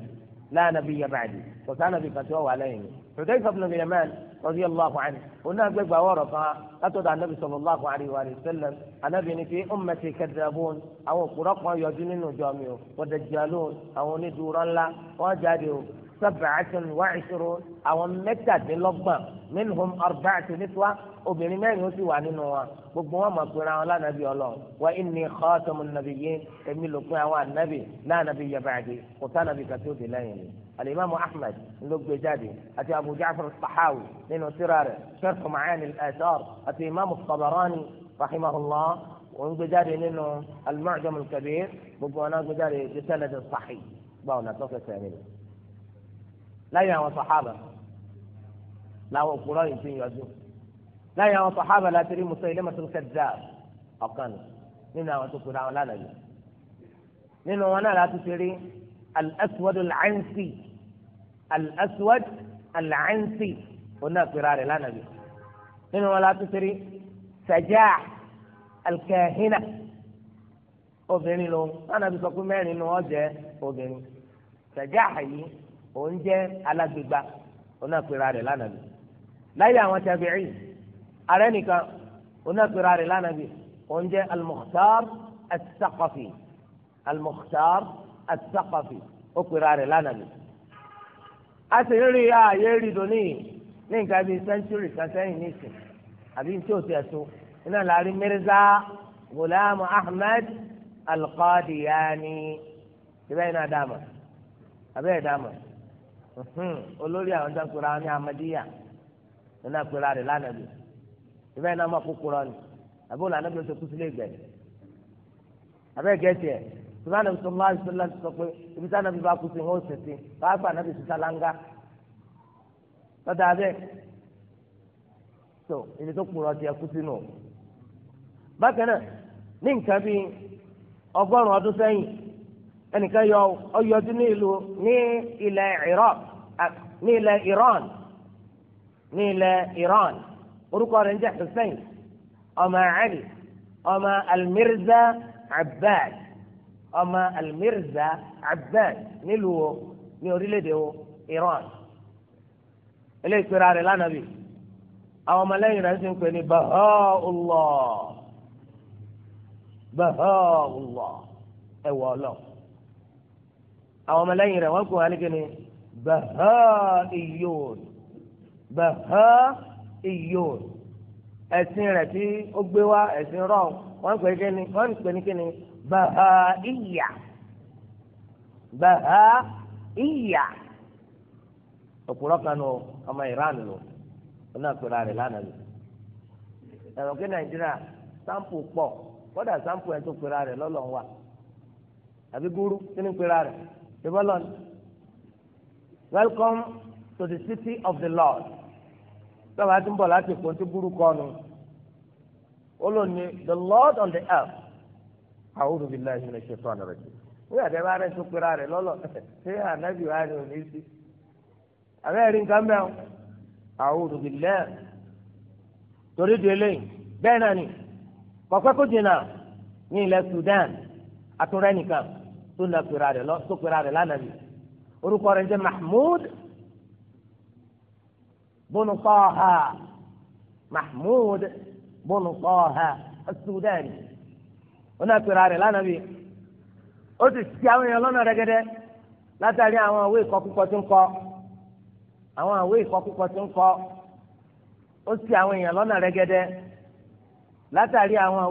la nabiyya ba'di kò sá nàbì kan tí wọ́n wà lẹ́yìn mi. Hudayfa ibn al-Yaman radiyallahu anhu oní agbègbè àwọn ọ̀rọ̀ kan látọ̀dọ̀ anabi sallallahu alayhi wa sallam anabi ni fi ummati kadhabun àwọn òkúrọ̀ kan yọjú nínú ìjọ mi o wa dajjalun àwọn onídùúrọ̀ ńlá wọ́n jáde o سبعة وعشرون أو متى تلقى منهم أربعة نسوة وبرمان يسوى نوا بقوا ما قرأ على نبي الله وإني خاتم النبيين كمي لقوا على النبي لا نبي بعدي وكان بكتوب لين الإمام أحمد لقوا جادي أتي أبو جعفر الصحاوي من سرار شرح معاني الآثار أتي إمام الطبراني رحمه الله ونقوا جادي لأنه المعجم الكبير بقوا أنا قدري بسند صحيح باونا توقف سامي láyé àwọn sàhábà làwọn òkúrọ̀ yìí ti yọjú láyé àwọn sàhábà láti rí Musaylimatul Kazzab ọ̀kan nínú àwọn tó kura àwọn lánàá yìí nínú wọn náà láti ti rí al-Aswad al-Ansi al-Aswad al-Ansi òun náà kura rẹ̀ lánàá yìí nínú wọn láti ti rí Sajah al-Kahina obìnrin lòun lánàá bí sọ pé mẹ́rin ni wọ́n jẹ́ obìnrin Sajah yìí òun jẹ́ alágbègbà òun náà pera rẹ̀ lánàbì láyé àwọn tàbíì ààrẹ nìkan òun náà pera rẹ̀ lánàbì òun jẹ́ al-Mukhtar as-Saqafi al-Mukhtar as-Saqafi ó pera rẹ̀ lánàbì. a sì ààyè rìndò ní ní nǹkan bíi sẹ́ńtúrì kan sẹ́yìn nìsín àbí tí ò tẹ̀ so iná láàrin Mirza Ghulam Ahmed al-Qadiani ìbẹ́yìn náà dáàmà àbẹ́yẹ̀ dáàmà. olórí àwọn tó ń pera ní amadiya ló náà pera rẹ̀ lánàbì ìbẹ́ iná ọmọ kúkúrọ ni àbí òun lànà bí ó ṣe kú sílé ìgbẹ́ ẹ̀ sọlá sọlá sọ pé ibi bá kú sí ó abẹ́ tó tó kúrọ kú sínú bákan náà ní nǹkan bíi ọgọ́rùn-ún ọdún sẹ́yìn ẹnìkan yọ ní ìlú ní ilẹ̀ Ah, ní ilẹ̀ Iran ní ilẹ̀ Iran orúkọ rẹ̀ ń jẹ́ Hussein ọmọ Ali ọmọ Almirza Abbad ọmọ Almirza Abbad nílùú wo ní orílẹ̀-èdè wo Iran eléyìí pé ra lánàá bì àwọn ọmọlẹ́yìn rẹ̀ ń sìn ní Baha'u'llah Baha'u'llah ẹ̀wọ̀ ọlọ́ àwọn ọmọlẹ́yìn rẹ̀ wọ́n kó wọn ní kíni. bahaiyun bahaiyun ẹ̀sìn rẹ̀ tí ó gbé wá ẹ̀sìn rọ̀ wọ́n pè kíni wọ́n pè ọmọ Iran lò wọn náà pèrè àrè lánàá lò ẹ̀rọ kí Nàìjíríà sampo pọ̀ kódà sampo ẹ̀ tó pèrè àrè lọ́lọ́ wa àbí gúrú kí ni pèrè welcome to the city of the lord sọba ti ń bọ̀ láti kó tí burúkú ọ̀nù ó lò ní the lord on the earth a'udhu billahi minash shaitani rajim nígbà tí a bá rẹ̀ tó pera rẹ̀ lọ́lọ́ ṣé ànábì wa ni ò ní sí àbẹ́ rí nǹkan bẹ́ẹ̀ a'udhu billahi torí di eléyìí bẹ́ẹ̀ náà ni kọ̀pẹ́ kó jìnnà ní ilẹ̀ Sudan àtúrẹ́ nìkan tó pera rẹ̀ lánàá bíi. orúkọ rẹ̀ jẹ́ mahmud bùnú tọ́ha mahmud bùnú tọ́ha asudani wọn ó ti ti àwọn èèyàn lọ́nà rẹ́gẹ́dẹ́ látàrí àwọn àwé ìkọkúkọ tó ń kọ àwọn àwé ń ó ti àwọn èèyàn lọ́nà rẹ́gẹ́dẹ́ látàrí àwọn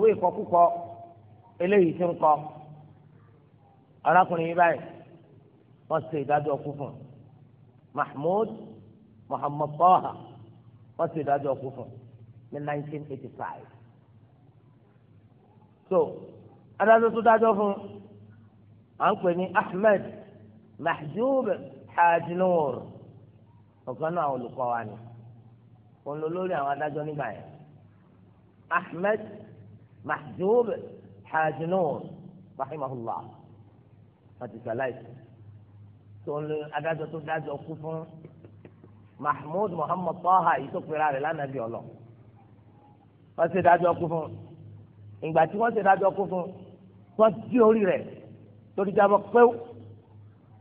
eléyìí ń wọ́n ṣe ìdájọ́ kú fún mahmood muhammad taha wọ́n ṣe ìdájọ́ kú fún ní 1985 so adájọ́ tó dájọ́ fún à ń pè ní ahmed mahjoub hajinoor ọ̀kan náà olùkọ́ wa ni òun ló lórí àwọn adájọ́ nígbà yẹn ahmed mahjoub hajinoor rahimahullah wọ́n ti sọ láìsí tó ń lo adájọ́ tó dájọ́ kú fún mahmood muhammad taha yìí tó pera rẹ̀ lánàbí ọlọ wọ́n ṣe dájọ́ kú fún ìgbà tí wọ́n ṣe dájọ́ kú fún wọ́n dí orí rẹ̀ lórí jábọ̀ pẹ́w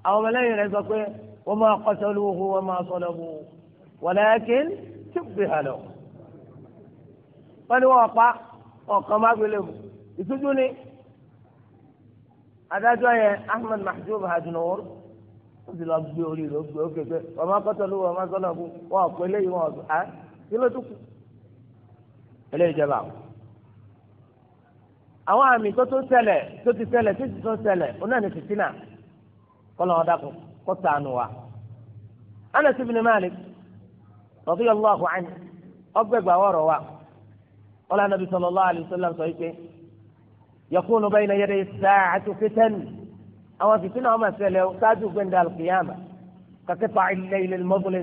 àwọn ọmọlẹ́yìn rẹ̀ sọ pé wọ́n máa kọ́sẹ́ olówó wọ́n máa sọ̀rọ̀ wò walakin tí gbé hàn lọ. wọ́n ní wọ́n pa ọ̀kan má gbélé mu ìtújú ni adájọ́ yẹn ahmed mahjoub hadunawar ó sì lọ gbé orí rẹ̀ ó gbé ókè pé ọmọ akọ́tọ̀ ló wọ ọmọ akọ́tọ̀ fún wọn ọ̀pọ̀ eléyìí wọn ọ̀sùn á kí ló àwọn àmì tó tó tó ti ṣẹlẹ̀ tó ti tó ṣẹlẹ̀ ó náà ní fìtínà kọ́ lọ́wọ́ dákun kó sànù wa. Anas Malik radiyallahu anhu ọgbẹ́gbà wọ̀rọ̀ wa sọ yìí pé àwọn fìtínà ọmọ ìṣẹ̀lẹ̀ ṣáájú gbẹndà alùpùpù kàkẹ́tà ilẹ̀ ilẹ̀ mọ́bùlẹ̀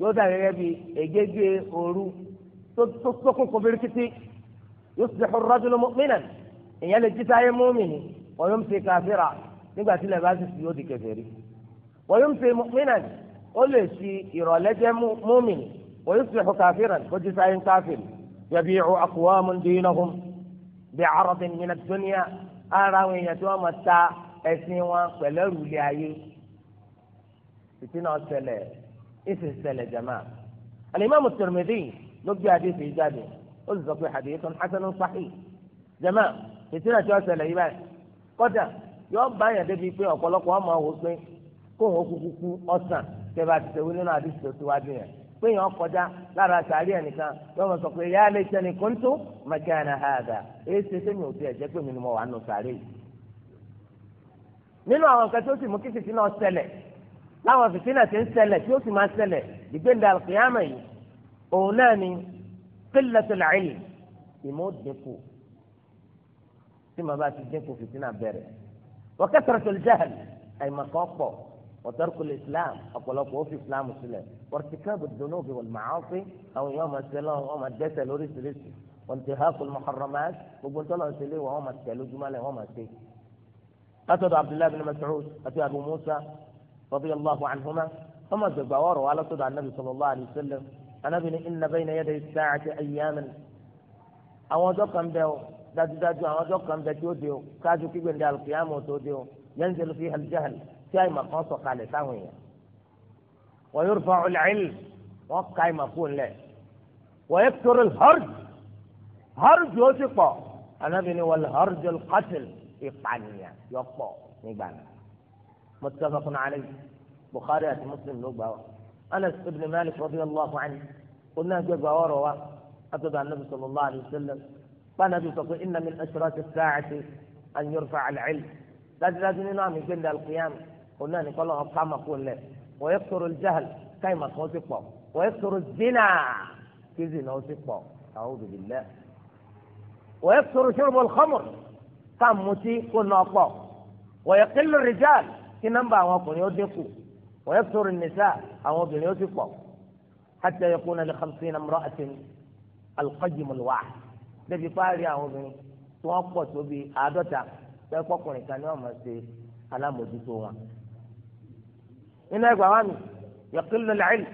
yóò dà gẹ́gẹ́ bí ègégé òru tó sókun kò birikiti yóò sì dẹ̀xọ́ rọ́júlọ́ mọ́mìnà ìyẹn lè jíta ayé mọ́mìnì wọ́n yóò ṣe káfíra nígbà tí lẹ́bàá sì yóò di kèfèrí wọ́n yóò ṣe mọ́mìnà ó lè ṣi ìrọ̀lẹ́ jẹ́ mọ́mìnì wọ́n yóò sì dẹ̀xọ́ káfíra kó jíta ayé káfíri yabiicu akuwaamu diinahum bi carabin min adunya ara àwọn ẹ̀sìn wọn pẹ̀lẹ́rù ilé ayé fìtínà ṣẹlẹ̀ ìsìn ṣẹlẹ̀ jama alimami Tirmidhi ló gbé adéfì jáde ó sì sọ pé hadithun hasanun sahih jama fìtínà tí wọ́n ṣẹlẹ̀ yìí báyìí kọ́dà yóò bá yàn débi pé ọ̀pọ̀lọpọ̀ ọmọ wò pé kó wọn kúkú kú ọ̀sán tẹ́lá ti tẹ̀wé nínú àdìsí tó síwájú yẹn pé yàn kọjá lára sàárì ẹnìkan yóò mọ̀ sọ pé yálé tẹ́ni kóńtó mẹ́kẹ́ ẹ̀nà hàdà èyí ṣe sẹ́mi òfin ẹ̀jẹ̀ pé mi ni mo wà nínú àwọn nǹkan tí ó sì mú kí fìtínà ṣẹlẹ̀ láwọn fìtínà tí ń ṣẹlẹ̀ tí ó sì máa ṣẹlẹ̀ ìgbéǹda àlùkìyàmà yìí òun náà ni qillatul ilm ìmọ̀ dínkù tí màá bá ti dínkù fìtínà bẹ̀rẹ̀ wa kathratul jahl àìmọ̀kan pọ̀ wa tarkul islam ọ̀pọ̀lọpọ̀ ó fi islam sílẹ̀ wartikabu dhunubi قتل عبد الله بن مسعود أتي أبو موسى رضي الله عنهما هما زبوار وعلى صدع النبي صلى الله عليه وسلم أنا بني إن بين يدي الساعة أياما أو أدوك أم ديو دادو دادو أو أدوك أم ديو ديو كاجو كيبين ديال القيامة وتوديو ينزل فيها الجهل كاي ما قصو على ساوية ويرفع العلم وكاي ما قول له ويكثر الهرج هرج يوسف أنا بني والهرج القتل ìpànìyàn yọpọ̀ nígbà náà fún alẹ bukhari àti muslim ló gbà wá anas ibn malik radiyallahu anhu onáà gbẹgbẹ ọ̀rọ̀ wa àtọ̀dọ̀ anabi sallallahu alayhi wa sallam bánabi sọ pé inna min ashrati as-sa'ati an yurfa'a al-'ilm dájúdájú nínú àmì gbẹndé alqiyam onáà ní kọlọ ọkọ àmàkùn lẹ wa yakthuru al-jahl káyìmà kan ti pọ̀ wa yakthuru az-zina kí zina ó ti pọ̀ a'udhu billah wa yakthuru shurbu al-khamr. ká mutí kó nà ọ̀pọ̀ wọ̀yẹ̀ kílò rìjáàlì kí nọ́mbà àwọn ọkùnrin ó dínkù wọ̀yẹ̀ sórí nìṣà àwọn obìnrin ó ti pọ̀ hàtẹ́ yẹ kó na lè xamsin na mọ́rọ́ àti alùpàjìmọ̀lùwà débi parí àwọn obìnrin tí wọ́n pọ̀ tó bí àádọ́ta bẹ́ẹ̀ kọkùnrin kan ní wọ́n máa ṣe alámòjútó wọn. nínú ẹgbàá wa mi yẹ kílò lẹ́ẹ̀lì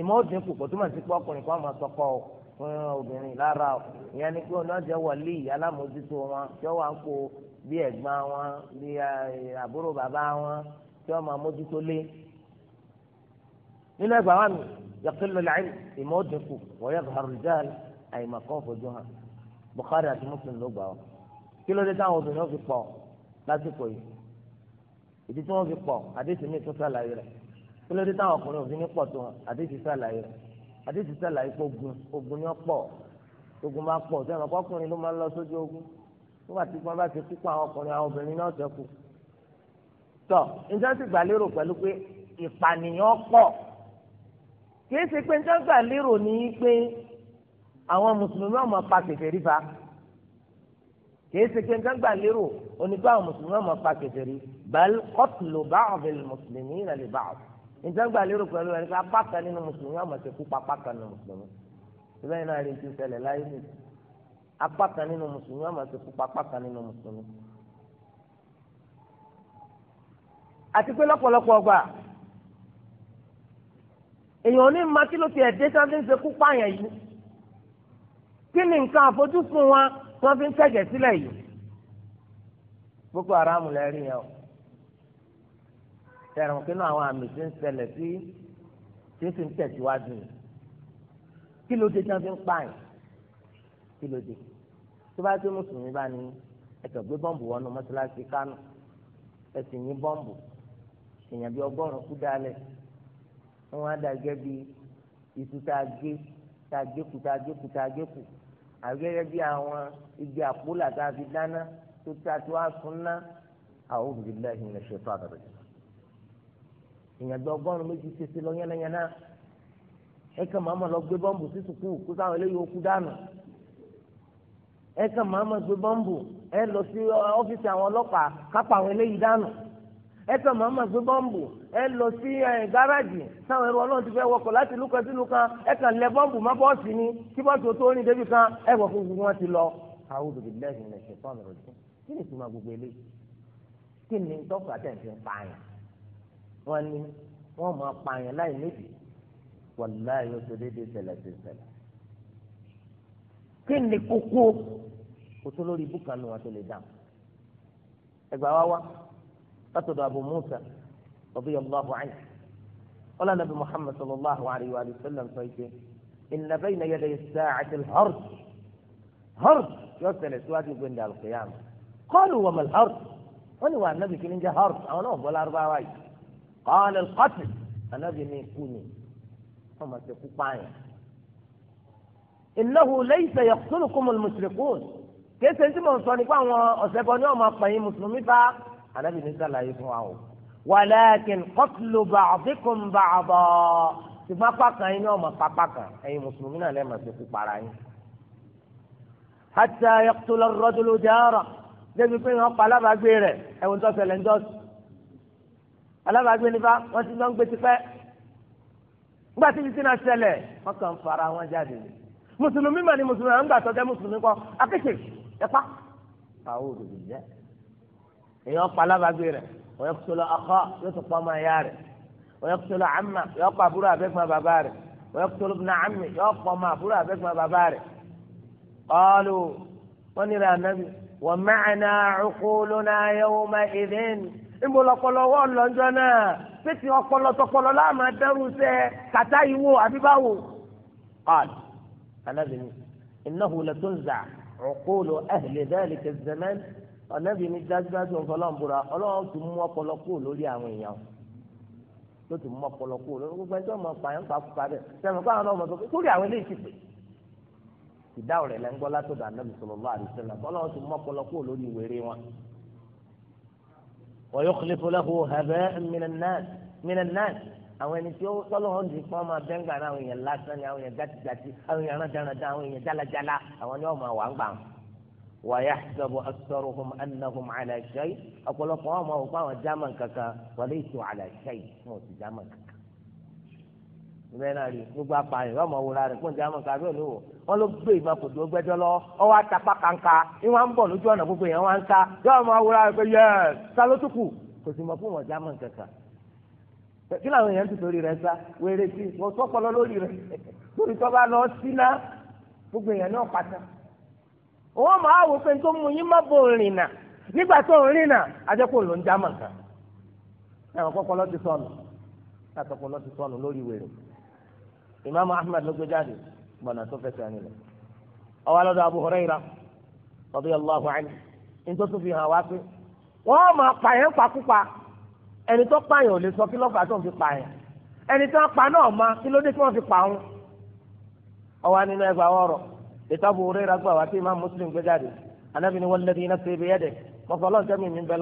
ìmọ̀ ó dínkù kò túmọ̀ sí pé ọkùnrin kan máa sọ kọ́ ọ fún obìnrin lára o ìyẹn ni pé ọ̀nà jẹ́ wọlé alámòjútó wọn tí wọ́n wà ń kó bí ẹ̀gbọ́n wọn bí àbúrò bàbá wọn tí wọ́n máa mójútó lé nínú ẹgbàá wa mi yàtúlọ làyìn ìmọ̀ òdìkù wọ́n yẹ kàrọ̀ jáàl àyìnbàkọ́ fojú hàn Bukhari àti Muslim ló gbà wọn kí ló dé táwọn obìnrin fi pọ̀ lásìkò yìí ìdí tí wọ́n fi pọ̀ àdéhùn mi tún sàlàyé rẹ̀ kí ló dé táwọn ọkùnrin òfin ní pọ̀ tó hàn àdéhùn sàlàyé rẹ̀ àdéhùn sàlàyé pé ogun ogun ni wọ́n pọ̀ ogun bá pọ̀ sẹ́wọ̀n ọkùnrin ló máa ń lọ sójú ogun nígbà tí wọ́n bá ti kú pa àwọn ọkùnrin àwọn obìnrin náà sẹ́kù. tọ́ níta sì gbà lérò pẹ̀lú pé ìpànìyàn pọ̀ kìí ṣe pé níta gbà lérò ní pé àwọn mùsùlùmí ọmọ pa kèfèrí fa kìí ṣe pé níta gbà lérò onígbà àwọn mùsùlùmí ọmọ pa kèfèrí bal qatlu ba'dil muslimina li ba'd ìjọba lérò pẹ̀lú ẹni pé apá kan nínú mùsùlùmí ọmọ ti kú papá kan nínú mùsùlùmí ìbẹ́ yìí náà rí ti ṣẹlẹ̀ láyé nì apá kan nínú mùsùlùmí ọmọ ti kú papá kan nínú mùsùlùmí. àti pé lọ́pọ̀lọpọ̀ ọgbà èèyàn ní ma kí ló ti ẹ̀dẹ́ sáńtì ń ṣe kú pààyàn yìí kí ni nǹkan àfojúsùn wa tí wọ́n fi ń tẹ̀jẹ̀ sílẹ̀ yìí Boko Haram lẹ́rìí yẹn o sẹ́rùn kí nínú àwọn àmì tí ń ṣẹlẹ̀ sí tí ń sì ń tẹ̀síwájú ni kí ló dé tí wọ́n fi ń pààyàn kí ló dé tó bá dé mùsùlùmí bá ní ẹ̀tọ́ gbé bọ́ǹbù wọnú mọ́ṣáláṣí kánò ẹ̀sìn yín bọ́ǹbù èèyàn bíi ọgọ́rùn-ún kú dálẹ̀ wọ́n á dà gẹ́gẹ́ bíi iṣu tá a gé tá a gé kù tá a gé kù tá a gé kù àgẹ́gẹ́ bíi àwọn igi àpólà tá a fi dáná tó tá tó a sún ná àwọn òbí lẹ́yìn ẹ̀ṣẹ̀ fún àbẹ̀rẹ̀ ìyàgbẹ́ ọgọ́rùn-ún méjì ṣèṣe lọ yánnayànna ẹ kàn máa ma lọ gbé bọ́ǹbù sí sùkúù kó sáwọn eléyìí ó kú dànù ẹ kàn máa ma gbé bọ́ǹbù ẹ lọ sí ọ́fíìsì àwọn ọlọ́pàá kápá àwọn eléyìí dànù ẹ kàn máa ma gbé bọ́ǹbù ẹ lọ sí gáràjì táwọn ẹrù ọlọ́run ti fẹ́ wọkọ̀ láti ìlú kan sí ìlú ẹ kàn lẹ bọ́ǹbù má bọ́ọ̀sì ni kí bọ́ọ̀sì tó tó rìn débi kan ẹ wọ̀ fún wọ́n ní wọ́n máa pààyàn láì níbi wàláì yóò ṣe déédéé ṣẹlẹ̀ ṣe ṣẹlẹ̀ kí ni kókó kò tó lórí búkanu àti lè dáhùn ẹgbàá wa wá látọ̀dọ̀ Abu Musa radiyallahu anhu قال النبي محمد صلى الله عليه وآله وسلم فايته إن بين يدي الساعة الهرج هرج يرسل سواد من القيامة قالوا وما الهرج قالوا النبي كل إنجا هرج أو نوم ولا أربعة وايد kọ́ọ̀lù kọ́tù anábì ní ikú ni wọ́n máa ṣe kú pààyàn. ìnáwó lẹ́yìn sẹ̀yẹ̀ kúrò kó mo mùsùlùkùn kéésì tí mo ń sọ ni pé àwọn ọ̀sẹ̀ bọ̀ ni wọ́n máa pààyàn mùsùlùmí bá anábì ní sàlàyé fún wa o. wàlẹ́kìn kọ́tùlù bàdìkùn bàdọ̀ ṣùgbọ́n apákan yín ni wọ́n máa pa apákan mùsùlùmí náà lẹ́ẹ̀ máa ṣe kú para yín. hatta yaqtula tó ṣẹlẹ̀ ń alábàágbé nípa wọ́n ti lọ ń gbé tipẹ́ nígbà tí ibi tí náà ṣẹlẹ̀ wọ́n kàn fara wọn jáde mùsùlùmí mà ní mùsùlùmí àwọn gbàtọ́ jẹ́ mùsùlùmí kọ́ akéṣe ẹ̀pá àwọn òdòdó jẹ́ èèyàn pa alábàágbé rẹ̀ wọ́n kutula akha yóò tó pa ọmọ ẹ̀yà rẹ̀ wọ́n kutula amma yóò pa àbúrò àbẹ́gbọ́n bàbá rẹ̀ wọ́n kutula ibn ammi yóò pa àbúrò àbẹ́gbọ́n bàbá rẹ̀ qalu wọ́n ní rẹ̀ ànábì wa ma'ana uquluna yawma idhin níbo lọpọlọ wọ́n lọ́jọ́ náà pété ọpọlọ láàmú ẹdẹrù sẹ kàtá ìwò àbíbáwò. قال النبي إنه لتنزع عقول أهل ذلك الزمان النبي ní dájúdájú ọ̀fọlọ́n búra ọlọ́run ti mú ọpọlọ kúrò lórí àwọn èèyàn ló ti mú ọpọlọ kúrò lórí gbogbo ẹjọ́ ọmọ pààyàn pàápàá ويخلف له هباء من الناس من الناس àwọn ẹni tí ó tọ́lọ́hún di pọ́n máa bẹ́ẹ̀ gbà náà àwọn èèyàn lásán ni àwọn èèyàn játijàti àwọn èèyàn rádaràdà àwọn èèyàn jálajálá àwọn ni wọ́n máa wà ń gbà. wàyà sọ̀bù aktharuhum annahum ala shay ọ̀pọ̀lọpọ̀ wọn máa wò pé àwọn german kankan wọlé ìtò ala shay wọn ò sì german kankan. ìbẹ́ náà rí gbogbo apààyàn yọ̀ọ́ mọ̀ wò la rẹ̀ fún ìjà mọ̀ká bí olówó wọn ló gbé ìbọn kò tó gbẹjọ lọ ọwọ́ atapa kàńkà ni wọ́n ń bọ̀ lójú ọ̀nà gbogbo yẹn wọ́n ń ká yọ̀ọ́ rẹ̀ pé ta ló kò sì mọ̀ fún wọn kẹta kí làwọn èèyàn sá wéré sí tó gbogbo èèyàn náà pàtà òun máa wò pé tó mú yín má bò rìnà nígbà tó ń rìnà kan imaamu ahmed ló gbé jáde gbọ̀nà tó fẹsẹ̀ nílẹ̀ ọwọ́ alọ́dọ̀ abu huraira radiyallahu anhu nítorí tó fi hàn wá pé wọ́n máa pààyàn pakúpa ẹni tó pààyàn ò lè sọ kí ló fà tó ń fi pààyàn ẹni tó pa náà ma kí ló dé tí wọ́n fi pa òun ọwọ́ nínú ẹgbàá ọ̀rọ̀ ètò abu huraira gbà wá pé imaamu muslim gbé jáde anabi ni walladhi nafsi biyadihi mọ̀fọ́lọ́ jẹ́mi mi bẹ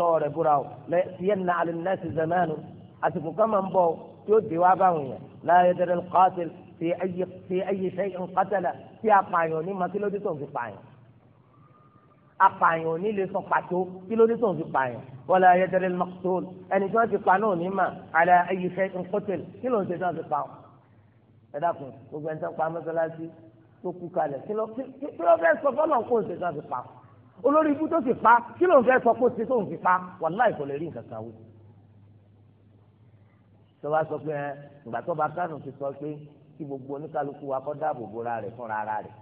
tí ó di wá báwọn yẹn la yadri al-qatil fi ayé fi ayé في nkátàlà ما كيلو ní ma kí ló dé tó ń fi pààyàn apààyàn ní lè sọ pàtó kí ló dé tó ń fi pààyàn wala ayédèrè maqtul ẹni tí wọn ti pa náà ní ma àlẹ ayé ṣe nkótèl kí ló ń ṣe tó ń fi pa ọ. ẹ dákun gbogbo ẹni tó ń pa mọ́sálásí tó kú kalẹ̀ kí ló fẹ́ sọ fọlọ́ kó ń ṣe tó ń fi pa olórí ibú tó ti pa kí ló ń fẹ́ sọ kó ṣe tó ń fi pa wàláì kò lè rí nǹkan kan wí. tó bá sọ pé ẹ ìgbà tó bá kánù ti sọ pé kí gbogbo oníkálukú wa kọ́ dáàbò bora rẹ̀ fúnra ara rẹ̀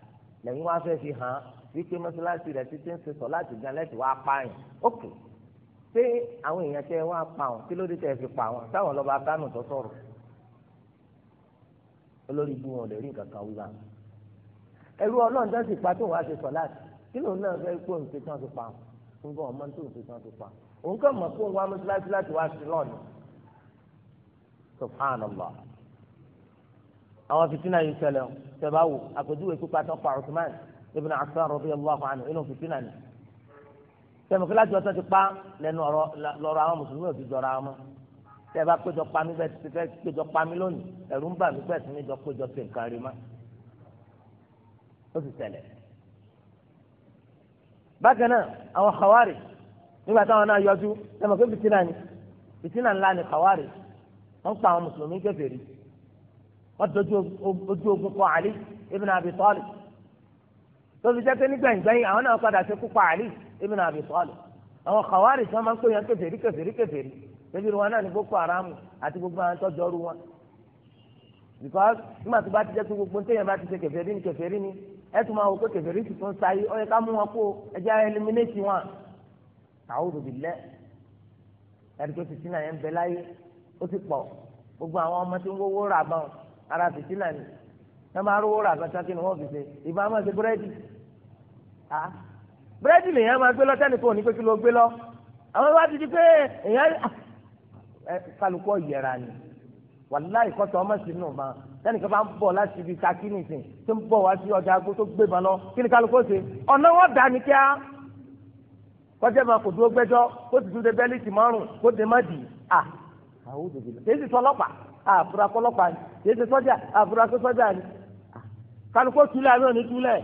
lẹ́yìn wá fẹ́ fi hàn wípé mọ́ṣáláṣí rẹ̀ ti ti ń sọ láti gan lẹ́sìn wá pààyàn ókè pé àwọn èèyàn tẹ wá pa wọn kí ló dé tẹ fi pa wọn táwọn lọ́ba kánò tó sọ̀rọ̀ olórí ibu wọn ò lè rí nǹkan kan wíwá ẹrú ọlọ́run tó ń sì pa tó wàá ṣe sọ láti kí lòun náà fẹ́ kó nǹkan tó ń fi pa wọn fún bọ́ ọmọ tó ń fi tán pa òun kàn mọ̀ fún wa mọ́sálásí láti wá sí lọ́ọ̀nù subhanallah àwọn fìtínà yìí ṣẹlẹ̀ o tẹ̀bá wò àpèjúwe pípa tán pa Uthman ibn Affan radiyallahu anhu inú fìtínà ni tẹ̀mọ̀kí láti ọ̀tọ̀ ti pa lẹ́nu ọ̀rọ̀ lọ́rọ̀ àwọn mùsùlùmí òbí jọra wọn tẹ̀bá péjọ pami bẹ́ẹ̀ ti fẹ́ péjọ pami lónìí ẹ̀rù ń bà mí pẹ̀sì níjọ péjọ sí nǹkan rí ma ó sì ṣẹlẹ̀ bákan náà àwọn kawari nígbà táwọn náà yọjú tẹ̀mọ̀kí fìtínà ni fìtínà ńlá ni kawari wọ́n pa àwọn mùsùlùmí kèfèrí wọ́n dojú ojú ogun kọ àlì ibn abi talib tóbi jẹ́ pé nígbẹ̀yìngbẹ̀yìn àwọn náà padà sí kúpa àlì ibn abi talib àwọn kàwárì tí wọ́n máa ń pè yàn kèfèrí kèfèrí kèfèrí lójú wọn náà ní boko haram àti gbogbo àwọn tó jọrú wọn because nígbà tó bá ti jẹ́ pé gbogbo ntẹ́yìn bá ti ṣe kèfèrí ni kèfèrí ni ẹ tún máa wò pé kèfèrí ti tún sáyé ó yẹ ká mú wọn kó ẹjẹ́ eliminate wọn a'udhu billah ẹ̀rí tó ti sínú àyẹ̀ ń bẹ láyé ó ti pọ̀ gbogbo àwọn ọmọ tí ń wọ́wọ́ rà bá wọn ara fìtínà ni ẹ máa rówó rà gbàtà kí ni wọ́n fi ṣe ìbá máa ṣe búrẹ́dì à búrẹ́dì lèèyàn máa gbé lọ tẹ́nìkan òní pé kí ló gbé lọ àwọn bá ti di pé èèyàn kálukú ọ̀yẹ̀ra ni wàláì kọ́tọ̀ ọmọ sí nù máa tẹ́nìkan bá ń bọ̀ láti ibi kakí nìsín tó ń bọ̀ wá sí ọjà agbó tó gbé ma lọ kí ni kálukú ṣe ọ̀nà wọn dà ní kíá kọjá ma kò dúró gbẹ́jọ́ kó ti tún de bẹ́lí ti márùn kó de má dì í à àwọn òdòdó àfúrà kọlọ́pàá ni kì í ṣe sọ́jà àfúrà kó sọ́jà ni kálukó túlẹ̀ àbí òní túlẹ̀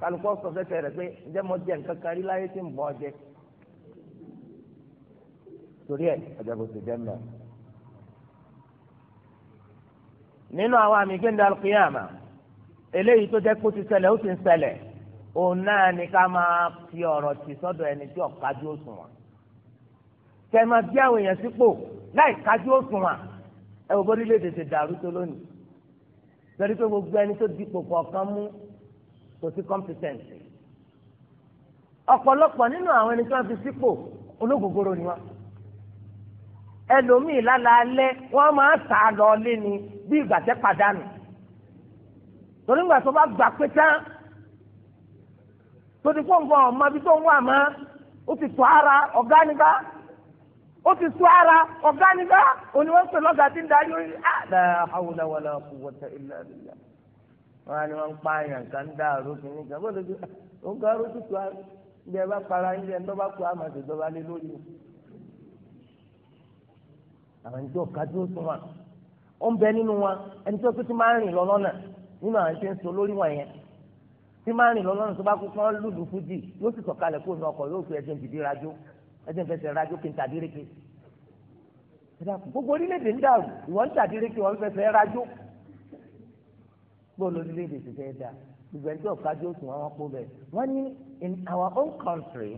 kálukó sọ fẹ́fẹ́ rẹ̀ pé ǹjẹ́ mo jẹ nǹkan kan rí láyé tí ń bọ́ jẹ torí ẹ̀ ọ̀jọ̀gbọ̀n ti jẹ́ mẹ́rin. nínú àwọn àmì gbẹ̀ndà alqiyama eléyìí tó jẹ́ kó ti ṣẹlẹ̀ ó ti ń ṣẹlẹ̀ òun náà ni ká máa fi ọ̀rọ̀ tì sọ́dọ̀ ẹni tí ọ̀kájú òṣùwọ̀n kẹ́ máa bí àwọn èèyàn sípò láì kájú òṣùwọ̀n ẹ wò bórílẹ̀-èdè ti dàrú tó lónìí lórí pé gbogbo ẹni tó dipò kọ̀ọ̀kan mú kò sí competency ọ̀pọ̀lọpọ̀ nínú àwọn ẹni tó ń fi sípò olóògógóró ni wọ́n ẹlòmíì lálaalẹ́ wọ́n máa ń sá lọ lé ni bí ìgbàjẹ́ padànù torí ìgbà tó bá gbà pé tán tó ti fóun fún ọmọ ibi tó ń wà mọ́ ó ti tọ́ ara ọ̀gá nígbà ó ti tú ara ọ̀gá nígbà òní wọ́n pè lọ́gàá tí ń darí orí àdá àwòlá wàlá kú wọ́tá ilẹ̀ àdìyà wọn ni wọn ń pa àyàn nǹkan ń dá àrókùn nìkan bó lójú òǹkà àrókùn tó a bí ẹ bá para ń jẹ ńdọ́bà kú àmà tó dọ́bà lé lórí o àwọn ìjọ ọ̀ka tó sùn wa ó ń bẹ nínú wa ẹni tó tún máa ń rìn lọ lọ́nà nínú àwọn tí ń so lórí wọn yẹn tí máa ń rìn lọ lọ́nà tó bá kú kán lùlù ẹjẹ ń fẹsẹ̀ rájò kí n tàdíréke gbogbo orílẹ̀-èdè ń dàrú ìwọ ń tàdíréke wọn fẹsẹ̀ rájò gbogbo orílẹ̀-èdè ti fẹ́ dà gbogbo ẹni tí ọ̀ka jó sùn àwọn kó bẹ̀ wọ́n ní in our own country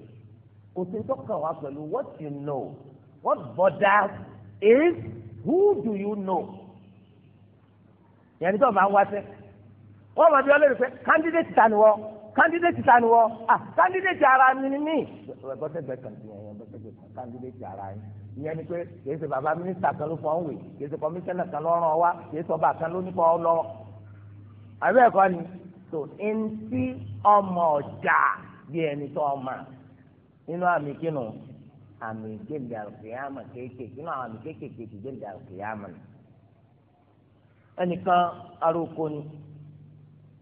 kò sí tọ́kàn wá pẹ̀lú what you know what borders is who do you know yẹn ní sọ́ọ̀ máa ń wá sẹ́ wọ́n máa bí ọlọ́run pé candidate ta ni wọ́n candidate ta ni wọ ah candidate ara mi ni mí. bọ́sẹ̀gbẹ̀ kan ti yẹn bọ́sẹ̀gbẹ̀ kan candidate ara yín ìyẹn ni pé kìí ṣe bàbá mínísítà kan ló fọ́n wè kìí ṣe kọmíṣánná kan ló rán wa kìí ṣe ọba kan ló ní kọ́ lọ. àbẹ́ ẹ̀kọ́ ni tó ń tí ọmọ ọjà bí ẹni tó ọmọ nínú àmì kínú àmì ìgbéǹde àlùkìyàmà kéékèèké nínú àmì kéékèèké ìgbéǹde àlùkìyàmà ẹnìkan aróko ni.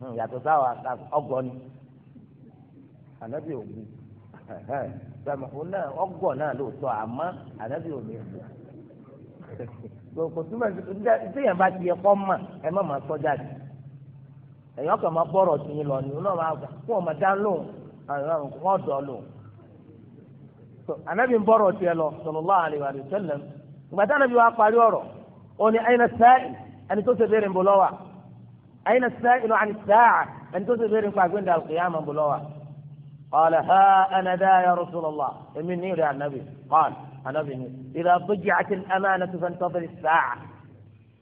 Hmm, yàtọ̀ sáwà ọgọ́ ni ànábì ògùn sàmùkù náà ọgọ́ náà lóòótọ́ àmọ́ ànábì òmí ògùn kò túmọ̀ síyàn bá ti yẹ kọ́ mà ẹ má máa sọ́jà sí ẹ̀yọ́ kan máa bọ̀rọ̀ sí lọ ni ọlọ́run máa gbà kó o máa lóhùn àwọn lóhùn. lọ ìgbà tí wa parí ọrọ ẹni tó ṣe أين السائل عن الساعة أن تصبر عند القيامة بلوى قال ها أنا ذا يا رسول الله من يا النبي قال أنا بني إذا ضجعت الأمانة فانتظر الساعة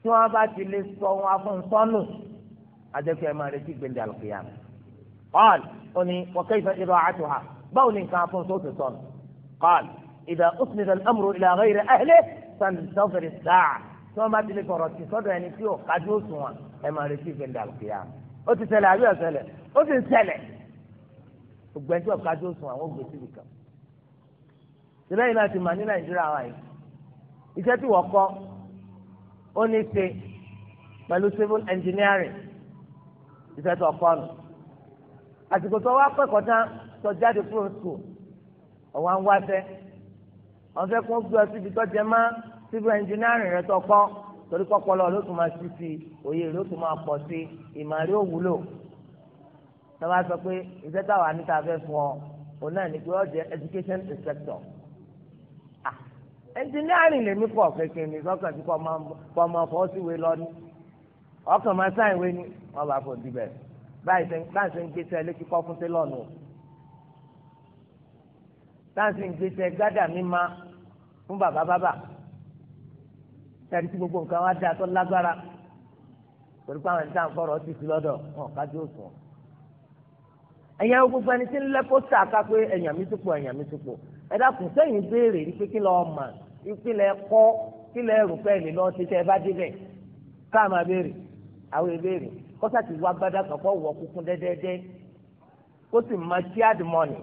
tí wọn bá ti lè sọ wọn afọnsọnù adékòó ẹ e قال أني وكيف إضاعتها بول كان صوت صن قال إذا أسند الأمر إلى غير أهله فانتظر الساعة tí wọ́n bá ti lè fọ̀rọ̀ tì sọ́dọ̀ ẹni tí ò kájú òṣùwọ̀n ẹ máa retí ìgbẹ́ndà òkèèyà ó ti ṣẹlẹ̀ àbí ọ̀sẹ̀lẹ̀ ó sì ń ṣẹlẹ̀ ògbẹ́ni tí ò kájú òṣùwọ̀n àwọn ògbésí nìkan. ìlẹ́yìn náà ti mà ní nàìjíríà wa yìí iṣẹ́ tí wọ́n kọ́ ó ní ṣe pẹ̀lú civil engineering iṣẹ́ tó kọ́ nù àsìkò tó wá pẹ́kọ̀ọ́ tán tó jáde kúrò school ọ̀wọ́n wá fẹ́ wọ́n fẹ́ kó civil engineering rẹ tó kọ́ torí pọ́pọ́lọ́ ló tún máa ṣí sí òye ló tún máa pọ̀ sí ìmọ̀lẹ́ òwúlò tó sọ pé iṣẹ́ táwa níta fẹ́ fún ọ òun náà ní pé ọ jẹ́ education sector. engineering lèmi pọ̀ kékeré ní sọ́kàn tí kò máa fọ́ síwé lọ́ní ọkàn máa sáyìn wé ní wọ́n bá fò dibẹ̀ báyìí ṣe ń gbèsè lẹ́kíkọ́ fún tẹ́lọ̀nù táǹsì ń gbèsè gádà mímá fún bàbá bàbá sẹ́ni tí gbogbo nǹkan wá dáa tó lágbára torí pé àwọn ẹni tí à ń fọ̀rọ̀ ti fi lọ́dọ̀ hàn kájú òsùn. ẹ̀yàn gbogbo ẹni tí ń lẹ́ pósítà ká pé ẹ̀yàn mi ti pọ̀ ẹ̀yàn mi ti pọ̀ ẹ dákun sẹ́yìn béèrè ní pé kí lọ́ọ́ mà kí lẹ́ kọ́ kí lẹ́ rò pé ẹ̀mí lọ́ọ́ ti tẹ́ ẹ bá débẹ̀ káà máa béèrè àwọn ìbéèrè kọ́sà ti wá gbádà kọ̀ọ̀kọ́ wọ̀ kúkú dẹ́dẹ́dẹ́ kó sì máa ṣí àdìmọ́nì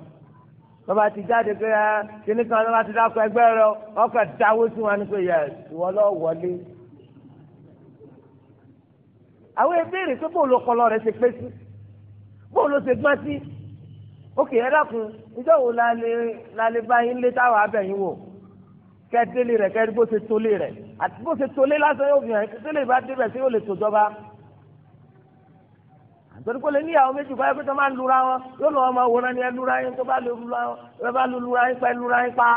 lọ́ba ti jáde pé ah, kíní kan lọ́ba ti dákọ̀ ẹgbẹ́ rẹ ọkọ̀ dáwó sí wọn ni pé yẹ ìwọ lọ wọlé. àwọn ìbéèrè pé bóòlù ọpọlọ rẹ ṣe pé sí bóòlù ṣe gbọ́n sí òkè ẹ dákun ìjọ wo la lè bá yín lé táwọn abẹ́yìn wò kẹ́ẹ́délé rẹ̀ kẹ́ẹ́dé bó ṣe tólé rẹ̀ àti bó ṣe tólé lásán yóò fi hàn kí bá débẹ̀ sí yóò lè tòjọba torí kò lè ní ìyàwó méjì báyọ̀ pé tó máa ń lura wọn yóò lọ́ ọmọ wòran ni ẹ lura yín tó bá lè lura wọn ẹ bá lè lura yín pa ẹ lura yín pa.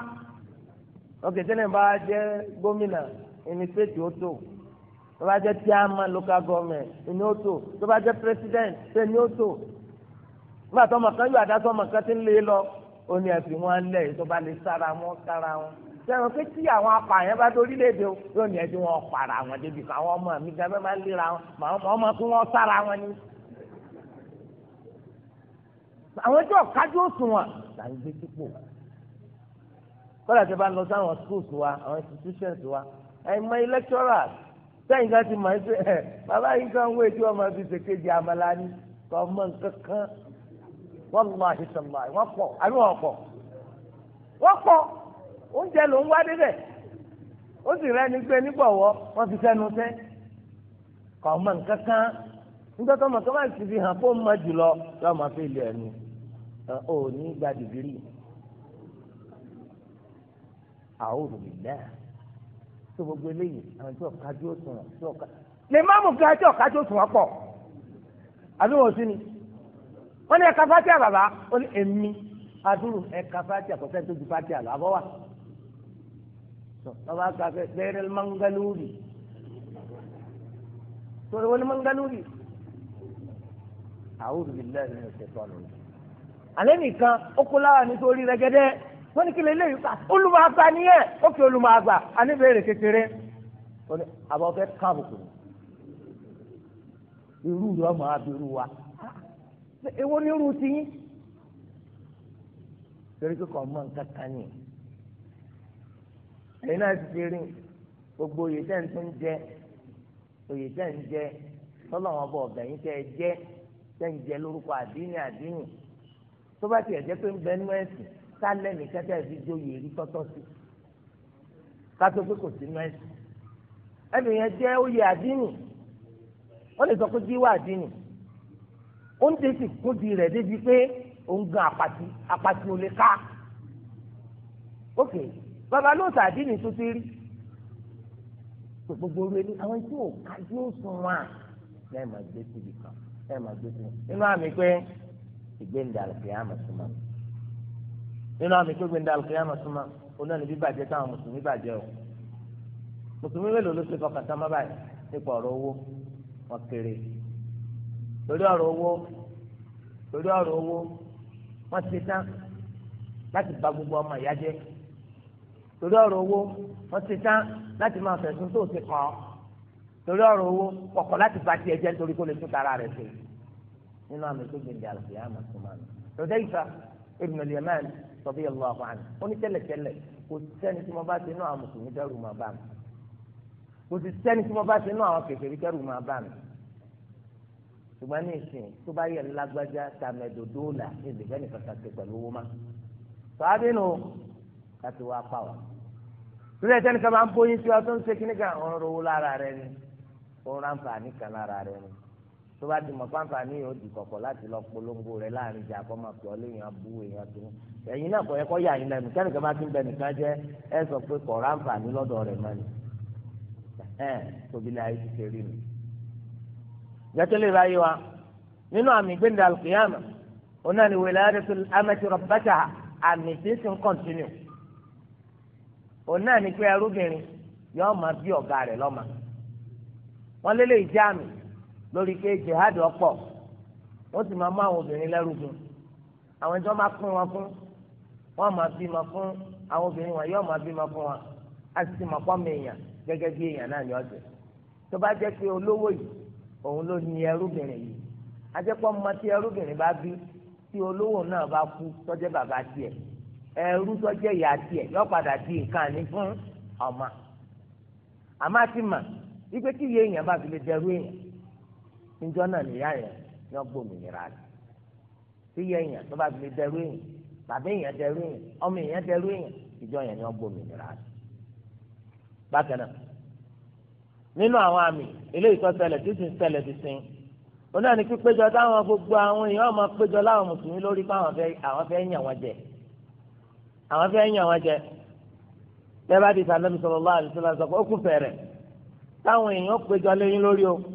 ọkè tẹ́lẹ̀ bá jẹ́ gómìnà ẹni stéètì ó tò tó bá jẹ́ chairman local government ẹni ó tò tó bá jẹ́ president ẹni ó tò nígbà tó ọmọ kan yóò àdá tó ọmọ kan ti ń lé lọ ó ní ẹ̀fìn wọn lẹ̀ tó bá lè sára wọn sára wọn sẹ́wọ̀n pé tí àwọn apààyàn bá dorí léde o yóò ní ẹ̀dín wọn para wọn débi kan àwọn ọmọ mi gan bẹ́ẹ̀ máa ń lera wọn màá ọmọ kí wọ́n sára wọn ni àwọn ẹjọ́ kájú òṣùwọ̀n là ń gbé sípò kọ́lá tí a bá lọ sáwọn schools wa àwọn institutions wa ẹ̀mọ electoral. sẹ́yìn kan ti mọ̀ ẹ́ sẹ́ ẹ̀ bàbá yìí kan wé tí wọ́n máa fi ṣèkejì àmàlà ni kọ́ ọmọ nǹkan kan wọ́n lọ àṣìṣàmà wọ́n pọ̀ àbí wọ́n pọ̀ wọ́n pọ̀ oúnjẹ ló ń wá débẹ̀ ó sì rẹ́ni gbé nígbọ̀wọ́ wọ́n fi sẹ́nu sẹ́ kọ́ ọmọ nǹkan kan nígbà tó mọ̀ tó máa ti fi hàn fóun mọ̀ jùlọ yóò máa fi ilé ẹnu ò ní gba dìgírì àwòrán ìlà tó gbogbo eléyìí àwọn tí ọ̀kájú òsùn tí ọ̀ká lè má mú ga tí ọ̀kájú òsùn pọ̀ àbí wọn sí ni wọn ní ẹ̀ka fatia bàbá ó ní èmi adúrú ẹ̀ka fatia kò sẹ́ni tó ju fatia lọ àbọ̀ wà bàbá kà fẹ́ bẹ́ẹ̀rẹ̀ mangalúrì sọ̀rọ̀ wọn ni mangalúrì àwòrán ìlà ìlú ṣe tọ́ lọ́wọ́. àlẹ́ nìkan ó kó lára nítorí rẹ́gẹ́dẹ́ wọ́n ní kí lè léyìí pa olùmọ̀gbà ni ó fi olùmọ̀gbà kékeré wọ́n ní àbọ̀ fẹ́ káàbùkù irú yọ wa ewo ni irú ti yín torí kíkọ ọmọ nǹkan kan ni ẹ̀yin náà ti rí gbogbo oyè tẹ́ ń tún jẹ oyè tẹ́ ń jẹ tọ́lọ́wọ́n bọ̀ ọ̀gá yín tẹ́ ẹ jẹ́ tẹ́ ń tó bá tiẹ̀ jẹ́ pé ń bẹ nú ẹ̀sìn ká lẹ́nu kẹ́kẹ́ fi jóye rí tọ́tọ́ sí ká tó pé kò sí nú ẹ̀sìn ẹnì yẹn jẹ́ oyè àdínì wọ́n lè sọ pé jíwá àdínì ó ń tẹ̀sí kúndi rẹ̀ débi pé òun gan àpàtì àpàtì ò lè ká ókè bàbá lóòótọ́ àdínì tó ti rí gbogbo orí ẹni àwọn tí ò ká yóò sùn wá ẹ máa gbé síbi kan ẹ máa gbé síbi kan nínú àmì pé ìgbéǹde àlùkìyàmọ̀ súnmọ́ nínú àmì tó gbéǹde àlùkìyàmọ̀ súnmọ́ onáni bíbàjẹ́ táwọn mùsùlùmí bàjẹ́ o mùsùlùmí mélòó ló ṣe fọkàn tán má báyìí nípa ọ̀rọ̀ owó wọn kéré lórí ọ̀rọ̀ owó lórí ọ̀rọ̀ owó wọn ṣe tán láti bà gbogbo ọmọ ìyá jẹ́ lórí ọ̀rọ̀ owó wọn ṣe tán láti máa fẹ̀sùn tó ṣe kàn án lórí ọ̀rọ̀ owó kọ̀kọ̀ láti bá tiẹ̀ jẹ́ nítorí kó lè tún tara rẹ̀ sí i nínú àmì tó gbèdé àlùfíàmà tó máa nù. Hudayfa ibn al-Yaman radiyallahu anhu ó ní tẹ́lẹ̀tẹ́lẹ̀ kò sẹ́ni tí mo bá ti nú àwọn mùsùlùmí dẹ́rù máa bá mi kò sì sẹ́ni tí mo bá ti nú àwọn kèfèrí dẹ́rù máa bá mi ṣùgbọ́n ní ìsìn tó bá yẹ lágbájá tàmẹ̀dò dóòlà ní ìdìbẹ́ nìkan kan ti pẹ̀lú owó má sọ́ábìnú láti wá pa wá sílẹ̀ tẹ́nìkan máa ń bóyin tó bá ti mọ̀ pàǹfààní yóò di kọ̀kọ̀ láti lọ polongo rẹ̀ láàrin ìjà kọ́ máa pè ọ́ léèyàn abú èèyàn tó ẹ̀yin náà kọ̀ yẹ kọ́ yà yín lẹ́nu kẹ́nìkan bá ti ń bẹ nìkan jẹ́ ẹ sọ pé kọ̀ ráǹfààní ni tóbi ní ayé ti ṣe rí mi. wa nínú àmì àmì lórí pé jihad ọ̀pọ̀ wọ́n sì máa mú àwọn obìnrin lẹ́rú gan àwọn ìjọ máa pín wọn fún wọ́n máa bímọ fún àwọn obìnrin wọn yóò máa bímọ fún wọn á sì máa pọ́ mi èèyàn gẹ́gẹ́ bí èèyàn náà ní ọ̀jẹ̀ tó bá jẹ́ pé olówó yìí òun ló ní ẹrúbìnrin yìí ajẹ́pọ̀ mọ tí ẹrúbìnrin bá bí tí olówó náà bá kú tọ́jẹ́ bàbá tiẹ̀ ẹrú tọ́jẹ́ ìyá tiẹ̀ yóò padà di nǹkan ní fún ọmọ àmọ́ àti mà wípé tí iye èèyàn bá fi lè dẹrú èèyàn níjọ́ náà nìyá yẹn ni ọgbọ gbòmìnira rẹ̀ tí yẹ èèyàn tó bá gbé dẹrú èèyàn bàbá èèyàn dẹrú èèyàn ọmọ èèyàn dẹrú èèyàn ìjọ yẹn ni ọgbọ gbòmìnira rẹ̀ bákan náà nínú àwọn àmì eléyìí tó tí sì ń ti sin náà ní pípéjọ táwọn gbogbo àwọn èèyàn máa péjọ láwọn mùsùlùmí lórí pé àwọn fẹ́ yàn jẹ àwọn fẹ́ yàn jẹ bẹ́ẹ̀ bá táwọn èèyàn péjọ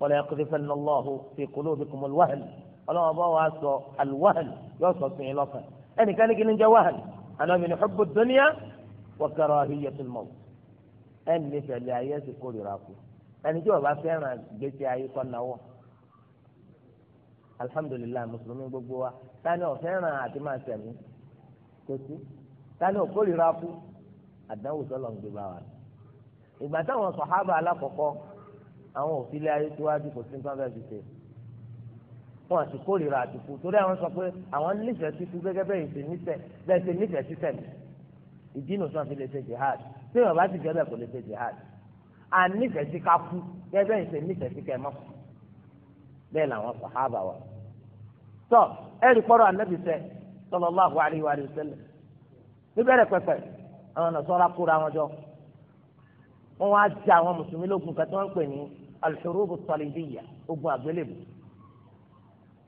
ولا يقذفن الله في قلوبكم الوهن ọlọ́wọ́n bá wa sọ alwahl yóò sọ sí yín lọ́kàn ẹnìkan ní kí ni jẹ́ wahl anamí ni hubbu dunya wa karahiyatul maut ẹnì ní fẹ̀lẹ́ ayé sì kórìíra kù ẹni tí wọ́n bá fẹ́ràn gbèsè ayé kọ́ náwọ́ alhamdulilayi mùsùlùmí gbogbo wa tani ò fẹ́ràn àti máa tẹ̀mí kò sí tani ò kórìíra kù àdánwò sọlọ ń gbé bá wa ìgbà táwọn sàhábà alákọ̀ọ́kọ́ àwọn òfìlẹ ayé tí wájú kò sí nǹkan fẹẹ fi ṣe wọn àti kórìíra àtìkù torí àwọn sọ pé àwọn nífẹ̀ẹ́ títú gẹ́gẹ́ bẹ́ẹ̀ ṣe nífẹ̀ẹ́ bẹ́ẹ̀ ṣe nífẹ̀ẹ́ títẹ̀ mi ìdí nù sọ fi lè ṣe jihad tí yorùbá sì jẹ́ bẹ́ẹ̀ kò lè ṣe jihad à nífẹ̀ẹ́ sí ká kú gẹ́gẹ́ bẹ́ẹ̀ ṣe nífẹ̀ẹ́ sí kẹ́ẹ̀ má kú bẹ́ẹ̀ làwọn sàhábà wà. tọ́ ẹ̀rí kọ́rọ̀ ànábì sẹ́ sallallahu alaihi wa sallam níbẹ̀rẹ̀ pẹ̀pẹ̀ àwọn ọ̀nà sọ́ra kóra wọn jọ wọ́n wá di àwọn mùsùlùmí lógun kẹ́tọ́ ń pè ní alḥurubu tọ́lìdíyà ogun àgbélébù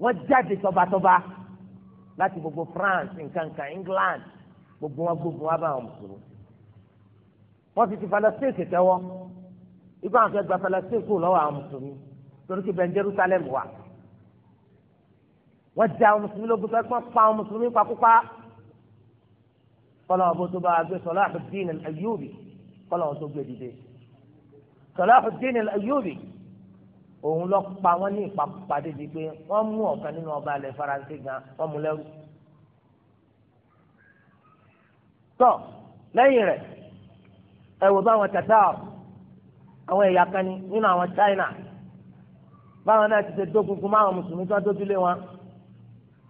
wọ́n jáde tọ́batọ́ba láti gbogbo France nkankan England gbogbo wọn gbogbo wọn bá wọn mùsùlùmí wọ́n ti ti Palestine kẹtẹ́wọ́ ikú àwọn fẹ́ gba Palestine kúrò lọ́wọ́ àwọn mùsùlùmí torí kí bẹ́ẹ̀ Jerusalem wà wọ́n já àwọn mùsùlùmí lógun fẹ́ pọ́n pa àwọn mùsùlùmí pakúpa kọ́lọ́ ọ̀bọ tó bá gbé Salahuddin al-Ayyubi kọ́lọ́ ọ̀bọ tó gbé dìde. Salahuddin al-Ayyubi òun lọ pa wọn ní ìpàdé di pé wọn mú ọ̀kan nínú ọba alẹ faransé gan wọn mú lẹ́rú tọ lẹ́yìn rẹ̀ ẹ wò báwọn tatar àwọn ẹ̀yà kan ní nínú àwọn China báwọn náà ti ṣe dógungun máwọn mùsùlùmí tó dójúlé wọn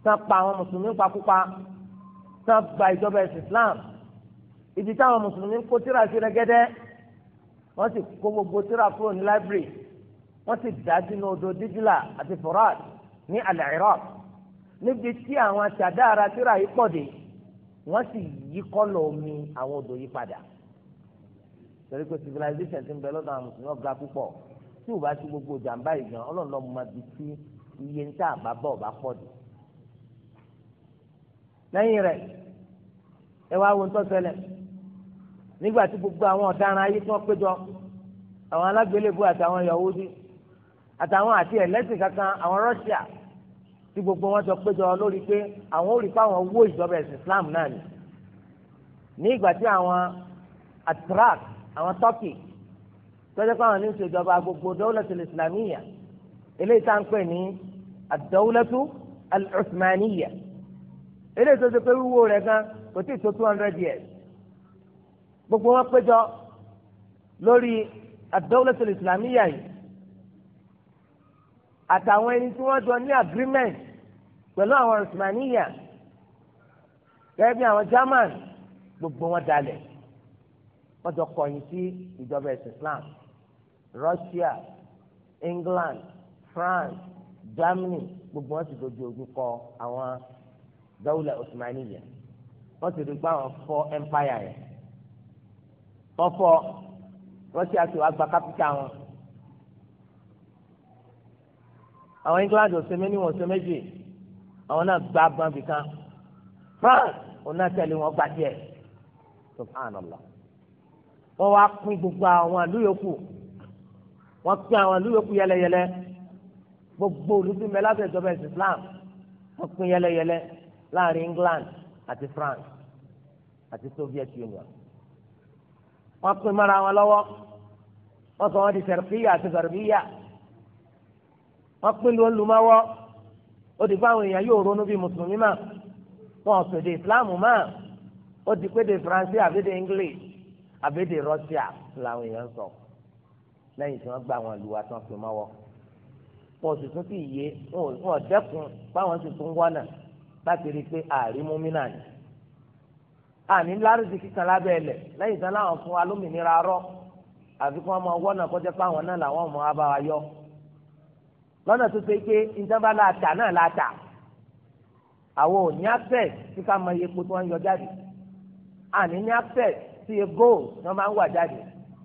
tán pa àwọn mùsùlùmí pakúpa tán gba ìjọba ẹsìn Islam ibi táwọn mùsùlùmí kó tíra sí rẹ́gẹ́dẹ́ wọ́n sì kó gbogbo tíra kúrò ní láìbírì wọ́n sì dá sínú odò dídìlà àti fọ́rọ́d ní alẹ́ Iraq níbi tí àwọn àtàdára tíra yìí pọ̀ dé wọ́n sì yí kọ́lọ̀ omi àwọn odò yìí padà torí pé civilization ti ń bẹ lọ́dọ̀ àwọn mùsùlùmí ọ̀gá púpọ̀ tí ò bá sí gbogbo jàǹbá ìgbọ̀n ọlọ́run lọ́mọ máa di sí iye ń tà bá bọ̀ bá pọ̀ dé lẹ́yìn rẹ̀ ẹ wá wo ń tọ́ ṣẹlẹ̀ nígbà tí gbogbo àwọn ọ̀daràn ayé tí wọ́n péjọ àwọn alágbélébú àtàwọn Yahudi àtàwọn àti ẹlẹ́sìn kankan àwọn Russia tí gbogbo wọn jọ péjọ lórí pé àwọn ò rí pé àwọn wó ìjọba ẹ̀sìn Islam náà ni ní tí àwọn atrak àwọn Turkey tọ́jú pé àwọn ní ìṣèjọba gbogbo dawlatul islamiyya eléyìí tá à ń pè ní ad al-uthmaniyya eléyìí tó ṣe pé wíwó rẹ̀ gan kò tí ì tó two hundred years gbogbo wọn péjọ lórí ad-dawlatul islamiyya yìí àtàwọn ẹni tí wọ́n jọ ní agreement pẹ̀lú àwọn Usmaniyya gẹ́gẹ́ bí àwọn German gbogbo wọn dalẹ̀ wọ́n jọ kọ̀yìn sí ìjọba ẹ̀sìn Islam Russia England France Germany gbogbo wọn ti dojú ogun kọ àwọn dawla Usmaniyya wọ́n ti rí gbá wọn fọ́ empire yẹn wọ́n fọ́ Russia ti wá gba kápítà wọn. àwọn England ọ̀sẹ̀ méjì wọ́n ọ̀sẹ̀ méjì àwọn náà gba agbọn bìkan France òun náà tẹ̀lé wọn gba díẹ̀ subhanallah wọ́n wá pín gbogbo àwọn ìlú yòókù wọ́n pín àwọn ìlú yòókù yẹlẹyẹlẹ gbogbo olùdíje lábẹ́ ìjọba ẹ̀sìn Islam wọ́n pín yẹlẹyẹlẹ láàrin England àti France àti Soviet Union wọ́n pín mọ́ra wọn lọ́wọ́ wọ́n sọ wọ́n di sẹ̀rìfíyà àti sẹ̀rìfíyà wọ́n pín lu olùmọ́wọ́ ó di fáwọn èèyàn yóò ronú bí mùsùlùmí mà wọn ò sèdè ìsìláàmù mà ó di pé de faransé àbédè english àbédè russia làwọn èèyàn sọ lẹ́yìn tí wọ́n gba àwọn ìlú wa tí wọ́n pín mọ́wọ́ wọn ò sì tún sí iye wọn ò báwọn sì tún wọ́nà láti rí i pé àrímú mí náà ni àní lárúdì kíkan lábẹ́ ẹlẹ̀ lẹ́yìn tán láwọn fún alómìnira rọ àfi kí wọ́n mọ ọwọ́ náà kọjá páwọn náà làwọn ọmọ wa bá wa yọ lọ́nà tó ṣe pé ìjọba láta náà láta àwọn ò ní access sí ká mọ iye epo tí wọ́n ń yọ jáde àní ní access sí iye gold tí wọ́n máa ń wà jáde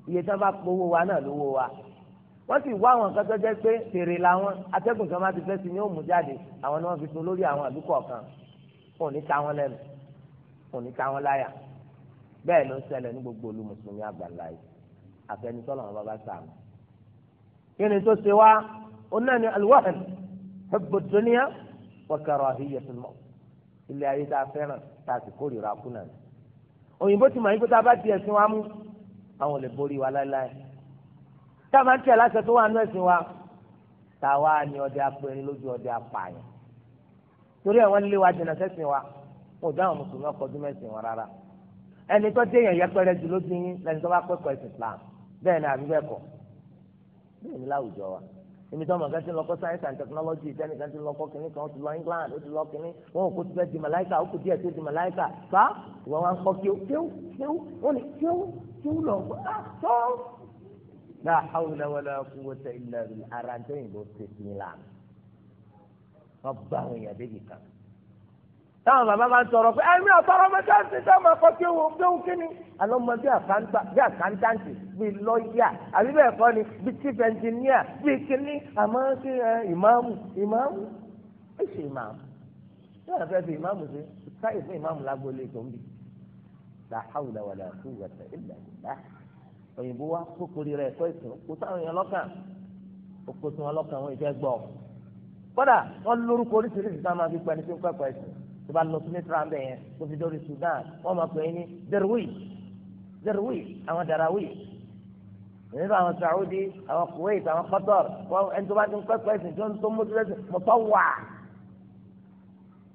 iye tí wọ́n bá powó wa náà lówó wa wọ́n sì wá àwọn nǹkan tó jẹ́ pé fèrè làwọn atẹ́gùn tí wọ́n bá ti fẹ́ sí ni ó mú jáde àwọn ni wọ́n fi kò ní ká wọn láyà bẹ́ẹ̀ ló ń ṣẹlẹ̀ ní gbogbo olú mùsùlùmí àgbàlá yìí àfẹnusọ́lọ̀ wọn bá sàmù. kí ni tó ṣe wá onáà ni alwahan hubbu dunya wa karahiyatul maut ilé ayé tá a fẹ́ràn tá a sì kórìíra kùnà ni. òyìnbó ti mọ̀ yín pé tá a bá ti ẹ̀sìn wa mú àwọn ò lè borí wa láéláé. tá a máa ń láṣẹ tó wà nú ẹ̀sìn wa tá a wá ní ọdẹ apẹ̀rin lójú ọdẹ apààyàn. torí ẹ̀ lé wa jìnnà sẹ́sìn wa wọn ò dáhùn mùsùlùmí ọkọọdún mẹsìn wọn rárá ẹni tó dé èèyàn yẹpẹrẹ jù lójú yín lẹni tó bá kẹ́kọ̀ọ́ ẹsìn Islam bẹ́ẹ̀ ni àbí bẹ́ẹ̀ kọ́ bẹ́ẹ̀ ni láwùjọ wa èmi tó mọ kẹsì lọkọ science and technology tẹni kẹsì lọkọ kìnní kan ó ti lọ England ó ti lọ kìnní wọn ò kó ti di màláìkà ó kò díẹ̀ tó di màláìkà fa ìwọ wa ń kọ kíó kíó kíó ó ní kíó kíó lọ gbọ́ ah, tó. la hawla wala quwwata illa billah ara ń tẹ́yìnbó ṣe sí ní lànà wọ́n bá àwọn èèyàn débi táwọn bàbá bá ń tọrọ pé ẹ̀mí ọ̀tọ́rọ̀ mẹ́ta ń tẹ́tẹ́ ọmọ ẹ̀kọ́ tí ó kéwù kíni àlọ́ mọ bí àkántáǹtì bí lọ́ọ̀yà àbí bẹ́ẹ̀ kọ́ ni bí chief engineer bí kíní àmọ́ sí ẹ ìmáàmù ìmáàmù ẹ ṣe ìmáàmù tí wọ́n fẹ́ fi ìmáàmù ṣe káyì fún ìmáàmù lágbóolé tó ń bì la hawla wala quwwata illa billah òyìnbó wa kókòrè rẹ̀ kọ́ ìsìn kó táwọn èèyàn lọ́kàn òkòtò wọn lọ́kàn wọn ìfẹ́ gbọ́ kódà wọn lórúkọ oríṣiríṣi táwọn máa fi pẹ́ni tó ń pẹ́pẹ́ ìsìn tó bá lọ sí mẹ́tìrà ń bẹ̀ yẹn tó fi dórí Sudan wọ́n máa pè é ní derwi derwi àwọn darawi nínú àwọn Saudi àwọn Kuwait àwọn Qatar wọ́n ẹni tó bá ti ń kẹ́kọ̀ọ́ ẹ̀sìn tó ń tó mójú lẹ́sìn mọ̀tọ́ wà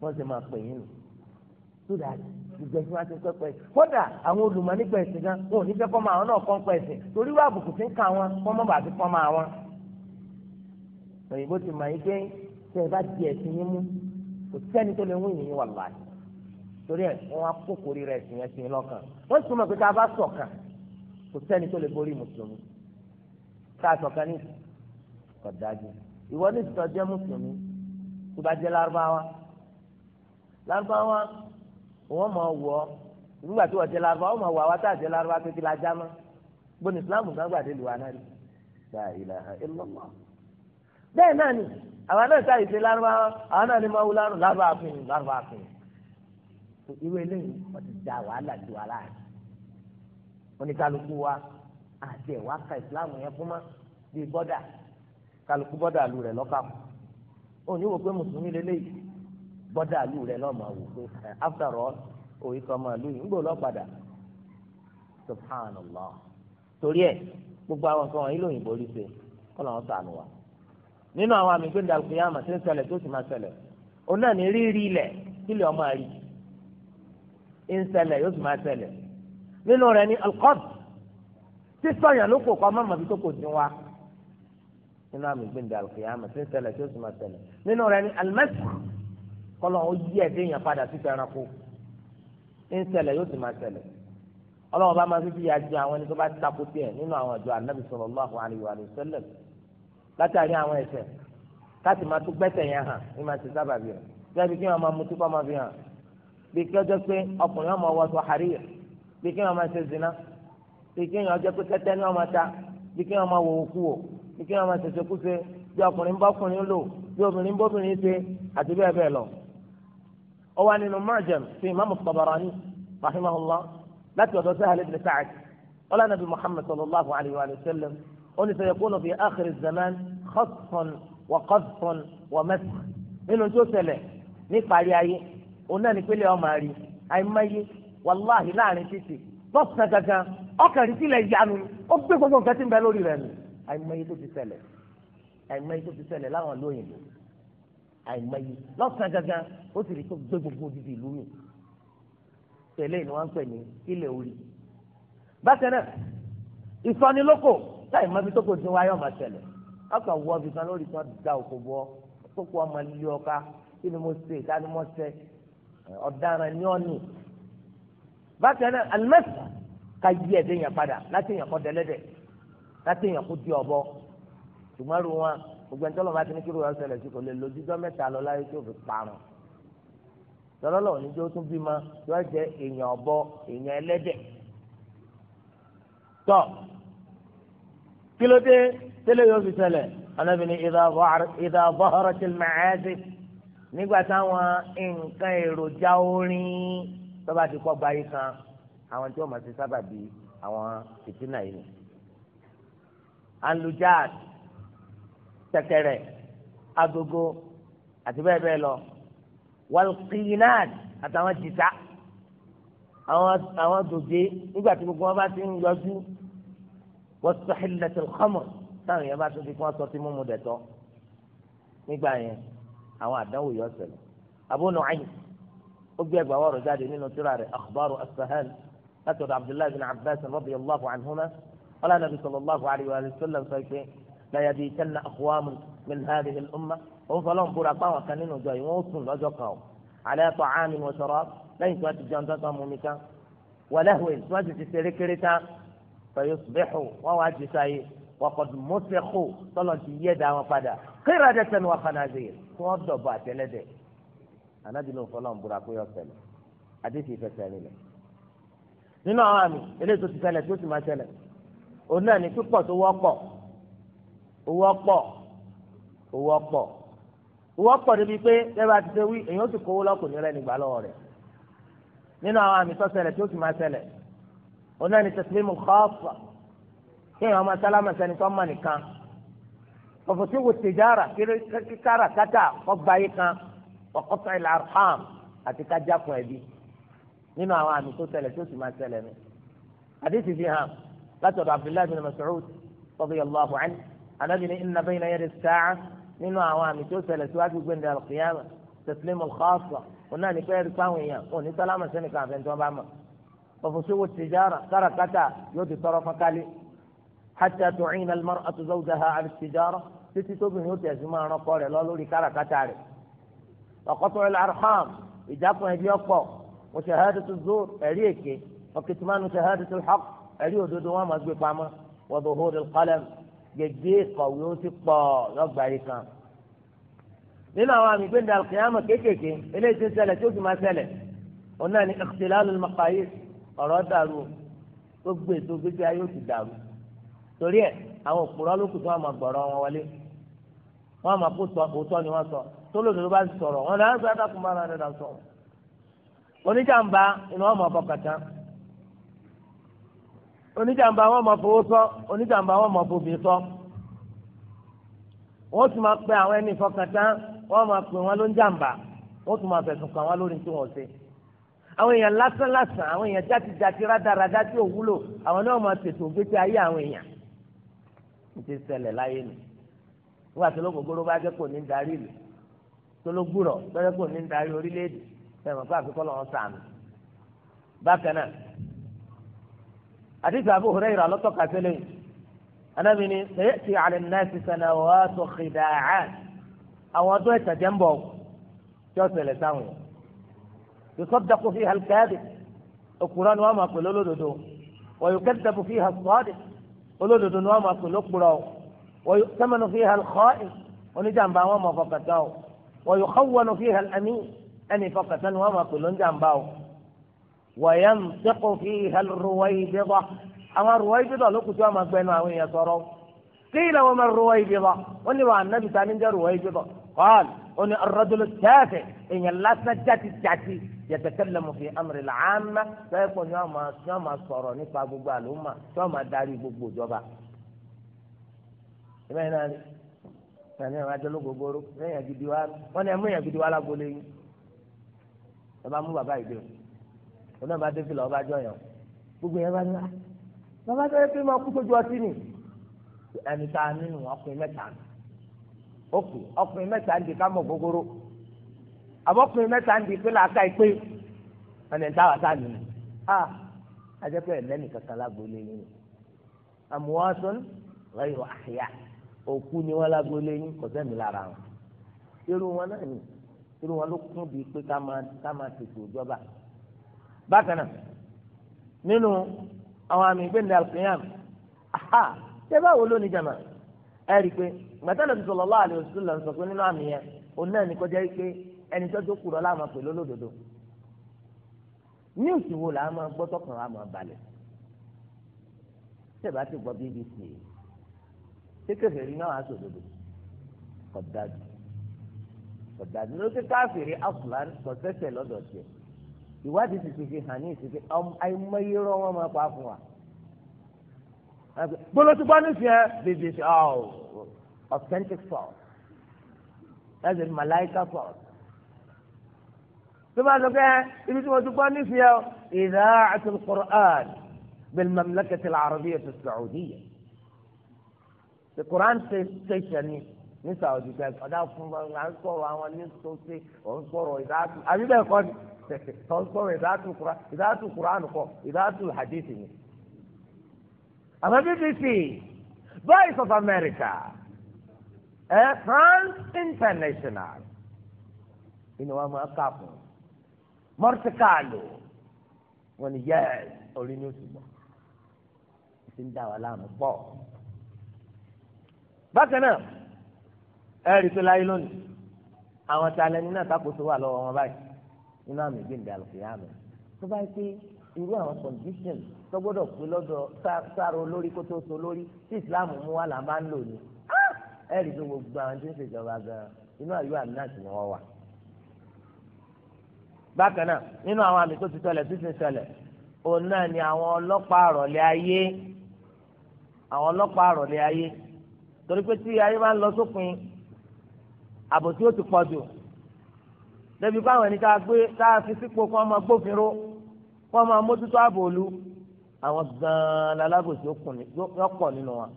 wọ́n sì máa pè é nù sódà ìgbẹ́ tí wọ́n ti kẹ́kọ̀ọ́ ẹ̀sìn kódà àwọn olùmọ̀ nípa ẹ̀sìn gan wọn ò ní fẹ́ kọ́ máa wọn náà kọ́ ń pẹ́ ẹ̀sìn torí wọ́n àbùkù ti ń ka wọn kọ́ mọ́ bàbí kọ́ máa wọn òyìnbó ti mọ̀ yín pé tẹ́ kò sẹ́ni tó lè wí yìnyín wà láàyè torí ẹ̀ wọ́n á kó kórìí rẹ̀ sìn ẹ́ sìn lọ́kàn wọ́n túmọ̀ pé tá a bá ṣọ̀kan kò sẹ́ni tó lè borí mùsùlùmí tá a ṣọ̀kan ní kọ̀dájú ìwọ ní ìtọ́ jẹ́ mùsùlùmí tó bá jẹ́ lárúbáwá lárúbáwá wọ́n mọ̀ wọ́ nígbà tí wọ́n jẹ́ lárúbáwá wọ́n mọ̀ wọ́ àwa tá a jẹ́ lárúbáwá pé kí la já mọ́ gbọ́n ìsìlámù gbàgbà dé lùwà náà rí àwa náà sáyé ṣe lárúbáwá àwa náà ní máa wú lárúbáwá fún mi lárúbáwá fún mi. irú eléyìí wọ́n ti da wàhálà ju wa wa àti ẹ̀wá ka ìsìláàmù yẹn fún ma bíi bọ́dà kálukú bọ́dà lu rẹ̀ lọ́kà kù òní wò pé mùsùlùmí lélẹ́yìí bọ́dà rẹ̀ lọ́mọ after all òye kan máa lu yìí subhanallah torí ẹ, gbogbo àwọn kan lóyìnbó rí kọ́ nínú àwọn àmì gbẹ̀ndà àlùkìyàmà tí ń ṣẹlẹ̀ tó sì máa ṣẹlẹ̀ òun náà ní rírí ilẹ̀ kílẹ̀ ọmọ àrí ń ṣẹlẹ̀ yóò sì máa ṣẹlẹ̀ nínú rẹ̀ ní alqabd tí sọ̀yàn ló kò kọ́ mọ́mọ́ bí tó kò dín wa nínú àmì gbẹ̀ndà àlùkìyàmà tí ń ṣẹlẹ̀ tó sì máa ṣẹlẹ̀ nínú rẹ̀ ní almasx kọ́lọ́ ó yí ẹ̀dẹ́ yẹn padà sí ẹranko ń ṣẹlẹ̀ yóò sì máa ṣẹlẹ̀ ọlọ́run bá máa fi fi yà jẹ àwọn ẹni tó bá takò tiẹ̀ nínú àwọn àjọ anábì sallallahu alaihi wa sallam látàrí àwọn ẹ̀ṣẹ̀ káàtì máa tún gbẹ́sẹ̀ yẹn hàn ní máa ti sábà bí rẹ̀ bẹ́ẹ̀ bí kí wọ́n máa mutí kọ́ máa fi hàn bí kí ọjọ́ pé ọkùnrin ọmọ wọ sọ àríyà bí kí wọ́n máa ṣe zina bí kí wọ́n ọjọ́ pé kẹ́tẹ́ ni wọ́n máa ta bí kí wọ́n máa wò òkú wò bí kí wọ́n máa ṣẹ̀ṣẹ̀ kú ṣe bí ọkùnrin bọ́kùnrin lò bí obìnrin bóbìnrin ṣe àti bẹ́ẹ̀ bẹ́ẹ̀ lọ. ó wà nínú Mu'jam fi imaamu Tabarani rahimahullah láti ọ̀dọ̀ Sahal ibn Sa'd قل سيكون في آخر الزمان خطف وقذف ومسخ nínú tó ṣẹlẹ̀ níparí ayé òun náà ní pélé ọmọ àrí àìmọye wàláhì láàrin títì lọ́sàn gangan ọkàn rí sílẹ̀ yanu ó gbé gbogbo nǹkan tí ń bẹ lórí rẹ̀ nù àìmọye tó ti ṣẹlẹ̀ àìmọye tó ti ṣẹlẹ̀ láwọn lóyìnbó àìmọye lọ́sàn gangan ó sì rí tó gbé gbogbo odidi ìlú mi tẹ̀lé ni wọ́n ń pè ní ilẹ̀ orí bákan náà ìsọnilóko táì mọ ibi tó kò sí wáyọ̀ máa ṣẹlẹ̀ ọkàn wọ ibi kan lórí kan da òkò bọ kókó ọmọ lílé ọká kí ni mo ṣe ìta ni mo ṣe ọ̀daràn ní ọ̀nì bákan náà alimẹ́sà ka yí ẹ̀dẹ́ yẹn padà láti yẹn kọ́ dẹ́lẹ́dẹ́ láti yẹn kó di ọ̀bọ ṣùgbọ́n ru wọn gbogbo ẹni tọ́lọ́ máa ti ní kí ròyìn ṣẹlẹ̀ sí kò lè lo jíjọ́ mẹ́ta lọ láyé tí fi parun tọ́lọ́lọ́ òní tí tún bímọ yóò jẹ́ èèyàn ọ̀bọ kí ló dé tẹ́lẹ̀ yóò fi ṣẹlẹ̀ Ànábì ní ìdá bọ́hárọ̀ tí màáṣe nígbà táwọn nǹkan èròjà orin tó bá ti kọ́ gbayé kan àwọn tí wọ́n máa ti sábà bí àwọn fìtínà yìí alujad tẹ̀kẹ̀rẹ̀ agogo àti bẹ́ẹ̀ bẹ́ẹ̀ lọ walqinad àtàwọn jìtá àwọn àwọn dòjé nígbà tí gbogbo wọn bá ti ń yọjú واستحلت الخمر táwọn èèyàn bá tún fi kí wọ́n sọ tí mímu dẹ̀ tọ́ nígbà yẹn àwọn àdánwò yọ ṣẹlẹ̀ Abu Nu'aym ó gbé ẹgbàá wọ̀rọ̀ jáde nínú tírà rẹ̀ akhbaru as-sahal látọ̀dọ̀ abdullahi bin abbas radiyallahu anhuma wala nabi sallallahu alayhi wa sallam sọ pé la yabitanna aqwamun min hadhihi al-umma òun fọlọ́n búra páwọn kan nínú ìjọ yìí ó sùn lọ́jọ́ kan o ala ta'amin wa sharab lẹ́yìn tí wọ́n ti jẹun tó tán mú mi tán wàlẹ́hùn fayosbẹ́hù wọ́n wá jí sáyé wọ́kọ̀dù mọ́sẹ̀kù tọ́lọ̀ ti yẹ da wọn padà kéèrà dẹ́tẹ̀ ni wọ́n fana ṣe yẹ kí wọ́n dọ̀bọ̀ àtẹlẹ́dẹ̀ anájú ló ń fọlọ́ ń búra kó yọ ṣẹlẹ̀ adé ti fẹsẹ̀ rìn lẹ̀ nínú àwọn àmì eléyìí tó ti ṣẹlẹ̀ tó ti máa ṣẹlẹ̀ òun náà ni pípọ̀ tó wọ́pọ̀ owó ọ̀pọ̀ owó níbi pé lẹ́bàá àti ṣe èyí ó sì kówó lọ́kùnrin rẹ̀ nígbà lọ́wọ́ rẹ̀ nínú àwọn àmì tó ṣẹlẹ̀ tó ti máa ṣẹlẹ̀ òun náà ni taslimu khassa kéèyàn máa sálámà sẹ́ni tó mọ̀ nìkan ọ̀fọ̀sí wò tìjára kíkára kátà ọgbà yìí kan ọ̀kọ́tà ilà arham àti kájà fún ẹbí nínú àwọn àmì tó tẹ̀lé tó sì máa tẹ̀lé mi àdìsí fi hàn látọ̀dọ̀ abdullahi bin mas'ud radiyallahu anhu anabi ni inna bayna yadi sa'a nínú àwọn àmì tó tẹ̀lé tó wájú gbẹ̀ndẹ̀ alqiyama taslimu khassa òun náà ní fáwọn èèyàn òun sálámà sẹ́ni kan àfẹ́ntọ́ bá mọ̀ وفسوء التجارة سرقتا يؤتي طرفك لي حتى تعين المرأة زوجها على التجارة تتي تبن يؤتي زماء نقول لا لولي كاركتا وقطع الأرحام إذا كنت يبقى وشهادة الزور أليك وكتمان شهادة الحق أليه دوام دوامة وظهور القلم يجيق ويوتق يبقى عليك لما وامي قلنا القيامة كيكيكي إليه تنسلة تنسلة تنسلة قلنا اختلال المقاييس ọ̀rọ̀ dàrú o gbogbo ètò gbígbé ayé ò ti dàrú torí ẹ àwọn òpùrọ́ ló tí wọ́n máa gbọ̀rọ̀ wọn wọlé wọ́n máa kó òótọ́ ni wọ́n sọ tó lòdì ló bá ti sọ̀rọ̀ wọn náà ah, sọ àtàkùn máa rẹ̀ dà oníjàmbá ni wọ́n máa bọ̀kà tán oníjàmbá wọn máa fowó sọ oníjàmbá wọn máa fòbí sọ wọ́n tún máa àwọn èèyàn lásán lásán àwọn èèyàn jáde jáde rádaràdá tí ò wúlò àwọn náà máa tètè ògbésí ayé àwọn èèyàn ní ti ṣẹlẹ̀ láyé nù nígbà tó lókòkòrò bá jẹ́ kò ní darí ìlú tó ló gbúrọ̀ tó jẹ́ kò ní darí orílẹ̀-èdè sẹ́wọ̀n fún àfikún lọ́wọ́ sàmì bákan náà àdìsí Abu Hurairah lọ́tọ̀ kàtẹ́lẹ̀ yìí anábì ni sayati ala an-nasi sanawatu khida'at àwọn ọdún ẹ̀sà jẹ́ ń bọ̀ يصدق فيها الكاذب القرآن وما كل لدد ويكذب فيها الصادق لدد وما كل قرآن ويؤتمن فيها الخائف ونجام وما فقطاو ويخون فيها الأمين أني فقط وما كل نجام وينطق فيها الرويبضة أما الرويبضة لكو جوا مكبين وعوين يصرون قيل وما الرويبضة واني وعن النبي تاني جا قال الرجل التافه إن الله سنجاتي الشافع yàtẹ̀kẹ́lẹ́mù fi amúre làámà sẹ́kọ̀ ni wọ́n máa sọ̀rọ̀ nípa gbogbo àlùmà tí wọ́n máa darí gbogbo ìjọba. ìbẹ́ yìí náà ni ìbẹ́ yìí náà wájú ológogoro lẹ́yìn àgídí wa wọ́n ní ẹ̀mú yẹn àgídí wa lágbo lẹ́yìn. ẹ bá mú bàbá ìdè o oní ọba dé fìlà ọba jọyàn gbogbo yẹn bá ní wa ah, bàbá tó yẹ máa kú sójú ọtí nì ẹni tá a nínú ọkùnrin mẹ́ta ọkùnrin mẹ́ta ń di ká mọ̀ gbogbooro àbọ̀kùnrin mẹ́ta ń di pé làákà ìpè ọ̀nà ìtawà sáà nìyí a ajẹ́pẹ́ ẹ̀lẹ́nì kankan lágboolé yín àmúwásán ghayru ahya òkú ni wọ́n lágboolé yín kò sẹ́mi lára wọn irú wọn náà ni irú wọn ló kún bíi pé ká máa ká máa tètè òjọba bákan náà nínú àwọn àmì ìgbéǹde alqiyam aha ṣé báwo ló ní jama ẹ rí i pé gbàtà nàbì sallallahu alaihi wasallam sọ pé nínú àmì yẹn òun náà ní kọjá yìí pé ẹni tó tó kúrọ láàmú pè lólódodo news wo là á máa gbọ́ tọkàn á máa balẹ̀ tẹ̀bá ti gbọ́ BBC kékeré ní àwọn aṣòdodo kọ̀dájú kọ̀dájú ló ké káfíìrì afúlán sọ̀tẹ́sẹ̀ lọ́dọ̀ tiẹ̀ ìwádìí ti fi hàn ní ìsìnkú àìmọyéró wọn máa pa fún wa gbọ́dọ̀ tí wọ́n ní fi hàn BBC ọ̀ oh, authentic source that's it malaika source. ثم قال له يجب ان تكون اذاعه القران بالمملكه العربيه السعوديه القران ستيشن نسا وجيكا فدا فون بان انكو وان ني سوسي انكو اذاعه ابي ده قال انكو اذاعه القران اذاعه القران كو اذاعه الحديث ني اما بي بي سي فويس اوف امريكا فرانس انترناشونال انه ما اقعد mọ́tíkàlù wọn ni yẹ́ẹ̀s orí ni ó ti gbọ́ ti ń dà wá láàmú pọ̀. bákan náà ẹ rí i pé láyé lónìí àwọn tí alẹ́ ní náà wà lọ́wọ́ wọn báyìí nínú àmì ìgbéǹde àlùfíà mi tó bá pé irú àwọn condition tó gbọ́dọ̀ pé lọ́dọ̀ sáàrò olórí kó tó so lórí tí ìsìláàmù mú wá là máa ń lò ní. Ah! ẹ rí pé gbogbo àwọn tí ń ṣèjọba gan inú àyù àmì náà sì wọ́n wà bákan náà nínú àwọn àmì tó ti ṣẹlẹ̀ tó ti ṣẹlẹ̀ òun náà ni àwọn ọlọ́pàá àrọ̀lé ayé àwọn ọlọ́pàá àrọ̀lé ayé torí pé tí ayé bá ń lọ sópin àbòtí ó ti pọ̀ jù débi báwọn ẹni tá a gbé tá a fi sípò kó ọmọ gbófinró kó ọmọ mójútó ààbò òlu àwọn gan-an lalábòsí ọkọ̀ nínú wọn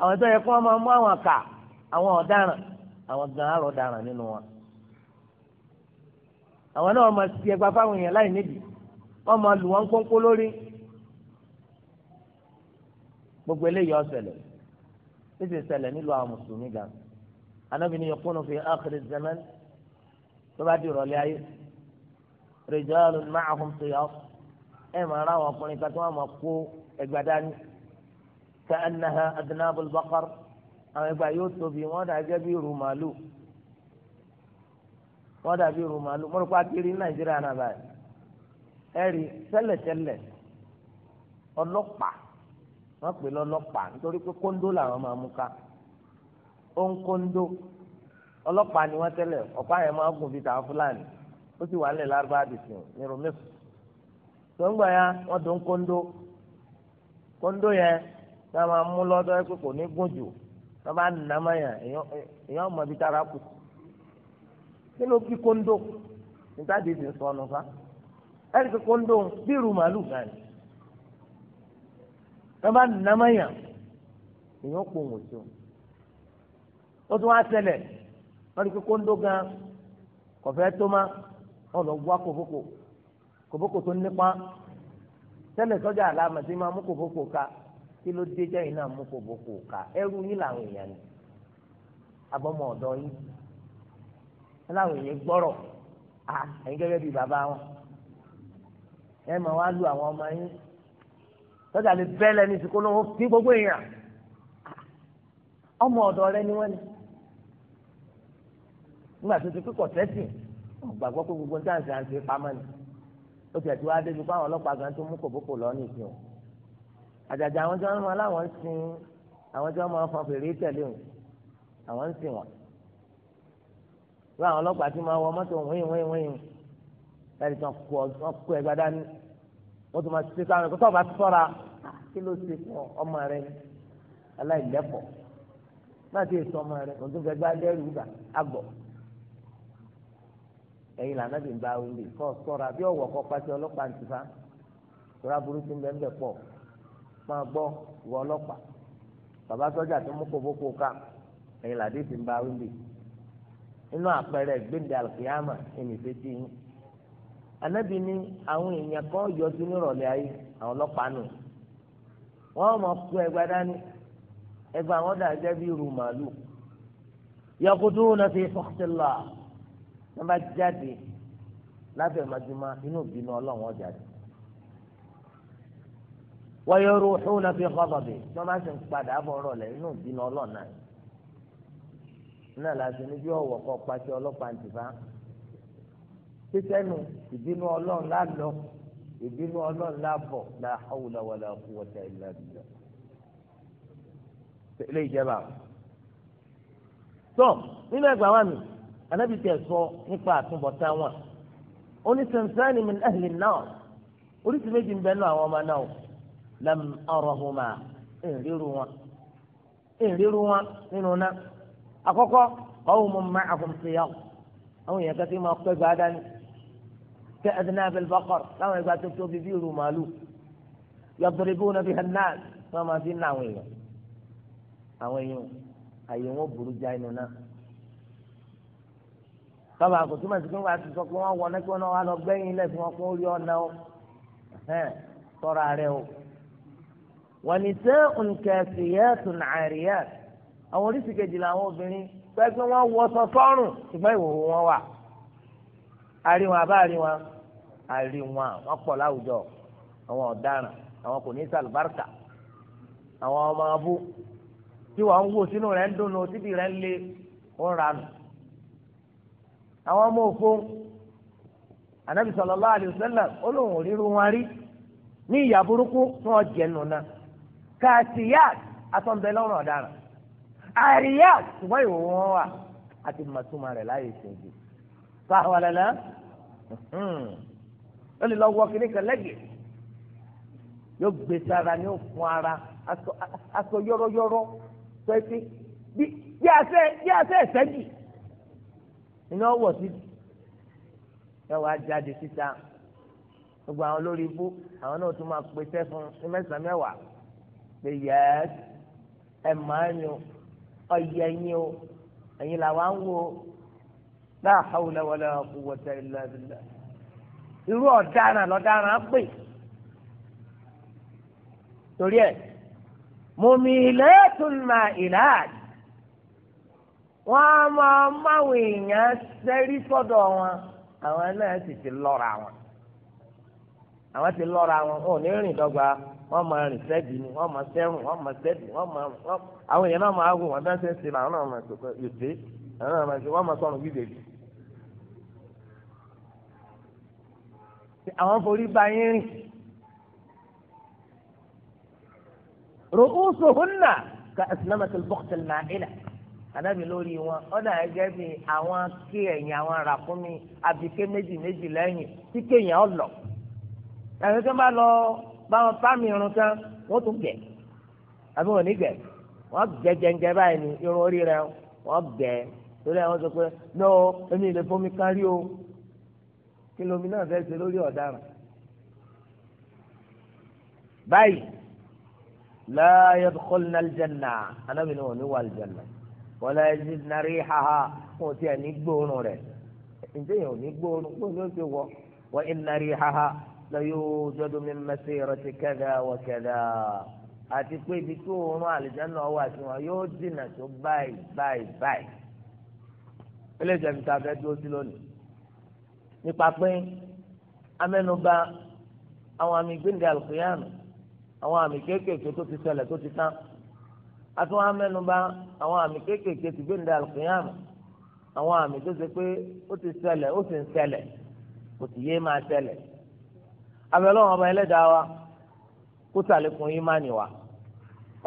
àwọn tó yẹ kó ọmọ mú àwọn kà àwọn ọ̀daràn àwọn gan-an àrọ̀ nínú wọn àwọn náà máa ti ẹgba fáwọn èèyàn láì níbi wọn máa lù wọn kónkó lórí gbogbo eléyìí ọsẹlẹ títí ṣẹlẹ̀ nílùú àwọn mùsùlùmí gan anábì ni yakunu fi akhir zaman tó bá di ìrọ̀lẹ́ ayé rijalun ma'ahum siyas ẹ máa ra àwọn ọkùnrin kan tó wọn máa kó ẹgba dání ka'annaha adnabul baqar àwọn ẹgba yóò tóbi wọn dàgẹ́ bí rùmàlù wọ́n dàbí irú màálù mo rò pé akiri nàìjíríà náà báyìí ẹ̀rí tẹ́lẹ̀tẹ́lẹ̀ ọlọ́pàá wọ́n pè lọ́lọ́pàá nítorí pé kóńdó làwọn máa mú ká ó ń kóńdó ọlọ́pàá ni wọ́n tẹ́lẹ̀ ọ̀pá yẹn máa gùn bíi tàwọn fúlàní ó sì wà nílẹ̀ lárúbáwá dìsìn nírú mẹ́fù sọ́ngbà ya wọ́n dún kóńdó kóńdó yẹn náà máa mú lọ́dọ̀ ẹ pé kò ní gùn jù wọ́n bá nà máa èèyàn mọ̀ bíi tára kù sí. kí ló bí kóńdó níta di ti sọ ọ̀nà fa ẹ̀rí pé kóńdó bí irú màálùú gan ni wọ́n nàmáyà èèyàn pò wọ́n sí o ó tún wá ṣẹlẹ̀ wọ́n rí kóńdó gan kọ̀fẹ́ tó má wọ́n lọ wá kòfókò kòfókò tó nípa tẹ́lẹ̀ sọ́jà àlámàtí máa mú kòfókò ká kí ló dé láwọn èèyàn gbọ́rọ̀ à ẹ̀yin gẹ́gẹ́ bíi bàbá wọn ẹ máa wá lu àwọn ọmọ yín lọ́jà lè bẹ́lẹ̀ ní ìsìnkú lọ́wọ́ kí gbogbo èèyàn ọmọ ọ̀dọ̀ rẹ ni wọ́n ní nígbà tó ti kíkọ̀ tẹ́sìn gbàgbọ́ pé gbogbo dáǹsì à ń ṣe pamọ́ ni ó ti ẹ̀tí wá débi fáwọn ọlọ́pàá gan tó mú kòbókò lọ ní ìsìn o àjàjà àwọn tí wọ́n máa láwọn ń sin àwọn tí wọ́n máa fọn fèrè tẹ̀lé o àwọn ń sìn wọn wọn àwọn ọlọ́pàá ti máa wọ mọ́tò wíìn wíìn wíìn ẹni tí wọ́n kó ẹgbàá dání wọ́n tún máa ṣe sáwọn ẹ̀kọ́ ọba ti sọ́ra kí ló ṣe fún ọmọ rẹ aláìlẹ́kọ̀ọ́ náà ti sọ ọmọ rẹ òtún fẹ́ gbá dẹ́rù gbà àgọ̀ ẹ̀yin làná ti ń gba olè kọ́ sọ́ra bí ọ̀wọ̀ kọ́ pàṣẹ ọlọ́pàá ti fa tóra burúkú bẹ́ẹ̀ bẹ́ẹ̀ pọ̀ máa gbọ́ ìwọ ọlọ́pàá bàbá sọ́jà tó mú kóbókó ká ẹ̀yin làdí ti ń ba olè inú àpẹẹrẹ gbẹ̀ndẹ̀ alkiyama ẹni fetí yín anabi ni àwọn èèyàn kan yọjú nírọ̀lẹ́ ayé àwọn ọlọ́pàá nù wọ́n mọ̀ kú ẹgbẹ́ dání ẹgbẹ́ àwọn dà jẹ́ bí irú màálù yakutu nàfi fọ́kítìlá wọ́n bá jáde lábẹ́ màdùmá inú ìbínú ọlọ́run ọjà dé wọ́n yẹ ruuxu nàfi kọ́bọ̀bì wọ́n bá sì ń padà bọ̀ rọ̀lẹ́ inú ìbínú ọlọ́run náà náà láti níbi ọ̀wọ̀ kọ́ pàṣẹ ọlọ́pàá ń tìfá títẹnu ìbínú ọlọ́run lálọ ìbínú ọlọ́run lábọ̀ la hawla wala quwwata illa billah ilé ìjẹba tó nínú ẹgbàá wa mi anábì tẹ sọ nípa àtúbọ̀tá wọn onísẹ̀nsẹ́ni min ahli an-nar oríṣi méjì ń bẹ nù àwọn ọmọ náà lam arahuma ìrírú wọn ìrírú wọn nínú náà. àkọ́kọ́ qawmun ma'ahum siyam àwọn èèyàn kan ti máa pẹ́ gbà dání tẹ́ adná bil baqar láwọn ìgbà tó tóbi bí irú màálù yadribuna biha an-nas wọ́n máa fi ń ná àwọn èèyàn àwọn èèyàn àyè wọn burú já inú náà tọ́ba kò túmọ̀ sí pé wọ́n ti sọ pé wọ́n wọ náà kí wọ́n wá lọ gbẹ́yìn ilẹ̀ fún wọn kó rí ọ̀nà o tọ́ra rẹ o. wa nisa'un kasiyatun 'ariyat àwọn oríṣi kejìlá àwọn obìnrin pé pé wọ́n wọṣọ sọ́rùn ṣùgbọ́n ìhòòhò wọn wà àrí wọn àbá àrí wọn àrí wọn wọ́n pọ̀ láwùjọ àwọn ọ̀daràn àwọn kò ní sàlùbáríkà àwọn ọmọ abú tí wọ́n ń wò sínú rẹ̀ ń dùnnú títí rẹ̀ ń le ó ń ranù àwọn ọmọ òfo anabi sallallahu alaihi olóhùn ríru wọn rí ní ìyà burúkú tí wọ́n jẹ nù náà kàtìyà àtọ̀nbẹ́lọ́rùn ọ̀daràn àríyá ṣùgbọ́n ìwò wọn wà á ti mọ túmọ̀ rẹ̀ láyé ìṣèjì fáwọn lẹ́lẹ́ hmm. ó lè lọ wọ kíní kan lẹ́gẹ̀ẹ́ yóò gbé sára ní òfun ara aṣọ yọ́rọ́yọ́rọ́ sọ pé bí àṣẹ ẹ̀sẹ́jì iná wọ̀ sí ẹ wàá jáde síta gbogbo àwọn olórí ibú àwọn náà tún máa pèsè fún ní mẹ́sàn-án mẹ́wàá pé yẹ́ẹ́ ẹ̀ máa ń yan ọ̀yẹ̀ yín o ẹ̀yin làwa ń wo la hawla wala quwwata illa billah irú ọ̀daràn lọ́daràn pè torí ẹ̀ mumilatul ma'ilat wọ́n á máa máwìn èèyàn sẹ́rí sọ́dọ̀ wọn àwọn náà sì ti lọ́ra wọn àwọn ti lọ́ra wọn ò ní rìn dọ́gba wọ́n máa rìn sẹ́ẹ̀dì ni wọ́n máa sẹ́rùn wọ́n máa sẹ́ẹ̀dì wọ́n máa àwọn èèyàn náà máa wò wọ́n bẹ́ẹ̀ ṣe ń ṣe làwọn náà máa sọ̀kọ́ yòté àwọn náà máa ṣe wọ́n máa sọ̀rọ̀ gbígbé bi. àwọn forí ba yín rìn. rògbòsò húnà ka islamati bọ́ọ̀tì nàìjíríà anábì lórí wọn ọ̀nà ẹ̀gẹ́ bíi àwọn kí ẹ̀yìn àwọn ràkúnmí àbíké méjì méjì lẹ́yìn kíkéyàn ọ̀lọ́ àwọn tó bá lọ bá wọn fáàmì irun kan wọ́n tún gẹ̀ àbí wọ́n ní gẹ̀ wọ́n gẹ̀ jẹ̀ǹjẹ̀ báyìí ní irun orí rẹ̀ wọ́n gẹ̀ torí àwọn sọ pé no èmi ìlẹ̀ fomi kárí o kí lomi náà fẹ́ ṣe lórí ọ̀daràn báyìí la yadkhulna aljanna anabi ni wọn ni wà aljanna wala yajidna rihaha fún ọtí ẹni gbóòórùn rẹ̀ ǹjẹ́ yẹn ò ní gbóòórùn kó ló ń ṣe wọ wa inna rihaha ليوجد من مسيرة كذا وكذا àti pé ibi tó oorun àlìjáná باي باي. wọn yóò dìnà tó báyìí báyìí báyìí eléyìí ẹni tá a fẹ́ dúró sí lónìí nípa pé amẹ́nubà àwọn àmì gbẹ̀ndẹ̀ àlùkìyàmù àwọn àmì kéékèèké tó ti ṣẹlẹ̀ tó ti tán àtúwọn amẹ́nubà àwọn àmì kéékèèké ti gbẹ̀ndẹ̀ àlùkìyàmù àwọn àmì tó ṣe pé ó ti ṣẹlẹ̀ ó sì ń ṣẹlẹ̀ kò sì yé máa ṣẹlẹ̀ abẹ́lẹ́ ọba ẹlẹ́dàá wa kó sàlékún ìmánì wa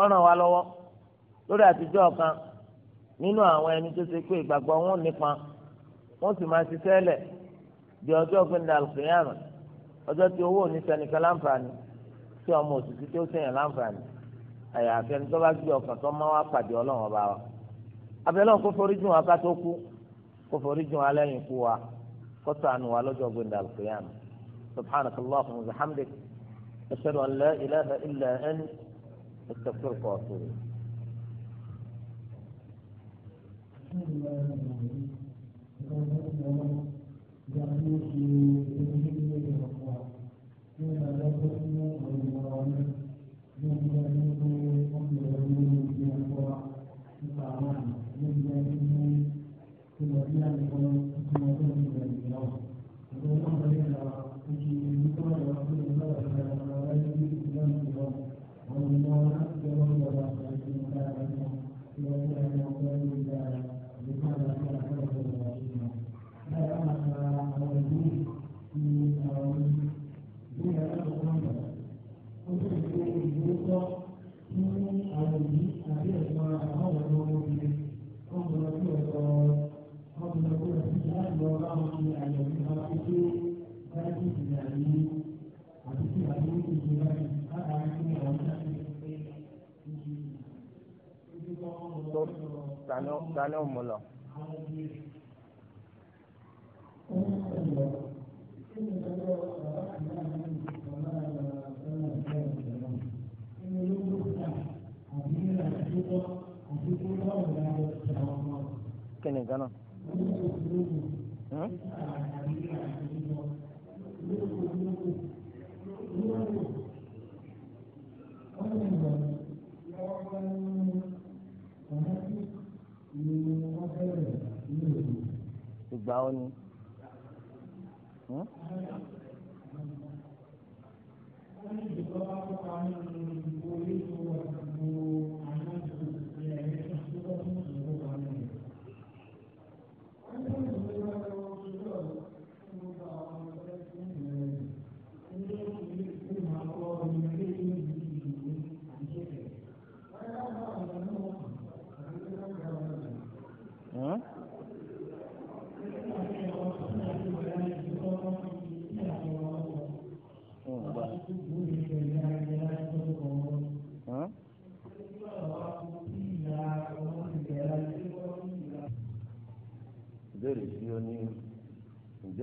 ọ̀ràn wa lọ́wọ́ lórí àtijọ́ kan nínú àwọn ẹni tó ṣe pé ìgbàgbọ́ wọn nípa wọn sì máa ṣiṣẹ́ lẹ̀ di ọjọ́ gbẹ̀ndà alùpùpù ọjọ́ tí owó oníṣẹ́nìkan láǹfààní tí ọmọ òṣìṣẹ́ tó ṣèyàn láǹfààní àyàfi ẹni tó bá gbé ọkàn tó máa wá pàdé ọlọ́run ọba wa abẹ́lẹ́ kó forí jùn wa ká tó kú kó forí jùn wa lẹ́yìn ikú wa kó ṣàánú wa lọ́jọ́ gbẹ̀ndà alùpùpù سبحانك اللهم وبحمدك أشهد أن لا إله إلا أنت استغفرك وأتوب إليك you. Thank you. ta ni ó mú lọ. kí ni ganan ìgbà ó ní. Thank you.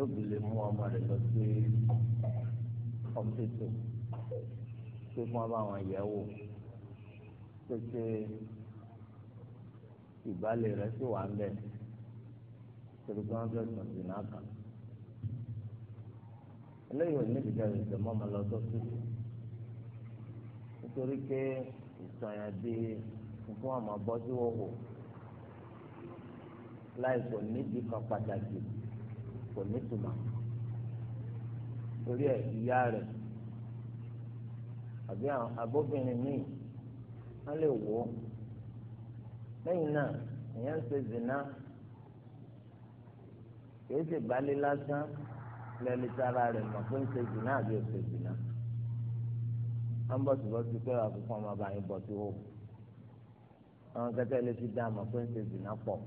yóò fi lè mú ọmọ rẹ̀ lọ sí ọ̀pẹ̀tò pé kí wọ́n bá wọn yẹ̀ wò pé ṣé ìbálẹ̀ rẹ̀ sì wà ń bẹ̀ torí pé wọ́n fẹ́ sùn sí náà kan. eléyìí ò ní ìdíjà ìṣẹ̀ mọ́ ọmọ lọ sọ́sí nítorí pé ìsọ̀yàn di nǹkan àmọ́ bọ́ sí wọ́wọ́ láì kò nídìí kan pàtàkì kò ní tùmọ̀ torí ẹ̀ ìyá rẹ̀ àbí abóbìnrin míì wọ́n lè wò ó lẹ́yìn náà èèyàn ṣe zina kìí ṣe balẹ̀ lásán lẹ́ni sára rẹ̀ mọ̀ pé ń ṣe zina àbí ń zina wọ́n bọ̀ sí bọ́sí pé àkókò ọmọ bá yín bọ̀ sí àwọn kẹtẹ́ lè fi dá àmọ̀ pé ń ṣe zina pọ̀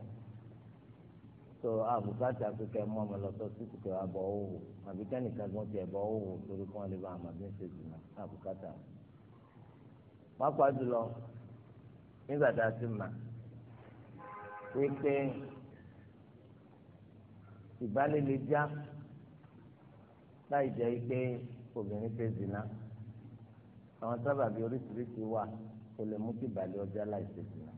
so abukata kíkẹ́ mọ́ ọmọ lọ́tọ́ sí kíkẹ́ abọ́ òwò àbí kẹ́nìkan gbọ́n ti ẹ̀bọ́ òwò torí kí wọ́n lè bá àmọ́ bí ń ṣe jùlọ àbùkátà. pápá jùlọ nígbà tá a ti mà wípé ìbálẹ̀lẹ̀ já láì jẹ́ pé obìnrin ṣe zina àwọn sábàbí oríṣiríṣi wà kò lè mú kí ìbàlẹ̀ ọjà láì ṣe zina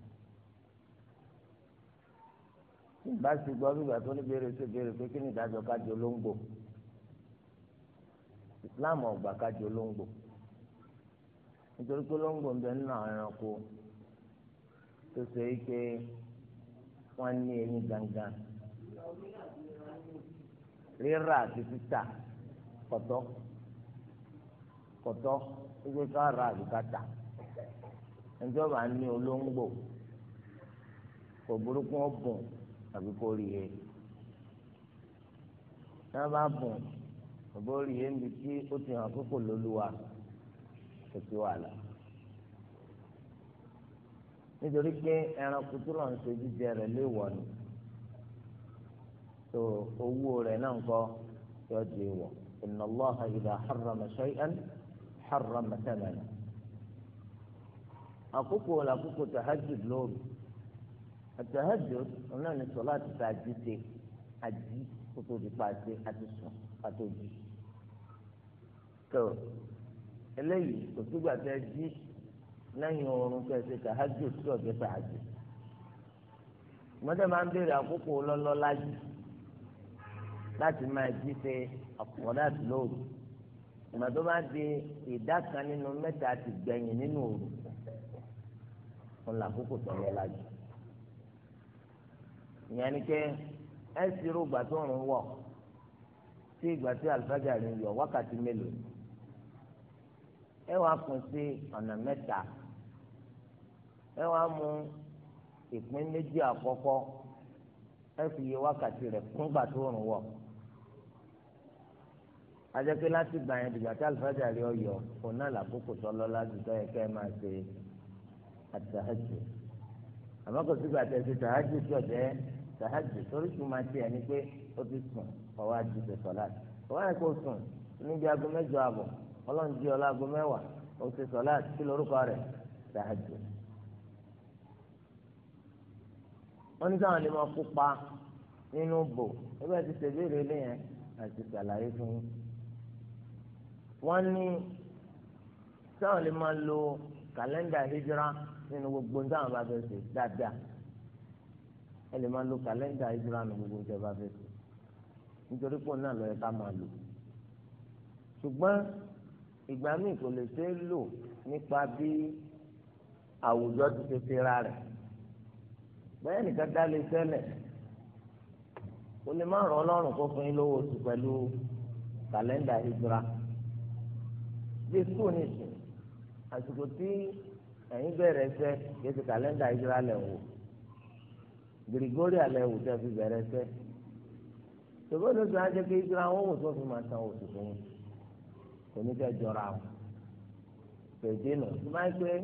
bá sì gbọ́ bí tó ní béèrè sí béèrè pé kí ni ìdájọ́ kájọ olóńgbò Islam ọgbà kájọ olóńgbò nítorí pé olóńgbò ń bẹ nínú àwọn ẹranko tó ṣe é pé wọ́n ní eyín gangan rírà àti títà kọ̀tọ́ kọ̀tọ́ wípé ká ra àti ká tà ní olóńgbò kò burúkú ọ̀bùn àbí kó rí e tí wọn bá bùn bàbá ó rí e níbi tí ó ti hàn kókò lóluwà kò sí wàhálà nítorí pé ẹranko tó lọ́n ṣe jíjẹ rẹ̀ léèwọ̀ ni tó owó rẹ̀ náà ń kọ́ yọ di èèwọ̀ inna Allaha idha harrama shay'an harrama thamana àkókò làkókò tahajjud lóru àtàhàjòd ọ̀nà ni sọlá ti ta àjí ṣe àjí kó tó di pa ṣe àti sùn àti òjì. tó eléyìí kò sígbà tẹ jí lẹ́yìn oorun tẹ ṣe tàhàjòd tí ọ̀gẹ́ ta àjí. mọ́tò máa ń béèrè àkókò lọ́lọ́ lájú láti máa jí ṣe àpọ̀dà lóru ìgbà tó bá di ìdá kan nínú mẹ́ta ti gbẹ̀yìn nínú òru ńlá àkókò tó lọ́lá ìyẹn ni pé ẹ sì rú ìgbà tó ń wọ̀ sí ìgbà tí àlùfáàjà rẹ̀ ń yọ wákàtí mélòó ẹ wàá kún sí ọ̀nà mẹ́ta ẹ wàá mú ìpín méjì àkọ́kọ́ ẹ fi iye wákàtí rẹ̀ kún ìgbà tó ń wọ̀ ajẹ́pẹ́ láti gbà yẹn dìgbà tí àlùfáàjà rẹ̀ ọ̀yọ́ òun náà làkókò tọ́lọ́ láti tọ́ yẹ kẹ́ ẹ máa ṣe àtàhàjù àmọ́ kò sígbà tẹ̀ ṣe tàhàjù tí tahajjud torí kì í tiẹ̀ ni pé ó ti sùn ọwọ́ àti ṣe sọ̀láàtì ọwọ́ yẹn kò sùn níbi aago mẹ́jọ àbọ̀ ọlọ́run jí ọlá aago mẹ́wàá ó ṣe sọ̀láàtì kí lórúkọ rẹ̀ tahajjud. wọ́n ní sáwọn lè máa kópa nínú bò ẹgbẹ́ ti ṣèbéèrè léyìn àti ṣàlàyé fún yín. wọ́n ní sáwọn lè lo kàlẹ́ndà hijra nínú gbogbo táwọn bá fẹ́ ṣe dáadáa ẹ lè máa lo kàlẹ́ndà ìsìlámù gbogbo ìjọba fẹ́ nítorí pọ̀ náà lọ́yẹ ká máa lò ṣùgbọ́n ìgbà míì kò lè ṣeé lò nípa bí àwùjọ ti ṣe fira rẹ̀ bẹ́ẹ̀ nìkan dá lè ṣẹlẹ̀ o lè má ràn ọlọ́run kó fún yín lówó oṣù pẹ̀lú kàlẹ́ndà ìsìlámù bí skul nìsín àsìkò tí ẹ̀yin bẹ̀rẹ̀ ṣẹ́ kí ẹ ti kàlẹ́ndà ìsìlámù lẹ̀ wò gírígórí alẹ́ wò tẹ́ fi bẹ̀rẹ̀ sẹ́ ṣùgbọ́n ló sọ ajẹ́ pé ìgbà wọn wò tó fi máa san oṣù fún wọn kò ní tó máa ń pẹ́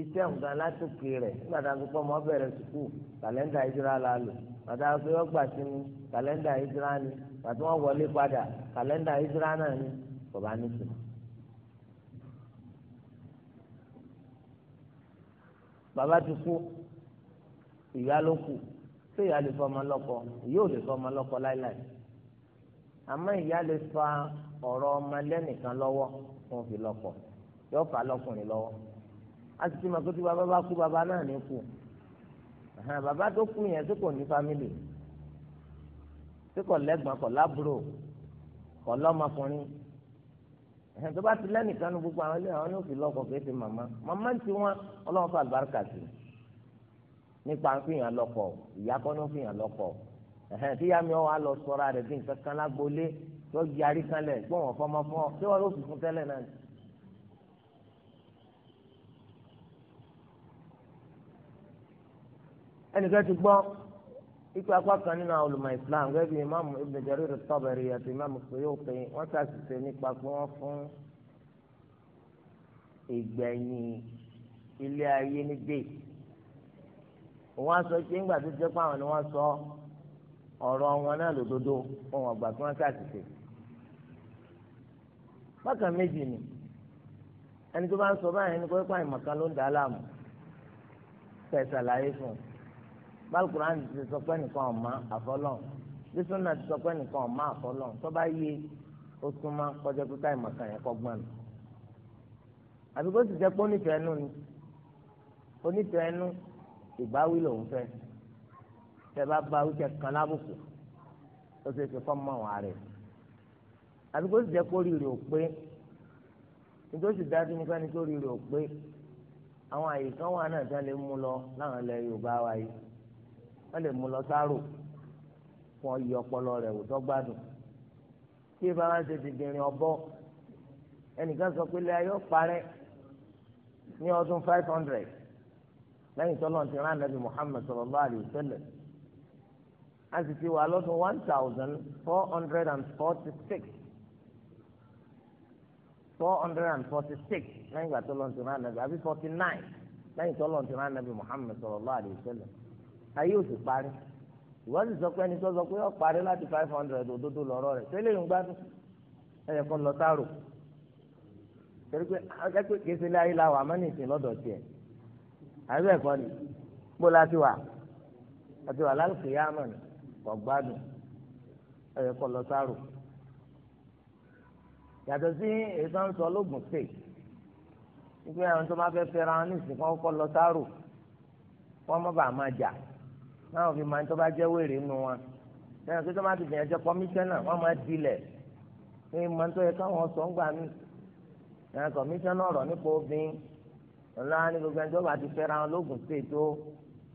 iṣẹ́ nǹkan látòkè rẹ̀ nígbà tá a fi pọ́ bẹ̀rẹ̀ sùkúù kàlẹ́ndà ìdúrà la lò bàtà pé wọ́n gbà sí mi kàlẹ́ndà ìdúrà ni bàtà wọ́n wọlé padà kàlẹ́ndà ìdúrà náà ni kò bá ní sùn. bàbá ti kú ìyá ló kù ṣé ìyá lè fọmọ lọ́kọ ìyá ò lè fọmọ lọ́kọ láíláí àmọ́ ìyá lè fa ọ̀rọ̀ ọmọ lẹ́nìkan lọ́wọ́ wọn fi lọ́kọ yóò fà lọ́kùnrin lọ́wọ́ a sì ti mọ̀ pé tí bàbá bá kú bàbá náà ní kú bàbá tó kú yẹn tí kò ní fámìlì tí kò lẹ́gbọ̀n kò lábúrò kò lọ́mọkùnrin tó bá ti lẹ́nìkan nu gbogbo àwọn ilé àwọn yóò fi lọ́kọ kéde màmá màmá ti wọn ọlọ́run fà lùbáríkà sí i nípa ń fìyàn lọ́kọ ìyá kọ́ ló ń fìyàn lọ́kọ ẹ̀hẹ́n tí yá mi ọ́ wá lọ sọ́ra rẹ̀ bí nǹkan kan lágbólé tó yarí kanlẹ̀ gbọ́n wọn fọmọ fún ọ tí wọ́n ló fi fún tẹ́lẹ̀ náà ni. ẹnìkan ti gbọ́ ikú apá kan nínú àwọn olùmọ̀ Islam gẹ́gẹ́ bí imáàmù Ibn Jarir at-Tabari àti imáàmù Suyuti wọ́n ṣàṣìṣe nípa pé wọ́n fún ìgbẹ̀yìn ilé ayé ní déètì òun á sọ pé ńgbà tó jẹ́ pé àwọn ni wọ́n sọ ọ̀rọ̀ wọn náà lòdodo fún wọn gbà tí wọ́n ṣàtìsẹ́ bákan méjì ni ẹni tó bá ń sọ báyìí ẹni kó pa ìmọ̀kan ló ń dà á láàmú tẹ̀ ṣàlàyé fún un bálùkùránì ti sọ pé nìkan ọ̀ma àfọlọ́ bísúnà ti sọ pé nìkan ọ̀ma àfọlọ́ tó bá yé ó súnmọ́ kọjá pípa ìmọ̀kan yẹn kọ́ gbọ́n nù àbí kó sì jẹ́ pé onífẹ̀ẹ́ nù ni onífẹ̀ẹ́ nù ìbáwí lòun fẹ́ tẹ bá bá wíkẹ kan lábùkù ó ṣe ṣe fọmọ àwọn ààrẹ àbí kó sì jẹ kó rírì ò pé nítorí sì dájú nípa ẹni tó rírì ò pé àwọn àyè kan wà náà tí wọn lè mú lọ láwọn ilẹ̀ Yorùbá wa yìí wọn lè mú lọ sáró fún ọyẹ ọpọlọ rẹ wò gbádùn tí ìbá wa ṣe ti dìrín ọbọ ẹnìkan sọ pé ilé ayé ó ní ọdún five hundred lẹ́yìn tọ́lọ́ ti rán nàbì Muhammad sallallahu alayhi wa sallam a sì ti wà lọ́dún one thousand four hundred and forty six four hundred and forty six lẹ́yìn ìgbà tọ́lọ́ ti rán nàbì àbí forty nine lẹ́yìn tọ́lọ́ ti rán nàbì Muhammad sallallahu alayhi wa sallam ayé ò sì parí ìwọ́n sì sọ pé ẹni tó sọ pé ó parí láti five hundred òdodo lọ́rọ́ rẹ̀ tẹ́lẹ̀ ń gbádùn ẹ̀yẹ kọ́ lọ sáàrò torí pé akẹ́kọ̀ọ́ kéṣe láyé la wà á má nìsín lọ́dọ̀ tiẹ̀ àbẹ ẹkọ ni bó la ti wà àti wà lálùkì yá mọ̀ ní kò gbádùn ẹ̀yẹ kọ lọ sáró yàtọ̀ sí èso ń sọ lóògùn sè nígbà àwọn tó bá fẹ́ fẹ́ra wọn nísìnyí kọ́ kọ́ lọ sáró wọ́n mọ̀ bá a máa jà náà fi máa ń tó bá jẹ́ wèrè nù wọn lẹ́yìn tó bá ti bẹ̀rẹ̀ jẹ́ kọ́míṣánná wọ́n máa dilẹ̀ pé mọ́tò yẹ káwọn sọ̀ ń gbà mí ńlá ní gbogbo ẹni tó bá ti fẹ́ra wọn lóògùn sí ètò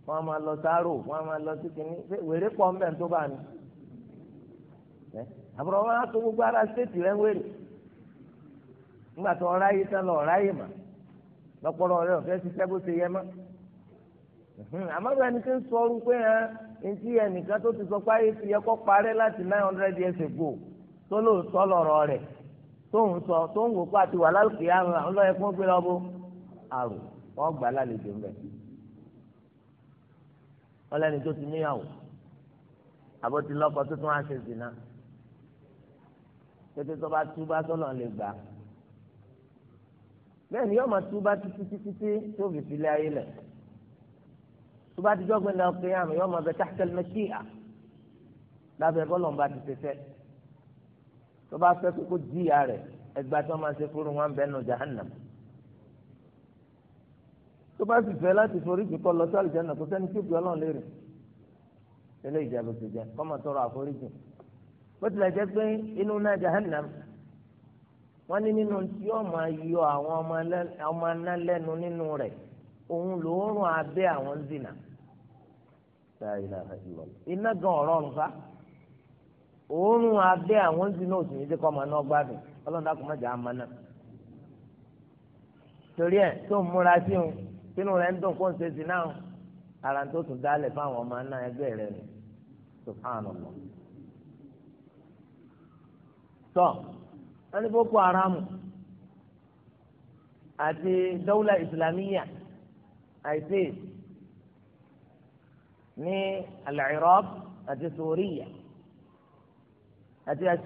wọn máa lọ sáró wọn máa lọ sí kìnní wèrè pọ̀ ń bẹ̀ tó bá ní. àbúrò wọn á tó gbogbo ara ṣètì rẹ wèrè nígbà tó ọ̀rá yìí tán lọ ọ̀rá yìí mà lọ́pọ̀lọ́ rẹ ọ̀fẹ́ ṣiṣẹ́ bó ṣe yẹ mọ́. àmọ́ bí ẹni tí ń sọ ọdún pé hàn etí ẹnìkan tó ti sọ pé ayé ti yẹ kó parẹ́ láti nine hundred years ago tó lóòótọ́ lọ̀rọ̀ rẹ̀ tóun sọ tóun wò pé àti wàhálà kìí àrùn àwọn arò wọ́n gbà lálejò ńbẹ ọlẹ́ni tó ti níyàwó àbótí lọ́kọ tó tún wá ṣe zina kété tó bá túbá sọ́nà lè gbà bẹ́ẹ̀ ni yóò máa túbá títí títí tí tó fi filẹ̀ ayé lẹ̀ túbá dídọ́ gbé náà pé àmì yóò máa bẹ táṣẹ́lẹ̀ mẹ́kíà lábẹ́ bọ́lọ̀mbà ti ṣe fẹ́ tó bá fẹ́ kókó jíya rẹ̀ ẹgbàá tó máa ṣe fúru wọn bẹ́ẹ̀ nù jahannam tó bá sì fẹ́ láti forí jì kọ́ lọ sí àlùjáná kò sẹ́ni tí ó fi ọlọ́run léèrè ilé ìjàbù ti jẹ kọ́mọ tọrọ àforíjì bó tilẹ̀ jẹ́ pé inú náà jahannam wọ́n ní nínú tí ó máa yọ àwọn ọmọ náà lẹ́nu nínú rẹ̀ òun lòórùn abẹ́ àwọn zina iná gan ọ̀rọ̀ fa òórùn abẹ́ àwọn zina òsì ní kọ́ ọmọ náà gbádùn ọlọ́run dákun má jà á mọ náà torí ẹ̀ tó ń múra sí òun sínú rẹ̀ ń dùn kó ń ṣe sí náà ara tó tún dálẹ̀ fáwọn ọmọ náà ẹgbẹ́ rẹ̀ nù subhanallah. tọ́ wọ́n ní boko haram àti dawla islamiyya isis ní al àti Suriya àti al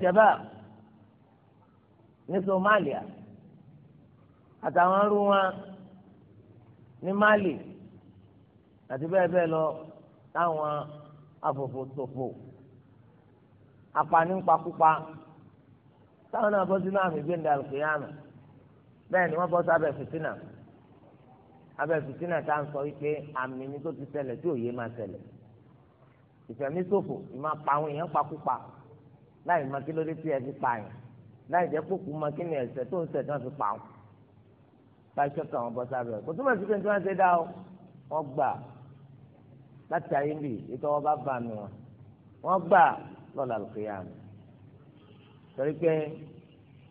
ní Somalia àtàwọn arúgbó ní Mali àti bẹ́ẹ̀ bẹ́ẹ̀ lọ táwọn afòfòsòfò apanipakúpa táwọn náà bọ́ sínú àmì gbẹ̀ndà àlùkìyàmù bẹ́ẹ̀ ni wọ́n bọ́ sí abẹ́ fìtínà abẹ́ fìtínà tá à ń sọ wípé àmì ni tó ti ṣẹlẹ̀ tí òye máa ṣẹlẹ̀ ìfẹ̀mí ṣòfò ìmọ̀ pa àwọn èèyàn pakúpa láì mọ kí ló dé tí ẹ fi pa yẹn láì jẹ́ kókó kí ni ẹ̀ṣẹ̀ tó ń ṣẹ̀ tí wọ́n fi pa káṣọ kà wọn bọ́ sábẹ́ kò túmọ̀ sí pé tí wọ́n ṣe dá o wọ́n gbà láti ayé bì ètò wọn bá bà mí wọn wọ́n gbà lọ́la lùkìyà mi torí pé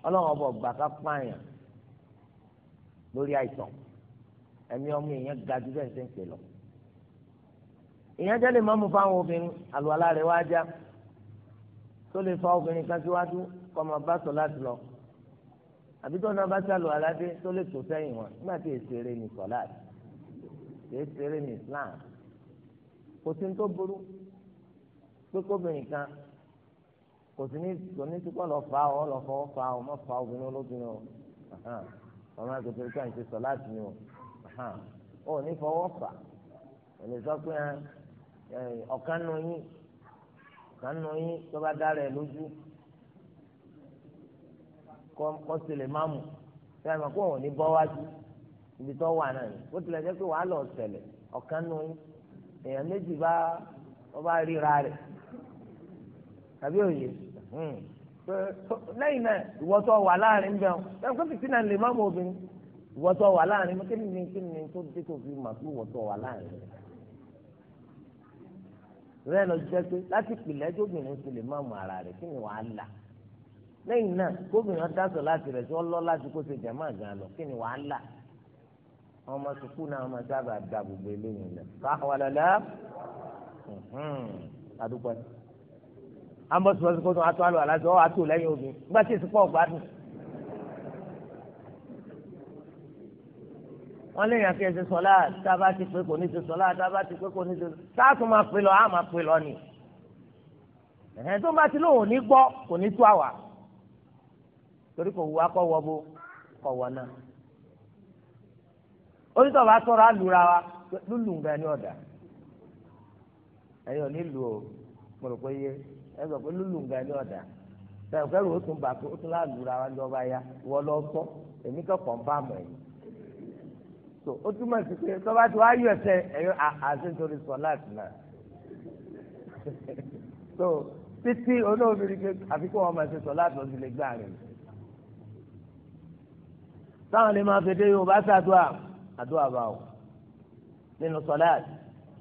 ọlọ́run ọbọ̀ gbà ká pààyàn lórí àìsàn ẹ̀mí ọmọ èèyàn ga jù bẹ́ẹ̀ ṣe ń pè lọ. èèyàn jẹ́ lè má mú fáwọn obìnrin àlùwalá rẹ̀ wá já tó lè fa obìnrin kan síwájú kọ́ máa bá sọ láti lọ àbí tó náà bá sálù aládé tó lè tó sẹ́yìn wọn nígbà tí èsèré ní sọ́láàt èsèré ní Islam kò sí ní tó burú pé kóbìnrin kan kò sí ní kò ní tí kò lọ fà ọ lọ fọwọ́ fà ọ mọ fà obìnrin olóbìnrin o ọmọ àgbẹ̀tẹ̀ rí káyìn sọ́láàt ni o ò ní fọwọ́ fà ẹni sọ pé ọ̀kan nù yín ọ̀kan nù yín tó bá dára ẹ lójú kọ́sílẹ̀ máàmù fẹ́ẹ́ mọ̀ kó wọn ò ní bọ́ wájú ibi tó wà náà ni bó tilẹ̀ jẹ́ pé wàá lọ ṣẹlẹ̀ ọ̀kan nù yín èèyàn méjì bá wọ́n bá ríra rẹ̀ tàbí òye hmm. lẹ́yìn náà ìwọ tó wà láàrin bẹ́ẹ̀ ẹ̀ kó fìtí náà lè máàmù obìnrin ìwọ tó wà láàrin kí ni kí ni tó dé tó fi mà fún ìwọ tó wà láàrin rẹ̀ rẹ́ lọ jẹ́ pé láti pìlẹ́jọ́ obìnrin ti lè máàmù ara rẹ̀ kí ni wàá là lẹ́yìn náà gómìnà dáṣọ láti rẹ̀ tí wọ́n lọ́ láti kó ṣe jàmáà gan lọ kí ni wàhálà àwọn ọmọ sùkú náà wọn máa sábà da gbogbo eléyìí lẹ káwalẹlẹ adúpẹ́ amọ̀sọ̀sọ̀ kó tó ató alò aláṣọ ọ̀ ató lẹ́yìn obìn nígbà tí èsì pọ̀ gbádùn. wọ́n lè yàn kí ẹ ṣe sọ́lá tábà ti pé kò ní ṣe sọ́lá tábà ti pé kò ní ṣe sáàtù máa pè lọ á máa pè lọ ni ẹ̀hẹ́n tó bá ti lóun ò ní gbọ́ kò ní tó àwà torí kò wá kọ́ wọ́ bó kọ̀ wọ́ náà onítọ̀ bá tọrọ àlùra wa lùlù ń bẹ ní ọ̀dà ẹ̀yọ̀ nílùú o mo rò pé yé ẹ sọ pé lùlù ń bẹ ní ọ̀dà sẹ́yìn fẹ́rù ó tún bà pé ó tún láàlùra wa ní ọba ya ìwọ lọ sọ èmi kẹ́kọ̀ọ́ ń bá mọ̀ ẹ̀yìn tó ó túmọ̀ sí pé tọ́ba tí wàá yọ ẹsẹ̀ ẹ̀yọ àṣẹ sọ láti náà tó títí olóòfin rí pé àfikún ọmọ ẹ̀sẹ̀ sọ láti lọ́ọ́ táwọn lè máa fèdè yorùbá sàdúà àdúà bá o nínú sọláàtì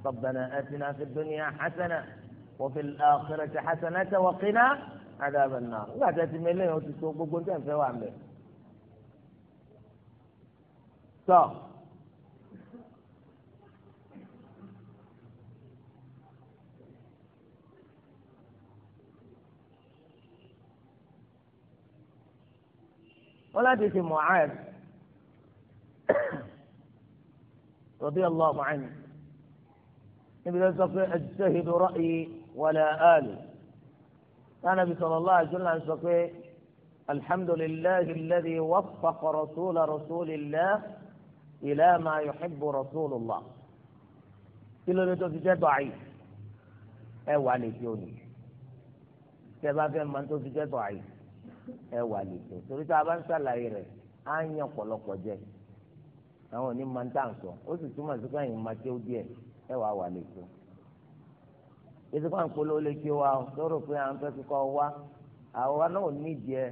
rabbana atina fid dunya hasana wa fil akhirati hasanatan wa qina adhaban nar nígbà tí a ti mẹlẹ yẹn o ti tó gbogbo ní ẹ̀fẹ́ wà mẹ́. tọ́ wọ́n láti fi mọ̀ áyẹ̀. radiyallahu anhu níbi tó sọ pé ajtahidu ra'yi wala ali sanabi sallallahu alaihi wasallam sọ pé alhamdulillahi alladhi waffaqa rasula rasulillah ila ma yuhibbu rasulullah kí ló dé tó fi jẹ́ dọ̀ọ̀yì ẹ wà lè fi òní tẹ bá fẹ́ máa tó fi jẹ́ dọ̀ọ̀yì ẹ wà lè fi òní torí tá a bá ń ṣàlàyé rẹ̀ á ń yàn pọ̀lọpọ̀ jẹ́ àwọn òní máa ń tà ń sọ ó sì túmọ̀ sí pé àyìn máa kéwú díẹ̀ ẹ wà lè tó ètò kan polówó lè kí wa lọ́rọ̀ pé à ń fẹ́ kíkọ́ wa àwa náà ní ìdíyẹ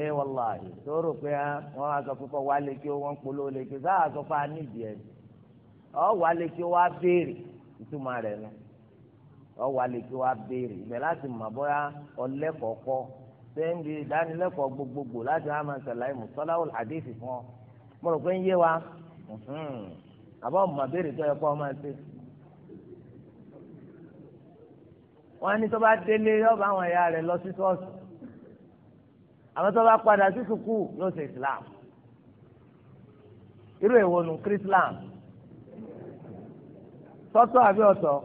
ẹ wàláhì lọ́rọ̀ pé wọ́n á sọ kíkọ́ wa lè kí wọ́n lè kí wa ní ìdíyẹ ọ wà lè kí wa béèrè ìtumọ̀ rẹ̀ nù ọ wà lè kí wa béèrè ìbẹ̀ láti mọ̀ bóyá ọlẹ́kọ̀ọ́kọ́ mo rò pé ń yé wa àbá ọmọ béèrè tó yẹ kó ọmọ ẹsẹ wọn ní tó bá délé yóò àwọn ẹ̀yà rẹ̀ lọ sí ṣọ́ọ̀ṣì àwọn tó bá padà sí sùkúù yóò ṣe islam irú èwo nu kírísílám tọ́tọ́ àbí ọ̀tọ̀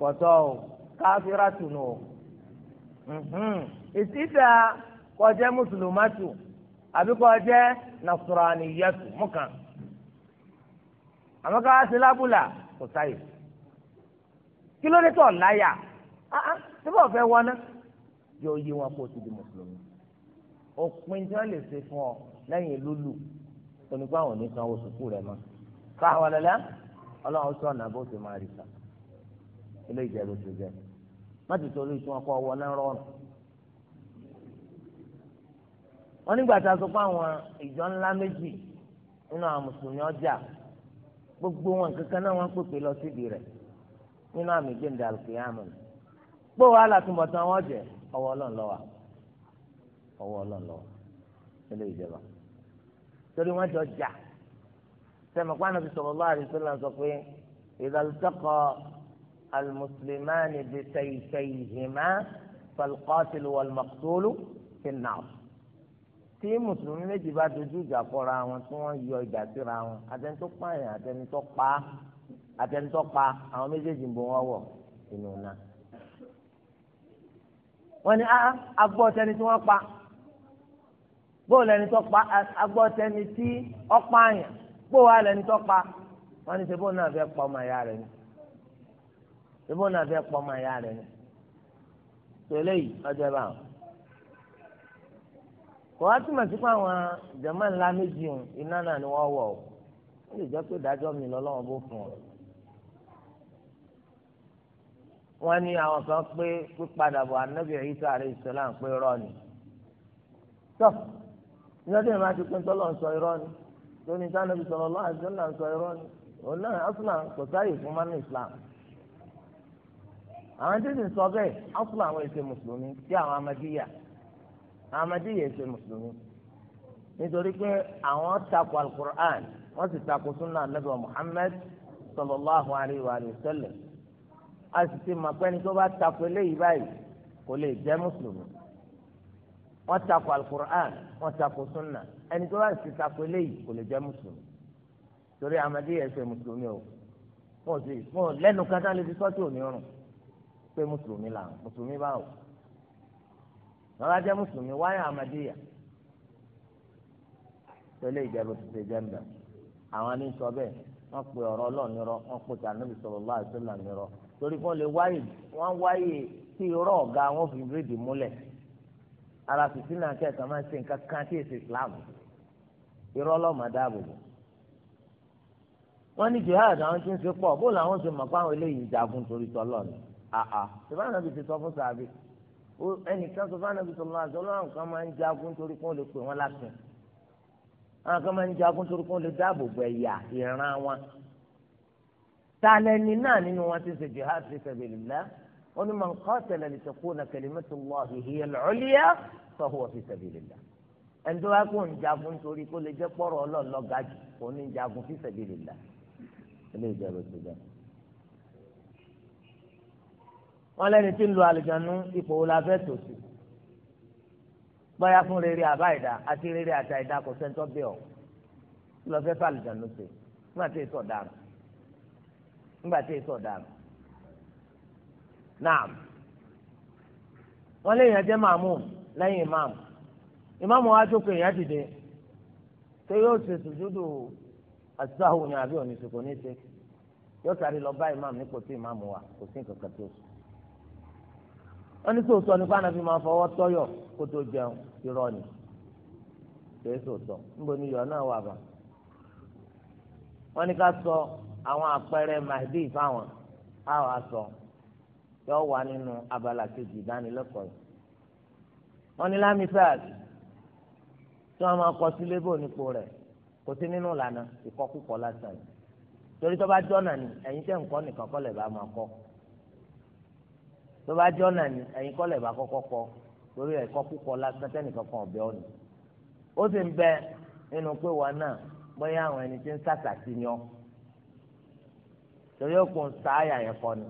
kọ̀tọ́ o káfíra tùnú o èsì ìdá mùsùlùmá tù àbí kọjẹ́ nasraniyatu mọ́kàn àmọ́ ká wá sí lábùlà kò sáyè kí ló dé tó ọ̀láyà síbẹ̀ ah, ah, ọ̀fẹ́ wọná yóò yí wọn kó o ti di mùsùlùmí òpin tí wọ́n lè ṣe fún ọ lẹ́yìn lúlù onígbà wọn ní sanwó sùkú rẹ mọ́ káwọn lẹ́lẹ́ ọlọ́run sọ ọ̀nà bó ti máa rí sa ilé ìjẹ́ ló ti jẹ́ má ti torí tí wọ́n kọ́ wọná rọrùn wọn nígbà tá a sọ pé àwọn ìjọ ńlá méjì nínú àwọn mùsùlùmí ọjà gbogbo wọn kankan náà wọn pèpè lọ síbi rẹ̀ nínú àmì gbẹ̀ǹdà àlùkìyàmù gbó wàhálà tó mọ̀tàn wọn jẹ ọwọ́ ọlọ́run lọ́wọ́ ọwọ́ nílé ìjọba torí wọn jọ jà sẹ́mi pàánù ti sọ̀rọ̀ lọ́wọ́ àdìsí lọ́n sọ pé ìdàlùtọ́kọ̀ alùmùsùlùmáàni bi sayfayhima falqatilu walmaqtulu fi an-nar tí mùsùlùmí méjì bá dojú ìjà kọra wọn tí wọ́n yọ ìjà síra wọn àtẹni tó pààyàn àtẹni tó pa àtẹni tó pa àwọn méjèèjì ń bọ wọn wọ inú iná. wọ́n ní agbọ́ ah, ah, tẹni tí wọ́n pa bóòlù ẹni tó pa agbọ́ tẹni tí ó pààyàn bóòlù ẹni tó pa wọ́n ní sebo náà fẹ́ pa ọmọ ìyá rẹ̀ ni sebo náà fẹ́ pa ọmọ ìyá rẹ̀ ni tẹ́lẹ̀ yìí ọjọ́ báwọn. kò wá túmọ̀ sí pé àwọn jàmá ńlá méjì ń iná náà ni wọ́n wọ̀ ọ́ ó lè jẹ́ pé ìdájọ́ mi lọ́lọ́wọ́ bó fún ọ. wọ́n ní àwọn kan pé pípadà bọ̀ anábì Ìsá alayhi salam pé irọ́ ni. tọ́ ìyọ́dún yìí máa ti pín tọ́lọ̀ ń sọ irọ́ ni ń sọ amadi yẹn ṣe mùsùlùmí nítorí pé àwọn takò alukur'an wọ́n sì takò sunna anabi wa muhammed sallallahu alayhi wa sallam a sì ti mọ̀ pé ní tó bá takò eléyìí báyìí kò lè jẹ́ mùsùlùmí wọ́n takò alukur'an wọ́n takò sunna ẹni tó bá sì takò eléyìí kò lè jẹ́ mùsùlùmí torí amadi yẹn ṣe mùsùlùmí o wọ́n sì wọ́n lẹ́nu kátà lè fi sọ́tì òní rùn pé mùsùlùmí làwọn mùsùlùmí báwo wọn bá jẹ́ mùsùlùmí wáyà àmàdíyà tẹ́lẹ̀ ìjẹ́bù ti ṣe jẹ́ mbẹ́ àwọn ní sọ bẹ́ẹ̀ wọ́n pe ọ̀rọ̀ ọlọ́ọ̀ nírọ́ wọ́n pe tànàbì sallallahu alaihi wasallam nírọ́ torí kí wọ́n lè wáyè wọ́n wáyè tí irọ́ ọ̀gá wọn fi bírédì múlẹ̀ ara fìtínà kẹ́ẹ̀kan máa ń ṣe nǹkan kan tí èsì Islam irọ́ lọ́ọ̀mà dáàbò bò wọ́n ní jihad àwọn tí ń ṣe pọ̀ bó làwọn ṣe mọ̀ pé àwọn eléyìí jagun torí tọ́lọ́ ni àà ṣùgbọ́n àná ti sọ fún sàbí ẹnìkan sọ fún anabi sọlọ àzọlọ àwọn kan máa ń jagun torí kó lè pè wọn lápẹ àwọn kan máa ń jagun torí kó lè dáàbò bo ẹ̀yà ìran wọn tàlẹ́ni náà nínú wọn ti ṣe jihad fi sabilillah ó ní man qatala li takuna kalimatullahi hiya al-ulya fahuwa fi sabilillah ẹni tó bá kó ń jagun torí kó lè jẹ́ pọ́rọ̀ ọlọ́ọ̀lọ́ gajù òun ń jagun fi sabilillah ilé ìjọba wọn lẹ́ni tí ń lo àlùjánu ipò wo la fẹ́ tò sí bóyá fún rere àbá ìdá àti rere àti àìdá kò sẹ́ńtọ́ bẹ́ẹ̀ ọ́ kí lọ fẹ́ fà àlùjánu ṣe nígbà tí èso ọ̀daràn nígbà tí èso ọ̀daràn náà wọn léèyàn jẹ́ màmú lẹ́yìn ìmáàmù ìmáàmù wa jókòó èèyàn dìde ṣé yóò ṣe sùjúdù àti sáhùn ní àbí òní ṣe kò ní ṣe yóò sáré lọ bá ìmáàmù ní kò sí ìmáàmù wa kò sí nǹkan kan tó sùn wọ́n ní sòótọ́ ní fáwọn máa fọwọ́ tọ́yọ̀ kó tó jẹun irọ́ ni kìí sòótọ́ níbo ni iyọ̀ náà wà bá wọ́n ní ká sọ àwọn àpẹẹrẹ Mahdi fáwọn á wàá sọ yọ wà nínú abala kejì ìdánilẹ́kọ̀ọ́ yìí wọ́n ní lamisad tí wọ́n máa kọ sí lébò nípò rẹ̀ kò sí nínú ìlànà ìkọkúkọ lásán torí tó bá jọ́nà ni ẹ̀yin tẹ̀ ń kọ́ nìkan kọ́ lẹ̀ bá máa kọ́ tó bá jọ́ náà ni ẹ̀yin kọ́ lẹ̀ bá kọ́kọ́ kọ́ torí ẹ̀kọ́ púpọ̀ lásán tẹ́nìkan kan ọ̀bẹ ọ̀nì ó sì ń bẹ nínú pé wọn náà bóyá àwọn ẹni tí ń sàtàtì yan torí ó kún sáàyà yẹn kọ́ ni.